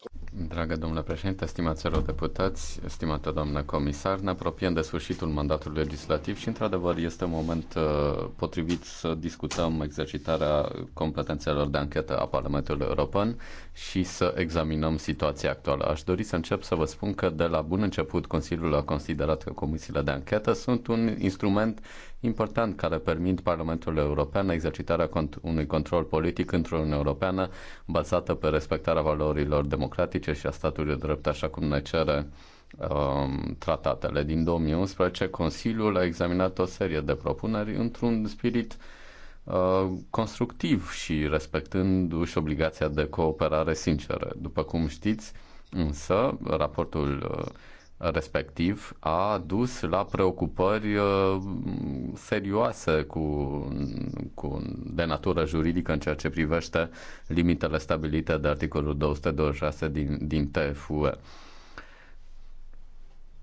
Dragă domnule președinte, stimați eurodeputați, stimată doamnă comisar, ne apropiem de sfârșitul mandatului legislativ și, într-adevăr, este un moment uh, potrivit să discutăm exercitarea competențelor de anchetă a Parlamentului European și să examinăm situația actuală. Aș dori să încep să vă spun că, de la bun început, Consiliul a considerat că comisiile de anchetă sunt un instrument important care permit Parlamentului European exercitarea cont- unui control politic într-o Uniune Europeană bazată pe respectarea valorilor democratice și a statului de drept, așa cum ne cere um, tratatele. Din 2011, Consiliul a examinat o serie de propuneri într-un spirit uh, constructiv și respectându-și obligația de cooperare sinceră. După cum știți, însă, raportul uh, respectiv a dus la preocupări uh, serioase cu, cu, de natură juridică în ceea ce privește limitele stabilite de articolul 226 din, din TFUE.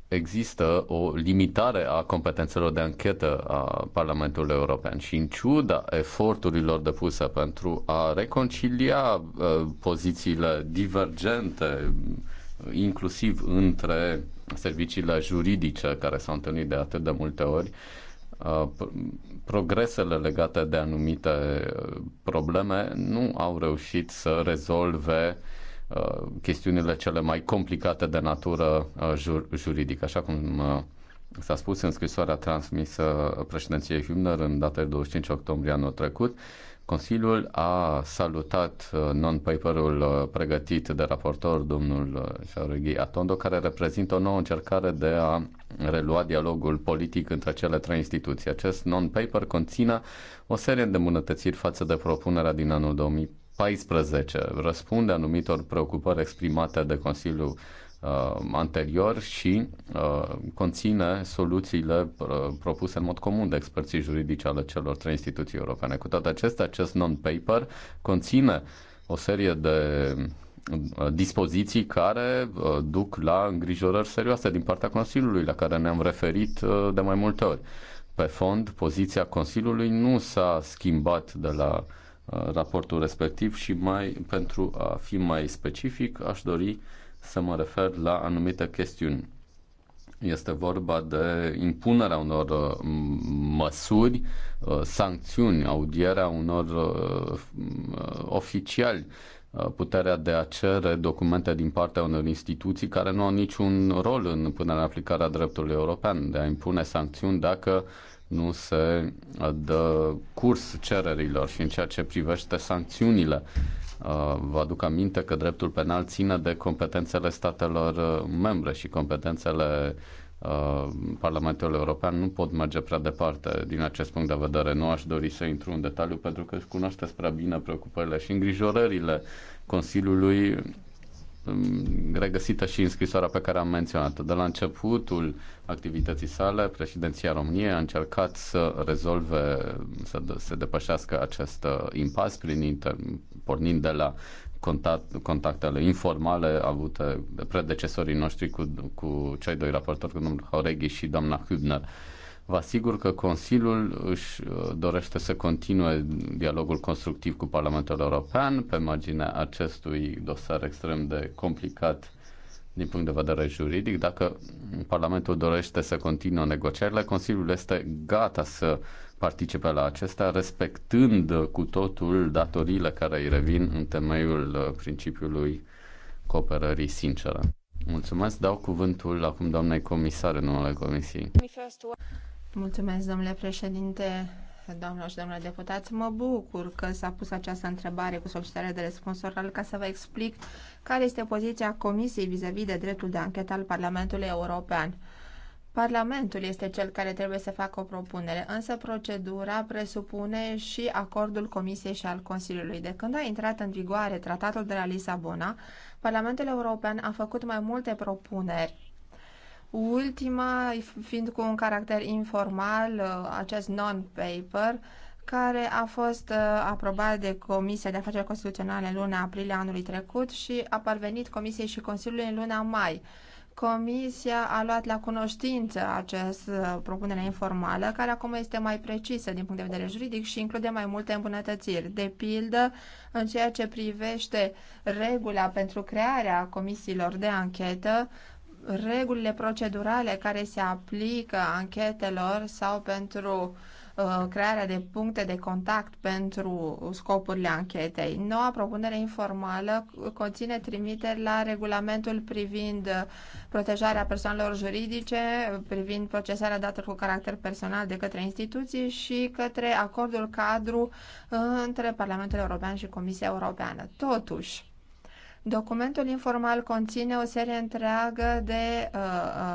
Există o limitare a competențelor de anchetă a Parlamentului European și în ciuda eforturilor depuse pentru a reconcilia uh, pozițiile divergente uh, inclusiv între serviciile juridice care s-au întâlnit de atât de multe ori, uh, progresele legate de anumite uh, probleme nu au reușit să rezolve uh, chestiunile cele mai complicate de natură juridică, așa cum s-a spus în scrisoarea transmisă președinției Hübner în data 25 octombrie anul trecut. Consiliul a salutat uh, non-paperul uh, pregătit de raportor, domnul uh, Șarughi Atondo, care reprezintă o nouă încercare de a relua dialogul politic între cele trei instituții. Acest non-paper conține o serie de îmbunătățiri față de propunerea din anul 2014. Răspunde anumitor preocupări exprimate de Consiliul uh, anterior și uh, conține soluțiile pr- uh, propuse în mod comun de experții juridici ale celor trei instituții europene. Cu toate acestea, acest non-paper conține o serie de uh, dispoziții care uh, duc la îngrijorări serioase din partea Consiliului, la care ne-am referit de mai multe ori. Pe fond, poziția Consiliului nu s-a schimbat de la raportul respectiv și mai pentru a fi mai specific, aș dori să mă refer la anumite chestiuni. Este vorba de impunerea unor uh, măsuri, uh, sancțiuni, audierea unor uh, oficiali, puterea de a cere documente din partea unor instituții care nu au niciun rol în punerea în aplicarea dreptului european, de a impune sancțiuni dacă nu se dă curs cererilor și în ceea ce privește sancțiunile Uh, vă aduc aminte că dreptul penal ține de competențele statelor uh, membre și competențele uh, Parlamentul European nu pot merge prea departe din acest punct de vedere. Nu aș dori să intru în detaliu pentru că își cunoașteți prea bine preocupările și îngrijorările Consiliului Um, regăsită și în scrisoarea pe care am menționat-o. De la începutul activității sale, președinția României a încercat să rezolve, să se depășească acest uh, impas prin inter, pornind de la contact, contactele informale avute de predecesorii noștri cu, cu cei doi raportori, cu domnul Horeghi și doamna Hübner. Uh, Vă asigur că Consiliul își uh, dorește să continue dialogul constructiv cu Parlamentul European pe marginea acestui dosar extrem de complicat din punct de vedere juridic. Dacă Parlamentul dorește să continue negocierile, Consiliul este gata să participe la acestea, respectând cu totul datoriile care îi revin în temeiul uh, principiului cooperării sincere. Mulțumesc, dau cuvântul acum doamnei comisar în numele Comisiei. Mulțumesc, domnule președinte, doamnelor și domnilor deputați. Mă bucur că s-a pus această întrebare cu solicitarea de răspuns oral ca să vă explic care este poziția Comisiei vis-a-vis -vis de dreptul de anchetă al Parlamentului European. Parlamentul este cel care trebuie să facă o propunere, însă procedura presupune și acordul Comisiei și al Consiliului. De când a intrat în vigoare tratatul de la Lisabona, Parlamentul European a făcut mai multe propuneri ultima fiind cu un caracter informal, uh, acest non-paper, care a fost uh, aprobat de Comisia de Afaceri Constituționale luna aprilie anului trecut și a parvenit Comisiei și Consiliului în luna mai. Comisia a luat la cunoștință această uh, propunere informală, care acum este mai precisă din punct de vedere juridic și include mai multe îmbunătățiri. De pildă, în ceea ce privește regula pentru crearea comisiilor de anchetă, regulile procedurale care se aplică anchetelor sau pentru uh, crearea de puncte de contact pentru scopurile anchetei. Noua propunere informală conține trimiteri la regulamentul privind protejarea persoanelor juridice, privind procesarea datelor cu caracter personal de către instituții și către acordul cadru între Parlamentul European și Comisia Europeană. Totuși, Documentul informal conține o serie întreagă de uh,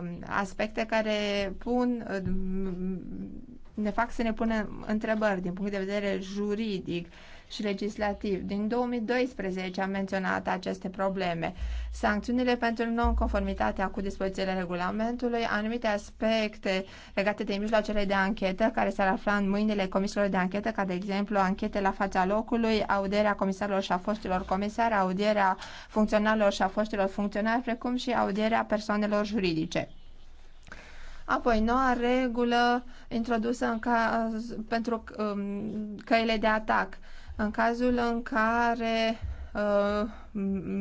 um, aspecte care pun, uh, ne fac să ne punem întrebări din punct de vedere juridic, și legislativ. Din 2012 am menționat aceste probleme. Sancțiunile pentru nonconformitatea cu dispozițiile regulamentului, anumite aspecte legate de mijloacele de anchetă care s-ar afla în mâinile comisiilor de anchetă, ca de exemplu anchete la fața locului, audierea comisarilor și a foștilor comisari, audierea funcționarilor și a foștilor funcționari, precum și audierea persoanelor juridice. Apoi, noua regulă introdusă în caz, pentru um, căile de atac. Uh, în cazul în care uh,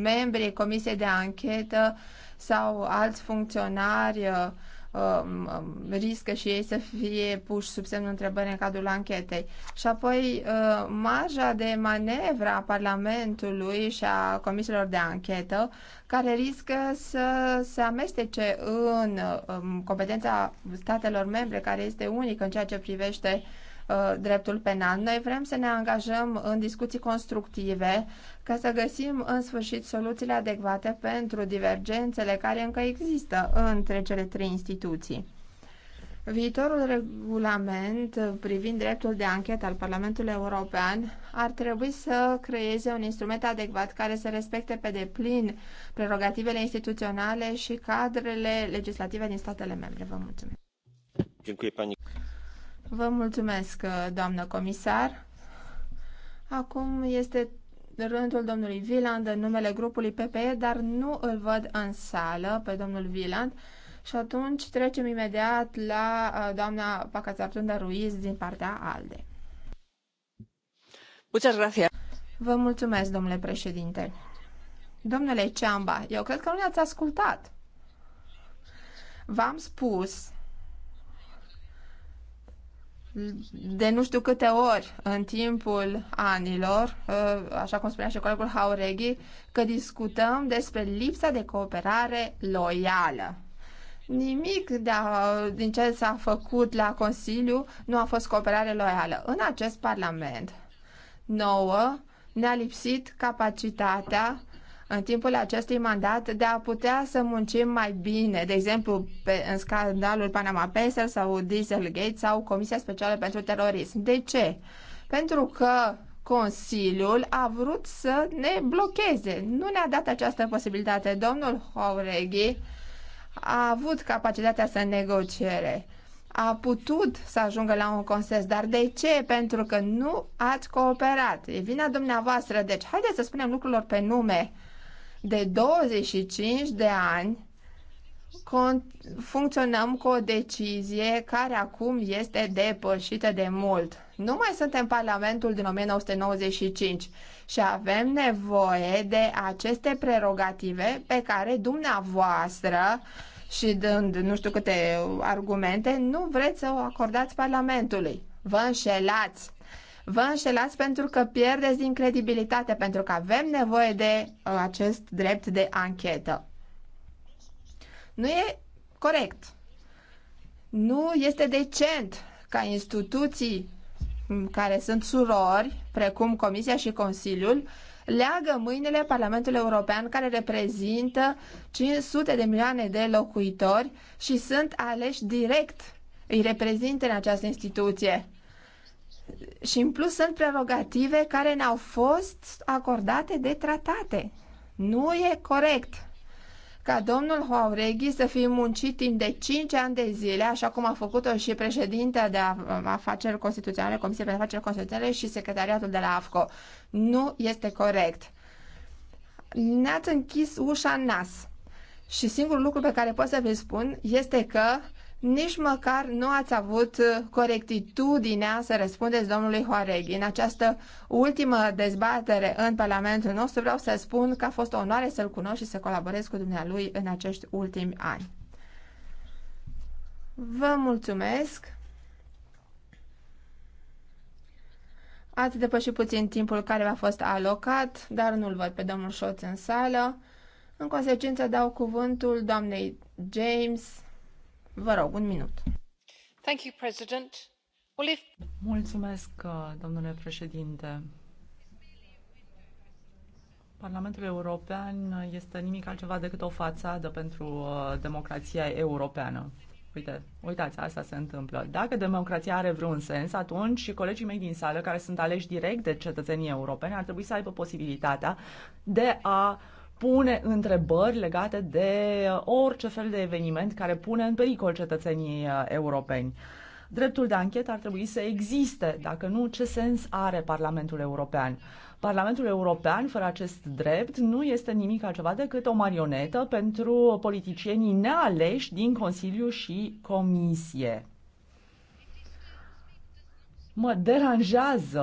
membrii Comisiei de Anchetă sau alți funcționari uh, um, um, riscă și ei să fie puși sub semnul întrebării în cadrul anchetei. Și apoi uh, marja de manevră a Parlamentului și a comisiilor de anchetă care riscă să se amestece în um, competența statelor membre care este unică în ceea ce privește uh, Uh, dreptul penal. Noi vrem să ne angajăm în discuții constructive ca să găsim în sfârșit soluțiile adecvate pentru divergențele care încă există între cele trei instituții. Viitorul regulament privind dreptul de anchetă al Parlamentului European ar trebui să creeze un instrument adecvat care să respecte pe deplin prerogativele instituționale și cadrele legislative din statele membre. Vă mulțumesc. Vă mulțumesc, doamnă comisar. Acum este rândul domnului Viland în numele grupului PPE, dar nu îl văd în sală pe domnul Viland. Și atunci trecem imediat la uh, doamna Pacațartunda Ruiz din partea ALDE. Muchas gracias. Vă mulțumesc, domnule președinte. Domnule Ceamba, eu cred că nu ne-ați ascultat. V-am spus de nu știu câte ori în timpul anilor, uh, așa cum spunea și colegul Haureghi, că discutăm despre lipsa de cooperare loială. Nimic de a, din ce s-a făcut la Consiliu nu a fost cooperare loială. În acest Parlament nouă ne-a lipsit capacitatea în timpul acestui mandat de a putea să muncim mai bine, de exemplu pe, în scandalul Panama Papers sau Dieselgate sau Comisia Specială pentru Terorism. De ce? Pentru că Consiliul a vrut să ne blocheze. Nu ne-a dat această posibilitate. Domnul Horeghi a avut capacitatea să negociere a putut să ajungă la un consens. Dar de ce? Pentru că nu ați cooperat. E vina dumneavoastră. Deci, haideți să spunem lucrurilor pe nume de 25 de ani funcționăm cu o decizie care acum este depășită de mult. Nu mai suntem Parlamentul din 1995 și avem nevoie de aceste prerogative pe care dumneavoastră și dând nu știu câte argumente, nu vreți să o acordați Parlamentului. Vă înșelați! vă înșelați pentru că pierdeți din credibilitate, pentru că avem nevoie de uh, acest drept de anchetă. Nu e corect. Nu este decent ca instituții mm, care sunt surori, precum Comisia și Consiliul, leagă mâinile Parlamentul European, care reprezintă 500 de milioane de locuitori și sunt aleși direct. Îi reprezintă în această instituție și în plus sunt prerogative care ne-au fost acordate de tratate. Nu e corect ca domnul Hoaureghi să fie muncit timp de 5 ani de zile, așa cum a făcut-o și președintea de afaceri constituționale, Comisia pentru Afaceri Constituționale și secretariatul de la AFCO. Nu este corect. Ne-ați închis ușa nas. Și singurul lucru pe care pot să vi spun este că nici măcar nu ați avut uh, corectitudinea să răspundeți domnului Hoareghi. În această ultimă dezbatere în Parlamentul nostru vreau să spun că a fost o onoare să-l cunosc și să colaborez cu dumnealui în acești ultimi ani. Vă mulțumesc! Ați depășit puțin timpul care v-a fost alocat, dar nu-l văd pe domnul Șoț în sală. În consecință dau cuvântul doamnei James Vă rog, un minut. Mulțumesc, uh, domnule președinte. Parlamentul European este nimic altceva decât o fațadă pentru uh, democrația europeană. Uite, uitați, asta se întâmplă. Dacă democrația are vreun sens, atunci și colegii mei din sală, care sunt aleși direct de cetățenii europeni, ar trebui să aibă posibilitatea de a uh, pune întrebări legate de uh, orice fel de eveniment care pune în pericol cetățenii uh, europeni. Dreptul de anchetă ar trebui să existe, dacă nu, ce sens are Parlamentul European? Parlamentul European, fără acest drept, nu este nimic altceva decât o marionetă pentru politicienii nealeși din Consiliu și Comisie. Mă deranjează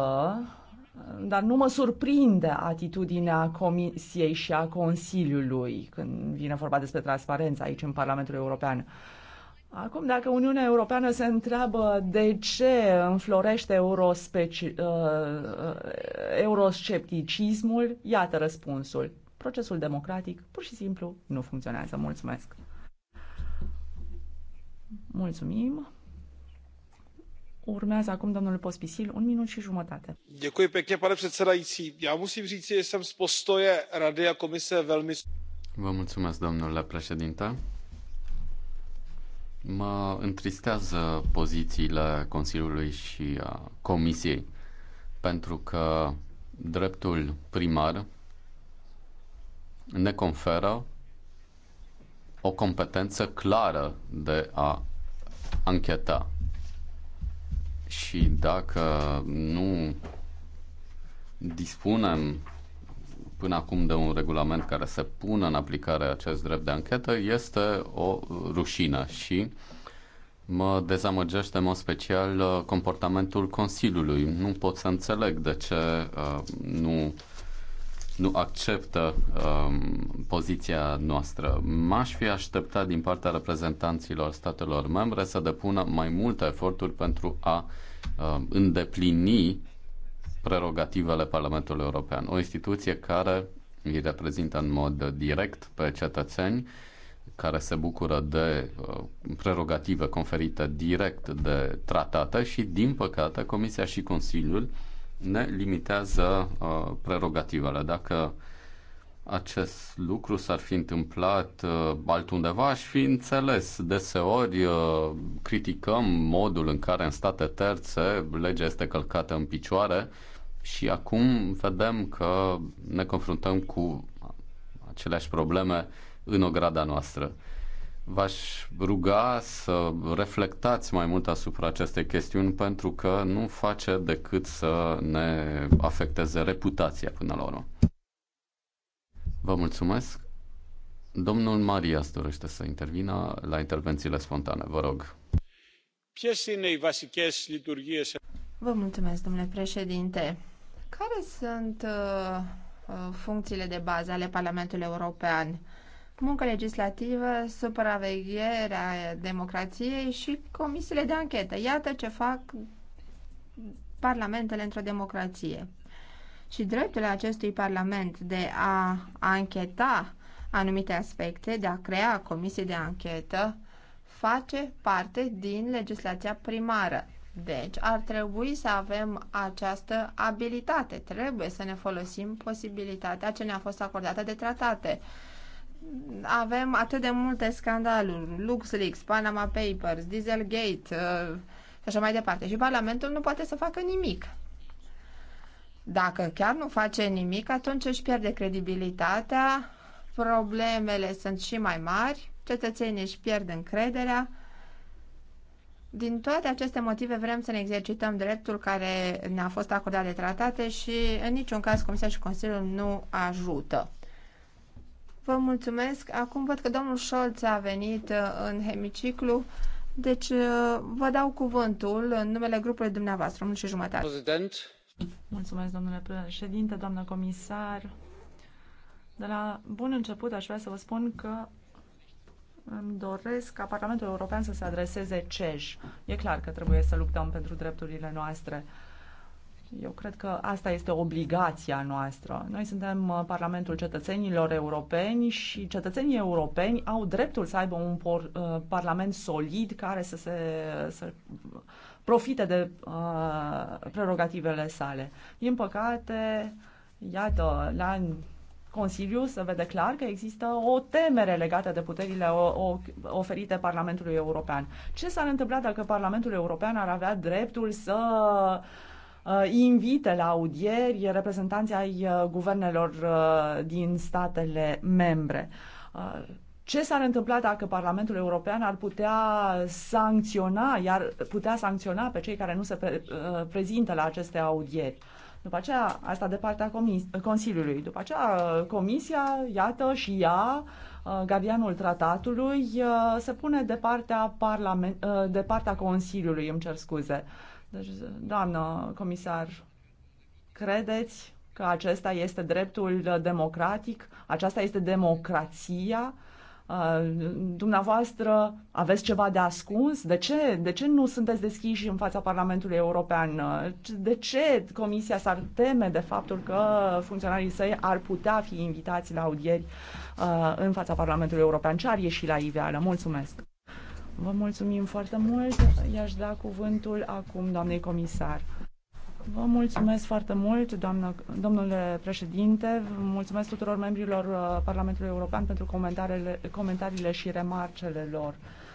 dar nu mă surprinde atitudinea Comisiei și a Consiliului când vine vorba despre transparență aici în Parlamentul European. Acum, dacă Uniunea Europeană se întreabă de ce înflorește eurospeci, uh, uh euroscepticismul, iată răspunsul. Procesul democratic pur și simplu nu funcționează. Mulțumesc! Mulțumim! Urmează acum domnul Pospisil, un minut și jumătate. Děkuji pěkně, pane předsedající. Já musím říci, že jsem z postoje Rady a Komise velmi... Vă mulțumesc, domnule președinte. Mă întristează pozițiile Consiliului și a Comisiei, pentru că dreptul primar ne conferă o competență clară de a ancheta și dacă nu dispunem până acum de un regulament care să pună în aplicare acest drept de anchetă, este o rușină și mă dezamăgește în mod special uh, comportamentul Consiliului. Nu pot să înțeleg de ce uh, nu nu acceptă um, poziția noastră. M-aș fi așteptat din partea reprezentanților statelor membre să depună mai multe eforturi pentru a um, îndeplini prerogativele Parlamentului European. O instituție care îi reprezintă în mod direct pe cetățeni, care se bucură de uh, prerogative conferite direct de tratate și, din păcate, Comisia și Consiliul ne limitează uh, prerogativele. Dacă acest lucru s-ar fi întâmplat uh, altundeva, aș fi înțeles. Deseori uh, criticăm modul în care în state terțe legea este călcată în picioare și acum vedem că ne confruntăm cu aceleași probleme în ograda noastră. V-aș ruga să reflectați mai mult asupra acestei chestiuni pentru că nu face decât să ne afecteze reputația până la urmă. Vă mulțumesc. Domnul Maria dorește să intervină la intervențiile spontane. Vă rog. Vă mulțumesc, domnule președinte. Care sunt uh, uh funcțiile de bază ale Parlamentului European? muncă legislativă, supravegherea democrației și comisiile de anchetă. Iată ce fac parlamentele într-o democrație. Și dreptul acestui parlament de a ancheta anumite aspecte, de a crea comisii de anchetă, face parte din legislația primară. Deci ar trebui să avem această abilitate. Trebuie să ne folosim posibilitatea ce ne-a fost acordată de tratate avem atât de multe scandaluri, LuxLeaks, Panama Papers, Dieselgate uh, și așa mai departe. Și Parlamentul nu poate să facă nimic. Dacă chiar nu face nimic, atunci își pierde credibilitatea, problemele sunt și mai mari, cetățenii își pierd încrederea. Din toate aceste motive vrem să ne exercităm dreptul care ne-a fost acordat de tratate și în niciun caz Comisia și Consiliul nu ajută. Vă mulțumesc. Acum văd că domnul Șolț a venit uh, în hemiciclu. Deci uh, vă dau cuvântul în numele grupului dumneavoastră, unul și jumătate. Prezident. Mulțumesc, domnule președinte, doamnă comisar. De la bun început aș vrea să vă spun că îmi doresc ca Parlamentul European să se adreseze CEJ. E clar că trebuie să luptăm pentru drepturile noastre. Uh, eu cred că asta este obligația noastră. Noi suntem uh, Parlamentul cetățenilor europeni și cetățenii europeni au dreptul să aibă un por, uh, parlament solid care să se să profite de uh, prerogativele sale. Din păcate, iată, la Consiliu se vede clar că există o temere legată de puterile o, o, oferite Parlamentului European. Ce s-ar întâmpla dacă Parlamentul European ar avea dreptul să uh, Uh, invite la audieri reprezentanții ai uh, guvernelor uh, din statele membre. Ce s-ar întâmpla dacă Parlamentul European ar putea sancționa, iar putea sancționa pe cei care nu se pre- prezintă la aceste audieri? După aceea, asta de partea Consiliului. După aceea, Comisia, iată și ea, gardianul tratatului, se pune de partea, parlament, de partea Consiliului, îmi cer scuze. Uh, deci, doamnă comisar, credeți că acesta este dreptul democratic? Aceasta este democrația? Uh, dumneavoastră aveți ceva de ascuns? De ce? De ce nu sunteți deschiși în fața Parlamentului European? Uh, de ce Comisia s-ar teme de faptul că funcționarii săi ar putea fi invitați la audieri uh, în fața Parlamentului European? Ce ar ieși la iveală? Mulțumesc! Vă mulțumim foarte mult. I-aș da cuvântul acum doamnei comisar. Vă mulțumesc foarte mult, doamnă, domnule președinte. Vă mulțumesc tuturor membrilor uh, Parlamentului European pentru comentariile, comentariile și remarcele lor.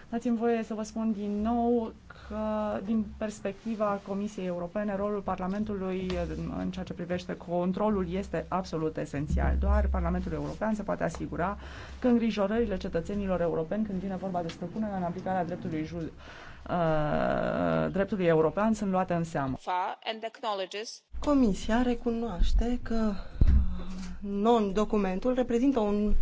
Dați-mi voie să vă spun din nou că, din perspectiva Comisiei Europene, rolul Parlamentului în ceea ce privește controlul este absolut esențial. Doar Parlamentul European se poate asigura că îngrijorările cetățenilor europeni când vine vorba despre punerea în aplicare a dreptului jur uh, dreptului european sunt luate în seamă. Comisia recunoaște că uh, non-documentul reprezintă un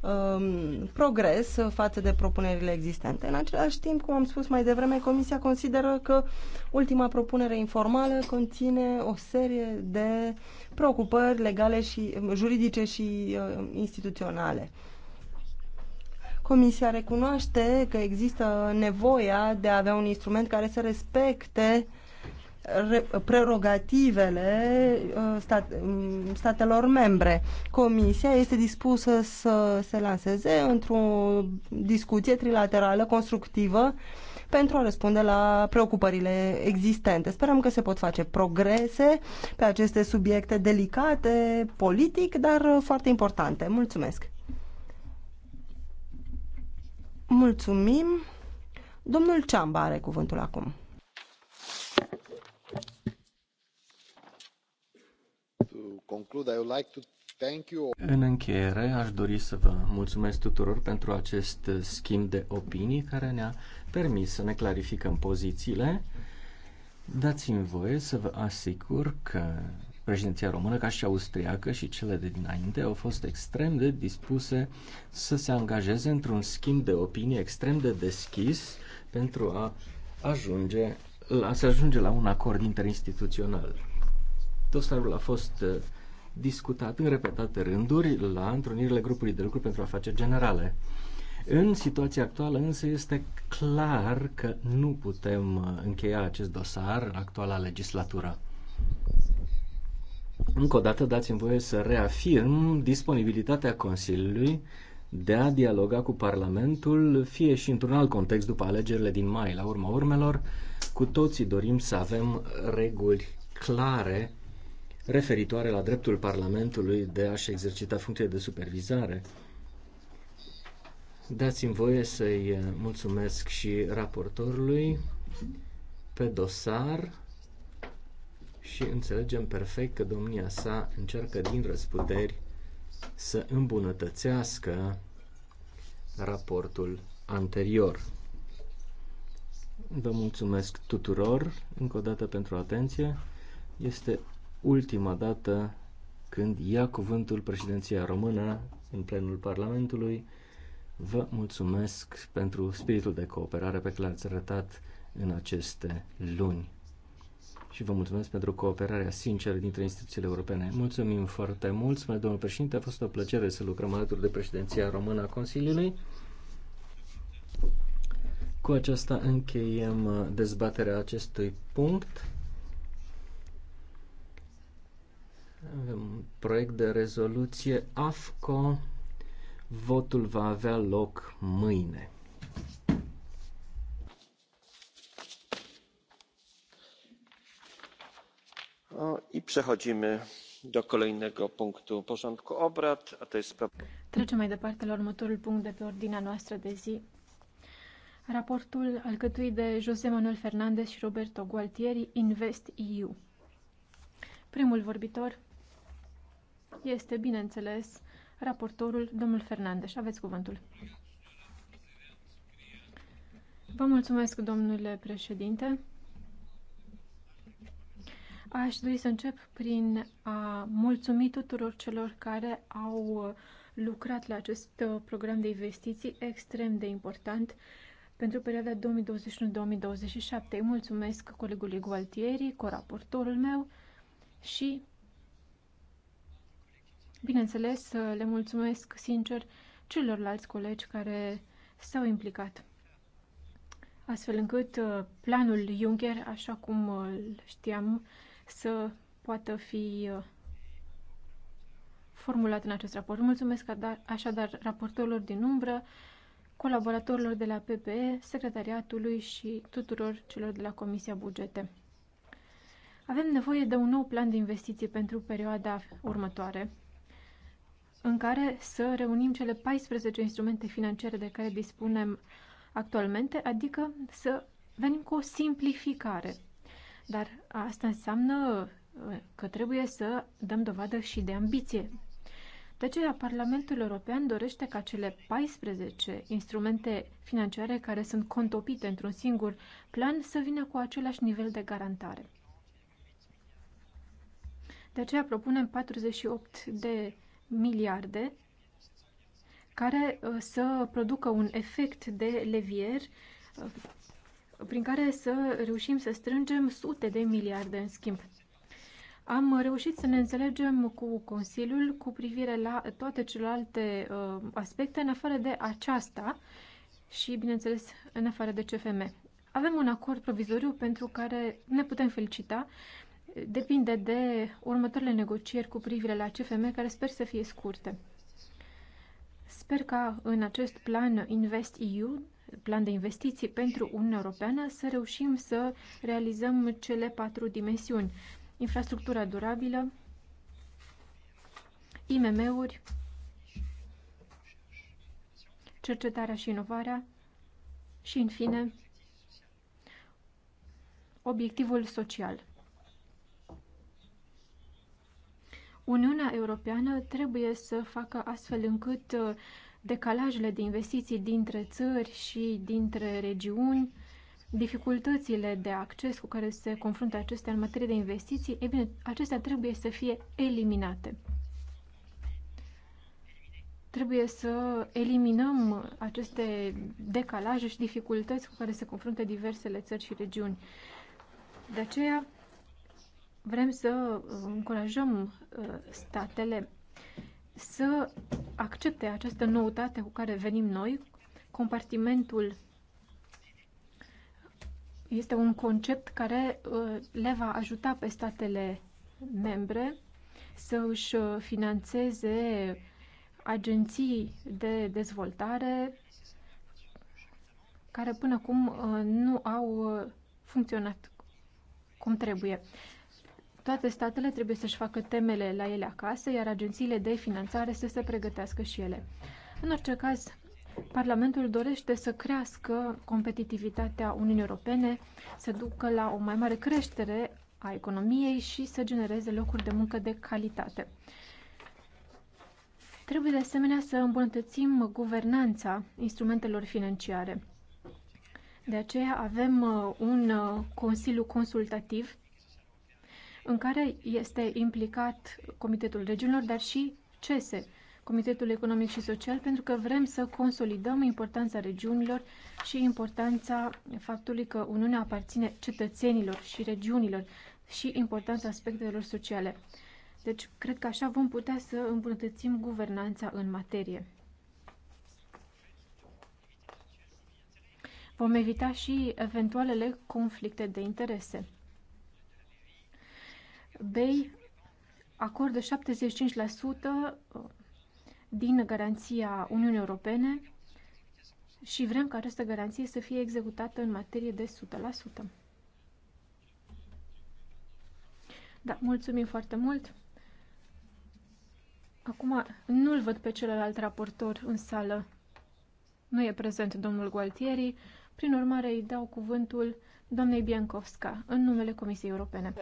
Um, progres față de propunerile existente. În același timp, cum am spus mai devreme, Comisia consideră că ultima propunere informală conține o serie de preocupări legale și um, juridice și uh, instituționale. Comisia recunoaște că există nevoia de a avea un instrument care să respecte prerogativele uh, stat, mm, statelor membre. Comisia este dispusă să se lanseze într-o discuție trilaterală constructivă pentru a răspunde la preocupările existente. Sperăm că se pot face progrese pe aceste subiecte delicate, politic, dar foarte importante. Mulțumesc! Mulțumim! Domnul Ceamba are cuvântul acum. În încheiere, aș dori să vă mulțumesc tuturor pentru acest schimb de opinii care ne-a permis să ne clarificăm pozițiile. Dați-mi voie să vă asigur că președinția română, ca și austriacă și cele de dinainte, au fost extrem de dispuse să se angajeze într-un schimb de opinii extrem de deschis pentru a ajunge la, să ajunge la un acord interinstituțional. Dosarul a fost discutat în repetate rânduri la întrunirile grupului de lucru pentru afaceri generale. În situația actuală însă este clar că nu putem uh, încheia acest dosar în actuala legislatură. Încă o dată dați-mi voie să reafirm disponibilitatea Consiliului de a dialoga cu Parlamentul, fie și într-un alt context după alegerile din mai, la urma urmelor, cu toții dorim să avem reguli clare referitoare la dreptul Parlamentului de a-și exercita funcția de supervizare. Dați-mi voie să-i eh, mulțumesc și raportorului pe dosar și înțelegem perfect că domnia sa încearcă din răsputeri să îmbunătățească raportul anterior. Vă mulțumesc tuturor încă o dată pentru atenție. Este ultima dată când ia cuvântul președinția română în plenul Parlamentului. Vă mulțumesc pentru spiritul de cooperare pe care l-ați arătat în aceste luni. Și vă mulțumesc pentru cooperarea sinceră dintre instituțiile europene. Mulțumim foarte mult, mai domnul președinte. A fost o plăcere să lucrăm alături de președinția română a Consiliului. Cu aceasta încheiem uh, dezbaterea acestui punct. Avem un proiect de rezoluție AFCO. Votul va avea loc mâine. I przechodzimy do kolejnego punktu porządku obrad, a to jest Trecem mai departe la următorul punct de pe ordinea noastră de zi. Raportul alcătuit de José Manuel Fernandez și Roberto Gualtieri, Invest EU. Primul vorbitor este, bineînțeles, raportorul, domnul Fernandez. Aveți cuvântul. Vă mulțumesc, domnule președinte. Aș dori să încep prin a mulțumi tuturor celor care au lucrat la acest uh, program de investiții extrem de important pentru perioada 2021-2027. Mulțumesc colegului Gualtieri, coraportorul meu și Bineînțeles, le mulțumesc sincer celorlalți colegi care s-au implicat, astfel încât uh, planul Juncker, așa cum uh, îl știam, să poată fi uh, formulat în acest raport. Mulțumesc așadar raportorilor din umbră, colaboratorilor de la PPE, secretariatului și tuturor celor de la Comisia Bugete. Avem nevoie de un nou plan de investiții pentru perioada următoare în care să reunim cele 14 instrumente financiare de care dispunem actualmente, adică să venim cu o simplificare. Dar asta înseamnă uh, că trebuie să dăm dovadă și de ambiție. De aceea, Parlamentul European dorește ca cele 14 instrumente financiare care sunt contopite într-un singur plan să vină cu același nivel de garantare. De aceea propunem 48 de miliarde care uh, să producă un efect de levier uh, prin care să reușim să strângem sute de miliarde în schimb. Am reușit să ne înțelegem cu Consiliul cu privire la toate celelalte uh, aspecte, în afară de aceasta și, bineînțeles, în afară de CFM. Avem un acord provizoriu pentru care ne putem felicita, depinde de următoarele negocieri cu privire la CFM, care sper să fie scurte. Sper ca în acest plan Invest EU, plan de investiții pentru Uniunea Europeană, să reușim să realizăm cele patru dimensiuni. Infrastructura durabilă, IMM-uri, cercetarea și inovarea și, în fine, obiectivul social. Uniunea Europeană trebuie să facă astfel încât uh, decalajele de investiții dintre țări și dintre regiuni, dificultățile de acces cu care se confruntă acestea în materie de investiții, e bine, acestea trebuie să fie eliminate. Trebuie să eliminăm aceste decalaje și dificultăți cu care se confruntă diversele țări și regiuni. De aceea, Vrem să uh, încurajăm uh, statele să accepte această noutate cu care venim noi. Compartimentul este un concept care uh, le va ajuta pe statele membre să își financeze agenții de dezvoltare care până acum nu au funcționat cum trebuie. Toate statele trebuie să-și facă temele la ele acasă, iar agențiile de finanțare să se pregătească și ele. În orice caz, Parlamentul dorește să crească competitivitatea Uniunii Europene, să ducă la o mai mare creștere a economiei și să genereze locuri de muncă de calitate. Trebuie de asemenea să îmbunătățim guvernanța instrumentelor financiare. De aceea avem uh, un uh, Consiliu Consultativ în care este implicat Comitetul Regiunilor, dar și CESE, Comitetul Economic și Social, pentru că vrem să consolidăm importanța regiunilor și importanța faptului că Uniunea aparține cetățenilor și regiunilor și importanța aspectelor sociale. Deci, cred că așa vom putea să îmbunătățim guvernanța în materie. Vom evita și eventualele conflicte de interese. BEI acordă 75% uh, din garanția Uniunii Europene și vrem ca această garanție să fie executată în materie de 100%. Da, mulțumim foarte mult! Acum nu-l văd pe celălalt raportor în sală. Nu e prezent domnul Gualtieri, prin urmare îi dau cuvântul doamnei Biancovska, în numele Comisiei Europene.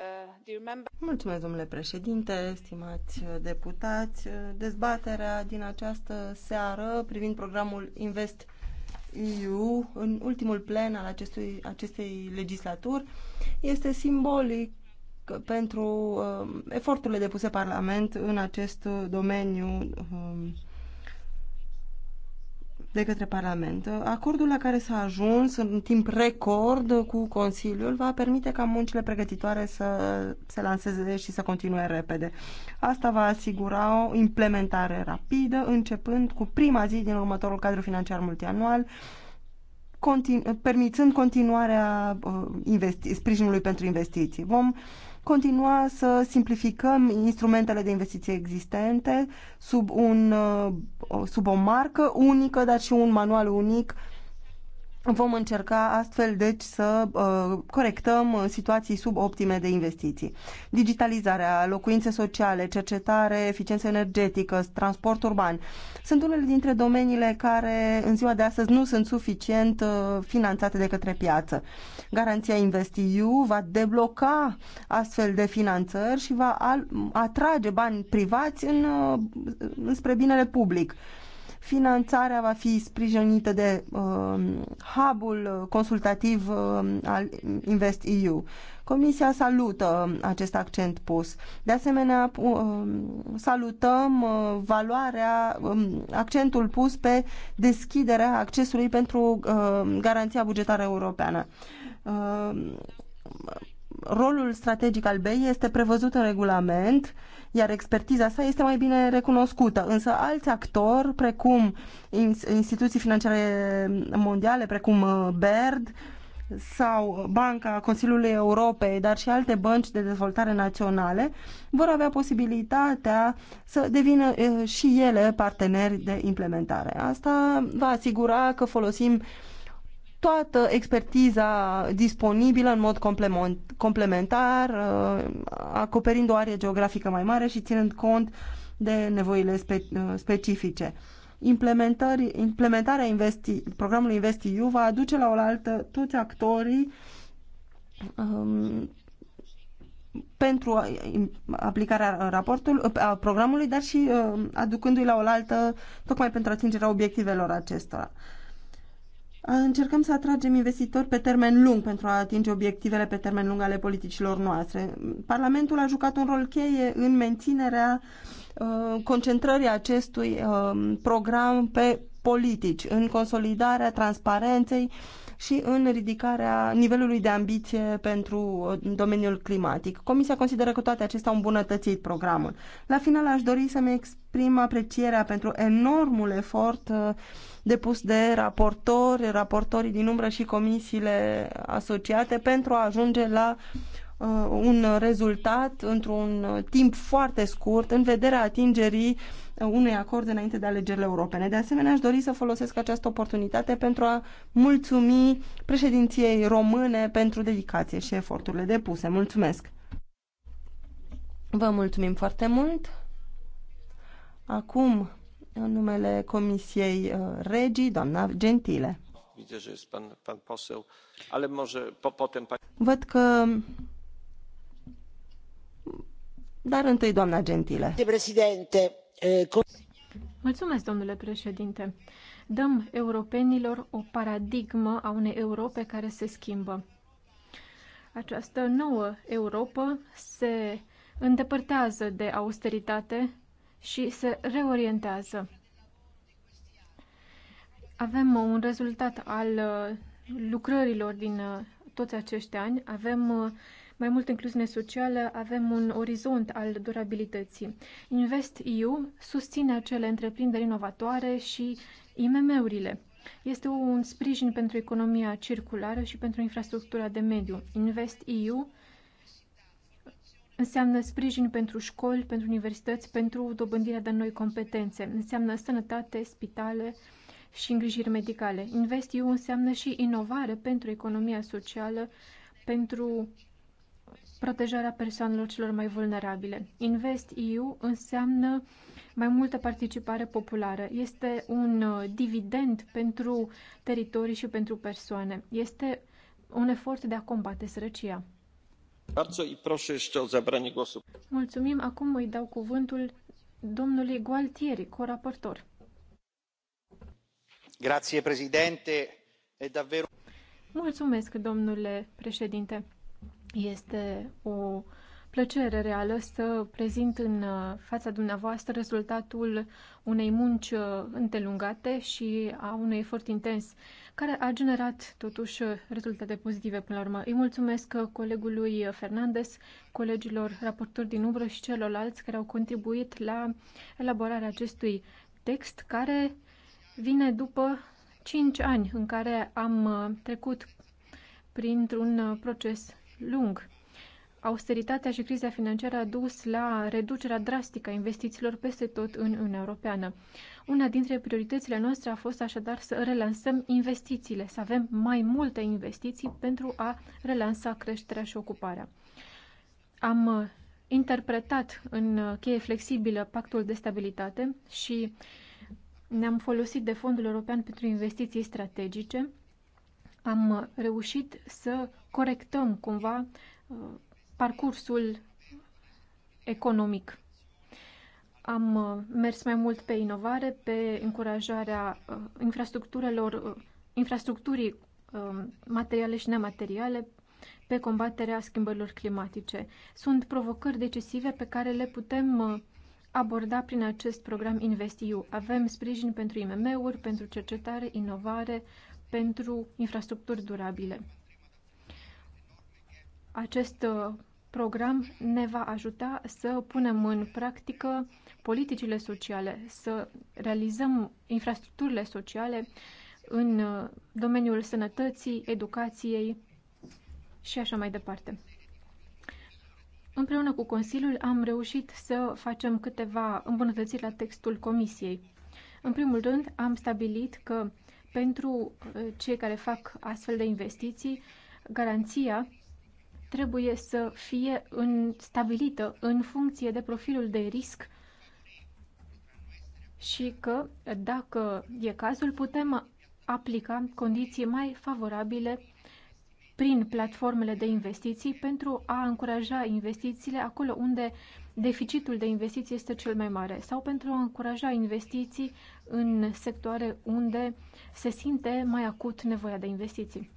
Uh, Mulțumesc, domnule președinte, stimați deputați. Dezbaterea din această seară privind programul Invest EU în ultimul plen al acestui, acestei legislaturi este simbolic pentru uh, eforturile depuse Parlament în acest domeniu Uh, de către Parlament. Acordul la care s-a ajuns în timp record cu Consiliul va permite ca muncile pregătitoare să se lanseze și să continue repede. Asta va asigura o implementare rapidă, începând cu prima zi din următorul cadru financiar multianual, continu- permițând continuarea uh, investi- sprijinului pentru investiții. Vom uh, continua să simplificăm instrumentele de investiție existente sub, un, uh, sub o marcă unică, dar și un manual unic Vom încerca astfel, deci, să uh, corectăm situații suboptime de investiții. Digitalizarea, locuințe sociale, cercetare, eficiență energetică, transport urban sunt unele dintre domeniile care în ziua de astăzi nu sunt suficient uh, finanțate de către piață. Garanția Investiu va debloca astfel de finanțări și va atrage bani privați în, uh, spre binele public. Uh, Finanțarea va fi sprijinită de uh, hub-ul consultativ uh, al InvestEU. Comisia salută um, acest accent pus. De asemenea, salutăm uh, valoarea, accentul pus pe deschiderea accesului pentru garanția bugetară europeană. Rolul strategic al BEI este prevăzut în regulament iar expertiza sa este mai bine recunoscută. Însă alți actori, precum instituții financiare mondiale, precum uh, BERD sau Banca Consiliului Europei, dar și alte bănci de dezvoltare naționale, vor avea posibilitatea să devină uh, și ele parteneri de implementare. Asta va asigura că folosim toată expertiza disponibilă în mod complementar, uh, acoperind o arie geografică mai mare și ținând cont de nevoile spe uh, specifice. Implementarea investi programului InvestiU va aduce la oaltă toți actorii um, pentru aplicarea raportului, a programului, dar și uh, aducându-i la oaltă tocmai pentru atingerea obiectivelor acestora încercăm să atragem investitori pe termen lung pentru a atinge obiectivele pe termen lung ale politicilor noastre. Parlamentul a jucat un rol cheie în menținerea uh, concentrării acestui um, program pe politici, în consolidarea transparenței și în ridicarea nivelului de ambiție pentru uh, domeniul climatic. Comisia consideră că toate acestea au îmbunătățit programul. La final aș dori să-mi exprim aprecierea pentru enormul efort uh, depus de raportori, raportorii din umbră și comisiile asociate pentru a ajunge la uh, un rezultat într-un timp foarte scurt în vederea atingerii uh, unui acord înainte de alegerile europene. De asemenea, aș dori să folosesc această oportunitate pentru a mulțumi președinției române pentru dedicație și eforturile depuse. Mulțumesc! Vă mulțumim foarte mult! Acum în numele Comisiei uh, Regii, doamna Gentile. Văd că... Dar întâi doamna Gentile. Eh, Mulțumesc, domnule președinte. Dăm europenilor o paradigmă a unei Europe care se schimbă. Această nouă Europa se îndepărtează de austeritate, și se reorientează. Avem un rezultat al uh, lucrărilor din uh, toți acești ani, avem uh, mai multă incluziune socială, avem un orizont al durabilității. Invest EU susține acele întreprinderi inovatoare și IMM-urile. Este un sprijin pentru economia circulară și pentru infrastructura de mediu. Invest EU Înseamnă sprijin pentru școli, pentru universități, pentru dobândirea de noi competențe. Înseamnă sănătate, spitale și îngrijiri medicale. InvestEU înseamnă și inovare pentru economia socială, pentru protejarea persoanelor celor mai vulnerabile. InvestEU înseamnă mai multă participare populară. Este un uh, dividend pentru teritorii și pentru persoane. Este un efort de a combate sărăcia. Mulțumim. Acum îi dau cuvântul domnului Gualtieri, coraportor. Grazie, președinte. E davvero... Mulțumesc, domnule președinte. Este o plăcere reală să prezint în fața dumneavoastră rezultatul unei munci întelungate și a unui efort intens care a generat totuși rezultate pozitive până la urmă. Îi mulțumesc colegului Fernandez, colegilor raportori din umbră și celorlalți care au contribuit la elaborarea acestui text care vine după 5 ani în care am trecut printr-un proces lung austeritatea și criza financiară a dus la reducerea drastică a investițiilor peste tot în Uniunea Europeană. Una dintre prioritățile noastre a fost așadar să relansăm investițiile, să avem mai multe investiții pentru a relansa creșterea și ocuparea. Am uh, interpretat în uh, cheie flexibilă pactul de stabilitate și ne-am folosit de Fondul European pentru Investiții Strategice. Am uh, reușit să corectăm cumva parcursul economic. Am uh, mers mai mult pe inovare, pe încurajarea uh, infrastructurilor, uh, infrastructurii um, materiale și nemateriale, pe combaterea schimbărilor climatice. Sunt provocări decisive pe care le putem aborda prin acest program InvestEU. Avem sprijin pentru IMM-uri, pentru cercetare, inovare, pentru infrastructuri durabile. Acest program ne va ajuta să punem în practică politicile sociale, să realizăm infrastructurile sociale în uh, domeniul sănătății, educației și așa mai departe. Împreună cu Consiliul am reușit să facem câteva îmbunătățiri la textul Comisiei. În primul rând, am stabilit că pentru uh, cei care fac astfel de investiții, garanția trebuie să fie în, stabilită în funcție de profilul de risc și că, dacă e cazul, putem aplica condiții mai favorabile prin platformele de investiții pentru a încuraja investițiile acolo unde deficitul de investiții este cel mai mare sau pentru a încuraja investiții în sectoare unde se simte mai acut nevoia de investiții.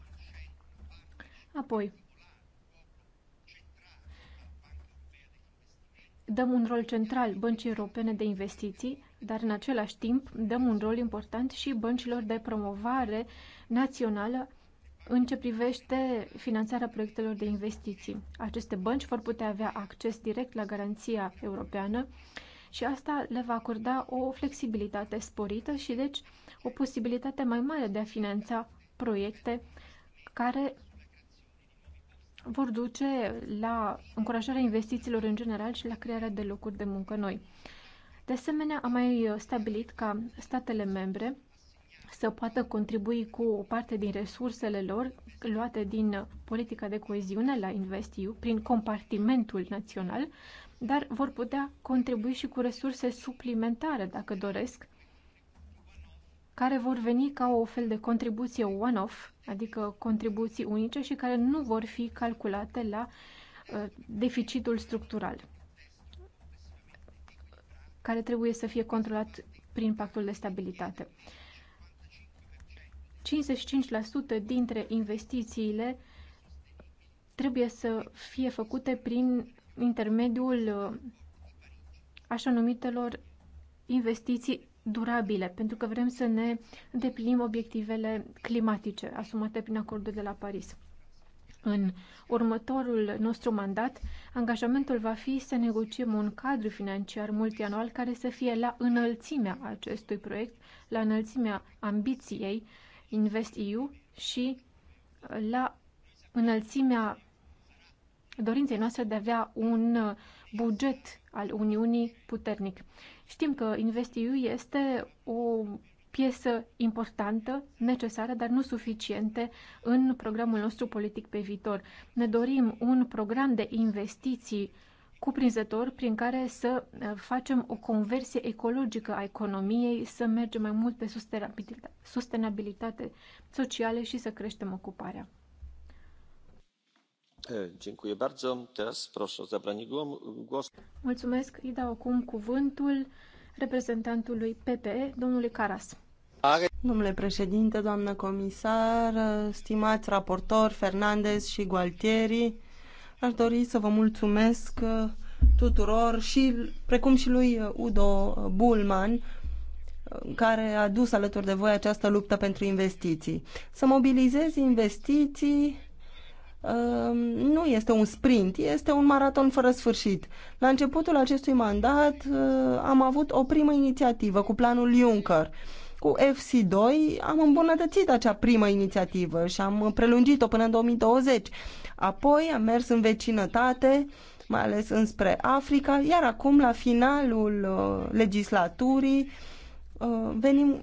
Apoi, dăm un rol central băncii europene de investiții, dar în același timp dăm un rol important și băncilor de promovare națională în ce privește finanțarea proiectelor de investiții. Aceste bănci vor putea avea acces direct la garanția europeană și asta le va acorda o flexibilitate sporită și deci o posibilitate mai mare de a finanța proiecte care vor duce la încurajarea investițiilor în general și la crearea de locuri de muncă noi. De asemenea, am mai stabilit ca statele membre să poată contribui cu o parte din resursele lor luate din politica de coeziune la InvestEU prin compartimentul național, dar vor putea contribui și cu resurse suplimentare dacă doresc care vor veni ca o fel de contribuție one-off, adică contribuții unice și care nu vor fi calculate la uh, deficitul structural, care trebuie să fie controlat prin pactul de stabilitate. 55% dintre investițiile trebuie să fie făcute prin intermediul uh, așa numitelor investiții durabile, pentru că vrem să ne îndeplinim obiectivele climatice asumate prin acordul de la Paris. În următorul nostru mandat, angajamentul va fi să negociem un cadru financiar multianual care să fie la înălțimea acestui proiect, la înălțimea ambiției InvestEU și la înălțimea dorinței noastre de a avea un buget al Uniunii puternic. Știm că InvestEU este o piesă importantă, necesară, dar nu suficientă în programul nostru politic pe viitor. Ne dorim un program de investiții cuprinzător prin care să uh, facem o conversie ecologică a economiei, să mergem mai mult pe sustenabilitate, sustenabilitate socială și să creștem ocuparea. Mulțumesc. Îi dau acum cuvântul reprezentantului PPE, domnului Caras. Domnule președinte, doamnă comisar, stimați raportori Fernandez și Gualtieri, aș dori să vă mulțumesc uh, tuturor și precum și lui uh, Udo Bulman, uh, care a dus alături de voi această luptă pentru investiții. Să mobilizezi investiții Ehm, nu este un sprint, este un maraton fără sfârșit. La începutul acestui mandat eh, am avut o primă inițiativă cu planul Juncker. Cu FC2 am îmbunătățit acea primă inițiativă și am prelungit-o până în 2020. Apoi am mers în vecinătate, mai ales înspre Africa, iar acum, la finalul eh, legislaturii, Uh, venim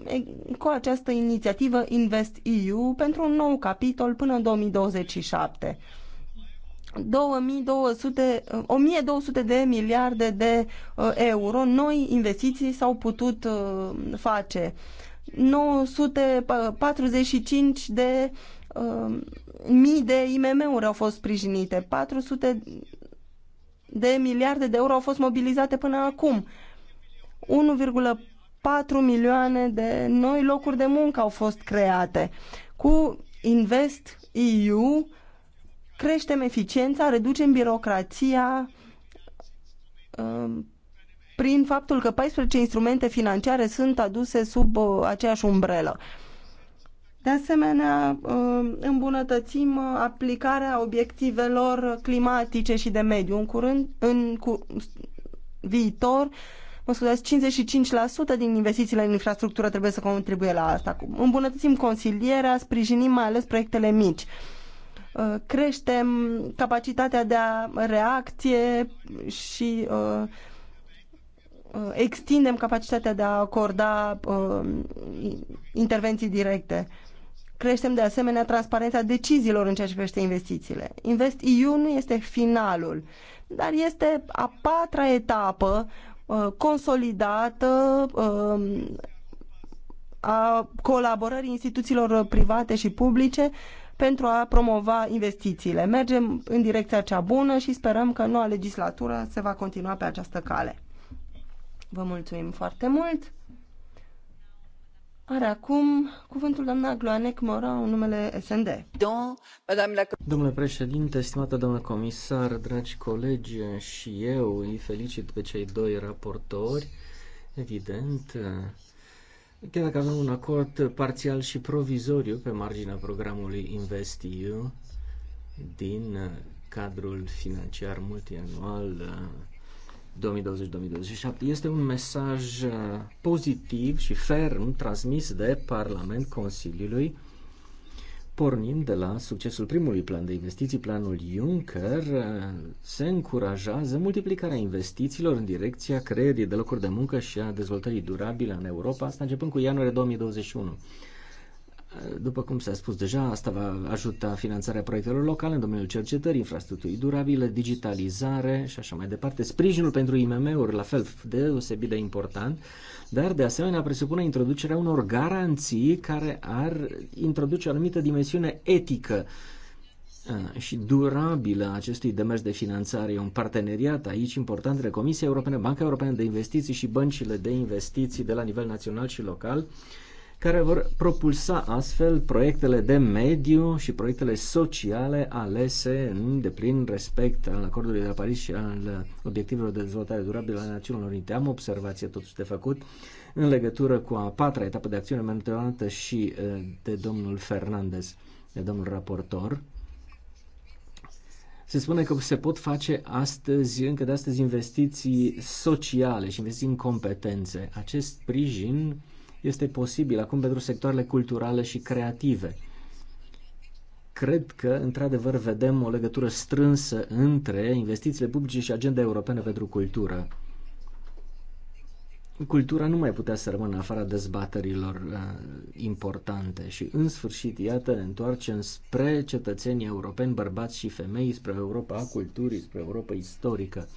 cu această inițiativă Invest EU pentru un nou capitol până în 2027. 2200, 1200 de miliarde de uh, euro noi investiții s-au putut uh, face. 945 de mii de IMM-uri au fost sprijinite, 400 de miliarde de euro au fost mobilizate până acum. 4 milioane de noi locuri de muncă au fost create. Cu Invest EU creștem eficiența, reducem birocrația um, prin faptul că 14 instrumente financiare sunt aduse sub uh, aceeași umbrelă. De asemenea, um, îmbunătățim uh, aplicarea obiectivelor climatice și de mediu. În curând, în cu, viitor, mă scuzați, 55% din investițiile în infrastructură trebuie să contribuie la asta. Îmbunătățim consilierea, sprijinim mai ales proiectele mici uh, creștem capacitatea de a reacție și uh, uh, extindem capacitatea de a acorda intervenții directe. Creștem de asemenea transparența deciziilor în ceea ce privește investițiile. Invest EU nu este finalul, dar este a patra etapă Uh, consolidată uh, a colaborării instituțiilor private și publice pentru a promova investițiile. Mergem în direcția cea bună și sperăm că noua legislatură se va continua pe această cale. Vă mulțumim foarte mult! Are acum cuvântul doamna Gloanec Mora, în numele SND. Domnule președinte, stimată doamnă comisar, dragi colegi și eu îi felicit pe cei doi raportori. Evident, chiar dacă avem un acord parțial și provizoriu pe marginea programului InvestEU din cadrul financiar multianual 2020-2027 este un mesaj uh, pozitiv și ferm transmis de Parlament Consiliului Pornind de la succesul primului plan de investiții, planul Juncker, uh, se încurajează multiplicarea investițiilor în direcția creierii de locuri de muncă și a dezvoltării durabile în Europa, asta începând cu ianuarie 2021. După cum s-a spus deja, asta va ajuta finanțarea proiectelor locale în domeniul cercetării, infrastructurii durabile, digitalizare și așa mai departe. Sprijinul pentru IMM-uri, la fel, deosebit de important, dar de asemenea presupune introducerea unor garanții care ar introduce o anumită dimensiune etică uh, și durabilă acestui demers de finanțare. E un parteneriat aici important între Comisia Europeană, Banca Europeană de Investiții și băncile de investiții de la nivel național și local care vor propulsa astfel proiectele de mediu și proiectele sociale alese în deplin respect al acordului de la Paris și al obiectivelor de dezvoltare durabilă ale Națiunilor Unite. Am observație totuși de făcut în legătură cu a patra etapă de acțiune menționată și eh, de domnul Fernandez, de domnul raportor. Se spune că se pot face astăzi, încă de astăzi, investiții sociale și investiții în competențe. Acest sprijin este posibil acum pentru sectoarele culturale și creative. Cred că, într-adevăr, vedem o legătură strânsă între investițiile publice și agenda europeană pentru cultură. Cultura nu mai putea să rămână afara dezbaterilor uh, importante și, în sfârșit, iată, ne întoarcem spre cetățenii europeni, bărbați și femei, spre Europa a culturii, spre Europa istorică.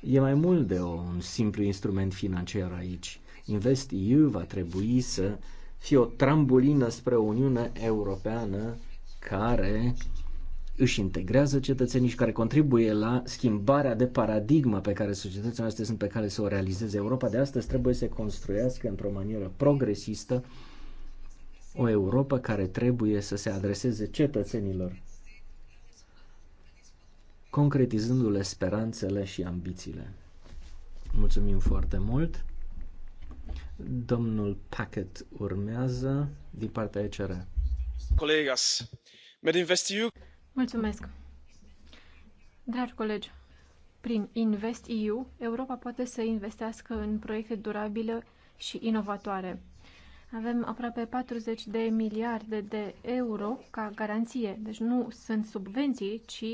E mai mult de un simplu instrument financiar aici. InvestEU va trebui să fie o trambulină spre o Uniune Europeană care își integrează cetățenii și care contribuie la schimbarea de paradigma pe care societățile noastre sunt pe care să o realizeze. Europa de astăzi trebuie să construiască într-o manieră progresistă o Europa care trebuie să se adreseze cetățenilor, concretizându-le speranțele și ambițiile. Mulțumim foarte mult! Domnul Packet urmează din partea ECR. Colegas, med InvestEU... Mulțumesc. Dragi colegi, prin InvestEU, Europa poate să investească în proiecte durabile și inovatoare. Avem aproape 40 de miliarde de euro ca garanție, deci nu sunt subvenții, ci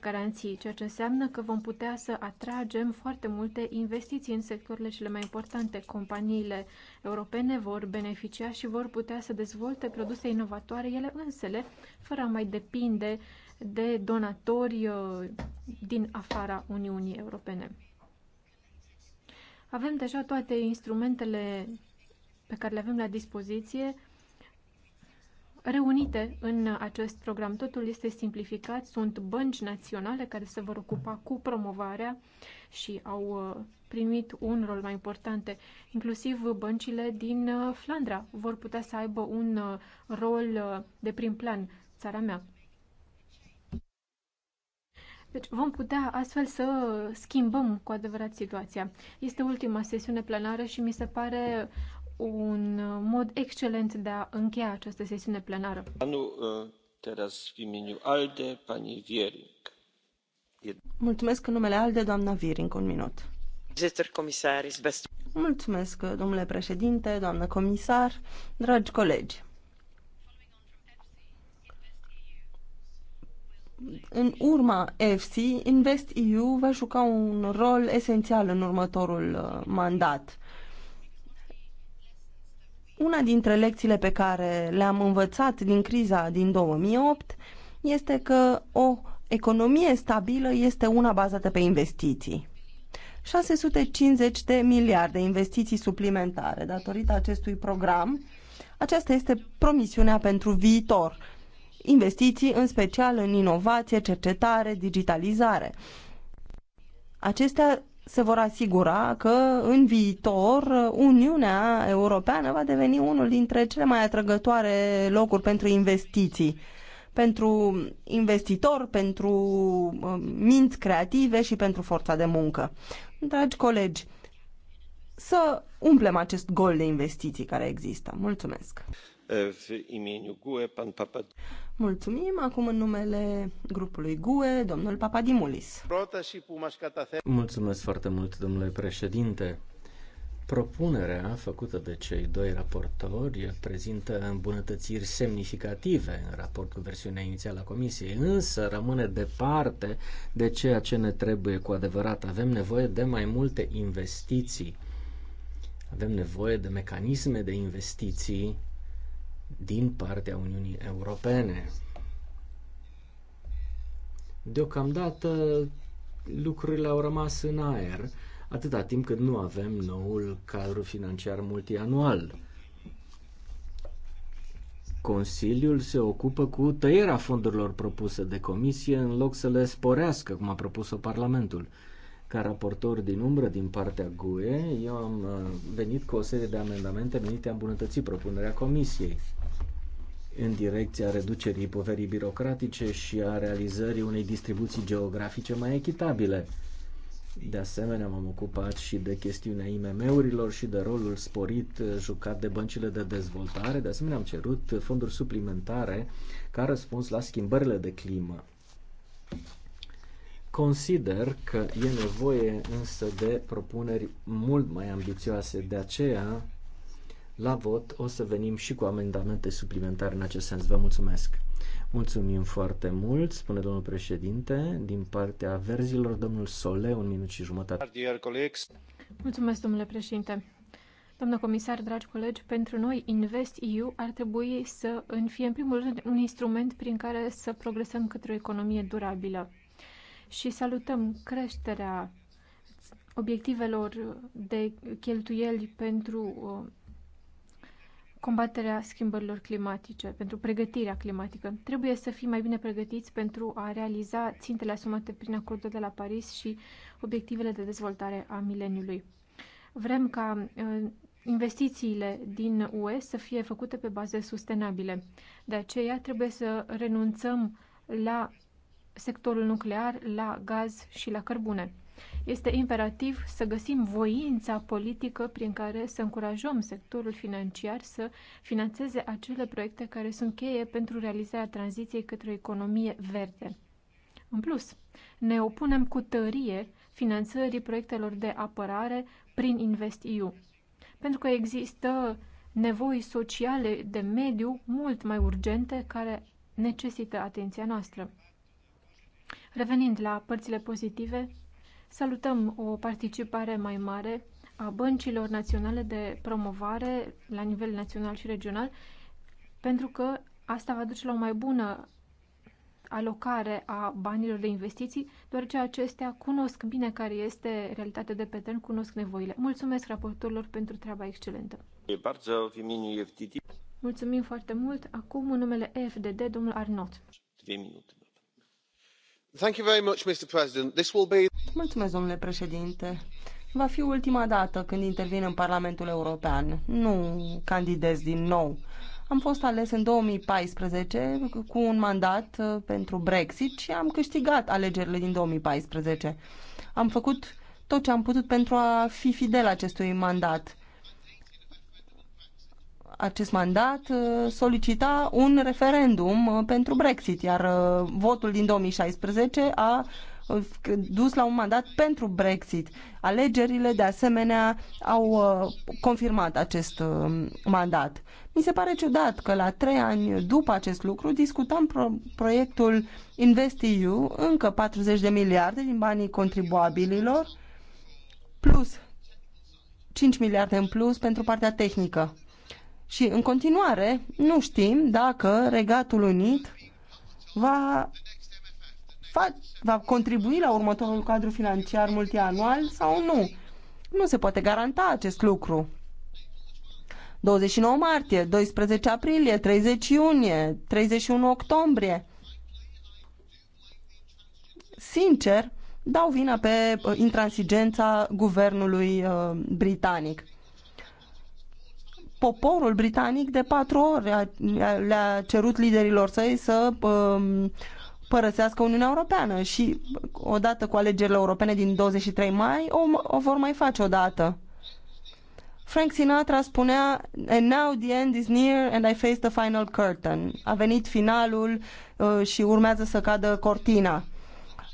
garanții, ceea ce înseamnă că vom putea să atragem foarte multe investiții în sectorile cele mai importante. Companiile europene vor beneficia și vor putea să dezvolte produse inovatoare ele însele, fără a mai depinde de donatori uh, din afara Uniunii Europene. Avem deja toate instrumentele pe care le avem la dispoziție reunite în acest program. Totul este simplificat, sunt bănci naționale care se vor ocupa cu promovarea și au uh, primit un rol mai important. Inclusiv băncile din uh, Flandra vor putea să aibă un uh, rol de prim plan, țara mea. Deci vom putea astfel să schimbăm cu adevărat situația. Este ultima sesiune plenară și mi se pare un uh, mod excelent de a încheia această sesiune plenară. Uh, Mulțumesc în numele ALDE, doamna Viring, un minut. Mulțumesc, domnule președinte, doamnă comisar, dragi colegi. În urma EFSI, InvestEU va juca un rol esențial în următorul uh, mandat una dintre lecțiile pe care le-am învățat din criza din 2008 este că o economie stabilă este una bazată pe investiții. 650 de miliarde investiții suplimentare datorită acestui program. Aceasta este promisiunea pentru viitor. Investiții în special în inovație, cercetare, digitalizare. Acestea se vor asigura că în viitor Uniunea Europeană va deveni unul dintre cele mai atrăgătoare locuri pentru investiții pentru investitori, pentru uh, minți creative și pentru forța de muncă. Dragi colegi, să umplem acest gol de investiții care există. Mulțumesc! Mulțumim. Acum în numele grupului GUE, domnul Papadimulis. Mulțumesc foarte mult, domnule președinte. Propunerea făcută de cei doi raportori prezintă îmbunătățiri semnificative în raport cu versiunea inițială a Comisiei, însă rămâne departe de ceea ce ne trebuie cu adevărat. Avem nevoie de mai multe investiții. Avem nevoie de mecanisme de investiții din partea Uniunii Europene. Deocamdată lucrurile au rămas în aer atâta timp cât nu avem noul cadru financiar multianual. Consiliul se ocupă cu tăierea fondurilor propuse de comisie în loc să le sporească, cum a propus-o Parlamentul. Ca raportor din umbră din partea GUE, eu am uh, venit cu o serie de amendamente menite a îmbunătăți propunerea comisiei în direcția reducerii poverii birocratice și a realizării unei distribuții geografice mai echitabile. De asemenea, m-am ocupat și de chestiunea IMM-urilor și de rolul sporit eh, jucat de băncile de dezvoltare. De asemenea, am cerut fonduri suplimentare ca răspuns la schimbările de climă. Consider că e nevoie însă de propuneri mult mai ambițioase, de aceea la vot o să venim și cu amendamente suplimentare în acest sens. Vă mulțumesc! Mulțumim foarte mult, spune domnul președinte, din partea verzilor, domnul Sole, un minut și jumătate. Mulțumesc, domnule președinte. Doamnă comisar, dragi colegi, pentru noi Invest EU ar trebui să fie în primul rând un instrument prin care să progresăm către o economie durabilă. Și salutăm creșterea obiectivelor de cheltuieli pentru uh, combaterea schimbărilor climatice, pentru pregătirea climatică. Trebuie să fim mai bine pregătiți pentru a realiza țintele asumate prin acordul de la Paris și obiectivele de dezvoltare a mileniului. Vrem ca ă, investițiile din UE să fie făcute pe baze sustenabile. De aceea trebuie să renunțăm la sectorul nuclear, la gaz și la cărbune. Este imperativ să găsim voința politică prin care să încurajăm sectorul financiar să finanțeze acele proiecte care sunt cheie pentru realizarea tranziției către o economie verde. În plus, ne opunem cu tărie finanțării proiectelor de apărare prin InvestEU, pentru că există nevoi sociale de mediu mult mai urgente care necesită atenția noastră. Revenind la părțile pozitive, Salutăm o participare mai mare a băncilor naționale de promovare la nivel național și regional, pentru că asta va duce la o mai bună alocare a banilor de investiții, deoarece acestea cunosc bine care este realitatea de pe teren, cunosc nevoile. Mulțumesc raportorilor pentru treaba excelentă. Mulțumim foarte mult. Acum, în numele FDD, domnul Arnot. 3 minute. Mulțumesc, domnule președinte. Va fi ultima dată când intervin în Parlamentul European. Nu candidez din nou. Am fost ales în 2014 cu un mandat uh, pentru Brexit și am câștigat alegerile din 2014. Am făcut tot ce am putut pentru a fi fidel acestui mandat acest mandat uh, solicita un referendum uh, pentru Brexit, iar uh, votul din 2016 a dus la un mandat pentru Brexit. Alegerile, de asemenea, au confirmat acest mandat. Mi se pare ciudat că la trei ani după acest lucru discutăm pro- proiectul InvestEU, încă 40 de miliarde din banii contribuabililor, plus 5 miliarde în plus pentru partea tehnică. Și în continuare nu știm dacă Regatul Unit va, va, va contribui la următorul cadru financiar multianual sau nu. Nu se poate garanta acest lucru. 29 martie, 12 aprilie, 30 iunie, 31 octombrie. Sincer, dau vina pe uh, intransigența guvernului uh, britanic poporul britanic de patru ori le-a cerut liderilor săi să um, părăsească Uniunea Europeană și odată cu alegerile europene din 23 mai o, o vor mai face odată. Frank Sinatra spunea And now the end is near and I face the final curtain. A venit finalul uh, și urmează să cadă cortina.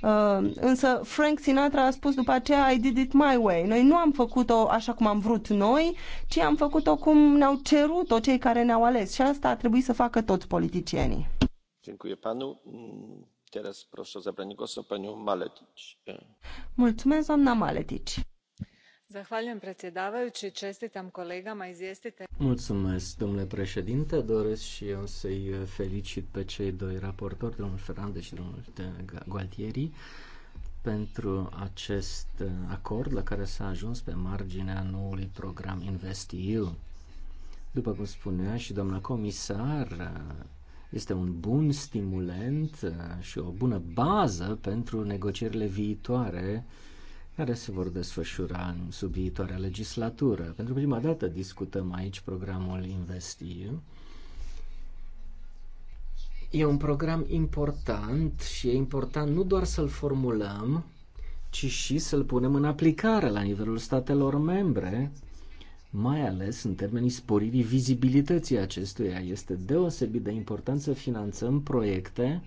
Uh, însă Frank Sinatra a spus după aceea I did it my way. Noi nu am făcut-o așa cum am vrut noi, ci am făcut-o cum ne-au cerut-o cei care ne-au ales. Și asta a trebuit să facă toți politicienii. Mulțumesc, doamna Maletici. Mulțumesc, domnule președinte. Doresc și eu să-i felicit pe cei doi raportori, domnul Fernandez și domnul Gualtieri, pentru acest acord la care s-a ajuns pe marginea noului program InvestEU. După cum spunea și doamna comisar, este un bun stimulent și o bună bază pentru negocierile viitoare care se vor desfășura în sub viitoarea legislatură. Pentru prima dată discutăm aici programul Investiu. E un program important și e important nu doar să-l formulăm, ci și să-l punem în aplicare la nivelul statelor membre, mai ales în termenii sporirii vizibilității acestuia. Este deosebit de important să finanțăm proiecte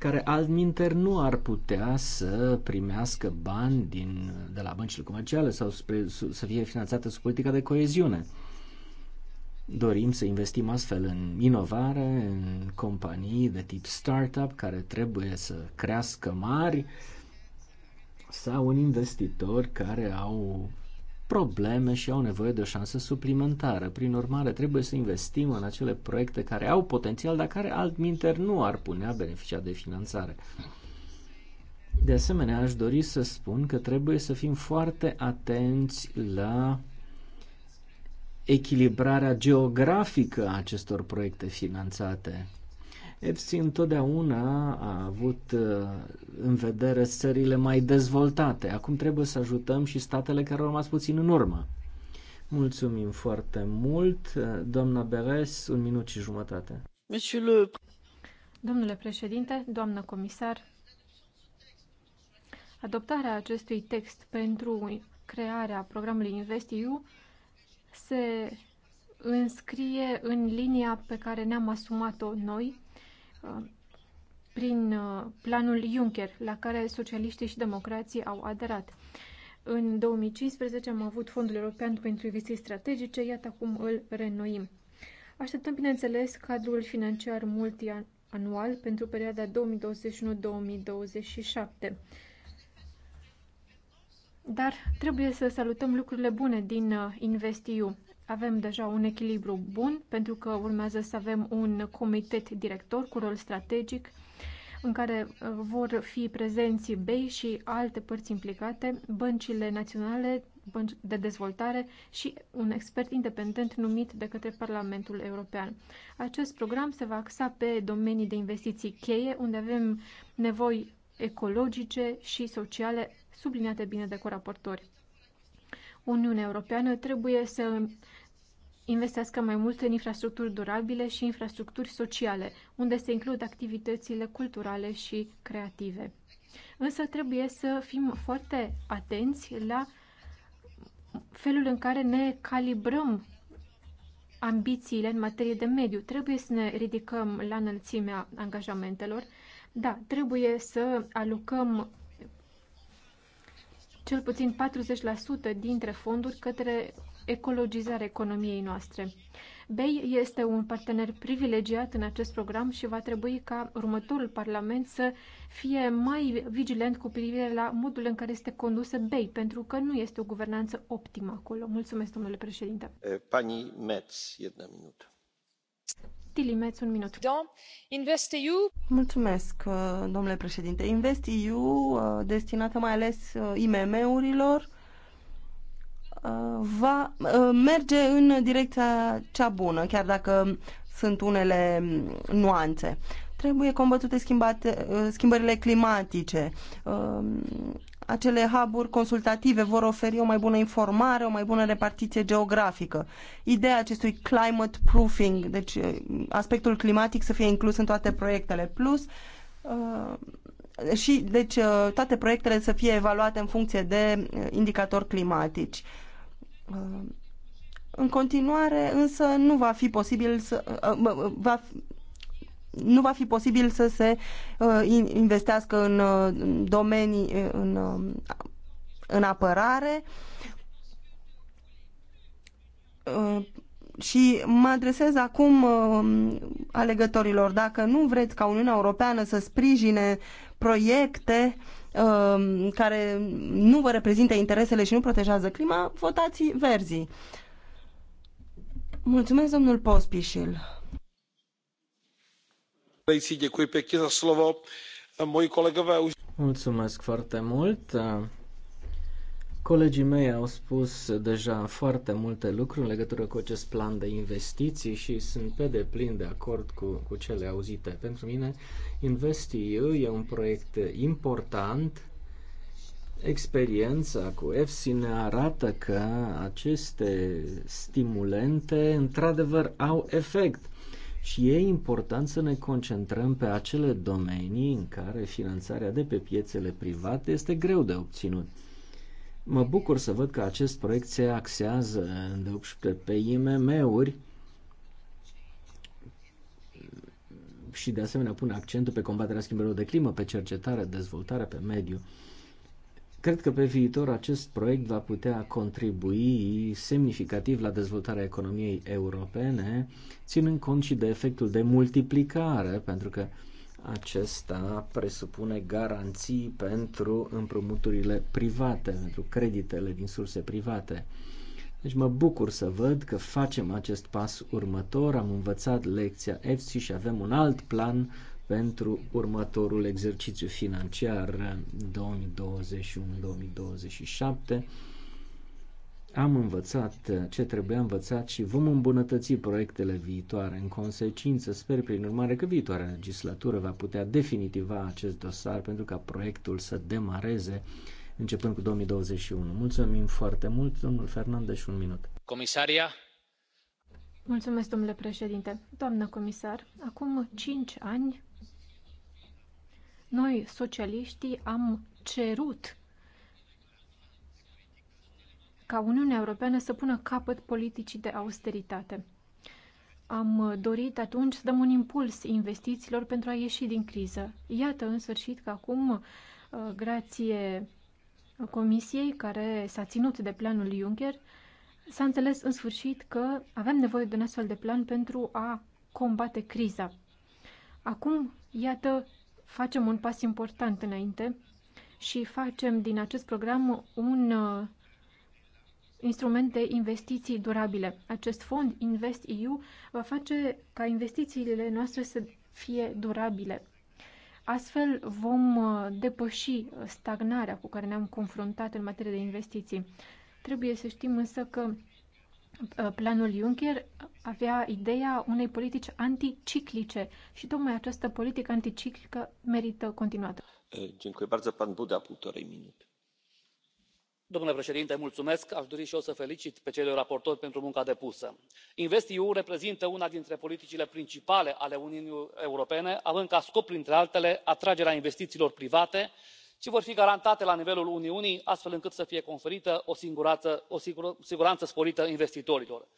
care altminteri nu ar putea să primească bani din, de la băncile comerciale sau spre, să fie finanțate sub politica de coeziune. Dorim să investim astfel în inovare, în companii de tip startup care trebuie să crească mari sau în investitori care au probleme și au nevoie de o șansă suplimentară. Prin urmare, trebuie să investim în acele proiecte care au potențial, dar care altminteri nu ar punea beneficia de finanțare. De asemenea, aș dori să spun că trebuie să fim foarte atenți la echilibrarea geografică a acestor proiecte finanțate. EFSI întotdeauna a avut uh, în vedere țările mai dezvoltate. Acum trebuie să ajutăm și statele care au rămas puțin în urmă. Mulțumim foarte mult. Uh, doamna Beres, un minut și jumătate. Domnule președinte, doamnă comisar, adoptarea acestui text pentru crearea programului InvestEU se înscrie în linia pe care ne-am asumat-o noi Uh, prin uh, planul Juncker, la care socialiștii și democrații au aderat. În 2015 am avut Fondul European pentru Investiții Strategice, iată acum îl renoim. Așteptăm, bineînțeles, cadrul financiar multianual pentru perioada 2021-2027. Dar trebuie să salutăm lucrurile bune din uh, InvestEU avem deja un echilibru bun, pentru că urmează să avem un comitet director cu rol strategic, în care uh, vor fi prezenți BEI și alte părți implicate, băncile naționale, bănci de dezvoltare și un expert independent numit de către Parlamentul European. Acest program se va axa pe domenii de investiții cheie, unde avem nevoi ecologice și sociale subliniate bine de coraportori. Uniunea Europeană trebuie să investească mai mult în infrastructuri durabile și infrastructuri sociale, unde se includ activitățile culturale și creative. Însă trebuie să fim foarte atenți la felul în care ne calibrăm ambițiile în materie de mediu. Trebuie să ne ridicăm la înălțimea angajamentelor. Da, trebuie să alocăm cel puțin 40% dintre fonduri către ecologizarea economiei noastre. BEI este un partener privilegiat în acest program și va trebui ca următorul Parlament să fie mai vigilent cu privire la modul în care este condusă BEI, pentru că nu este o guvernanță optimă acolo. Mulțumesc, domnule președinte. Pani Metz, jedna minut. Tili Metz, un minut. InvestEU. Mulțumesc, uh, domnule președinte. InvestEU, uh, destinată mai ales uh, IMM-urilor, Uh, va uh, merge în direcția cea bună, chiar dacă sunt unele nuanțe. Trebuie combătute schimbate, uh, schimbările climatice. Acele hub-uri consultative vor oferi o mai bună informare, o mai bună repartiție geografică. Ideea acestui climate proofing, deci aspectul climatic să fie inclus în toate proiectele. Plus, și deci toate proiectele să fie evaluate în funcție de indicatori climatici. În continuare, însă, nu va fi posibil să uh, uh, uh, va, nu va fi posibil să se investească în domenii în, um, în apărare și mă adresez acum um, alegătorilor. Dacă nu vreți ca Uniunea Europeană să sprijine proiecte uh, Um, care nu vă reprezintă interesele și nu protejează clima, votați verzii. Mulțumesc, domnul Pospișil. Mulțumesc foarte mult. Colegii mei au spus deja foarte multe lucruri în legătură cu acest plan de investiții și sunt pe deplin de acord cu, cu cele auzite. Pentru mine, InvestEU e un proiect important. Experiența cu EFSI ne arată că aceste stimulente într-adevăr au efect. Și e important să ne concentrăm pe acele domenii în care finanțarea de pe piețele private este greu de obținut Mă bucur să văd că acest proiect se axează îndeopște pe IMM-uri și de asemenea pune accentul pe combaterea schimbărilor de climă, pe cercetare, dezvoltare, pe mediu. Cred că pe viitor acest proiect va putea contribui semnificativ la dezvoltarea economiei europene, ținând cont și de efectul de multiplicare, pentru că uh, acesta presupune garanții pentru împrumuturile private, pentru creditele din surse private. Deci mă bucur să văd că facem acest pas următor, am învățat lecția EFSI și avem un alt plan pentru următorul exercițiu financiar 2021-2027 am învățat ce trebuie învățat și vom îmbunătăți proiectele viitoare. În consecință, sper prin urmare că viitoarea legislatură va putea definitiva acest dosar pentru ca proiectul să demareze începând cu 2021. Mulțumim foarte mult, domnul Fernandez, un minut. Comisaria. Mulțumesc, domnule președinte. Doamnă comisar, acum 5 ani noi, socialiștii, am cerut ca Uniunea Europeană să pună capăt politicii de austeritate. Am dorit atunci să dăm un impuls investițiilor pentru a ieși din criză. Iată, în sfârșit, că acum, uh, grație Comisiei, care s-a ținut de planul Juncker, s-a înțeles în sfârșit că avem nevoie de un astfel de plan pentru a combate criza. Acum, iată, facem un pas important înainte și facem din acest program un uh, instrument de investiții durabile. Acest fond InvestEU va face ca investițiile noastre să fie durabile. Astfel vom uh, depăși stagnarea cu care ne-am confruntat în materie de investiții. Trebuie să știm însă că uh, planul Juncker avea ideea unei politici anticiclice și tocmai această politică anticiclică merită continuată. Mulțumesc, eh, Pan Buda, minute domnule președinte aș dori și eu să îi felicit pe cei doi raportori pentru munca depusă. investeu reprezintă una dintre politicile principale ale uniunii europene având ca scop printre altele atragerea investițiilor private ce vor fi garantate la nivelul uniunii astfel încât să fie conferită o siguranță sporită investitorilor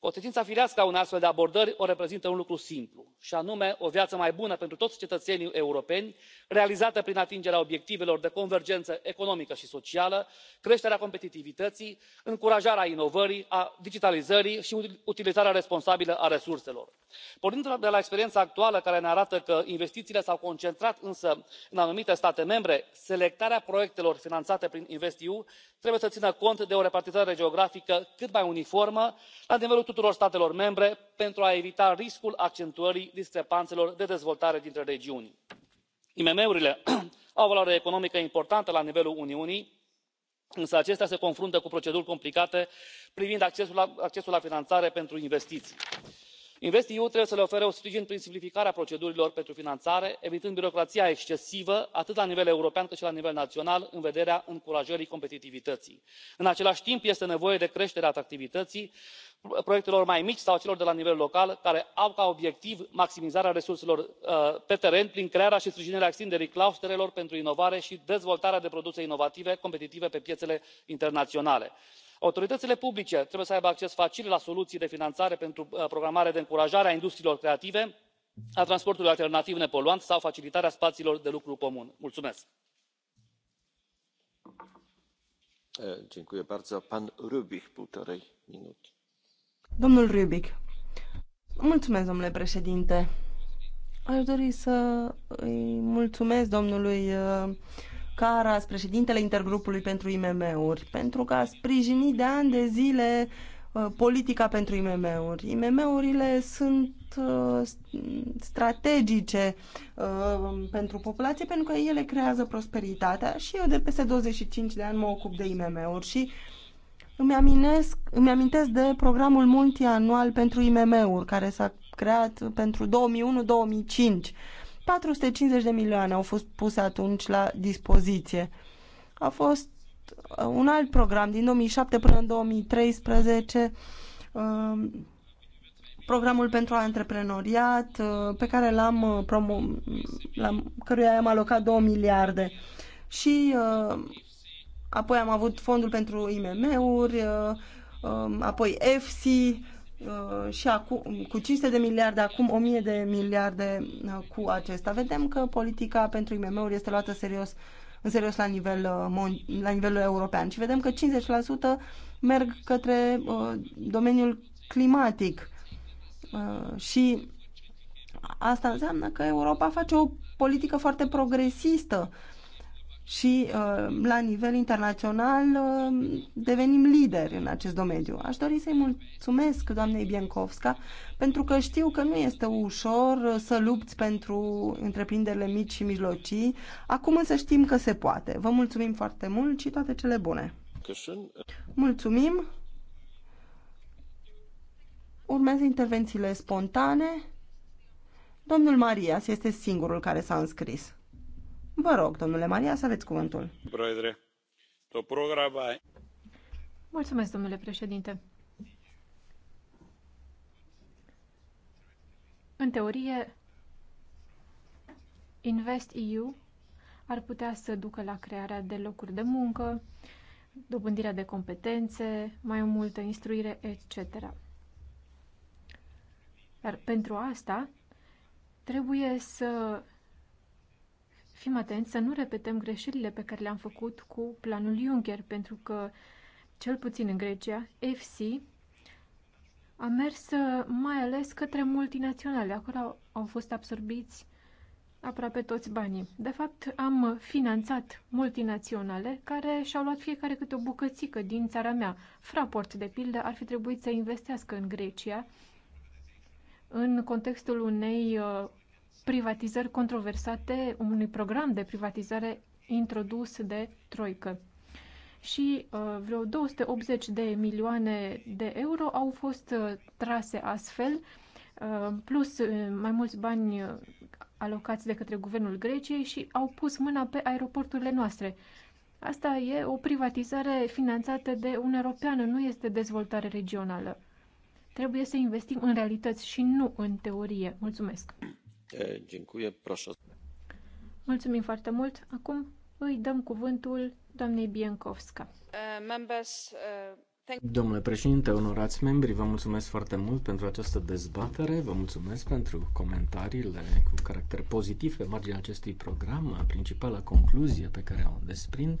consecința firească a unei astfel de abordări o reprezintă un lucru simplu și anume o viață mai bună pentru toți cetățenii europeni realizată prin atingerea obiectivelor de convergență economică și socială creșterea competitivității încurajarea inovării a digitalizării și utilizarea responsabilă a resurselor pornind de la experiența actuală care ne arată că investițiile s au concentrat însă în anumite state membre selectarea proiectelor finanțate prin investeu trebuie să țină cont de o repartizare geografică cât mai uniformă la nivelul tuturor statelor membre pentru a evita riscul accentuării discrepanțelor de dezvoltare dintre regiuni. imm urile au o valoare economică importantă la nivelul uniunii însă acestea se confruntă cu proceduri complicate privind accesul la finanțare pentru investiții investeu trebuie să le ofere un sprijin prin simplificarea procedurilor pentru finanțare evitând birocrația excesivă atât la nivel european cât și la nivel național în vederea încurajării competitivității. în același timp este nevoie de creșterea atractivității proiectelor mai mici sau a celor de la nivel local care au ca obiectiv maximizarea resurselor uh, pe teren prin crearea și sprijinirea extinderii clusterelor pentru inovare și dezvoltarea de produse inovative competitive pe piețele internaționale autoritățile publice trebuie să aibă acces facil la soluții de finanțare pentru uh, programarea de încurajare a industriilor creative a transportului alternativ nepoluant sau facilitarea spațiilor de lucru comun. mulțumesc. Mulțumesc, domnule președinte aș dori să îi mulțumesc domnului uh, Caras, președintele intergrupului pentru IMM-uri, pentru că a sprijinit de ani de zile uh, politica pentru IMM-uri. IMM-urile sunt uh, strategice uh, pentru populație pentru că ele creează prosperitatea și eu de peste 25 de ani mă ocup de IMM-uri și îmi, aminesc, îmi amintesc de programul multianual pentru IMM-uri care s-a creat pentru 2001-2005 450 de milioane au fost puse atunci la dispoziție. A fost uh, un alt program din 2007 până în 2013, uh, programul pentru antreprenoriat, uh, pe care l-am promo- căruia am alocat 2 miliarde. Și apoi am avut fondul pentru IMM-uri, um, apoi EFSI, Uh, și acum, cu 500 de miliarde, acum 1000 de miliarde uh, cu acesta. Vedem că politica pentru IMM-uri este luată serios, în serios la, nivel, uh, la nivelul european și vedem că 50% merg către domeniul climatic și asta înseamnă că Europa face o politică foarte progresistă și uh, la nivel internațional uh, devenim lideri în acest domeniu. Aș dori să-i mulțumesc doamnei Biancovska pentru că știu că nu este ușor uh, să lupți pentru întreprinderile mici și mijlocii. Acum însă știm că se poate. Vă mulțumim foarte mult și toate cele bune. Mulțumim. Urmează intervențiile spontane. Domnul Marias este singurul care s-a înscris. Vă rog, domnule Maria, să aveți cuvântul. Mulțumesc, domnule președinte. În teorie, Invest EU ar putea să ducă la crearea de locuri de muncă, dobândirea de competențe, mai multă instruire, etc. Dar pentru asta trebuie să fim atenți să nu repetăm greșelile pe care le-am făcut cu planul Juncker, pentru că, cel puțin în Grecia, FC a mers mai ales către multinaționale. Acolo au fost absorbiți aproape toți banii. De fapt, am finanțat multinaționale care și-au luat fiecare câte o bucățică din țara mea. Fraport, de pildă, ar fi trebuit să investească în Grecia în contextul unei uh, privatizări controversate, unui program de privatizare introdus de Troică. Și uh, vreo 280 de milioane de euro au fost uh, trase astfel, uh, plus uh, mai mulți bani uh, alocați de către guvernul Greciei și au pus mâna pe aeroporturile noastre. Asta e o privatizare finanțată de Uniunea Europeană, nu este dezvoltare regională. Trebuie să investim în realități și nu în teorie. Mulțumesc! Mulțumim foarte mult. Acum îi dăm cuvântul doamnei Biencovska. Uh, uh, Domnule președinte, onorați membri, vă mulțumesc foarte mult pentru această dezbatere, vă mulțumesc pentru comentariile cu caracter pozitiv pe marginea acestui program. Principala concluzie pe care o desprind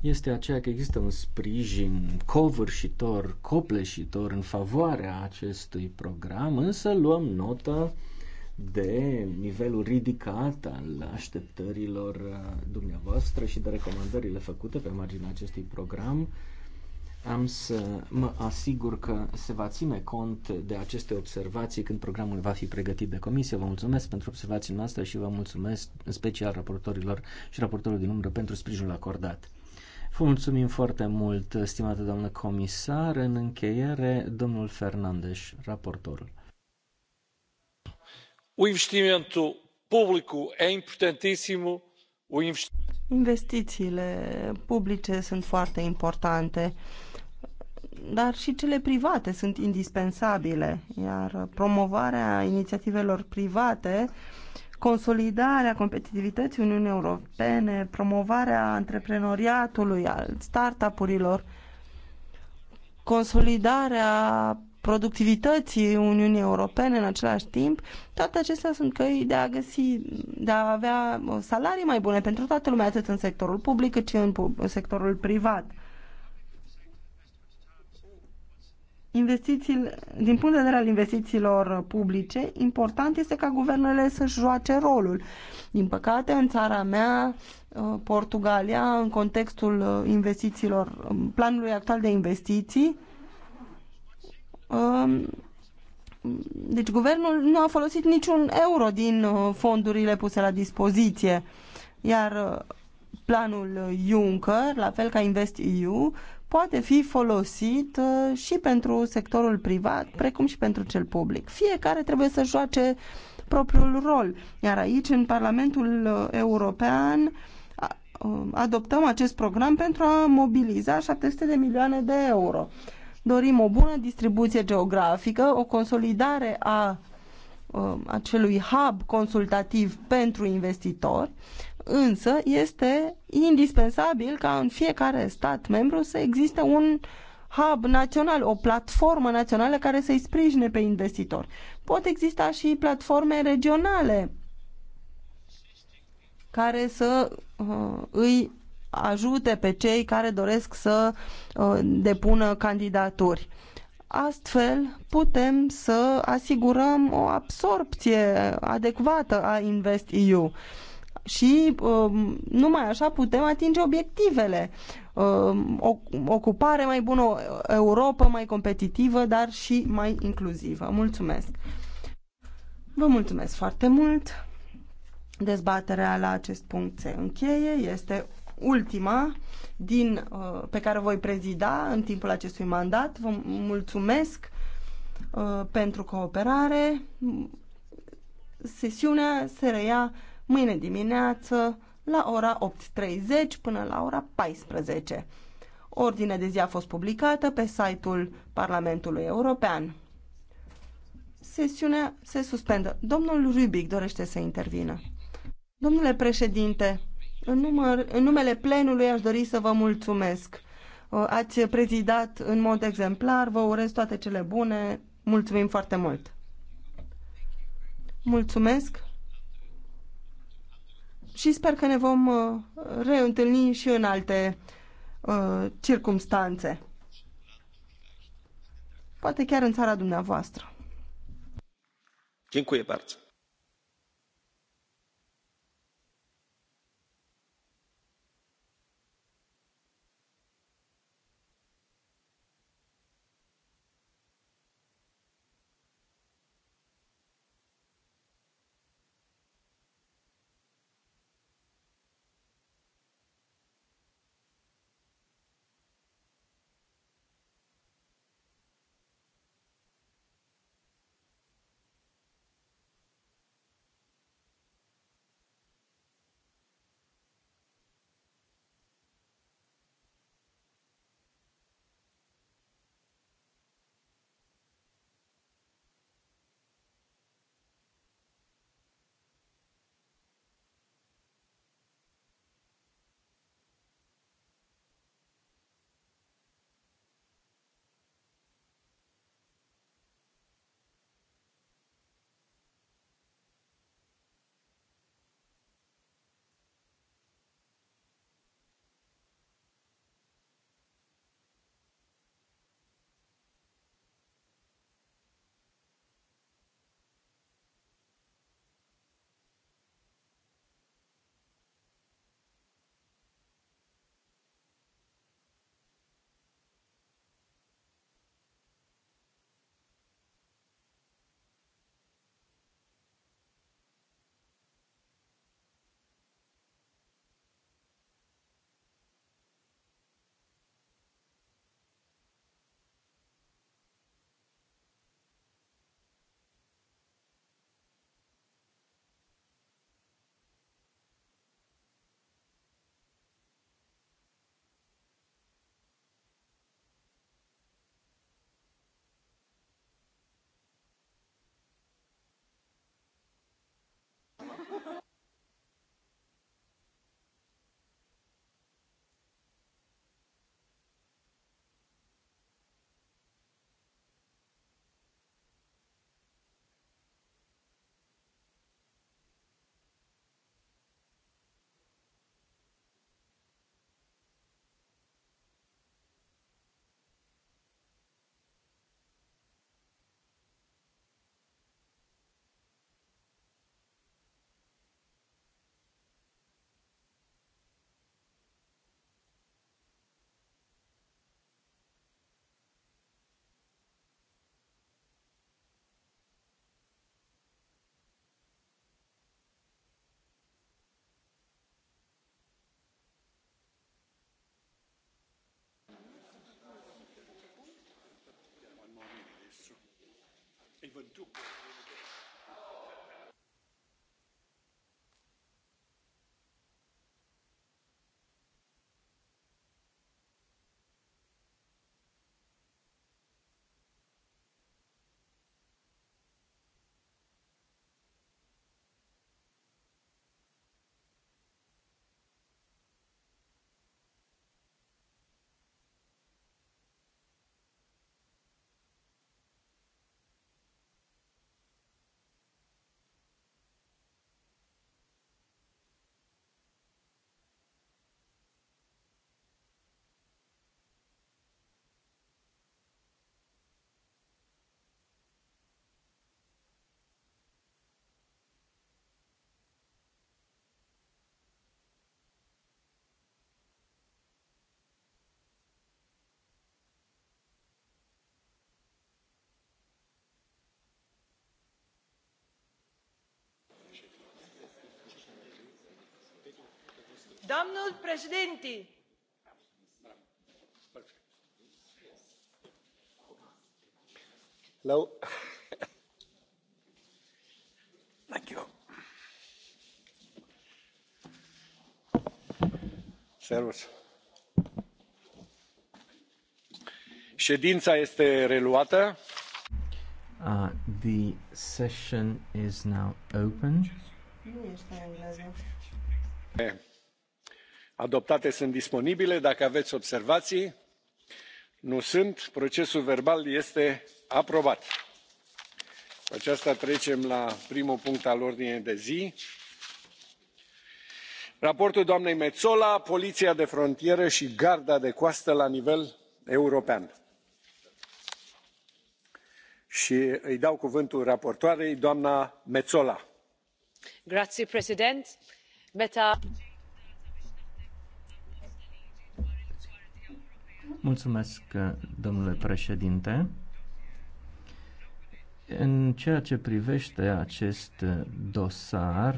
este aceea că există un sprijin covârșitor, copleșitor în favoarea acestui program, însă luăm notă de nivelul ridicat al așteptărilor uh, dumneavoastră și de recomandările făcute pe marginea acestui program. Am să mă asigur că se va ține cont de aceste observații când programul va fi pregătit de comisie. Vă mulțumesc pentru observații noastre și vă mulțumesc în special raportorilor și raportorilor din umbră pentru sprijinul acordat. Vă mulțumim foarte mult, stimată doamnă comisar. În încheiere, domnul Fernandes, raportorul. Investițiile publice sunt foarte importante, dar și cele private sunt indispensabile, iar promovarea inițiativelor private, consolidarea competitivității Uniunii Europene, promovarea antreprenoriatului, al startup-urilor, consolidarea productivității Uniunii Europene în același timp, toate acestea sunt căi de a găsi, de a avea uh, salarii mai bune pentru toată lumea, atât în sectorul public cât și în sectorul privat. Investițiile, din punct de vedere al investițiilor publice, important este ca guvernele să-și joace rolul. Din păcate, în țara mea, uh, Portugalia, în contextul uh, investițiilor, um, planului actual de investiții, Um, deci guvernul nu a folosit niciun euro din uh, fondurile puse la dispoziție. Iar uh, planul Juncker, la fel ca InvestEU, poate fi folosit uh, și pentru sectorul privat, precum și pentru cel public. Fiecare trebuie să joace propriul rol. Iar aici, în Parlamentul European, um, adoptăm acest program pentru a mobiliza 700 de milioane de euro. Dorim o bună distribuție geografică, o consolidare a um, acelui hub consultativ pentru investitori, însă este indispensabil ca în fiecare stat membru să existe un hub național, o platformă națională care să-i sprijine pe investitori. Pot exista și platforme regionale care să uh, îi ajute pe cei care doresc să uh, depună candidaturi. Astfel putem să asigurăm o absorpție adecvată a InvestEU și uh, numai așa putem atinge obiectivele. Uh, o ocupare mai bună, o Europa mai competitivă, dar și mai inclusivă. Mulțumesc! Vă mulțumesc foarte mult! Dezbaterea la acest punct se încheie. Este ultima din, uh, pe care voi prezida în timpul acestui mandat. Vă mulțumesc uh, pentru cooperare. Sesiunea se reia mâine dimineață la ora 8.30 până la ora 14. Ordinea de zi a fost publicată pe site-ul Parlamentului European. Sesiunea se suspendă. Domnul Rubic dorește să intervină. Domnule președinte, în, număr, în numele plenului aș dori să vă mulțumesc. Uh, ați prezidat în mod exemplar, vă urez toate cele bune, mulțumim foarte mult. Mulțumesc și sper că ne vom uh, reîntâlni și în alte uh, circumstanțe. Poate chiar în țara dumneavoastră. Dziękuję bardzo. even do. domnul președinte ședința este reluată. Uh, the session is now open. Nu este engleză adoptate sunt disponibile dacă aveți observații. nu sunt. procesul verbal este aprobat. cu aceasta trecem la primul punct al ordinii de zi raportul doamnei metsola poliția de frontieră și garda de coastă la nivel european și îi dau cuvântul raportoarei doamna metsola. Mulțumesc, domnule președinte. În ceea ce privește acest dosar,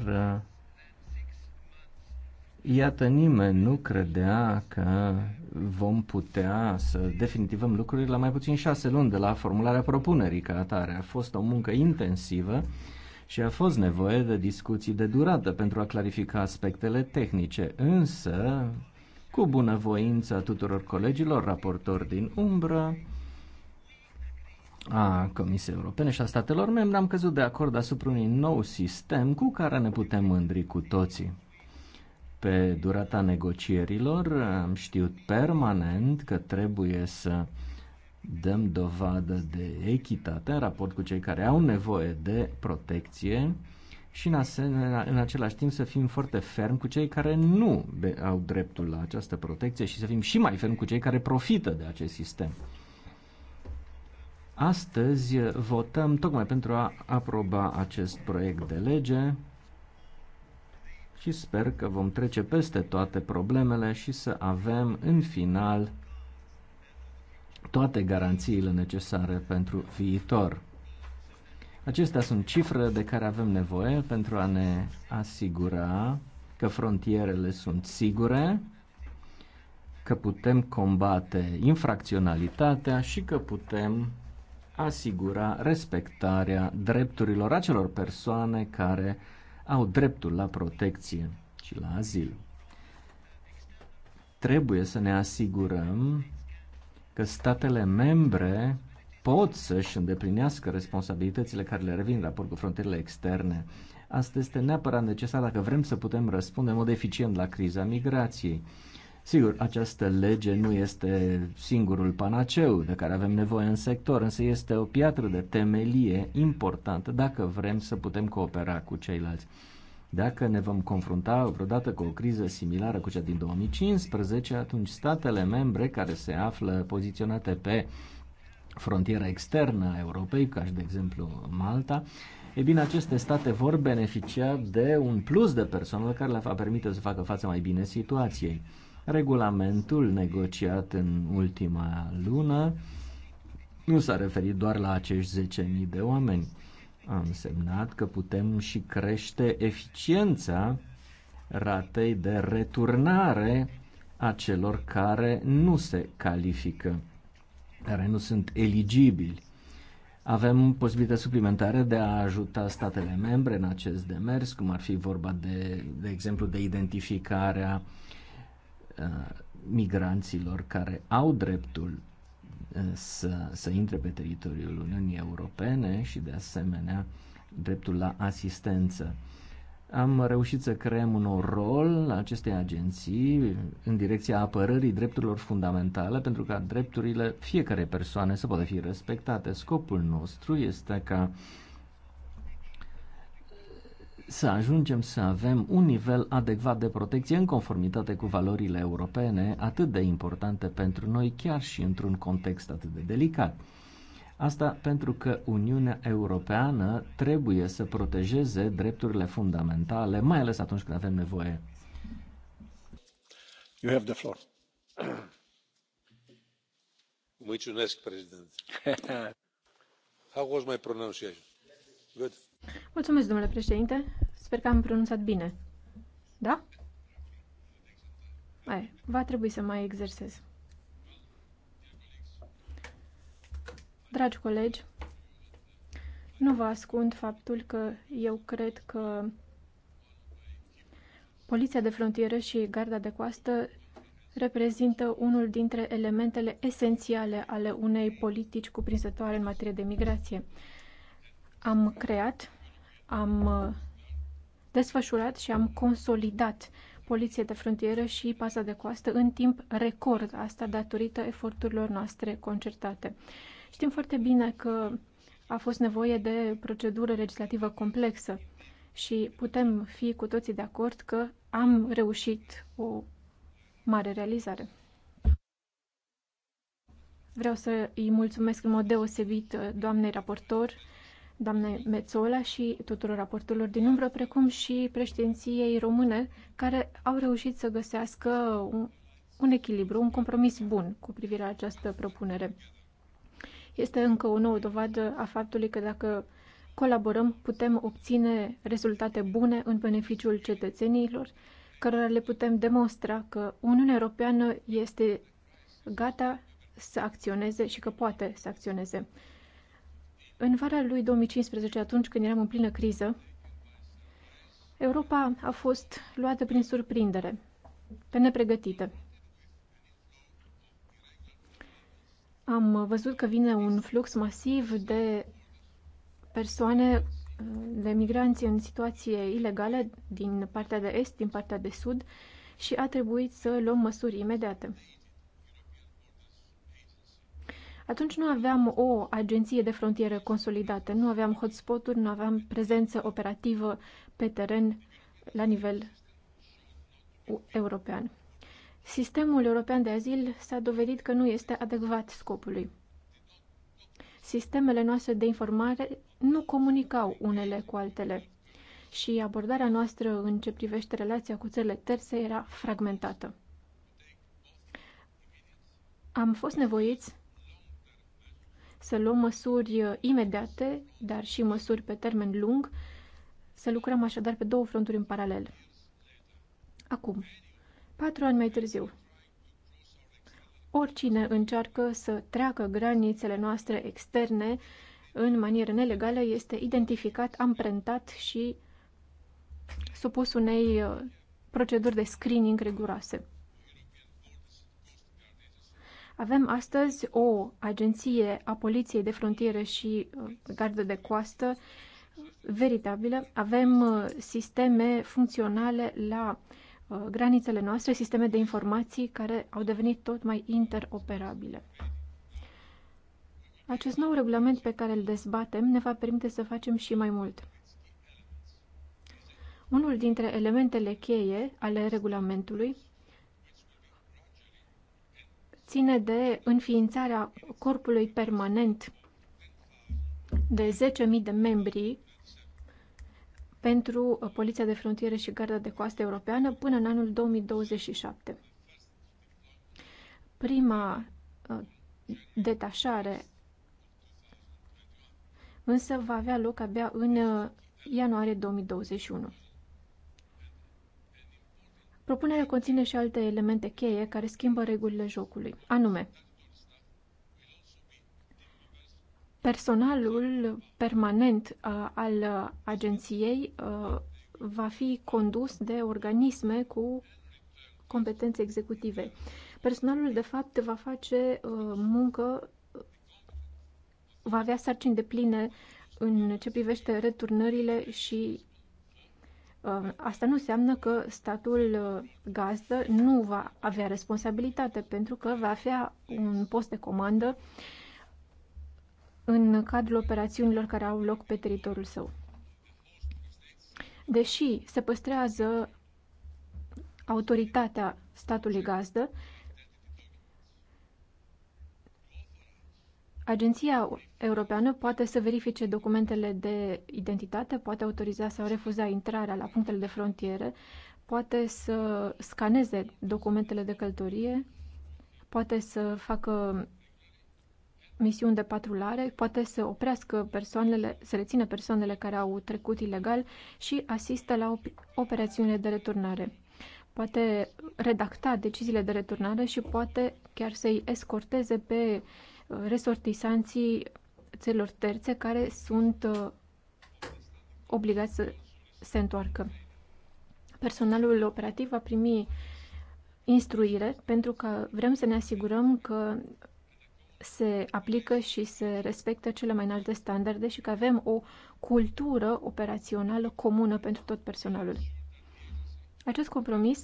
iată, nimeni nu credea că vom putea să definitivăm lucrurile la mai puțin șase luni de la formularea propunerii ca atare. A fost o muncă intensivă și a fost nevoie de discuții de durată pentru a clarifica aspectele tehnice, însă cu bunăvoința tuturor colegilor, raportori din umbră, a Comisiei Europene și a statelor membre, am căzut de acord asupra unui nou sistem cu care ne putem mândri cu toții. Pe durata negocierilor am știut permanent că trebuie să dăm dovadă de echitate în raport cu cei care au nevoie de protecție și în, asemenea, în același timp să fim foarte ferm cu cei care nu au dreptul la această protecție și să fim și mai ferm cu cei care profită de acest sistem. Astăzi votăm tocmai pentru a aproba acest proiect de lege și sper că vom trece peste toate problemele și să avem în final toate garanțiile necesare pentru viitor. Acestea sunt cifre de care avem nevoie pentru a ne asigura că frontierele sunt sigure, că putem combate infracționalitatea și că putem asigura respectarea drepturilor acelor persoane care au dreptul la protecție și la azil. Trebuie să ne asigurăm că statele membre pot să-și îndeplinească responsabilitățile care le revin în raport cu frontierele externe. Asta este neapărat necesar dacă vrem să putem răspunde în mod eficient la criza migrației. Sigur, această lege nu este singurul panaceu de care avem nevoie în sector, însă este o piatră de temelie importantă dacă vrem să putem coopera cu ceilalți. Dacă ne vom confrunta vreodată cu o criză similară cu cea din 2015, atunci statele membre care se află poziționate pe frontiera externă a Europei, ca și de exemplu Malta, e bine, aceste state vor beneficia de un plus de personal care le va permite să facă față mai bine situației. Regulamentul negociat în ultima lună nu s-a referit doar la acești 10.000 de oameni. A însemnat că putem și crește eficiența ratei de returnare a celor care nu se califică care nu sunt eligibili. Avem posibilități suplimentare de a ajuta statele membre în acest demers, cum ar fi vorba de, de exemplu, de identificarea uh, migranților care au dreptul uh, să, să intre pe teritoriul Uniunii Europene și, de asemenea, dreptul la asistență. Am reușit să creăm un nou rol acestei agenții în direcția apărării drepturilor fundamentale pentru ca drepturile fiecare persoane să poată fi respectate. Scopul nostru este ca să ajungem să avem un nivel adecvat de protecție în conformitate cu valorile europene atât de importante pentru noi chiar și într-un context atât de delicat. Asta pentru că Uniunea Europeană trebuie să protejeze drepturile fundamentale, mai ales atunci când avem nevoie. You have the floor. Mulțumesc, președinte. How was my pronunciation? Good. Mulțumesc, domnule președinte. Sper că am pronunțat bine. Da? Aia, va trebui să mai exersez. Dragi colegi, nu vă ascund faptul că eu cred că Poliția de frontieră și Garda de coastă reprezintă unul dintre elementele esențiale ale unei politici cuprinzătoare în materie de migrație. Am creat, am uh, desfășurat și am consolidat poliție de frontieră și paza de coastă în timp record, asta datorită eforturilor noastre concertate. Știm foarte bine că a fost nevoie de procedură legislativă complexă și putem fi cu toții de acord că am reușit o mare realizare. Vreau să îi mulțumesc în mod deosebit uh, doamnei raportor, doamnei Mețola și tuturor raportorilor din umbră, precum și președinției române, care au reușit să găsească un, un echilibru, un compromis bun cu privire la această propunere. Este încă o nouă dovadă a faptului că dacă colaborăm, putem obține rezultate bune în beneficiul cetățenilor, cărora le putem demonstra că Uniunea Europeană este gata să acționeze și că poate să acționeze. În vara lui 2015, atunci când eram în plină criză, Europa a fost luată prin surprindere, pe nepregătite. Am văzut că vine un flux masiv de persoane, de migranți în situație ilegală din partea de est, din partea de sud și a trebuit să luăm măsuri imediate. Atunci nu aveam o agenție de frontieră consolidată, nu aveam hotspot-uri, nu aveam prezență operativă pe teren la nivel european. Sistemul european de azil s-a dovedit că nu este adecvat scopului. Sistemele noastre de informare nu comunicau unele cu altele și abordarea noastră în ce privește relația cu țările terțe era fragmentată. Am fost nevoiți să luăm măsuri imediate, dar și măsuri pe termen lung, să lucrăm așadar pe două fronturi în paralel. Acum, Patru ani mai târziu, oricine încearcă să treacă granițele noastre externe în manieră nelegală este identificat, amprentat și supus unei uh, proceduri de screening riguroase. Avem astăzi o agenție a Poliției de Frontiere și uh, Gardă de Coastă uh, veritabilă. Avem sisteme funcționale la uh, Uh, granițele noastre, sisteme de informații care au devenit tot mai interoperabile. Acest nou regulament pe care îl dezbatem ne va permite să facem și mai mult. Unul dintre elementele cheie ale regulamentului ține de înființarea corpului permanent de 10.000 de membri pentru uh, Poliția de Frontieră și Garda de Coastă Europeană până în anul 2027. Prima uh, detașare însă va avea loc abia în uh, ianuarie 2021. Propunerea conține și alte elemente cheie care schimbă regulile jocului, anume Personalul permanent uh, al agenției uh, va fi condus de organisme cu competențe executive. Personalul, de fapt, va face uh, muncă, va avea sarcini de pline în ce privește returnările și asta nu înseamnă că statul gazdă nu va avea responsabilitate pentru că va avea un post de comandă uh, în cadrul operațiunilor care au loc pe teritoriul său. Deși se păstrează autoritatea statului gazdă, Agenția Europeană poate să verifice documentele de identitate, poate autoriza sau refuza intrarea la punctele de frontiere, poate să scaneze documentele de călătorie, poate să facă misiuni de patrulare, poate să oprească persoanele, să rețină persoanele care au trecut ilegal și asistă la op- operațiunile de returnare. Poate redacta deciziile de returnare și poate chiar să-i escorteze pe uh, resortisanții țărilor terțe care sunt uh, obligați să se întoarcă. Personalul operativ va primi instruire pentru că vrem să ne asigurăm că se aplică și se respectă cele mai înalte standarde și că avem o cultură operațională comună pentru tot personalul. Acest compromis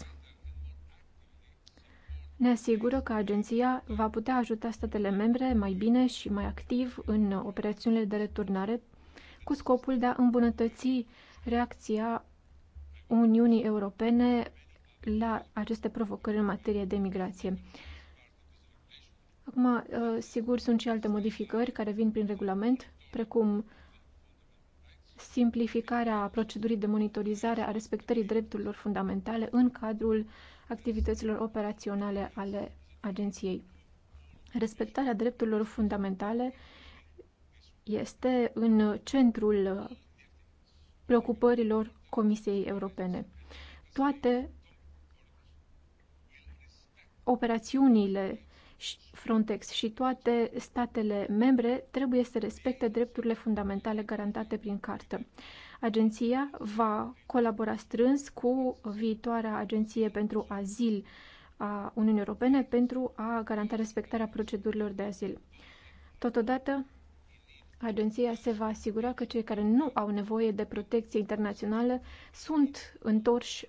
ne asigură că agenția va putea ajuta statele membre mai bine și mai activ în operațiunile de returnare cu scopul de a îmbunătăți reacția Uniunii Europene la aceste provocări în materie de migrație. Acum, uh, sigur, sunt și alte modificări care vin prin regulament, precum simplificarea procedurii de monitorizare a respectării drepturilor fundamentale în cadrul activităților operaționale ale agenției. Respectarea drepturilor fundamentale este în centrul preocupărilor Comisiei Europene. Toate operațiunile Frontex și toate statele membre trebuie să respecte drepturile fundamentale garantate prin cartă. Agenția va colabora strâns cu viitoarea Agenție pentru Azil a Uniunii Europene pentru a garanta respectarea procedurilor de azil. Totodată, agenția se va asigura că cei care nu au nevoie de protecție internațională sunt întorși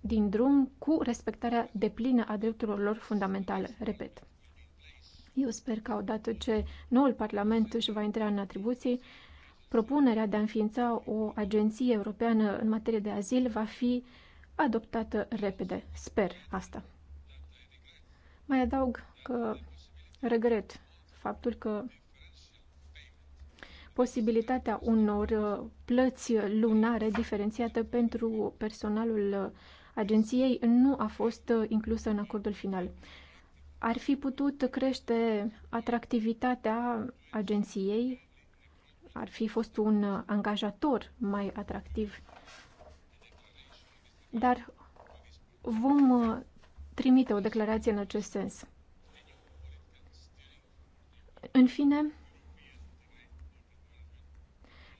din drum cu respectarea deplină a drepturilor lor fundamentale. Repet. Eu sper că odată ce noul Parlament își va intra în atribuții, propunerea de a înființa o agenție europeană în materie de azil va fi adoptată repede. Sper asta. Mai adaug că regret faptul că posibilitatea unor plăți lunare diferențiate pentru personalul agenției nu a fost uh, inclusă în acordul final. Ar fi putut crește atractivitatea agenției, ar fi fost un angajator mai atractiv. Dar vom uh, trimite o declarație în acest sens. În fine,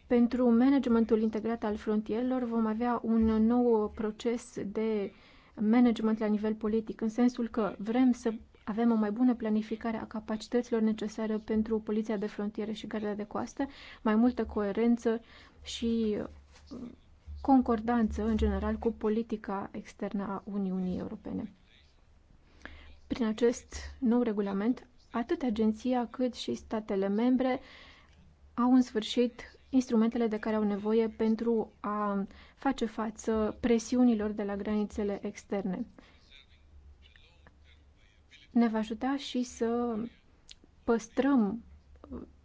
pentru managementul integrat al frontierelor vom avea un nou proces de management la nivel politic, în sensul că vrem să avem o mai bună planificare a capacităților necesare pentru poliția de frontiere și garda de coastă, mai multă coerență și uh, concordanță în general cu politica externă a Uniunii Europene. Prin acest nou regulament, atât agenția cât și statele membre au în sfârșit instrumentele de care au nevoie pentru a face față presiunilor de la granițele externe. Ne va ajuta și să păstrăm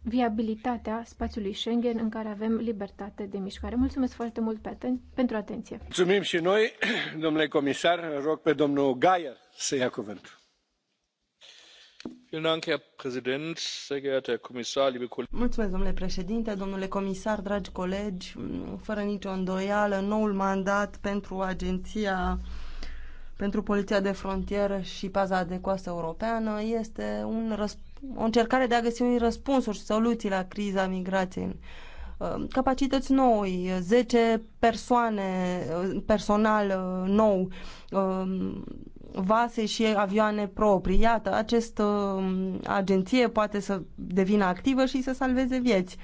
viabilitatea spațiului Schengen în care avem libertate de mișcare. Mulțumesc foarte mult pe aten- pentru atenție. Mulțumim și noi, domnule comisar. Rog pe domnul Gaier să ia cuvântul Mulțumesc, domnule președinte, domnule comisar, dragi colegi. Fără nicio îndoială, noul mandat pentru Agenția pentru Poliția de Frontieră și Paza de Coastă Europeană este un o încercare de a găsi un răspunsuri și soluții la criza migrației uh, capacități noi, 10 persoane, uh, personal uh, nou, vase și avioane proprii. Iată, această uh, agenție poate să devină activă și să salveze vieți.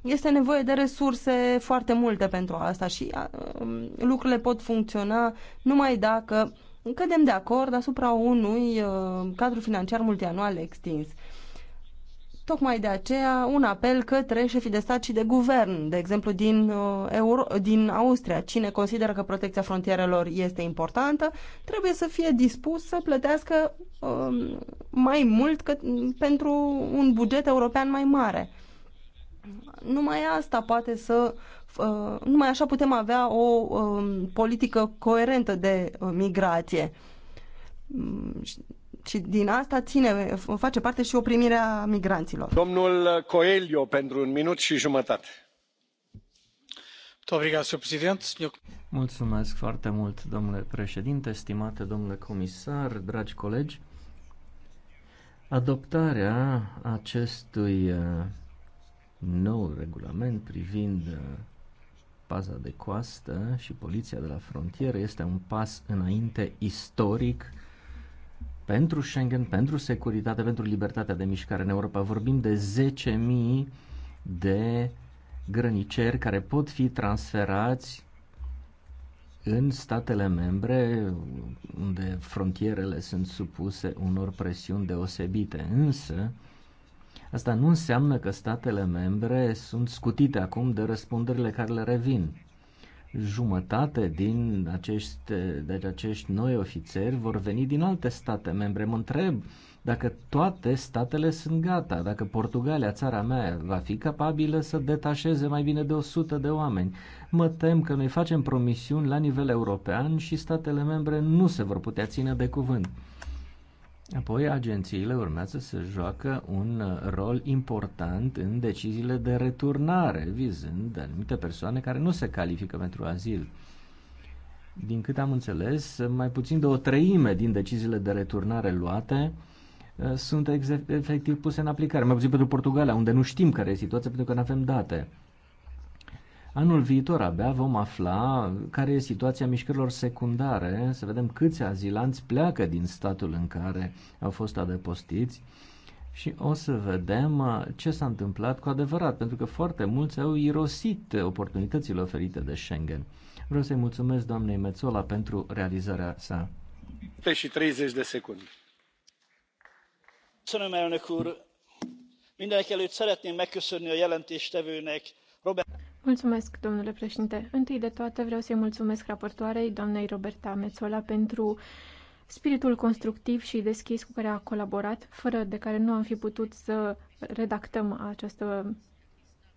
Este nevoie de resurse foarte multe pentru asta și uh, um, lucrurile pot funcționa numai dacă cădem de acord asupra unui uh, cadru financiar multianual extins. Tocmai de aceea un apel către șefii de stat și de guvern, de exemplu din, uh, Euro- din Austria. Cine consideră că protecția frontierelor este importantă, trebuie să fie dispus să plătească uh, mai mult că, pentru un buget european mai mare. Numai asta poate să. Uh, numai așa putem avea o uh, politică coerentă de uh, migrație. Mm, și din asta ține, face parte și oprimirea migranților. Domnul Coelho, pentru un minut și jumătate. Mulțumesc foarte mult, domnule președinte, stimate domnule comisar, dragi colegi. Adoptarea acestui uh, nou regulament privind uh, paza de coastă și poliția de la frontieră este un pas înainte istoric pentru Schengen, pentru securitate, pentru libertatea de mișcare în Europa. Vorbim de 10.000 de grăniceri care pot fi transferați în statele membre unde frontierele sunt supuse unor presiuni deosebite. Însă, asta nu înseamnă că statele membre sunt scutite acum de răspunderile care le revin jumătate din acești, deci acești noi ofițeri vor veni din alte state membre. Mă întreb dacă toate statele sunt gata, dacă Portugalia, țara mea, va fi capabilă să detașeze mai bine de 100 de oameni. Mă tem că noi facem promisiuni la nivel european și statele membre nu se vor putea ține de cuvânt. Apoi, agențiile urmează să joacă un uh, rol important în deciziile de returnare, vizând anumite persoane care nu se califică pentru azil. Din cât am înțeles, mai puțin de o treime din deciziile de returnare luate uh, sunt efectiv puse în aplicare, mai puțin pentru Portugalia, unde nu știm care e situația pentru că nu avem date. Anul viitor abia vom afla care e situația mișcărilor secundare, să vedem câți azilanți pleacă din statul în care au fost adăpostiți și o să vedem uh, ce s-a întâmplat cu adevărat, pentru că foarte mulți au irosit oportunitățile oferite de Schengen. Vreau să-i mulțumesc doamnei Mețola pentru realizarea sa. Pe și 30 de secunde. Köszönöm, elnök úr! Mindenek előtt szeretném megköszönni a jelentéstevőnek, Robert... Mulțumesc, domnule președinte. Întâi de toate vreau să-i mulțumesc raportoarei, doamnei Roberta Mețola, pentru spiritul constructiv și deschis cu care a colaborat, fără de care nu am fi putut să redactăm această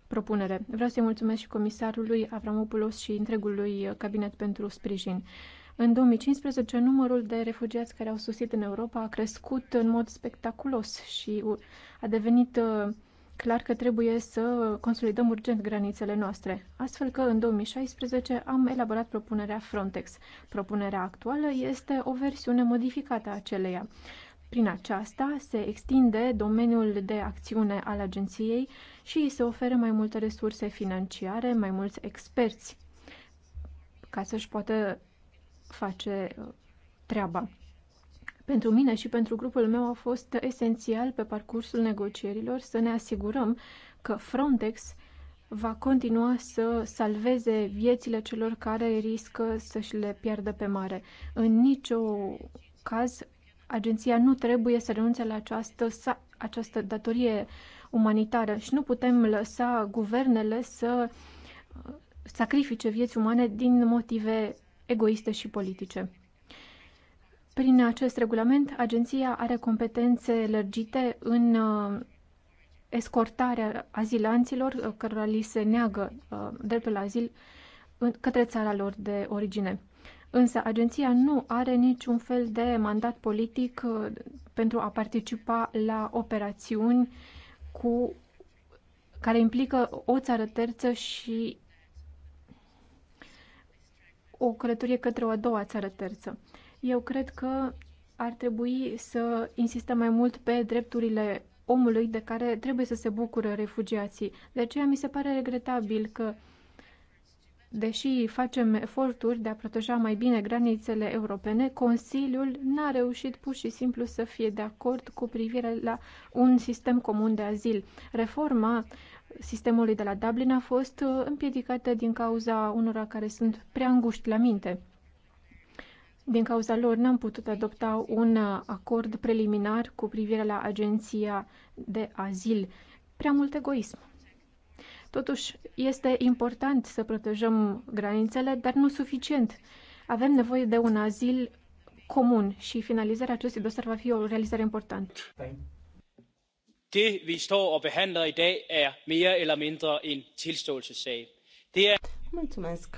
propunere. Vreau să-i mulțumesc și comisarului Avramopoulos și întregului cabinet pentru sprijin. În 2015, numărul de refugiați care au sosit în Europa a crescut în mod spectaculos și a devenit uh, clar că trebuie să consolidăm urgent granițele noastre, astfel că în 2016 am elaborat propunerea Frontex. Propunerea actuală este o versiune modificată a aceleia. Prin aceasta se extinde domeniul de acțiune al agenției și se oferă mai multe resurse financiare, mai mulți experți ca să-și poată face uh, treaba. Pentru mine și pentru grupul meu a fost esențial pe parcursul negocierilor să ne asigurăm că Frontex va continua să salveze viețile celor care riscă să-și le pierdă pe mare. În nicio caz, agenția nu trebuie să renunțe la această, această datorie umanitară și nu putem lăsa guvernele să uh, sacrifice vieți umane din motive egoiste și politice. Prin acest regulament, agenția are competențe lărgite în uh, escortarea azilanților uh, cărora li se neagă uh, dreptul la azil către țara lor de origine. Însă agenția nu are niciun fel de mandat politic pentru a participa la operațiuni cu care implică o țară terță și o călătorie către o a doua țară terță. Eu cred că ar trebui să insistăm mai mult pe drepturile omului de care trebuie să se bucură refugiații. De aceea mi se pare regretabil că, deși facem eforturi de a proteja mai bine granițele europene, Consiliul n-a reușit pur și simplu să fie de acord cu privire la un sistem comun de azil. Reforma sistemului de la Dublin a fost uh, împiedicată din cauza unora care sunt prea înguști la minte. Din cauza lor n-am putut adopta un uh, acord preliminar cu privire la agenția de azil. Prea mult egoism. Totuși, este important să protejăm granițele, dar nu suficient. Avem nevoie de un azil comun și finalizarea acestui dosar va fi o realizare importantă. Det vi står og behandler i dag er mere eller mindre en tilståelsessag. Det er Mulțumesc.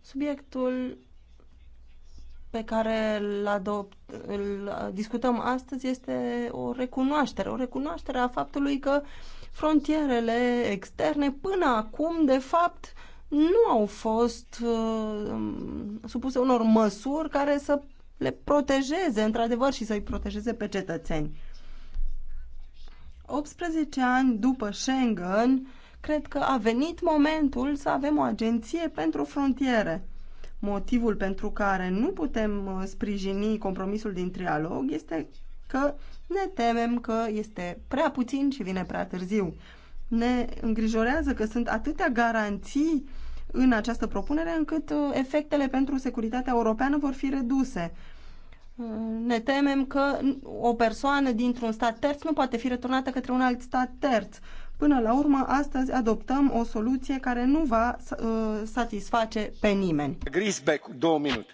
Subiectul pe care îl, adopt, îl discutăm astăzi este o recunoaștere, o recunoaștere a faptului că frontierele externe până acum, de fapt, nu au fost uh, supuse unor măsuri care să le protejeze, într-adevăr, și să-i protejeze pe cetățeni. 18 ani după Schengen, cred că a venit momentul să avem o agenție pentru frontiere Motivul pentru care nu putem uh, sprijini compromisul din trialog este că ne temem că este prea puțin și vine prea târziu. Ne îngrijorează că sunt atâtea garanții în această propunere încât uh, efectele pentru securitatea europeană vor fi reduse. Uh, ne temem că o persoană dintr-un stat terț nu poate fi returnată către un alt stat terț. Până la urmă, astăzi adoptăm o soluție care nu va uh, satisface pe nimeni. Grisbeck, două minute.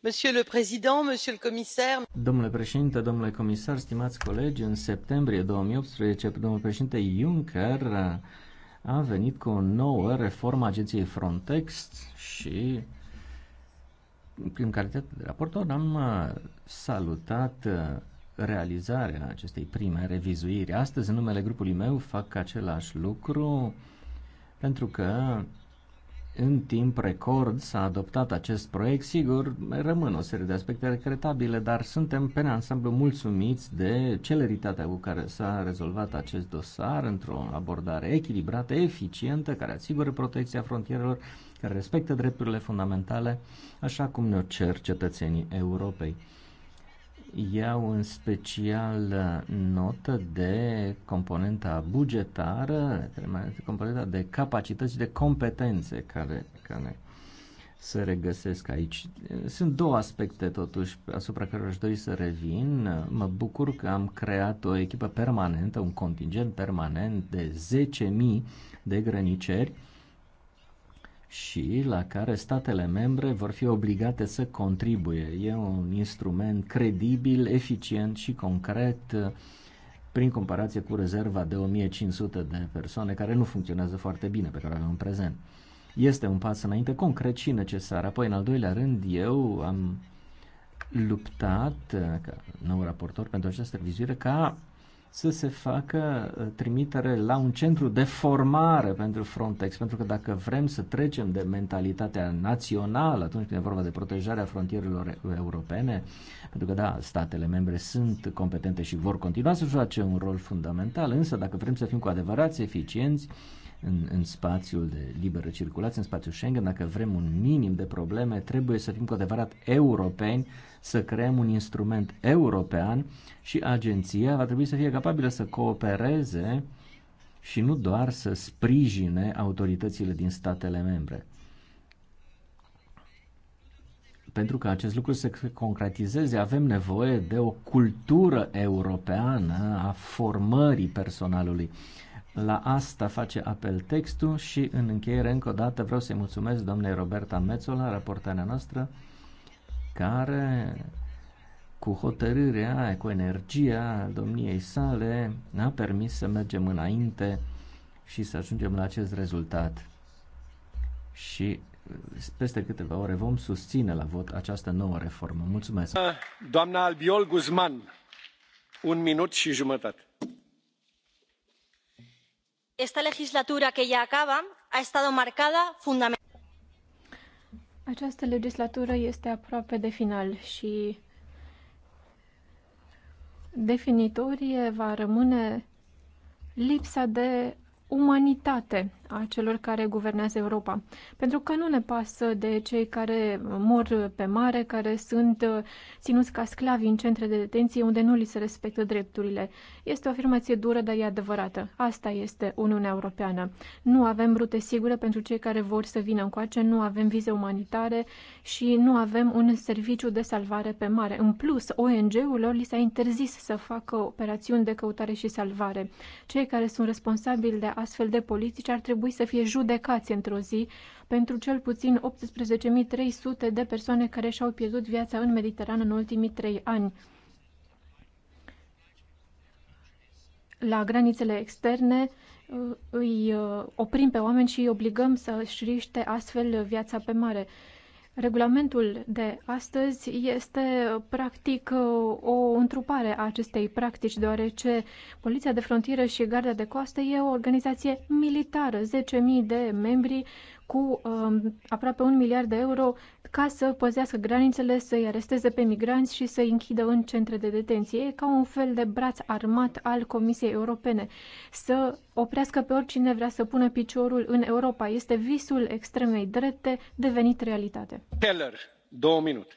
Monsieur le Président, Monsieur le Commissaire. Domnule președinte, domnule comisar, stimați colegi, în septembrie 2018, domnul președinte Juncker a venit cu o nouă reformă a agenției Frontex și prin calitate de raportor am salutat realizarea acestei prime revizuiri. Astăzi, în numele grupului meu, fac același lucru pentru că în timp record s-a adoptat acest proiect. Sigur, rămân o serie de aspecte regretabile, dar suntem pe neansamblu mulțumiți de celeritatea cu care s-a rezolvat acest dosar într-o abordare echilibrată, eficientă, care asigură protecția frontierelor, care respectă drepturile fundamentale, așa cum ne-o cer cetățenii Europei iau în special notă de componenta bugetară, componenta de capacități, de competențe care, care se regăsesc aici. Sunt două aspecte totuși asupra care aș dori să revin. Mă bucur că am creat o echipă permanentă, un contingent permanent de 10.000 de grăniceri și la care statele membre vor fi obligate să contribuie. E un instrument credibil, eficient și concret uh, prin comparație cu rezerva de 1500 de persoane care nu funcționează foarte bine pe care o avem în prezent. Este un pas înainte concret și necesar. Apoi, în al doilea rând, eu am luptat uh, ca nou raportor pentru această revizuire ca să se facă uh, trimitere la un centru de formare pentru Frontex, pentru că dacă vrem să trecem de mentalitatea națională atunci când e vorba de protejarea frontierelor europene, pentru că da, statele membre sunt competente și vor continua să joace un rol fundamental, însă dacă vrem să fim cu adevărat eficienți, în, în spațiul de liberă circulație, în spațiul Schengen, dacă vrem un minim de probleme, trebuie să fim cu adevărat europeni, să creăm un instrument european și agenția va trebui să fie capabilă să coopereze și nu doar să sprijine autoritățile din statele membre. Pentru că acest lucru se concretizeze, avem nevoie de o cultură europeană a formării personalului. Uh, la asta face apel textul și în încheiere încă o dată vreau să-i mulțumesc doamnei Roberta Mețola, raportarea noastră, care cu hotărârea, cu energia domniei sale, ne-a permis să mergem înainte și să ajungem la acest rezultat. Și peste câteva ore vom susține la vot această nouă reformă. Mulțumesc! Doamna Albiol Guzman, un minut și jumătate. Această legislatura care ya acaba a estado marcada fundamental. Această legislatură este aproape de final și definitorie va rămâne lipsa de umanitate a celor care guvernează Europa. Pentru că nu ne pasă de cei care mor pe mare, care sunt uh, ținuți ca sclavi în centre de detenție unde nu li se respectă drepturile. Este o afirmație dură, dar e adevărată. Asta este Uniunea Europeană. Nu avem rute sigure pentru cei care vor să vină încoace, nu avem vize umanitare și nu avem un serviciu de salvare pe mare. În plus, ONG-urilor li s-a interzis să facă operațiuni de căutare și salvare. Cei care sunt responsabili de astfel de politici ar trebui trebui să fie judecați într-o zi pentru cel puțin 18.300 de persoane care și-au pierdut viața în Mediterană în ultimii trei ani. La granițele externe uh, îi uh, oprim pe oameni și îi obligăm să-și riște astfel viața pe mare. Regulamentul de astăzi este practic o întrupare a acestei practici, deoarece Poliția de Frontieră și Garda de Coastă e o organizație militară, 10.000 de membri cu uh, aproape un miliard de euro ca să păzească granițele, să-i aresteze pe migranți și să-i închidă în centre de detenție. E ca un fel de braț armat al Comisiei Europene, să oprească pe oricine vrea să pună piciorul în Europa. Este visul extremei drepte devenit realitate. Teller, două minute.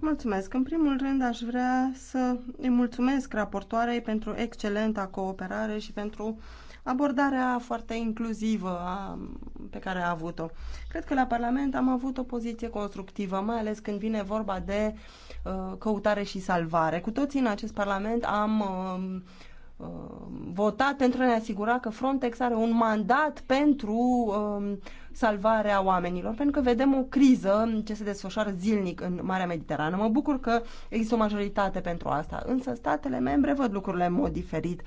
Mulțumesc. În primul rând aș vrea să îi mulțumesc raportoarei pentru excelenta cooperare și pentru abordarea foarte inclusivă a, pe care a avut-o. Cred că la Parlament am avut o poziție constructivă, mai ales când vine vorba de uh, căutare și salvare. Cu toții în acest Parlament am uh, uh, votat pentru a ne asigura că Frontex are un mandat pentru uh, salvarea oamenilor, pentru că vedem o criză ce se desfășoară zilnic în Marea Mediterană. Mă bucur că există o majoritate pentru asta, însă statele membre văd lucrurile în mod diferit. Uh,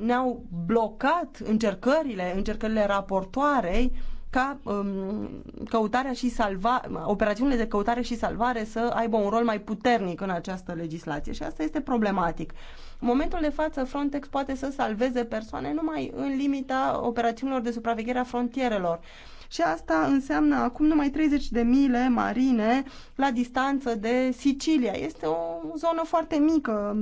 ne-au blocat încercările, încercările raportoarei ca um, căutarea și salva, operațiunile de căutare și salvare să aibă un rol mai puternic în această legislație și asta este problematic. În momentul de față, Frontex poate să salveze persoane numai în limita operațiunilor de supraveghere a frontierelor. Și asta înseamnă acum numai 30 de mile marine la distanță de Sicilia. Este o zonă foarte mică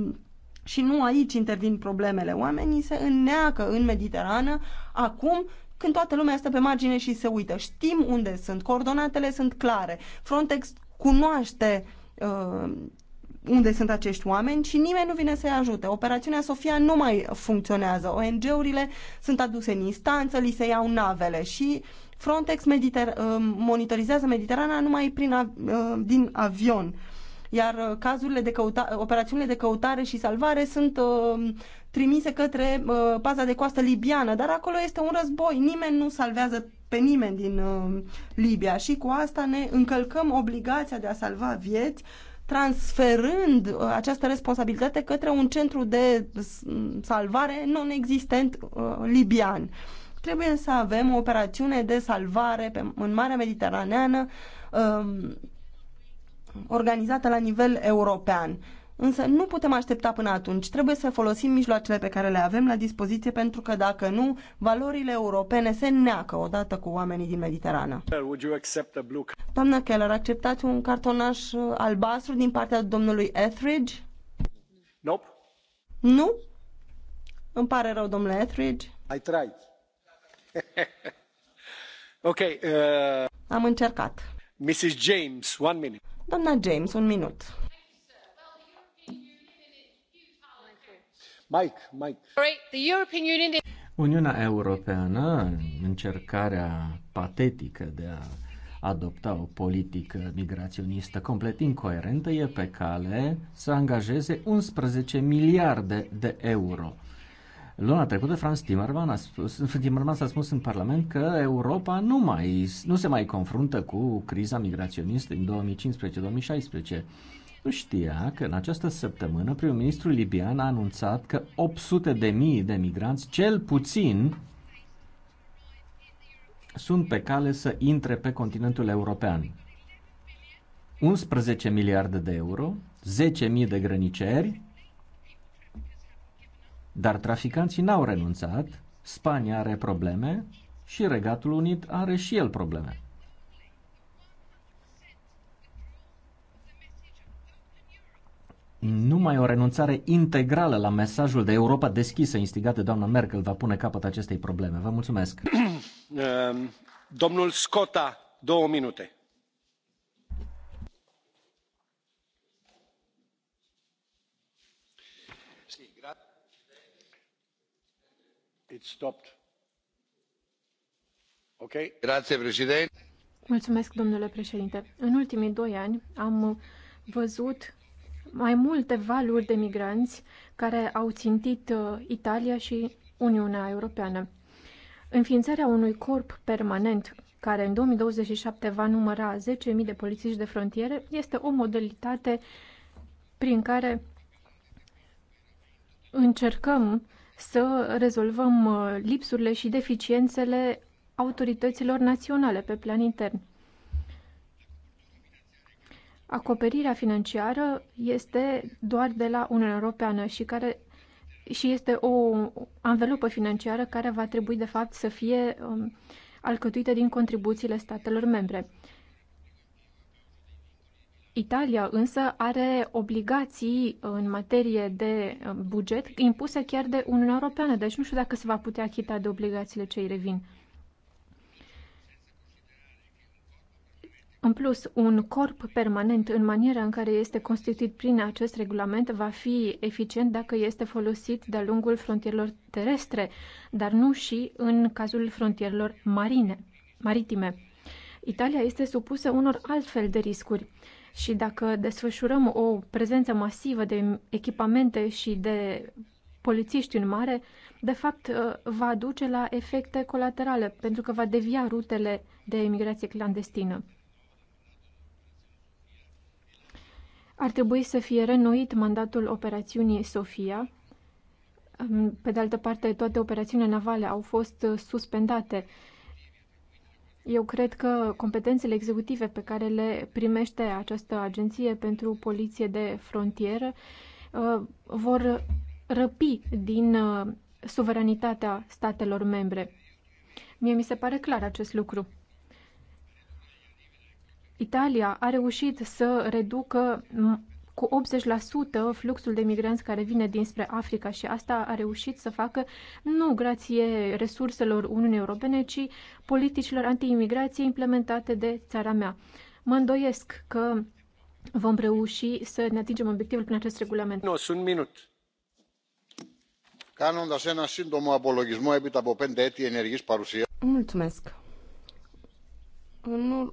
și nu aici intervin problemele. Oamenii se înneacă în Mediterană acum când toată lumea este pe margine și se uită. Știm unde sunt, coordonatele sunt clare. Frontex cunoaște uh, unde sunt acești oameni și nimeni nu vine să-i ajute. Operațiunea Sofia nu mai funcționează. ONG-urile sunt aduse în instanță, li se iau navele și Frontex mediter- uh, monitorizează Mediterana numai prin av- uh, din avion. Uh, iar uh, cazurile de căuta, operațiunile de căutare și salvare sunt uh, trimise către uh, paza de coastă libiană, dar acolo este un război, nimeni nu salvează pe nimeni din uh, Libia și cu asta ne încălcăm obligația de a salva vieți transferând uh, această responsabilitate către un centru de salvare non-existent uh, libian. Trebuie să avem o operațiune de salvare pe, în Marea Mediteraneană um, organizată la nivel european. Însă nu putem aștepta până atunci. Trebuie să folosim mijloacele pe care le avem la dispoziție pentru că dacă nu, valorile europene se neacă odată cu oamenii din Mediterană. Doamna Keller, acceptați un cartonaș uh, albastru din partea domnului Etheridge? Nope. Nu? Îmi pare rău, domnule Etheridge. I tried. ok. Uh... Am încercat. Mrs. James, one minute Doamna James, un minut. Mike, Mike. Uniunea Europeană, în încercarea patetică de a adopta o politică migraționistă complet incoerentă, e pe cale să angajeze 11 miliarde de euro Luna trecută, Franz Timmerman a spus, s a spus în Parlament că Europa nu, mai, nu se mai confruntă cu criza migraționistă din 2015-2016. Nu știa că în această săptămână prim-ministrul libian a anunțat că 800 de mii de migranți, cel puțin, sunt pe cale să intre pe continentul european. 11 miliarde de euro, 10.000 de grăniceri, dar traficanții n-au renunțat, Spania are probleme și Regatul Unit are și el probleme. Numai o renunțare integrală la mesajul de Europa deschisă instigat de doamna Merkel va pune capăt acestei probleme. Vă mulțumesc. Ehm, domnul Scotta, două minute Mulțumesc, domnule președinte. În ultimii doi ani am văzut mai multe valuri de migranți care au țintit uh, Italia și Uniunea Europeană. Înființarea unui corp permanent care în 2027 va număra 10.000 de polițiști de frontiere, este o modalitate prin care încercăm să rezolvăm uh, lipsurile și deficiențele autorităților naționale pe plan intern. Acoperirea financiară este doar de la Uniunea Europeană și care și este o anvelopă financiară care va trebui de fapt să fie um, alcătuită din contribuțiile statelor membre. Italia însă are obligații în materie de uh, buget impuse chiar de Uniunea Europeană, deci nu știu dacă se va putea achita de obligațiile ce îi revin. În plus, un corp permanent în maniera în care este constituit prin acest regulament va fi eficient dacă este folosit de-a lungul frontierelor terestre, dar nu și în cazul frontierelor marine, maritime. Italia este supusă unor altfel de riscuri și dacă desfășurăm o prezență masivă de echipamente și de polițiști în mare, de fapt uh, va duce la efecte colaterale, pentru că va devia rutele de emigrație clandestină. Ar trebui să fie renoit mandatul operațiunii Sofia. Um, pe de altă parte, toate operațiunile navale au fost uh, suspendate. Eu cred că competențele executive pe care le primește această agenție pentru poliție de frontieră uh, vor răpi din uh, suveranitatea statelor membre. Mie mi se pare clar acest lucru. Italia a reușit să reducă cu 80% fluxul de migranți care vine dinspre Africa și asta a reușit să facă nu grație resurselor Uniunii Europene, ci politicilor anti-imigrație implementate de țara mea. Mă îndoiesc că vom reuși să ne atingem obiectivul prin acest regulament. Nu, sunt minut. Κάνοντας ένα σύντομο απολογισμό έπειτα από πέντε έτη ενεργής παρουσίας. Mulțumesc în,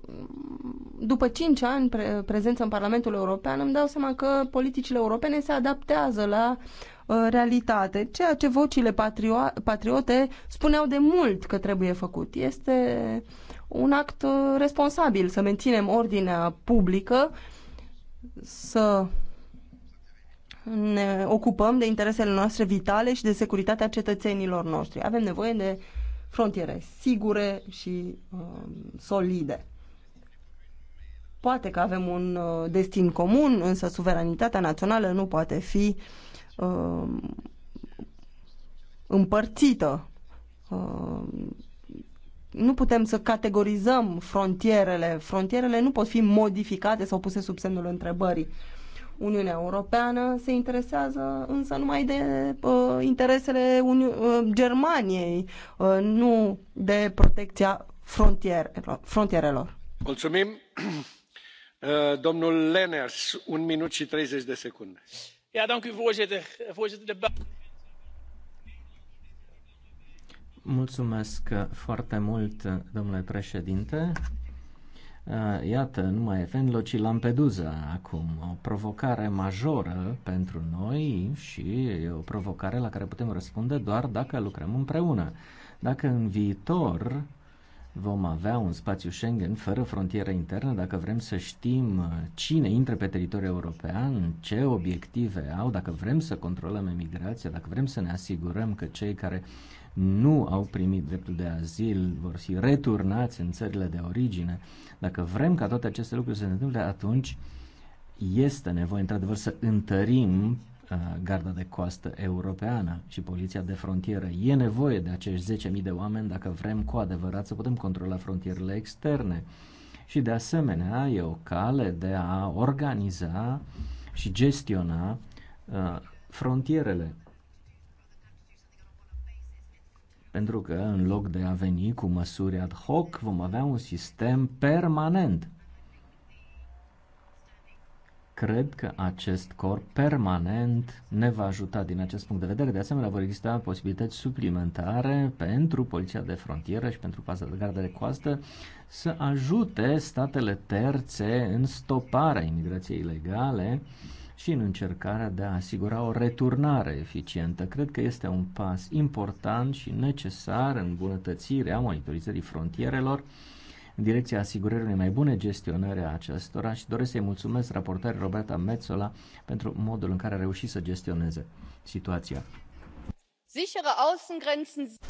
după 5 ani pre, prezență în Parlamentul European, îmi dau seama că politicile europene se adaptează la uh, realitate, ceea ce vocile patriote spuneau de mult că trebuie făcut. Este un act uh, responsabil să menținem ordinea publică, să ne ocupăm de interesele noastre vitale și de securitatea cetățenilor noștri. Avem nevoie de frontiere sigure și uh, solide. Poate că avem un uh, destin comun, însă suveranitatea națională nu poate fi uh, împărțită. Uh, nu putem să categorizăm frontierele. Frontierele nu pot fi modificate sau puse sub semnul întrebării. Uh, Uniunea Europeană se interesează însă numai de uh, interesele Uni- uh, Germaniei, uh, nu de protecția frontierelor. frontierelor. Mulțumim. Uh, domnul Leners, un minut și 30 de secunde. Ja, dank u, voorzitter. Voorzitter, de Mulțumesc foarte mult, domnule președinte. Uh, iată, nu mai e loci Lampedusa acum. O provocare majoră pentru noi și e o provocare la care putem răspunde doar dacă lucrăm împreună. Dacă în viitor vom avea un spațiu Schengen fără frontieră internă, dacă vrem să știm cine intră pe teritoriul european, ce obiective au, dacă vrem să controlăm emigrația, dacă vrem să ne asigurăm că cei care nu au primit dreptul de azil, vor fi returnați în țările de origine. Dacă vrem ca toate aceste lucruri să se întâmple, atunci este nevoie, într-adevăr, să întărim uh, garda de coastă europeană și poliția de frontieră. E nevoie de acești 10.000 de oameni dacă vrem cu adevărat să putem controla frontierele externe. Și de asemenea e o cale de a organiza și gestiona uh, frontierele. pentru că în loc de a veni cu măsuri ad hoc, vom avea un sistem permanent. Cred că acest corp permanent ne va ajuta din acest punct de vedere. De asemenea, vor exista posibilități suplimentare pentru Poliția de Frontieră și pentru Paza de Gardă de Coastă să ajute statele terțe în stoparea imigrației ilegale uh, și în încercarea de a asigura o returnare eficientă. Cred că este un pas important și necesar în bunătățirea monitorizării frontierelor în direcția asigurării unei mai bune gestionări a acestora și doresc să-i mulțumesc raportării Roberta Metzola pentru modul în care a reușit să gestioneze situația.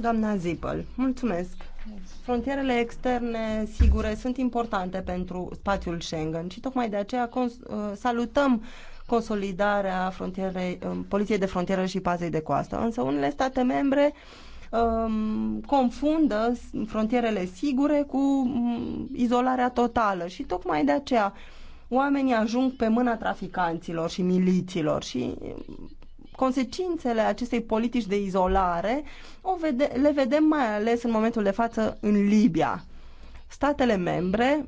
Doamna Zipăl, mulțumesc. Frontierele externe sigure sunt importante pentru spațiul Schengen și tocmai de aceea ă, salutăm consolidarea frontierei, um, poliției de frontieră și pazei de coastă. Însă unele state membre um, confundă frontierele sigure cu um, izolarea totală și tocmai de aceea oamenii ajung pe mâna traficanților și miliților și um, consecințele acestei politici de izolare o vede- le vedem mai ales în momentul de față în Libia. Statele membre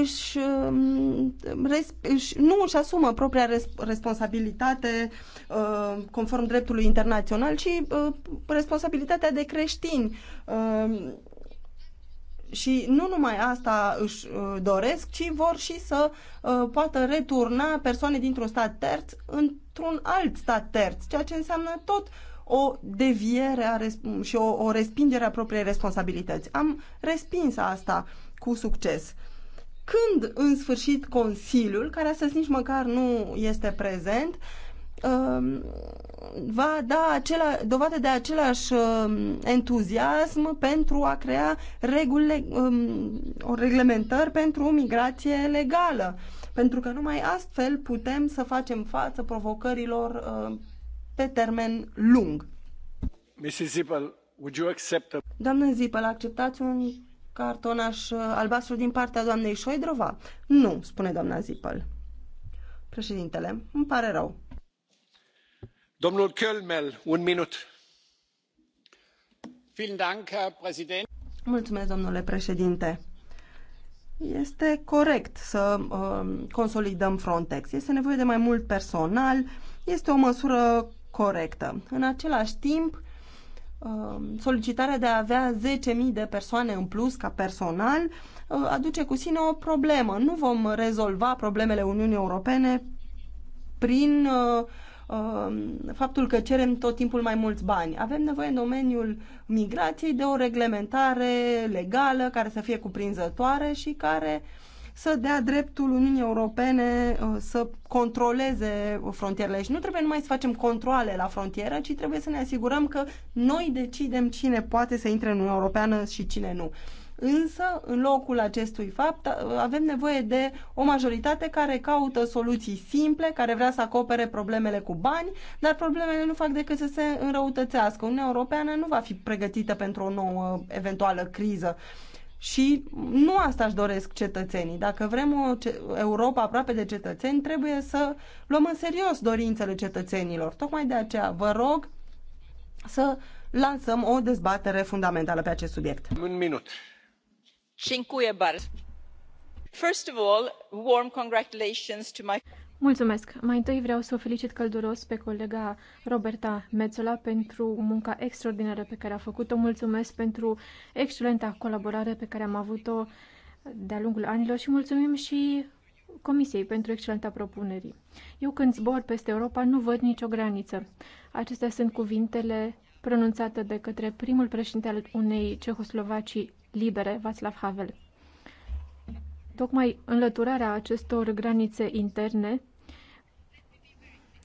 își, um, își, nu își asumă propria responsabilitate uh, conform dreptului internațional, ci uh, responsabilitatea de creștini. Uh, și nu numai asta își doresc, ci vor și să poată returna persoane dintr-un stat terț într-un alt stat terț, ceea ce înseamnă tot o deviere a și o, o respingere a propriei responsabilități. Am respins asta cu succes. Uh, când în sfârșit Consiliul, care astăzi nici măcar nu este prezent, um, va da acela, dovadă de același um, entuziasm pentru a crea reguli, um, o reglementări pentru migrație legală. Pentru că numai astfel putem să facem față provocărilor uh, pe termen lung. Mrs. Zippel, would you accept a... Doamnă Zipăl, acceptați un cartonaș uh, albastru din partea doamnei Șoidrova? Nu, spune doamna Zipăl. Președintele, îmi pare rău. Domnul Kölmel, un minut. Mulțumesc, domnule președinte. Este corect să uh, consolidăm Frontex. Este nevoie de mai mult personal, este o măsură corectă. În același timp, Um, solicitarea de a avea 10.000 de persoane în plus ca personal uh, aduce cu sine o problemă. Nu vom rezolva problemele Uniunii Europene prin uh, um, faptul că cerem tot timpul mai mulți bani. Avem nevoie în domeniul migrației de o reglementare legală care să fie cuprinzătoare și care uh, să dea dreptul Uniunii Europene uh, să controleze frontierele. Și nu trebuie numai să facem controle la frontieră, ci trebuie să ne asigurăm că noi decidem cine poate să intre în Uniunea Europeană și cine nu. Însă, în locul acestui fapt, uh, avem nevoie de o majoritate care caută soluții simple, care vrea să acopere problemele cu bani, dar problemele nu fac decât să se înrăutățească. Uniunea Europeană nu va fi pregătită pentru o nouă eventuală criză. Și nu asta își doresc cetățenii. Dacă vrem o Europa aproape de cetățeni, trebuie să luăm în serios dorințele cetățenilor. Tocmai de aceea vă rog să lansăm o dezbatere fundamentală pe acest subiect. Un minut. Cinque bar. First of all, warm congratulations to my Mulțumesc! Mai întâi vreau să o felicit călduros pe colega Roberta Mețola pentru munca extraordinară pe care a făcut-o. Mulțumesc pentru excelenta colaborare pe care am avut-o de-a lungul anilor și mulțumim și Comisiei pentru excelenta propunerii. Eu când zbor peste Europa nu văd nicio graniță. Acestea sunt cuvintele pronunțate de către primul președinte al unei cehoslovacii libere, Václav Havel. Tocmai înlăturarea acestor granițe interne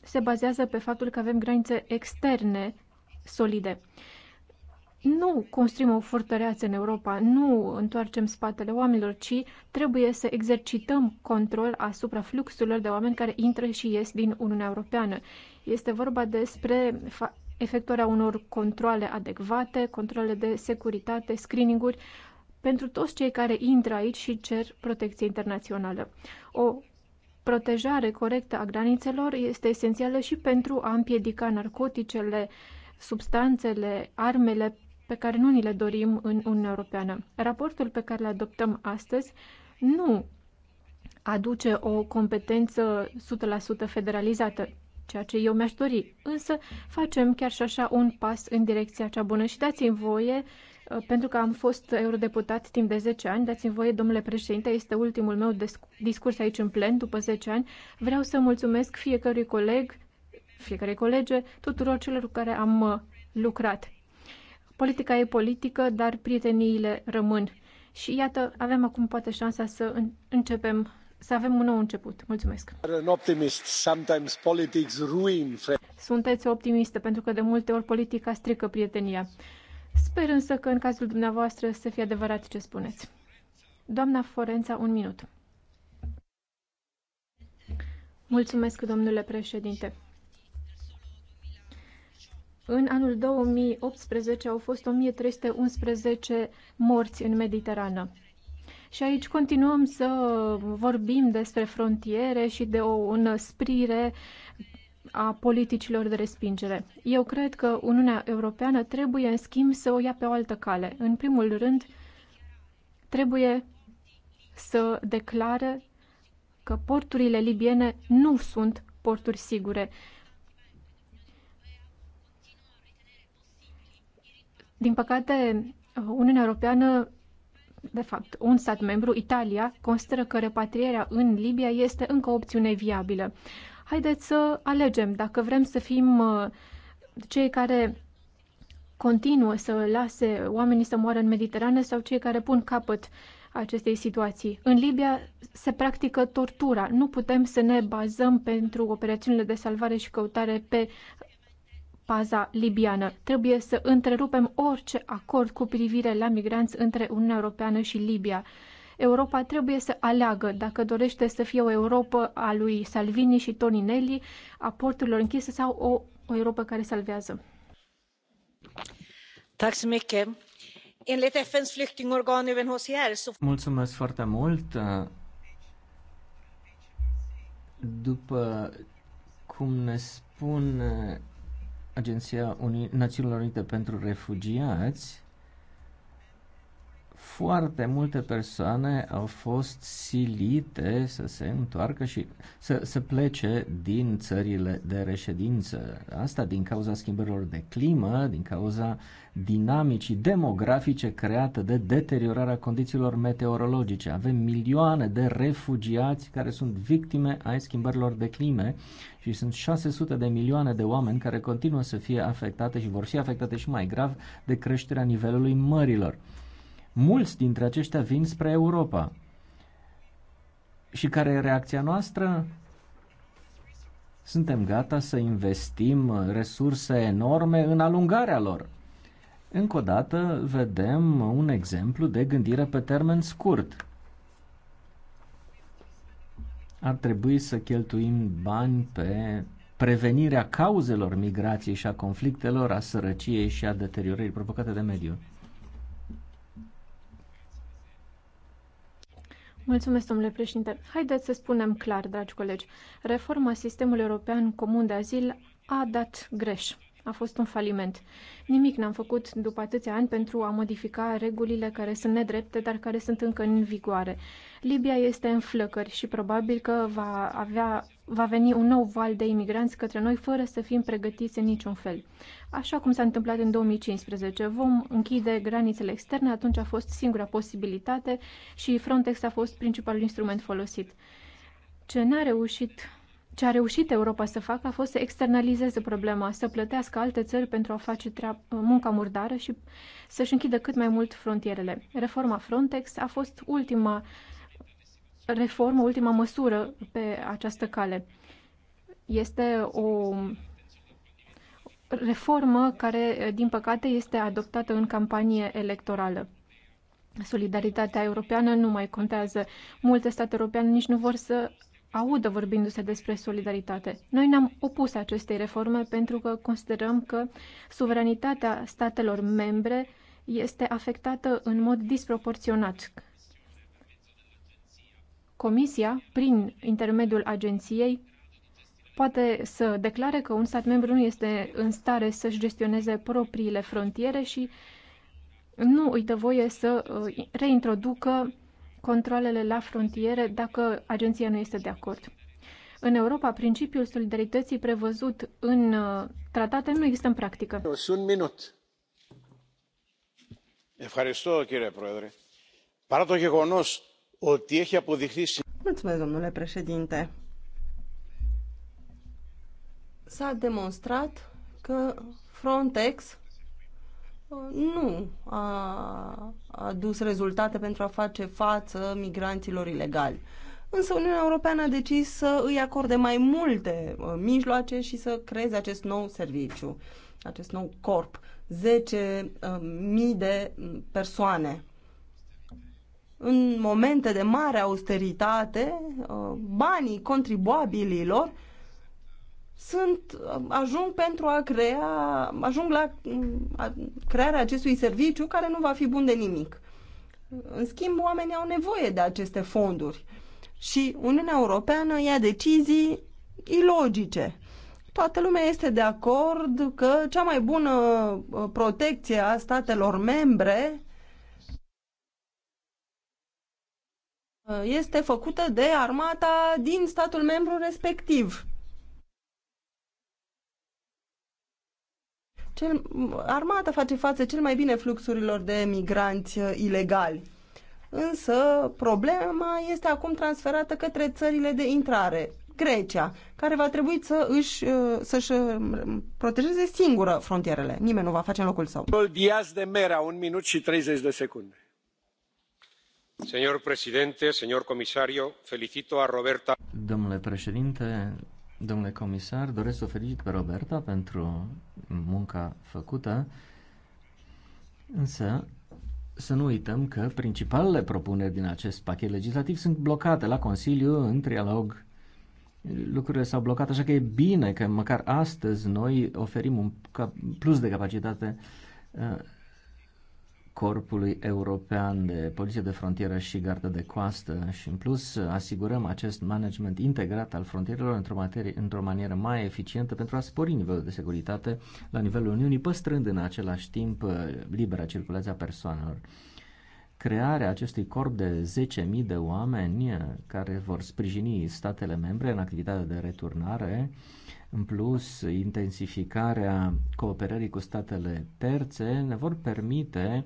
se bazează pe faptul că avem granițe externe solide. Nu construim o fortăreață în Europa, nu întoarcem spatele oamenilor, ci trebuie să exercităm control asupra fluxurilor de oameni care intră și ies din Uniunea Europeană. Este vorba despre efectuarea unor controle adecvate, controle de securitate, screening-uri pentru toți cei care intră aici și cer protecție internațională. O protejare corectă a granițelor este esențială și pentru a împiedica narcoticele, substanțele, armele pe care nu ni le dorim în Uniunea Europeană. Raportul pe care îl adoptăm astăzi nu aduce o competență 100% federalizată, ceea ce eu mi-aș dori, însă facem chiar și așa un pas în direcția cea bună și dați-mi voie Uh, pentru că am fost eurodeputat timp de 10 ani, dați-mi voie, domnule președinte, este ultimul meu discurs aici în plen, după 10 ani. Vreau să mulțumesc fiecărui coleg, fiecare colege, tuturor celor cu care am uh, lucrat. Politica e politică, dar prieteniile rămân. Și iată, avem acum poate șansa să începem să avem un nou început. Mulțumesc. Sunteți optimiste pentru că de multe ori politica strică prietenia. Sper însă că în cazul dumneavoastră să fie adevărat ce spuneți. Doamna Forența, un minut. Mulțumesc, domnule președinte. În anul 2018 au fost 1311 morți în Mediterană. Și aici continuăm să vorbim despre frontiere și de o înăsprire a politicilor de respingere. Eu cred că Uniunea Europeană trebuie, în schimb, să o ia pe o altă cale. În primul rând, trebuie să declare că porturile libiene nu sunt porturi sigure. Din păcate, Uniunea Europeană, de fapt, un stat membru, Italia, consideră că repatrierea în Libia este încă o opțiune viabilă. Haideți să alegem dacă vrem să fim uh, cei care continuă să lase oamenii să moară în Mediterană sau cei care pun capăt acestei situații. În Libia se practică tortura. Nu putem să ne bazăm pentru operațiunile de salvare și căutare pe paza libiană. Trebuie să întrerupem orice acord cu privire la migranți între Uniunea Europeană și Libia. Europa trebuie să aleagă dacă dorește să fie o Europa a lui Salvini și Toninelli, a porturilor închise sau o, o Europa care salvează. Mulțumesc foarte mult. După cum ne spun Agenția Națiunilor Unite pentru Refugiați, foarte multe persoane au fost silite să se întoarcă și să, să plece din țările de reședință. Asta din cauza schimbărilor de climă, din cauza dinamicii demografice create de deteriorarea condițiilor meteorologice. Avem milioane de refugiați care sunt victime ai schimbărilor de clime și sunt 600 de milioane de oameni care continuă să fie afectate și vor fi afectate și mai grav de creșterea nivelului mărilor. Mulți dintre aceștia vin spre Europa. Și care e reacția noastră? Suntem gata să investim resurse enorme în alungarea lor. Încă o dată vedem un exemplu de gândire pe termen scurt. Ar trebui să cheltuim bani pe prevenirea cauzelor migrației și a conflictelor, a sărăciei și a deteriorării provocate de mediu. Mulțumesc, domnule președinte. Haideți să spunem clar, dragi colegi, reforma sistemului european comun de azil a dat greș. A fost un faliment. Nimic n-am făcut după atâția ani pentru a modifica regulile care sunt nedrepte, dar care sunt încă în vigoare. Libia este în flăcări și probabil că va avea va veni un nou val de imigranți către noi fără să fim pregătiți în niciun fel. Așa cum s-a întâmplat în 2015, vom închide granițele externe, atunci a fost singura posibilitate și Frontex a fost principalul instrument folosit. Ce n-a reușit ce a reușit Europa să facă a fost să externalizeze problema, să plătească alte țări pentru a face treab- munca murdară și să-și închidă cât mai mult frontierele. Reforma Frontex a fost ultima reformă, ultima măsură pe această cale. Este o reformă care, din păcate, este adoptată în campanie electorală. Solidaritatea europeană nu mai contează. Multe state europene nici nu vor să audă vorbindu-se despre solidaritate. Noi ne-am opus acestei reforme pentru că considerăm că suveranitatea statelor membre este afectată în mod disproporționat Comisia, prin intermediul agenției, poate să declare că un stat membru nu este în stare să-și gestioneze propriile frontiere și nu îi dă voie să uh, reintroducă controlele la frontiere dacă agenția nu este de acord. În Europa, principiul solidarității prevăzut în uh, tratate nu există în practică. Un minut. Mulțumesc, κύριε președinte. Παρά το cunosc. Mulțumesc, domnule președinte. S-a demonstrat că Frontex uh, nu a adus rezultate pentru a face față migranților ilegali. Însă Uniunea Europeană a decis să îi acorde mai multe uh, mijloace și să creeze acest nou serviciu, acest nou corp. 10.000 uh, de mm, persoane în momente de mare austeritate, uh, banii contribuabililor sunt, uh, ajung pentru a crea, ajung la mm, crearea acestui serviciu care nu va fi bun de nimic. În schimb, oamenii au nevoie de aceste fonduri și Uniunea Europeană ia decizii ilogice. Toată lumea este de acord că cea mai bună uh, protecție a statelor membre Uh, este făcută de armata din statul membru respectiv. Cel, armata face față cel mai bine fluxurilor de migranți uh, ilegali. Însă problema este acum transferată către țările de intrare. Grecia, care va trebui să își, uh, să-și protejeze singură frontierele. Nimeni nu va face în locul său. Diaz de Mera, un minut și 30 de secunde Domnule președinte, domnule comisar, doresc să o felicit pe Roberta pentru munca făcută, însă să nu uităm că principalele propuneri din acest pachet legislativ sunt blocate la Consiliu în trialog. Lucrurile s-au blocat, așa că e bine că măcar astăzi noi oferim un plus de capacitate uh, Corpului European de Poliție de Frontieră și Gardă de Coastă și în plus asigurăm acest management integrat al frontierelor într-o, materie, într-o manieră mai eficientă pentru a spori nivelul de securitate la nivelul Uniunii, păstrând în același timp uh, libera circulație a persoanelor. Crearea acestui corp de 10.000 de oameni uh, care vor sprijini statele membre în activitatea de returnare uh, în plus, intensificarea cooperării cu statele terțe ne vor permite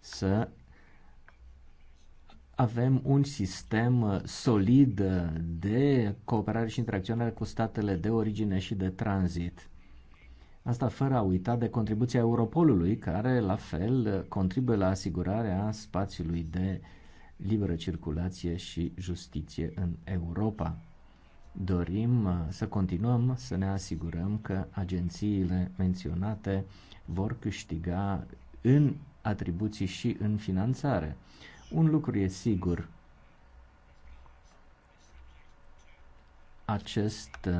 să avem un sistem solid de cooperare și interacționare cu statele de origine și de tranzit. Asta fără a uita de contribuția Europolului, care la fel contribuie la asigurarea spațiului de liberă circulație și justiție în Europa dorim uh, să continuăm să ne asigurăm că agențiile menționate vor câștiga în atribuții și în finanțare. Un lucru e sigur, acest uh,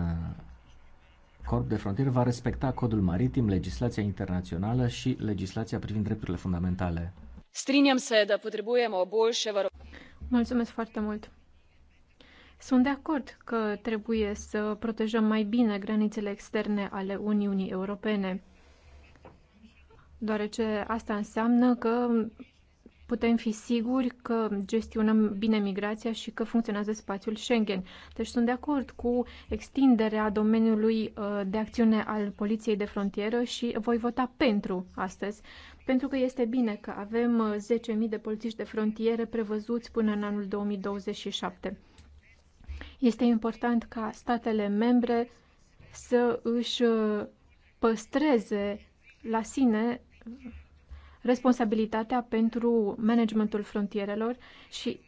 corp de frontieră va respecta codul maritim, legislația internațională și legislația privind drepturile fundamentale. Strinjam se da potrebujemo boljše varovanje. Mulțumesc foarte mult. Sunt de acord că trebuie să protejăm mai bine granițele externe ale Uniunii Europene, deoarece asta înseamnă că putem fi siguri că gestionăm bine migrația și că funcționează spațiul Schengen. Deci sunt de acord cu extinderea domeniului uh, de acțiune al Poliției de Frontieră și voi vota pentru astăzi, pentru că este bine că avem 10.000 uh, de polițiști de frontieră prevăzuți până în anul 2027. Este important ca statele membre să își uh, păstreze la sine responsabilitatea pentru managementul frontierelor și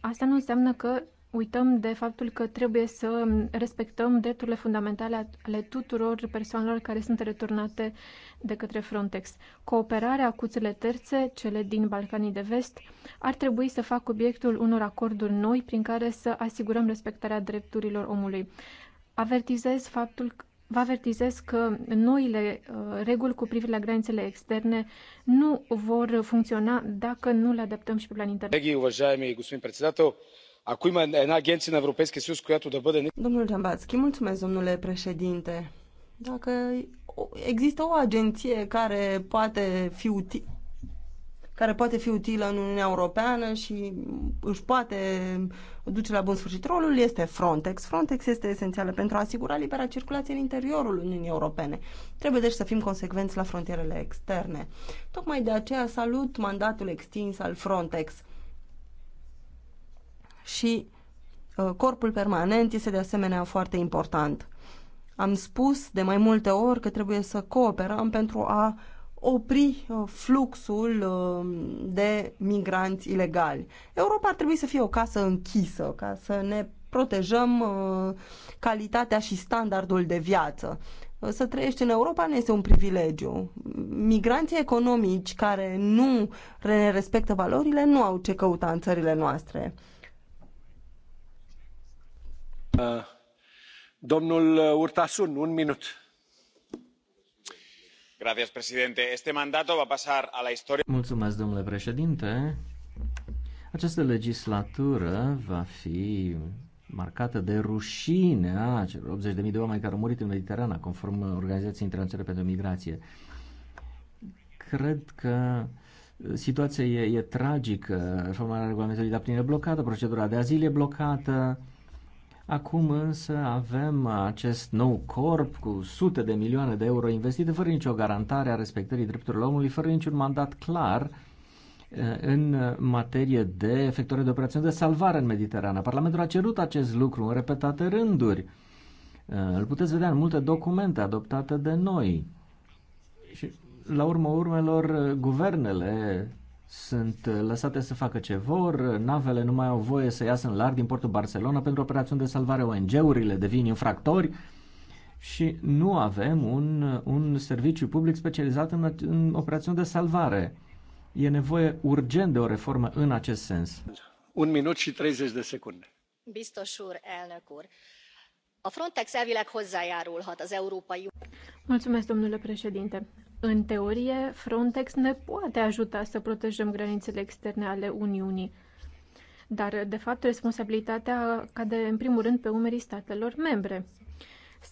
asta nu înseamnă că uităm de faptul că trebuie să respectăm drepturile fundamentale ale tuturor persoanelor care sunt returnate de către Frontex. Cooperarea cu țele terțe, cele din Balcanii de Vest, ar trebui să facă obiectul unor acorduri noi prin care să asigurăm respectarea drepturilor omului. Avertizez faptul că Vă avertizez că noile uh, reguli cu privire la granițele externe nu vor funcționa dacă nu le adaptăm și pe plan intern. Acum, în agenție sus, Domnul Jambatski, mulțumesc, domnule președinte. Dacă există o agenție care poate fi utilă, care poate fi utilă în Uniunea Europeană și își poate duce la bun sfârșit rolul este Frontex. Frontex este esențială pentru a asigura libera circulație în interiorul Uniunii Europene. Trebuie deci să fim consecvenți la frontierele externe. Tocmai de aceea salut mandatul extins al Frontex și uh, corpul permanent este de asemenea foarte important. Am spus de mai multe ori că trebuie să cooperăm pentru a opri uh, fluxul uh, de migranți ilegali. Europa ar trebui să fie o casă închisă, ca să ne protejăm calitatea și standardul de viață. Să trăiești în Europa nu este un privilegiu. Migranții economici care nu respectă valorile nu au ce căuta în țările noastre. Mulțumesc, domnule președinte. Această legislatură va fi marcată de rușinea celor 80.000 de oameni care au murit în Mediterana, conform Organizației Internaționale pentru Migrație. Cred că situația e, e tragică. Reforma regulamentului de plină blocată, procedura de azil e blocată, Acum însă avem acest nou corp cu sute de milioane de euro investite fără nicio garantare a respectării drepturilor omului, fără niciun mandat clar eh, în materie de efectuare de operațiuni de salvare în Mediterana. Parlamentul a cerut acest lucru în repetate rânduri. Eh, îl puteți vedea în multe documente adoptate de noi. Și la urma urmelor, eh, guvernele sunt uh, lăsate să facă ce vor, navele nu mai au voie să iasă în larg din portul Barcelona pentru operațiuni de salvare, ONG-urile devin infractori și nu avem un, un serviciu public specializat în, în operațiuni de salvare. E nevoie urgent de o reformă în acest sens. Un minut și 30 de secunde. Bistosur elnăcur. A Frontex elvileg hozzájárulhat az európai... Mulțumesc, domnule președinte. În teorie, Frontex ne poate ajuta să protejăm granițele externe ale Uniunii, dar, de fapt, responsabilitatea cade în primul rând pe umerii statelor membre.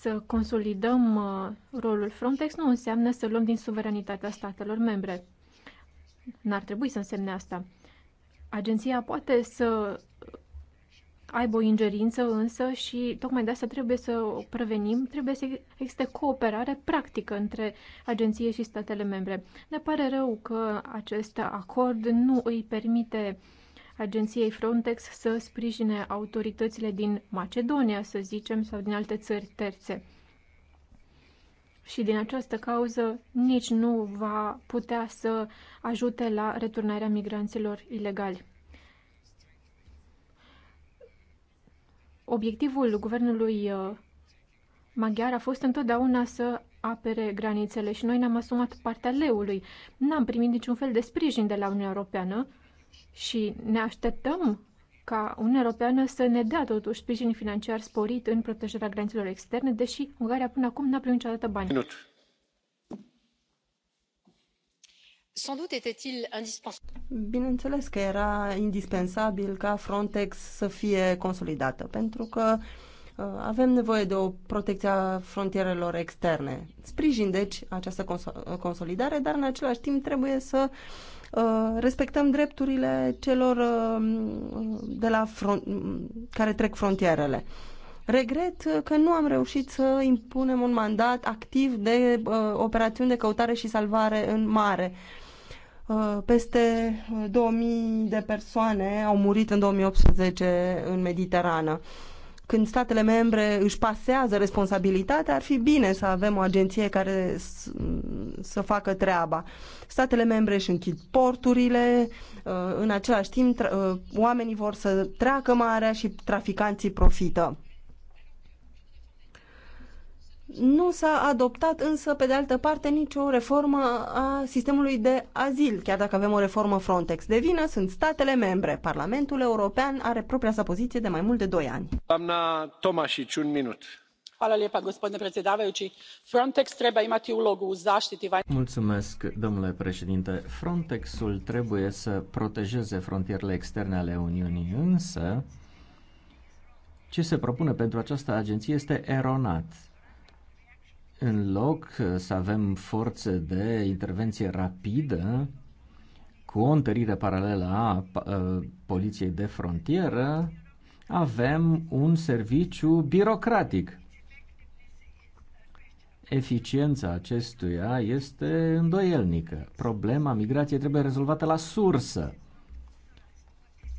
Să consolidăm uh, rolul Frontex nu înseamnă să luăm din suveranitatea statelor membre. N-ar trebui să însemne asta. Agenția poate să aibă o ingerință însă și tocmai de asta trebuie să o prevenim, trebuie să existe cooperare practică între agenție și statele membre. Ne pare rău că acest acord nu îi permite agenției Frontex să sprijine autoritățile din Macedonia, să zicem, sau din alte țări terțe. Și din această cauză nici nu va putea să ajute la returnarea migranților ilegali. Obiectivul guvernului uh, maghiar a fost întotdeauna să apere granițele și noi ne-am asumat partea leului. N-am primit niciun fel de sprijin de la Uniunea Europeană și ne așteptăm ca Uniunea Europeană să ne dea totuși sprijin financiar sporit în protejarea granițelor externe, deși Ungaria până acum n-a primit niciodată bani. Minut. Bineînțeles că era indispensabil ca Frontex să fie consolidată, pentru că uh, avem nevoie de o protecție a frontierelor externe. Sprijin, deci, această consolidare, dar în același timp trebuie să uh, respectăm drepturile celor uh, de la front, care trec frontierele. Regret că nu am reușit să impunem un mandat activ de operațiuni de căutare și salvare în mare. Uh, peste 2000 uh, de persoane au murit în 2018 în Mediterană. Când statele membre își pasează responsabilitatea, ar fi bine să avem o agenție care să facă treaba. Statele membre își închid porturile, uh, în același timp oamenii vor să treacă marea și traficanții profită nu s-a adoptat însă, pe de altă parte, nicio reformă a sistemului de azil, chiar dacă avem o reformă Frontex. De vină sunt statele membre. Parlamentul European are propria sa poziție de mai mult de doi ani. Doamna Tomașici, un minut. gospodine predsjedavajući frontex treba imati ulogu u zaštiti Mulțumesc, domnule președinte. Frontexul trebuie să protejeze frontierele externe ale Uniunii, însă ce se propune pentru această agenție este eronat în loc uh, să avem forțe de intervenție rapidă, cu o întărire paralelă a uh, poliției de frontieră, avem un serviciu birocratic. Eficiența acestuia este îndoielnică. Problema migrației trebuie rezolvată la sursă.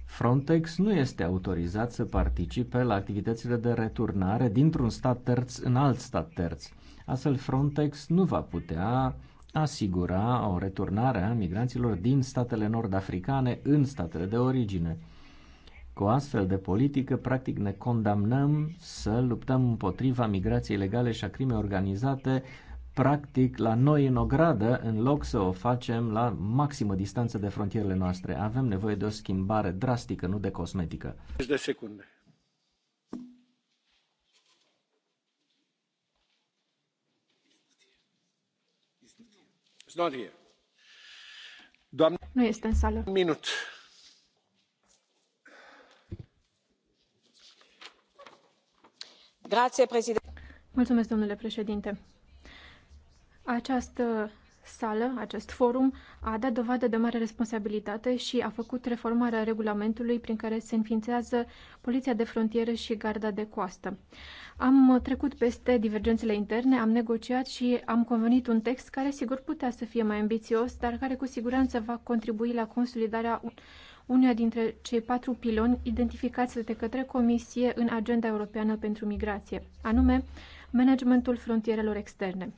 Frontex nu este autorizat să participe la activitățile de returnare dintr-un stat terț în alt stat terț. Astfel, Frontex nu va putea asigura o returnare a migranților din statele nord-africane în statele de origine. Cu astfel de politică, practic, ne condamnăm să luptăm împotriva migrației ilegale și a crimei organizate, practic, la noi în ogradă, în loc să o facem la maximă distanță de frontierele noastre. Avem nevoie de o schimbare drastică, nu de cosmetică. Deci de secunde. not este în sală. Un Mulțumesc, domnule președinte această sală, acest forum, a dat dovadă de mare responsabilitate și a făcut reformarea regulamentului prin care se înființează Poliția de Frontieră și Garda de Coastă. Am trecut peste divergențele interne, am negociat și am convenit un text care sigur putea să fie mai ambițios, dar care cu siguranță va contribui la consolidarea uneia dintre cei patru piloni identificați de către Comisie în Agenda Europeană pentru Migrație, anume managementul frontierelor externe.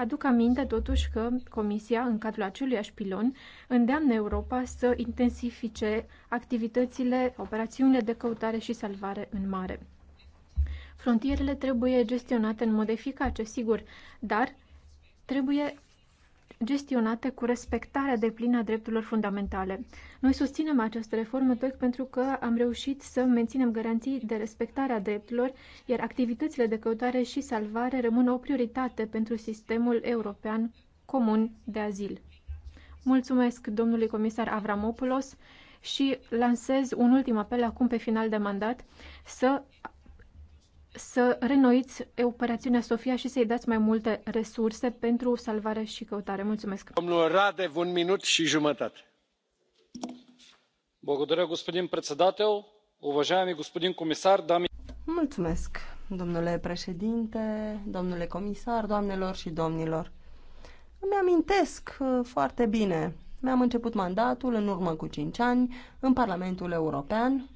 Aduc aminte totuși că Comisia, în cadrul aceluiași pilon, îndeamnă Europa să intensifice activitățile, operațiunile de căutare și salvare în mare. Frontierele trebuie gestionate în mod eficace, sigur, dar trebuie gestionate cu respectarea deplină a drepturilor fundamentale. Noi susținem această reformă tot pentru că am reușit să menținem garanții de respectare a drepturilor, iar activitățile de căutare și salvare rămân o prioritate pentru sistemul european comun de azil. Mulțumesc domnului comisar Avramopoulos și lansez un ultim apel acum pe final de mandat să să renoiți operațiunea Sofia și să-i dați mai multe resurse pentru salvare și căutare. Mulțumesc. Domnul Radev, un minut și jumătate. Mulțumesc, domnule președinte, domnule comisar, doamnelor și domnilor. Îmi amintesc uh, foarte bine. Mi-am început mandatul în urmă cu 5 ani în Parlamentul European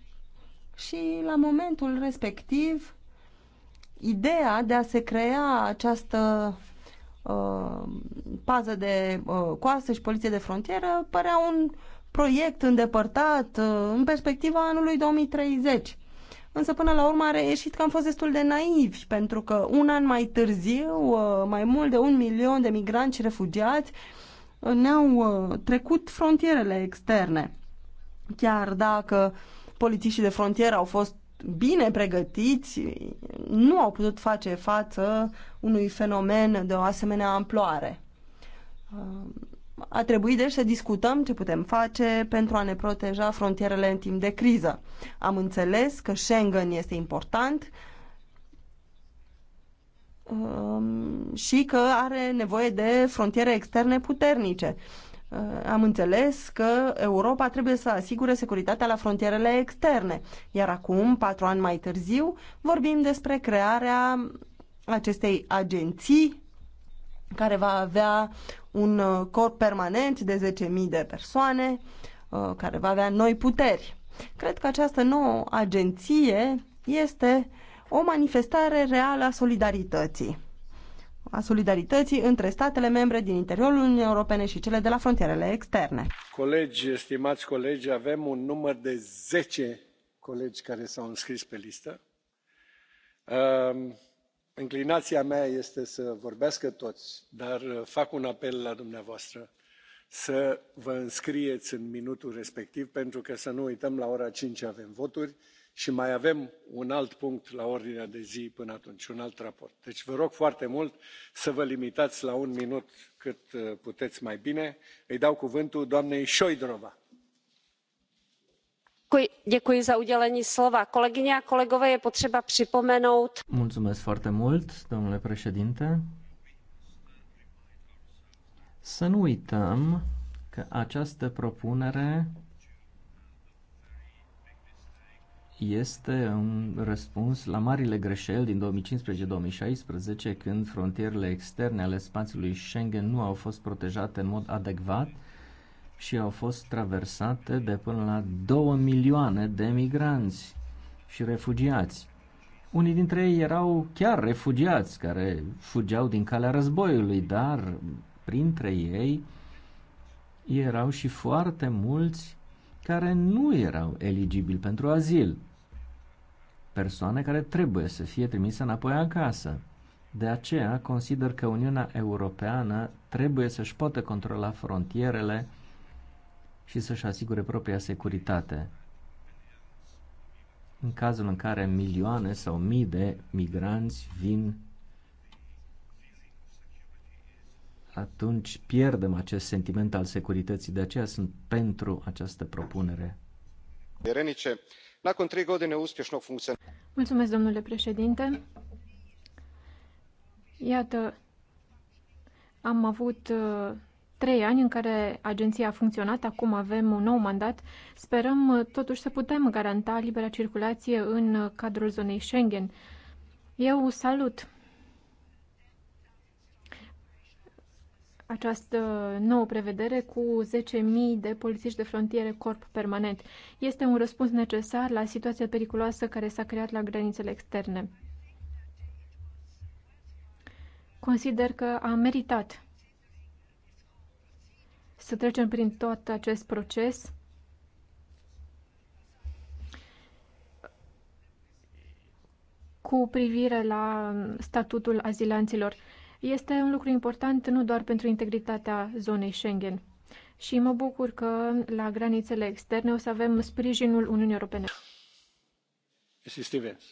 și la momentul respectiv Ideea de a se crea această uh, pază de uh, coastă și poliție de frontieră părea un proiect îndepărtat uh, în perspectiva anului 2030. Însă până la urmă a reieșit că am fost destul de naivi, pentru că un an mai târziu, uh, mai mult de un milion de migranți și refugiați uh, ne-au uh, trecut frontierele externe. Chiar dacă polițiștii de frontieră au fost bine pregătiți nu au putut face față unui fenomen de o asemenea amploare. A trebuit deci să discutăm ce putem face pentru a ne proteja frontierele în timp de criză. Am înțeles că Schengen este important um, și că are nevoie de frontiere externe puternice. Eh, am înțeles că Europa trebuie să asigure securitatea la frontierele externe. Iar acum, patru ani mai târziu, vorbim despre crearea acestei agenții care va avea un eh, corp permanent de 10.000 de persoane, eh, care va avea noi puteri. Cred că această nouă agenție este o manifestare reală a solidarității a solidarității între statele membre din interiorul Uniunii Europene și cele de la frontierele externe. Colegi, estimați colegi, avem un număr de 10 colegi care s-au înscris pe listă. Înclinația ehm, mea este să vorbească toți, dar uh, fac un apel la dumneavoastră să vă înscrieți în minutul respectiv, pentru că să nu uităm, la ora 5 avem voturi și mai avem un alt punct la ordinea de zi până atunci un alt raport deci vă rog foarte mult să vă limitați la un minut cât uh, puteți mai bine. îi dau cuvântul doamnei șojdrova. Mulțumesc foarte mult, domnule președinte. Să nu uităm că această propunere este un răspuns la marile greșeli din 2015-2016, când frontierele externe ale spațiului Schengen nu au fost protejate în mod adecvat și au fost traversate de până la 2 milioane de migranți și refugiați. Unii dintre ei erau chiar refugiați care fugeau din calea războiului, dar printre ei erau și foarte mulți care nu erau eligibili pentru azil, persoane care trebuie să fie trimise înapoi acasă. De aceea consider că Uniunea Europeană trebuie să-și poată controla frontierele și să-și asigure propria securitate. În cazul în care milioane sau mii de migranți vin atunci pierdem acest sentiment al securității. De aceea sunt pentru această propunere. Mulțumesc, domnule președinte. Iată, am avut uh, trei ani în care agenția a funcționat, acum avem un nou mandat. Sperăm uh, totuși să putem garanta libera circulație în uh, cadrul zonei Schengen. Eu salut această nouă prevedere cu 10.000 de polițiști de frontiere corp permanent. Este un răspuns necesar la situația periculoasă care s-a creat la granițele externe. Consider că a meritat să trecem prin tot acest proces cu privire la statutul azilanților este un lucru important nu doar pentru integritatea zonei Schengen. Și mă bucur că la granițele externe o să avem sprijinul Uniunii Europene. Mrs. Stevens.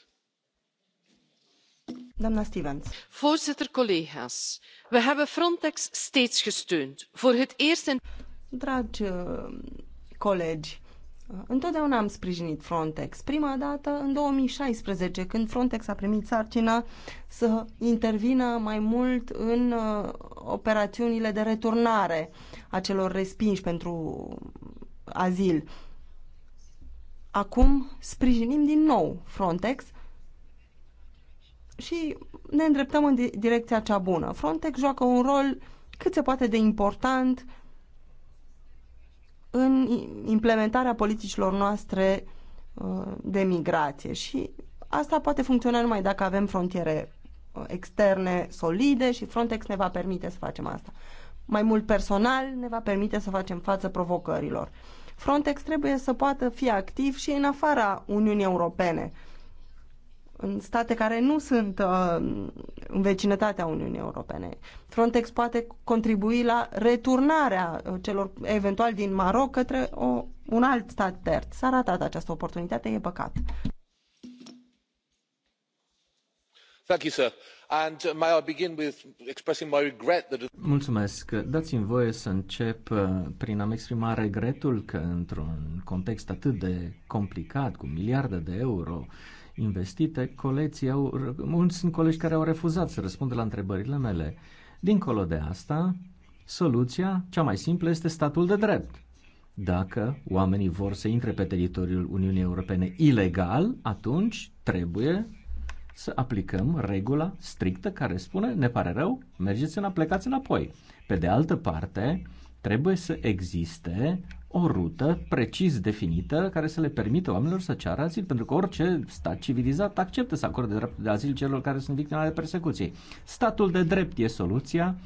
Doamna Stevens. Voorzitter, collega's. We hebben Frontex steeds gesteund. Voor het eerst in... Dragi uh, colegi, Întotdeauna am sprijinit Frontex. Prima dată în 2016, când Frontex a primit sarcina să intervină mai mult în uh, operațiunile de returnare a celor respinși pentru azil. Acum sprijinim din nou Frontex și ne îndreptăm în direcția cea bună. Frontex joacă un rol cât se poate de important uh, în implementarea politicilor noastre uh, de migrație și asta poate funcționa numai dacă avem frontiere uh, externe solide și Frontex ne va permite să facem asta. Mai mult personal ne va permite să facem față provocărilor. Frontex trebuie să poată fi activ și în afara Uniunii Europene în state care nu sunt uh, în vecinătatea Uniunii Europene. Frontex poate contribui la returnarea uh, celor eventual din Maroc către o, un alt stat terț. S-a ratat această oportunitate, e păcat. Thank you, sir. And uh, may I begin with expressing my regret that... Mulțumesc. Dați-mi voie să încep uh, prin a-mi exprima regretul că într-un context atât de complicat, cu miliarde de euro, uh, investite, colegii au, mulți sunt colegi care au refuzat să răspundă la întrebările mele. Dincolo de asta, soluția cea mai simplă este statul de drept. Dacă oamenii vor să intre pe teritoriul Uniunii Europene ilegal, atunci trebuie să aplicăm regula strictă care spune, ne pare rău, mergeți în, plecați înapoi. Pe de altă parte, Trebuie să existe o rută precis definită care să le permită oamenilor să ceară azil, pentru că orice stat civilizat acceptă să acorde drept de azil celor care sunt victime ale persecuției. Statul de drept e soluția.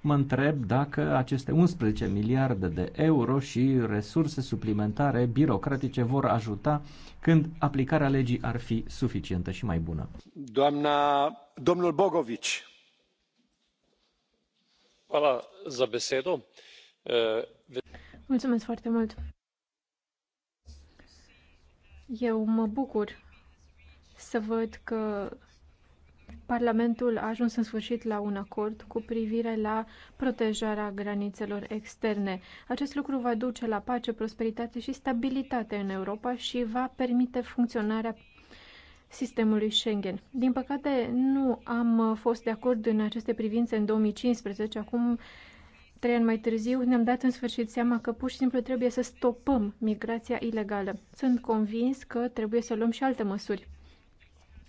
Mă întreb dacă aceste 11 miliarde de euro și resurse suplimentare birocratice vor ajuta când aplicarea legii ar fi suficientă și mai bună. Doamna, domnul Bogovici. Hvala za besedo Mulțumesc foarte mult! Eu mă bucur să văd că Parlamentul a ajuns în sfârșit la un acord cu privire la protejarea granițelor externe. Acest lucru va duce la pace, prosperitate și stabilitate în Europa și va permite funcționarea sistemului Schengen. Din păcate, nu am fost de acord în aceste privințe în 2015, acum trei ani mai târziu, ne-am dat în sfârșit seama că pur și simplu trebuie să stopăm migrația ilegală. Sunt convins că trebuie să luăm și alte măsuri.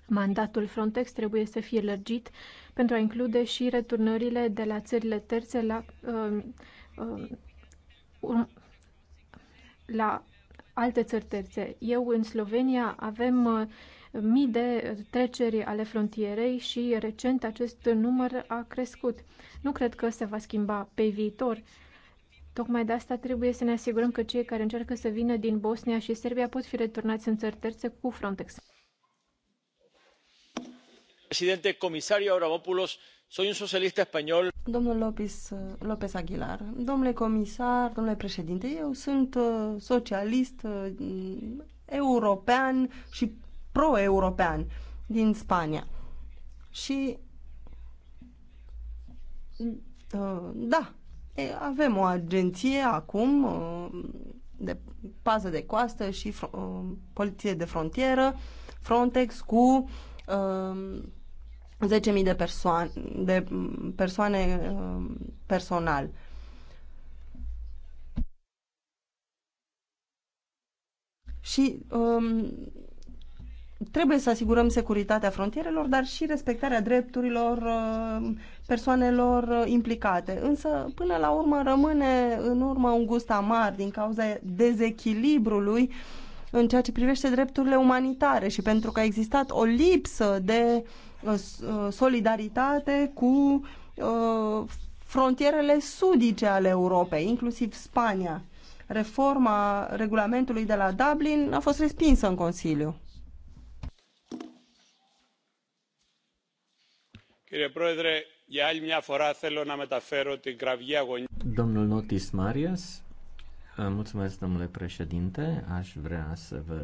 Mandatul Frontex trebuie să fie lărgit pentru a include și returnările de la țările terțe la, uh, uh, um, la alte țări terțe. Eu, în Slovenia, avem uh, mii de treceri ale frontierei și recent acest număr a crescut. Nu cred că se va schimba pe viitor. Tocmai de asta trebuie să ne asigurăm că cei care încearcă să vină din Bosnia și Serbia pot fi returnați în țări terțe cu Frontex. Președinte, comisariu Avramopoulos, soy un socialista español. Domnul López, López Aguilar, domnule comisar, domnule președinte, eu sunt uh, socialist uh, european și pro-european din Spania. Și uh, da, avem o agenție acum uh, de pază de coastă și uh, poliție de frontieră, Frontex cu 10.000 de persoane, de persoane personal. Și um, trebuie să asigurăm securitatea frontierelor, dar și respectarea drepturilor uh, persoanelor uh, implicate. Însă, până la urmă, rămâne în urmă un gust amar din cauza dezechilibrului în ceea ce privește drepturile umanitare și pentru că a existat o lipsă de uh, solidaritate cu frontierele sudice ale Europei, inclusiv Spania. Reforma regulamentului de la Dublin a fost respinsă în Consiliu. Domnul Notis Marias, uh, mulțumesc, domnule președinte. Aș vrea să vă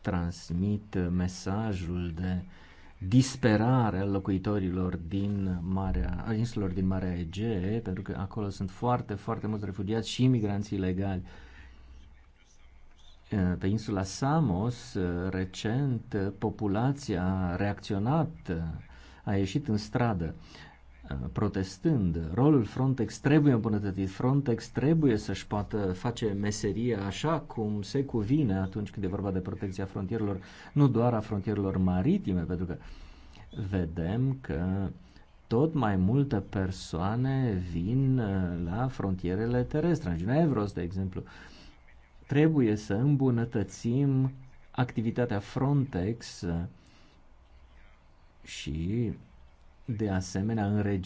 transmit mesajul de disperare al locuitorilor din Marea, al insulor din Marea Egee, pentru că acolo sunt foarte, foarte mulți refugiați și imigranți ilegali. Uh, pe insula Samos, uh, recent, populația a reacționat a ieșit în stradă uh, protestând. Rolul Frontex trebuie îmbunătățit. Frontex trebuie să-și poată face meseria așa cum se cuvine atunci când e vorba de protecția frontierelor, nu doar a frontierelor maritime, pentru că vedem că tot mai multe persoane vin uh, la frontierele terestre. În Ginevros, de exemplu, trebuie să îmbunătățim activitatea Frontex uh, și de asemenea în regi-